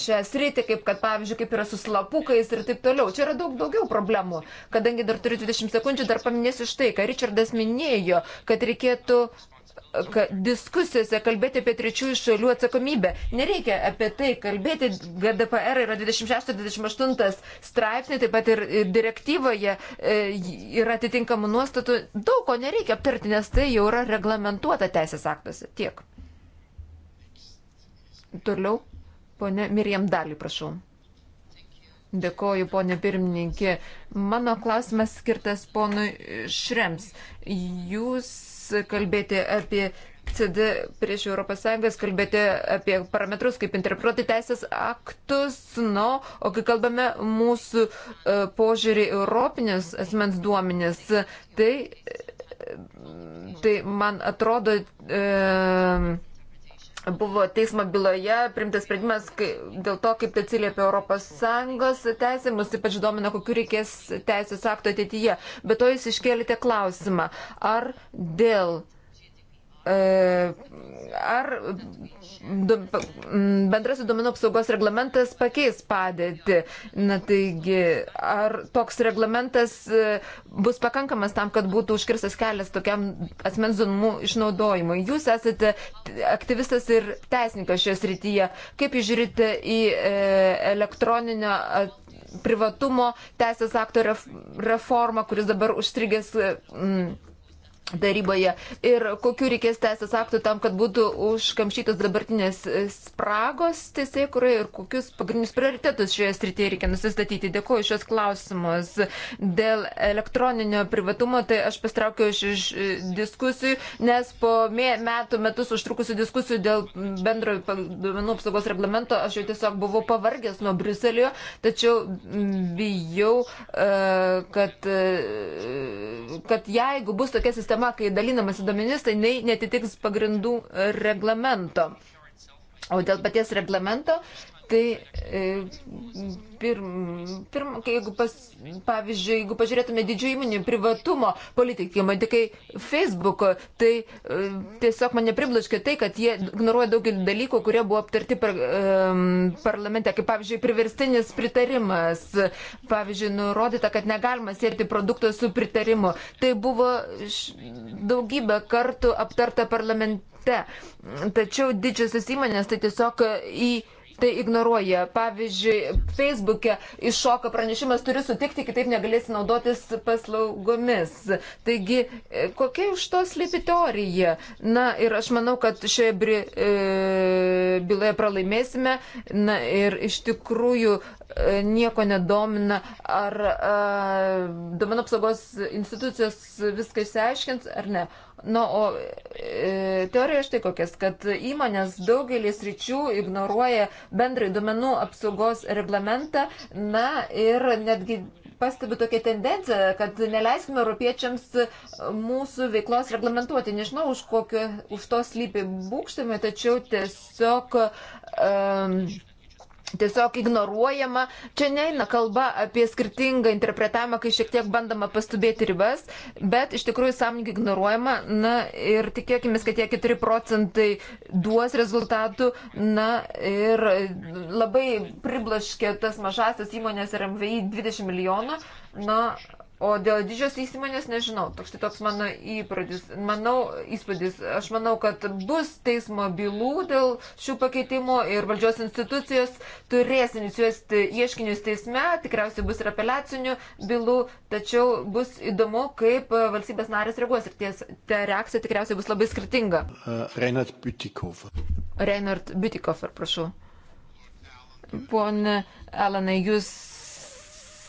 šią sritį, kaip kad pavyzdžiui, kaip yra su slapukais ir taip toliau. Čia yra daug daugiau problemų. Kadangi dar turiu 20 sekundžių, dar paminėsiu štai, ką Richardas minėjo, kad reikia reikėtų diskusijose kalbėti apie trečiųjų šalių atsakomybę. Nereikia apie tai kalbėti. GDPR yra 26-28 straipsniai, taip pat ir direktyvoje e, yra atitinkamų nuostatų. Daug ko nereikia aptarti, nes tai jau yra reglamentuota teisės aktuose. Tiek. Toliau, ponė Mirjam Dalį, prašau. Dėkoju, ponė pirmininkė. Mano klausimas skirtas ponui Šrems. Jūs kalbėti apie CD prieš ES, kalbėti apie parametrus, kaip interpretuoti teisės aktus, no, nu, o kai kalbame mūsų e, požiūrį europinės asmens duomenės, tai, e, tai man atrodo. E, buvo teismo byloje primtas sprendimas kai, dėl to, kaip tai atsiliepia ES teisė, mus ypač domina, kokiu reikės teisės akto ateityje. Bet to jūs iškėlite klausimą, ar dėl E, ar du, bendrasis duomenų apsaugos reglamentas pakeis padėtį? Na taigi, ar toks reglamentas e, bus pakankamas tam, kad būtų užkirstas kelias tokiam asmens duomenų išnaudojimui? Jūs esate aktyvistas ir teisininkas šioje srityje. Kaip jūs žiūrite į e, elektroninio privatumo teisės akto reformą, kuris dabar užstrigęs? Mm, daryboje ir kokiu reikės teisės aktų tam, kad būtų užkamšytos dabartinės spragos teisė, kurai ir kokius pagrindinius prioritetus šioje srityje reikia nusistatyti. Dėkuoju šios klausimus. Dėl elektroninio privatumo, tai aš pastraukiau iš, iš diskusijų, nes po metų metus užtrukusių diskusijų dėl bendrojo duomenų apsaugos reglamento aš jau tiesiog buvau pavargęs nuo Briuselio, tačiau bijau, e, kad, e, kad jeigu bus tokia sistema, sistema, kai dalinamas duomenis, tai netitiks pagrindų reglamento. O dėl paties reglamento Tai e, pirm, pirm, jeigu, pas, pavyzdžiui, jeigu pažiūrėtume didžiųjų įmonių privatumo politikai, matikai Facebook'o, tai e, tiesiog mane priblaškė tai, kad jie ignoruoja daugelį dalykų, kurie buvo aptarti par, um, parlamente, kaip pavyzdžiui, priverstinis pritarimas, pavyzdžiui, nurodyta, kad negalima sėti produkto su pritarimu. Tai buvo daugybę kartų aptarta parlamente. Tačiau didžiosios įmonės tai tiesiog į tai ignoruoja. Pavyzdžiui, Facebook'e iššoka pranešimas, turi sutikti, kitaip negalėsi naudotis paslaugomis. Taigi, e, kokia už to slypi teorija? Na ir aš manau, kad šioje bri, e, byloje pralaimėsime. Na ir iš tikrųjų nieko nedomina, ar domenų apsaugos institucijos viską išsiaiškins ar ne. Na, o e, teorija štai kokias, kad įmonės daugelis ryčių ignoruoja bendrai domenų apsaugos reglamentą, na ir netgi pastebiu tokią tendenciją, kad neleiskime europiečiams mūsų veiklos reglamentuoti. Nežinau, už, kokio, už to slypi būkštami, tačiau tiesiog um, e, tiesiog ignoruojama. Čia neina kalba apie skirtingą interpretavimą, kai šiek tiek bandama pastubėti ribas, bet iš tikrųjų sąmoningai ignoruojama. Na ir tikėkime, kad tie 4 procentai duos rezultatų. Na ir labai priblaškė tas mažasias įmonės ir MVI 20 milijonų. Na, O dėl didžiosios įmonės nežinau. Toks tai toks mano įpradis, manau, įspūdis. Aš manau, kad bus teismo bylų dėl šių pakeitimų ir valdžios institucijos turės inicijuoti ieškinius teisme, tikriausiai bus ir apeliacinių bylų, tačiau bus įdomu, kaip valstybės narės reaguos ir ties, ta reakcija tikriausiai bus labai skirtinga. Uh, Reinhard Butikov. Reinhard Butikov, prašau. Pone Alanai, jūs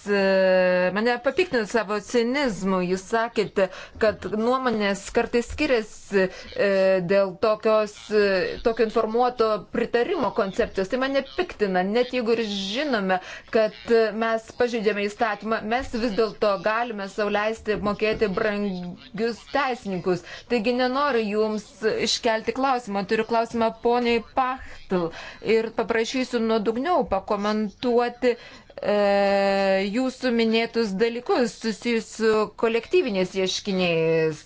E, mane papiktinat savo cinizmu. Jūs sakėte, kad nuomonės kartais skiriasi e, dėl tokios, e, tokio informuoto pritarimo koncepcijos. Tai mane piktina, net jeigu ir žinome, kad mes pažydėme įstatymą, mes vis dėlto galime sauliaisti mokėti brangius teisininkus. Taigi nenoriu jums iškelti klausimą, turiu klausimą poniai Pachtl ir paprašysiu nuodugniau pakomentuoti E, jūsų minėtus dalykus susijusius su kolektyvinės ieškiniais,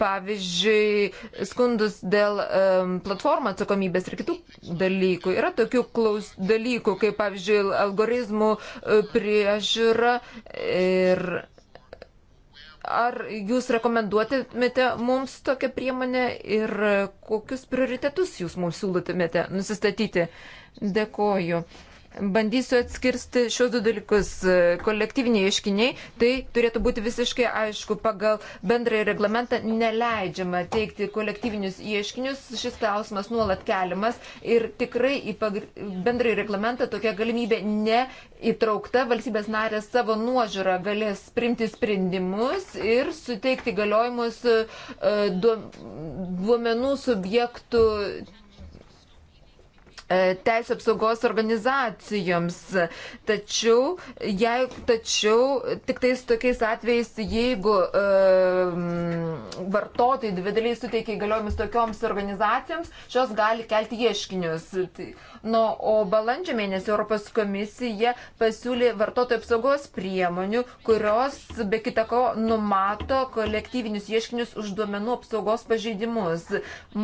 pavyzdžiui, skundus dėl e, platformų atsakomybės ir kitų dalykų. Yra tokių klaus dalykų, kaip pavyzdžiui, algoritmų e, priežiūra ir. Ar jūs rekomenduotumėte mums tokią priemonę ir kokius prioritetus jūs mums siūlytumėte nusistatyti? Dėkoju. Uh, Bandysiu atskirsti šios du dalykus. Kolektyviniai ieškiniai, tai turėtų būti visiškai aišku, pagal bendrąjį reglamentą neleidžiama teikti kolektyvinius ieškinius. Šis klausimas nuolat keliamas ir tikrai į pagr... bendrąjį reglamentą tokia galimybė neįtraukta. Valstybės narės savo nuožiūrą galės primti sprendimus ir suteikti galiojimus e, duomenų subjektų E, teisų apsaugos organizacijoms. Tačiau, jei, tačiau tik tais tokiais atvejais, jeigu e, vartotojai individualiai suteikia įgaliojimus tokioms organizacijoms, šios gali kelti ieškinius. Tai, nu, o balandžio mėnesį Europos komisija pasiūlė vartotojų apsaugos priemonių, kurios be kitako numato kolektyvinius ieškinius už duomenų apsaugos pažeidimus.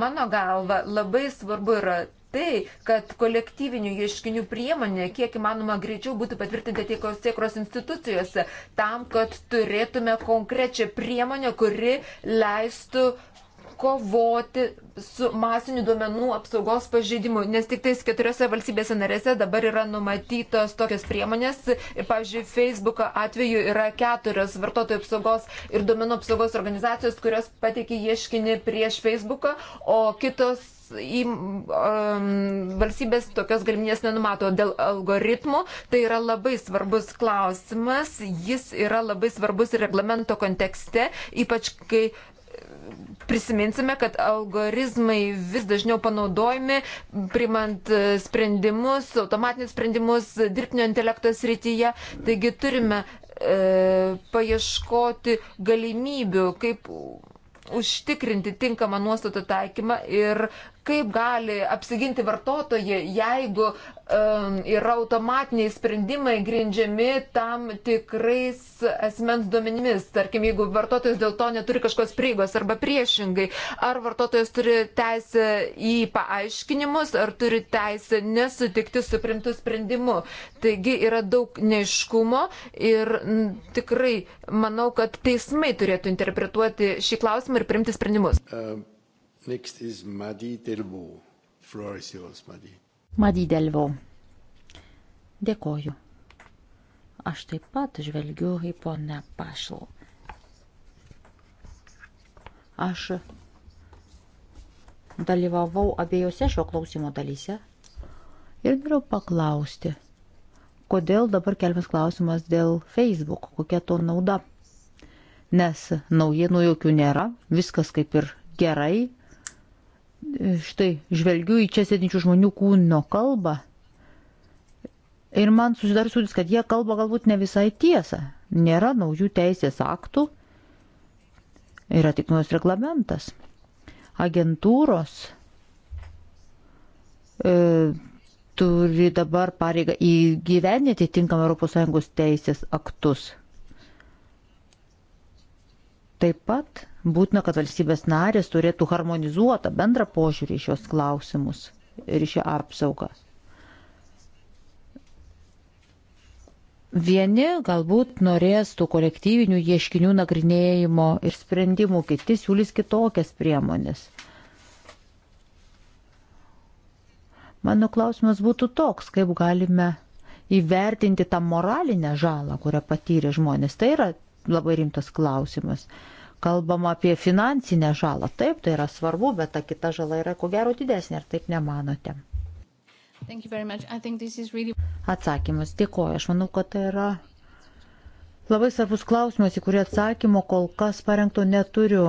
Mano galva labai svarbu yra tai, kad kolektyvinių ieškinių priemonė kiek įmanoma greičiau būtų patvirtinta tiekos tiekros institucijose, tam, kad turėtume konkrečią priemonę, kuri leistų kovoti su masiniu duomenų apsaugos pažeidimu, nes tik tais keturiose valstybėse narėse dabar yra numatytos tokios priemonės. Ir, pavyzdžiui, Facebook atveju yra keturios vartotojų apsaugos ir duomenų apsaugos organizacijos, kurios pateikė ieškinį prieš Facebooką, o kitos į, um, valstybės tokios galimybės nenumato dėl algoritmų. Tai yra labai svarbus klausimas, jis yra labai svarbus reglamento kontekste, ypač kai prisiminsime, kad algoritmai vis dažniau panaudojami, primant e, sprendimus, automatinius sprendimus dirbtinio intelekto srityje. Taigi turime e, paieškoti galimybių, kaip užtikrinti tinkamą nuostatų taikymą ir kaip gali apsiginti vartotojai, jeigu um, yra automatiniai sprendimai grindžiami tam tikrais asmens duomenimis. Tarkim, jeigu vartotojas dėl to neturi kažkokios prieigos arba priešingai, ar vartotojas turi teisę į paaiškinimus, ar turi teisę nesutikti su primtu sprendimu. Taigi yra daug neiškumo ir m, tikrai manau, kad teismai turėtų interpretuoti šį klausimą ir primti sprendimus. Uh. Next is Madi Delvo. Floor is yours, Madi. Madi Delvo. Dėkoju. Aš taip pat žvelgiu į ponę Pašl. Aš dalyvavau abiejose šio klausimo dalyse ir noriu paklausti, kodėl dabar kelmas klausimas dėl Facebook, kokia to nauda. Nes naujienų jokių nėra, viskas kaip ir gerai, štai žvelgiu į čia sėdinčių žmonių kūno kalbą ir man susidar sūdis, kad jie kalba galbūt ne visai tiesą. Nėra naujų teisės aktų, yra tik nuos reglamentas. Agentūros e, turi dabar pareigą įgyvenyti tinkamą ES teisės aktus. Taip pat Būtina, kad valstybės narės turėtų harmonizuotą bendrą požiūrį į šios klausimus ir į šią apsaugą. Vieni galbūt norės tų kolektyvinių ieškinių nagrinėjimo ir sprendimų, kiti siūlys kitokias priemonės. Mano klausimas būtų toks, kaip galime įvertinti tą moralinę žalą, kurią patyrė žmonės. Tai yra labai rimtas klausimas kalbama apie finansinę žalą. Taip, tai yra svarbu, bet ta kita žala yra ko gero didesnė, ar taip nemanote? Really... Atsakymas, dėkoju. Aš manau, kad tai yra labai svarbus klausimas, į kurį atsakymo kol kas parengto neturiu.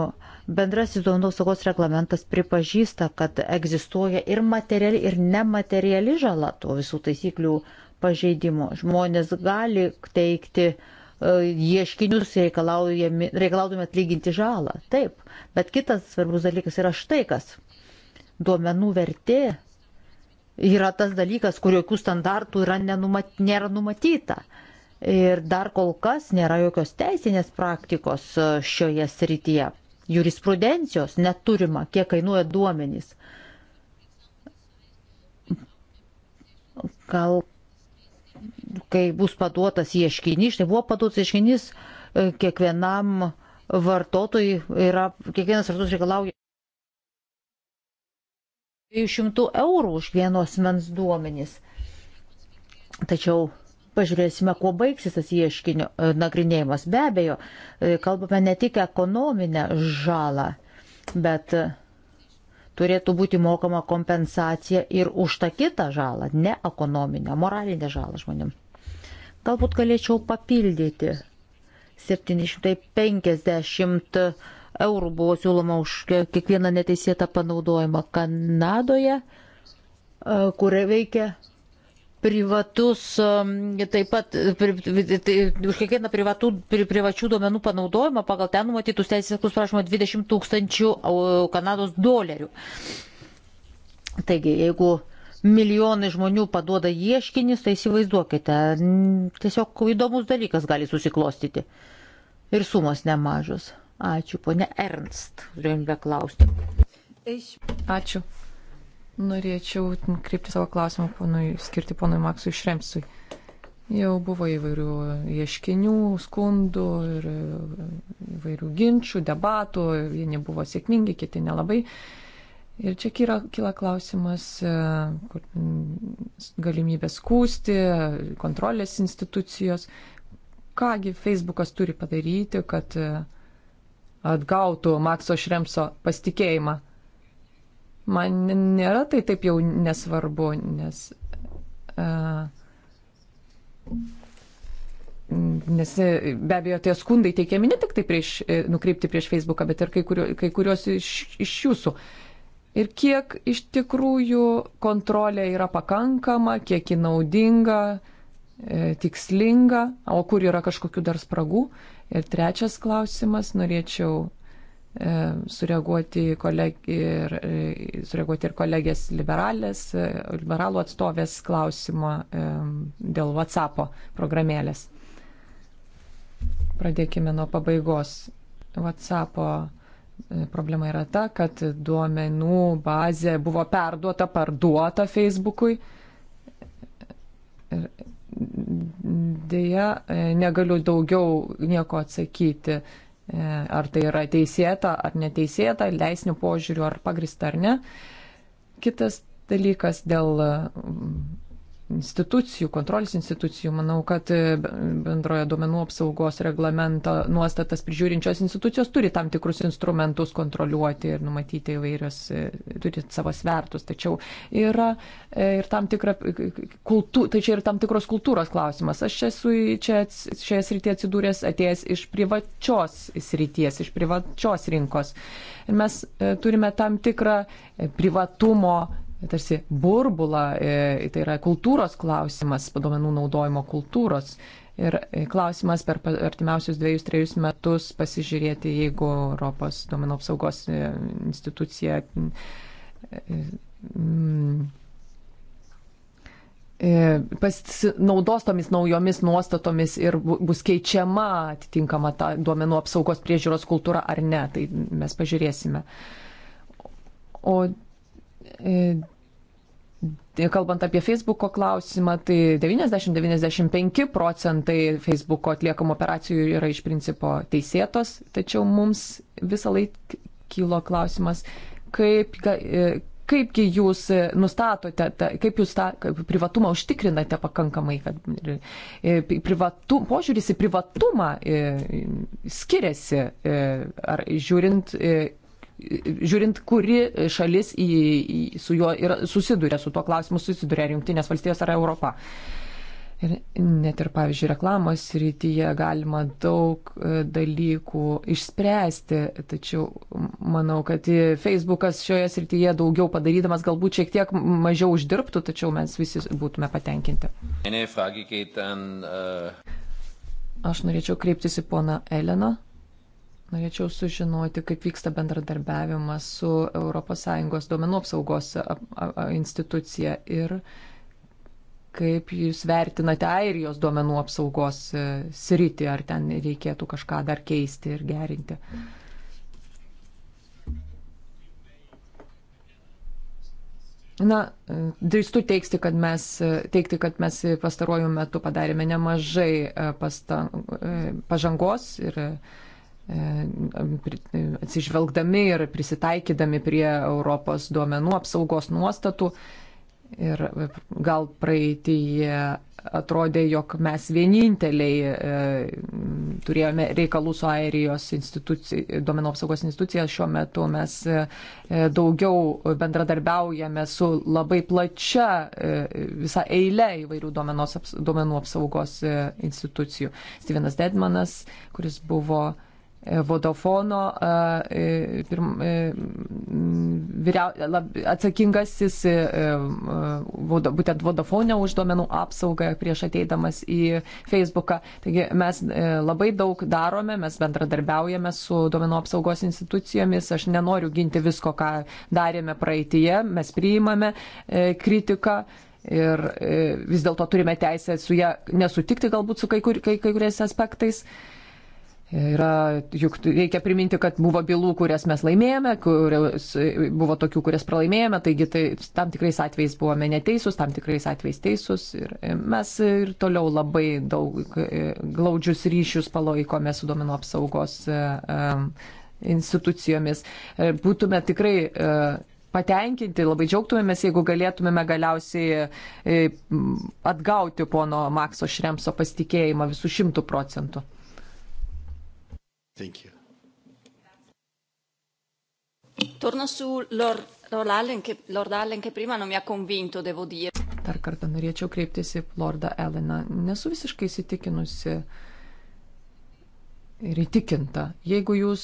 Bendrasis duomenų saugos reglamentas pripažįsta, kad egzistuoja ir materiali, ir nemateriali žala to visų taisyklių pažeidimo. Žmonės gali teikti uh, E, ieškinius reikalaudami atlyginti žalą. Taip, bet kitas svarbus dalykas yra štai kas. Duomenų vertė yra tas dalykas, kur jokių standartų nenumat, nėra numatyta. Ir dar kol kas nėra jokios teisinės praktikos e, šioje srityje. Jurisprudencijos neturima, kiek kainuoja duomenys. Gal kai bus paduotas ieškinys, tai buvo paduotas ieškinys e, kiekvienam vartotojui, yra, kiekvienas vartotojas reikalauja 200 eurų už vienos mens duomenys. Tačiau pažiūrėsime, kuo baigsis tas ieškinio e, nagrinėjimas. Be abejo, e, kalbame ne tik ekonominę žalą, bet turėtų būti mokama kompensacija ir už tą kitą žalą, ne ekonominę, moralinę žalą žmonėm. Galbūt galėčiau papildyti. 750 eurų buvo siūloma už kiekvieną neteisėtą panaudojimą Kanadoje, e, kur veikia privatus, um, taip pat tai už kiekvieną privatų, privačių duomenų panaudojimą pagal ten numatytus teisės aktus prašoma 20 tūkstančių Kanados dolerių. Taigi, jeigu milijonai žmonių paduoda ieškinis, tai įsivaizduokite, tiesiog įdomus dalykas gali susiklostyti. Ir sumos nemažos. Ačiū, ponė Ernst, turėjom beklausti. Ačiū. Norėčiau kreipti savo klausimą ponui, skirti ponui Maksui Šremsui. Jau buvo įvairių ieškinių, skundų ir įvairių ginčių, debatų, vieni buvo sėkmingi, kiti nelabai. Ir čia kyla, kyla klausimas e, galimybė skūsti, kontrolės institucijos, kągi Facebookas turi padaryti, kad e, atgautų Makso Šremso pasitikėjimą man nėra tai taip jau nesvarbu, nes. Uh, Nes e, be abejo, tie skundai teikiami ne tik tai prieš, e, nukreipti prieš Facebooką, bet ir kai, kurio, kai kurios iš, iš jūsų. Ir kiek iš tikrųjų kontrolė yra pakankama, kiek ji naudinga, e, tikslinga, o kur yra kažkokių dar spragų. Ir trečias klausimas, norėčiau E, sureaguoti, kolegi, ir, e, sureaguoti ir kolegės liberalės, e, liberalų atstovės klausimą dėl WhatsApp programėlės. Pradėkime nuo pabaigos. WhatsApp problema yra ta, kad duomenų bazė buvo perduota, parduota Facebookui. Ir dėja, negaliu daugiau nieko atsakyti E, ar tai yra teisėta ar neteisėta, leisnių požiūrių ar pagrista ar ne. Kitas dalykas dėl institucijų, kontrolės institucijų. Manau, kad e, bendroje duomenų apsaugos reglamento nuostatas prižiūrinčios institucijos turi tam tikrus instrumentus kontroliuoti ir numatyti įvairios, e, turi savo svertus. Tačiau yra e, ir tam, tikra, kultu, tai čia ir tam tikros kultūros klausimas. Aš esu čia šioje srityje atsidūręs atėjęs iš privačios srities, iš privačios rinkos. Ir mes turime tam tikrą privatumo tarsi burbulą, e, tai yra kultūros klausimas, duomenų naudojimo kultūros. Ir e, klausimas per artimiausius dviejus, trejus metus pasižiūrėti, jeigu Europos duomenų apsaugos e, institucija mm, pasinaudos tomis naujomis nuostatomis ir bus keičiama atitinkama ta duomenų apsaugos priežiūros kultūra ar ne, tai mes pažiūrėsime. O E, e, kalbant apie Facebooko klausimą, tai 90-95 procentai Facebooko atliekamų operacijų yra iš principo teisėtos, tačiau mums visą laiką kilo klausimas, kaip, e, kaipgi jūs nustatote, kaip jūs tą kaip privatumą užtikrinate pakankamai, kad privatu, požiūris į privatumą skiriasi, ar žiūrint žiūrint, kuri šalis į, į, su juo ir susiduria, su tuo klausimu susiduria, ar Junktinės valstijos ar Europa. Ir net ir, pavyzdžiui, reklamos rytyje galima daug e, dalykų išspręsti, tačiau manau, kad Facebookas šioje srityje daugiau padarydamas galbūt šiek tiek mažiau uždirbtų, tačiau mes visi būtume patenkinti. Äh Aš norėčiau kreiptis į poną Eleną. Norėčiau sužinoti, kaip vyksta bendradarbiavimas su ES duomenų apsaugos institucija ir kaip jūs vertinate airijos duomenų apsaugos e, sritį, ar ten reikėtų kažką dar keisti ir gerinti. Na, drįstu teikti, kad mes, teikti, kad mes pastaruoju metu padarėme nemažai e, pasta, e, pažangos ir uh, atsižvelgdami ir prisitaikydami prie Europos duomenų apsaugos nuostatų. Ir gal praeitįje atrodė, jog mes vieninteliai e, turėjome reikalų su Airijos duomenų apsaugos institucija. Šiuo metu mes e, daugiau bendradarbiaujame su labai plačia e, visa eile įvairių duomenos, duomenų apsaugos institucijų. Stevenas Dedmanas, kuris buvo Vodofono e, e, e, atsakingasis būtent Vodafone už duomenų apsaugą prieš ateidamas į Facebooką. Taigi mes labai daug darome, mes bendradarbiaujame su duomenų apsaugos institucijomis. Aš nenoriu ginti visko, ką darėme praeitie, mes priimame kritiką ir vis dėlto turime teisę su ją nesutikti galbūt su kai, kur, kai, kai kuriais aspektais. Yra, juk reikia priminti, kad buvo bylų, kurias mes laimėjome, kurios, buvo tokių, kurias pralaimėjome, taigi tai, tam tikrais atvejais buvome neteisūs, tam tikrais atvejais teisūs. Ir mes ir toliau labai daug e, glaudžius ryšius palaikome su domino apsaugos e, e, institucijomis. Būtume tikrai patenkinti, labai džiaugtumėmės, jeigu galėtumėme galiausiai atgauti pono Makso Šremso pasitikėjimą visų šimtų procentų. Thank you. Torno su Lord Allen, che, Lord Allen che prima non mi ha convinto, devo dire. Dar kartą norėčiau kreiptis į Lordą Elleną. Nesu visiškai įsitikinusi ir įtikinta. Jeigu jūs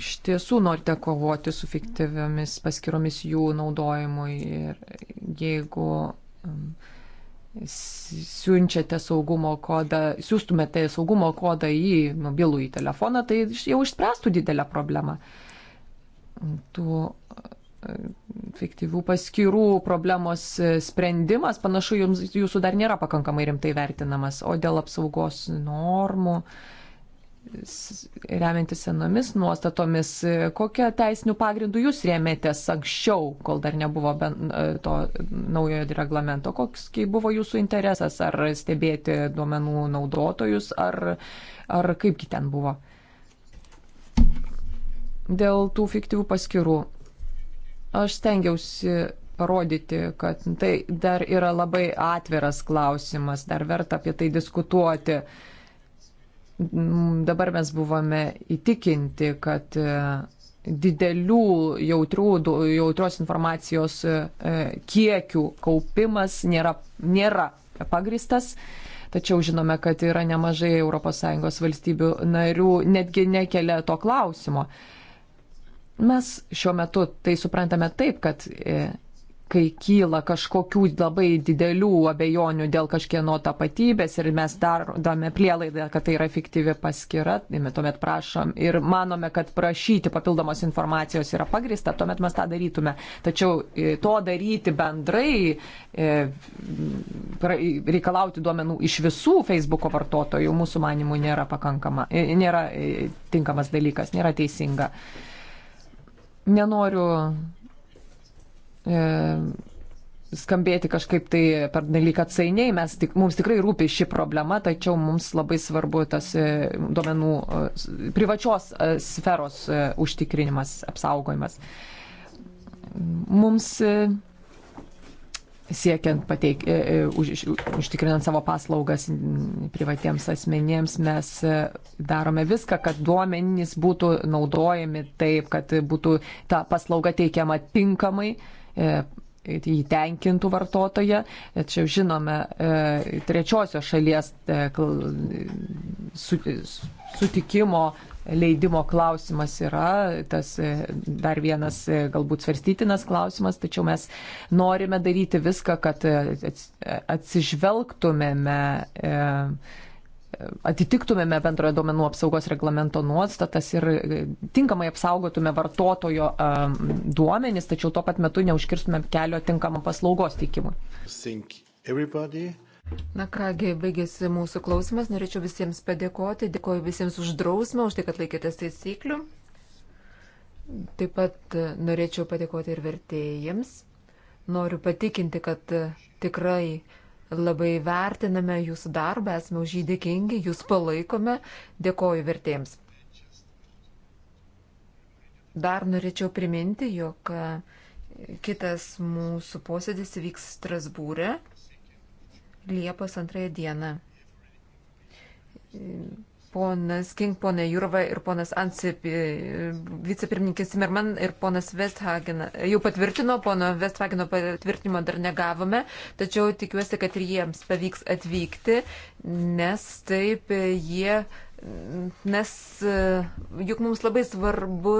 iš tiesų norite kovoti su fiktyviamis paskiromis jų naudojimui ir jeigu um, siunčiate saugumo kodą, siūstumėte saugumo kodą į mobilų į telefoną, tai jau išspręstų didelę problemą. Tų e, fiktyvių paskirų problemos e, sprendimas, panašu, jums, jūsų dar nėra pakankamai rimtai vertinamas, o dėl apsaugos normų. Uh, remiantis senomis nuostatomis, kokią teisinių pagrindų jūs rėmėtės anksčiau, kol dar nebuvo e, to naujojo reglamento? Koks buvo jūsų interesas, ar stebėti duomenų naudotojus, ar, ar kaipgi ten buvo? Dėl tų fiktyvių paskirų. Aš stengiausi parodyti, kad tai dar yra labai atviras klausimas, dar verta apie tai diskutuoti. Uh, Mm, dabar mes buvome įtikinti, kad e, didelių jautrių, jautrios informacijos e, kiekių kaupimas nėra, nėra pagristas. Tačiau žinome, kad yra nemažai ES valstybių narių, netgi nekelia to klausimo. Mes šiuo metu tai suprantame taip, kad e, kai kyla kažkokių labai didelių abejonių dėl kažkieno tapatybės ir mes darome prielaidą, kad tai yra fiktyvi paskira, tai tuomet prašom ir manome, kad prašyti papildomos informacijos yra pagrista, tuomet mes tą darytume. Tačiau e, to daryti bendrai, e, reikalauti duomenų iš visų Facebook'o vartotojų, mūsų manimų nėra pakankama, e, nėra tinkamas dalykas, nėra teisinga. Nenoriu E, skambėti kažkaip tai per dalyk atsainiai, Mes tik, mums tikrai rūpi ši problema, tačiau mums labai svarbu tas e, duomenų e, privačios sferos užtikrinimas, apsaugojimas. Mums siekiant pateik, už, užtikrinant savo paslaugas privatiems asmenėms, mes darome viską, kad duomenys būtų naudojami taip, kad būtų ta paslauga teikiama tinkamai. E, jį tenkintų vartotoje. Tačiau e, žinome, e, trečiosios šalies sutikimo leidimo klausimas yra, tas dar vienas galbūt svarstytinas klausimas, tačiau mes norime daryti viską, kad atsižvelgtumėme atitiktumėme bendrojo duomenų apsaugos reglamento nuostatas ir e, tinkamai apsaugotume vartotojo e, duomenis, tačiau tuo pat metu neužkirstumėm kelio tinkamam paslaugos teikimui. Na kągi, baigėsi mūsų klausimas. Norėčiau visiems padėkoti. Dėkoju visiems už drausmę, už tai, kad laikėtės taisyklių. Taip pat e, norėčiau padėkoti ir vertėjams. Noriu patikinti, kad tikrai Labai vertiname jūsų darbą, esame už jį dėkingi, jūs palaikome. Dėkoju vertėjams. Dar norėčiau priminti, jog e, kitas mūsų posėdis vyks Strasbūrė Liepos antrąją dieną ponas King, ponė Jurva ir ponas Ansip, e, vicepirmininkės Simerman ir ponas Westhagen jau patvirtino, pono Westhageno patvirtinimo dar negavome, tačiau tikiuosi, kad ir jiems pavyks atvykti, nes taip e, jie, nes e, juk mums labai svarbu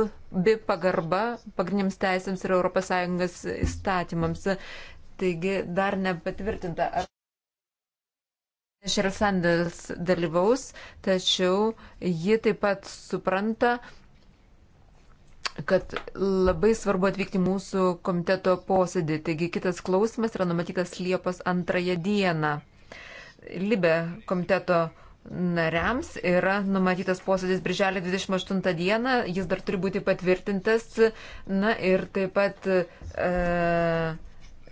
bi pagarba pagrindiniams teisėms ir ES įstatymams. Taigi dar nepatvirtinta. Sheryl Sanders dalyvaus, tačiau ji taip pat supranta, kad labai svarbu atvykti mūsų komiteto posėdį. Taigi kitas klausimas yra numatytas Liepos antrąją dieną. Libe komiteto nariams yra numatytas posėdis birželio 28 dieną, jis dar turi būti patvirtintas. Na ir taip pat. E,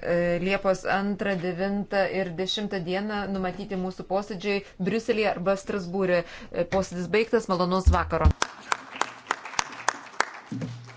E, Liepos 2, 9 ir 10 dieną numatyti mūsų posėdžiai Briuselėje arba Strasbūrė. E, posėdis baigtas, malonus vakaro. Thank you.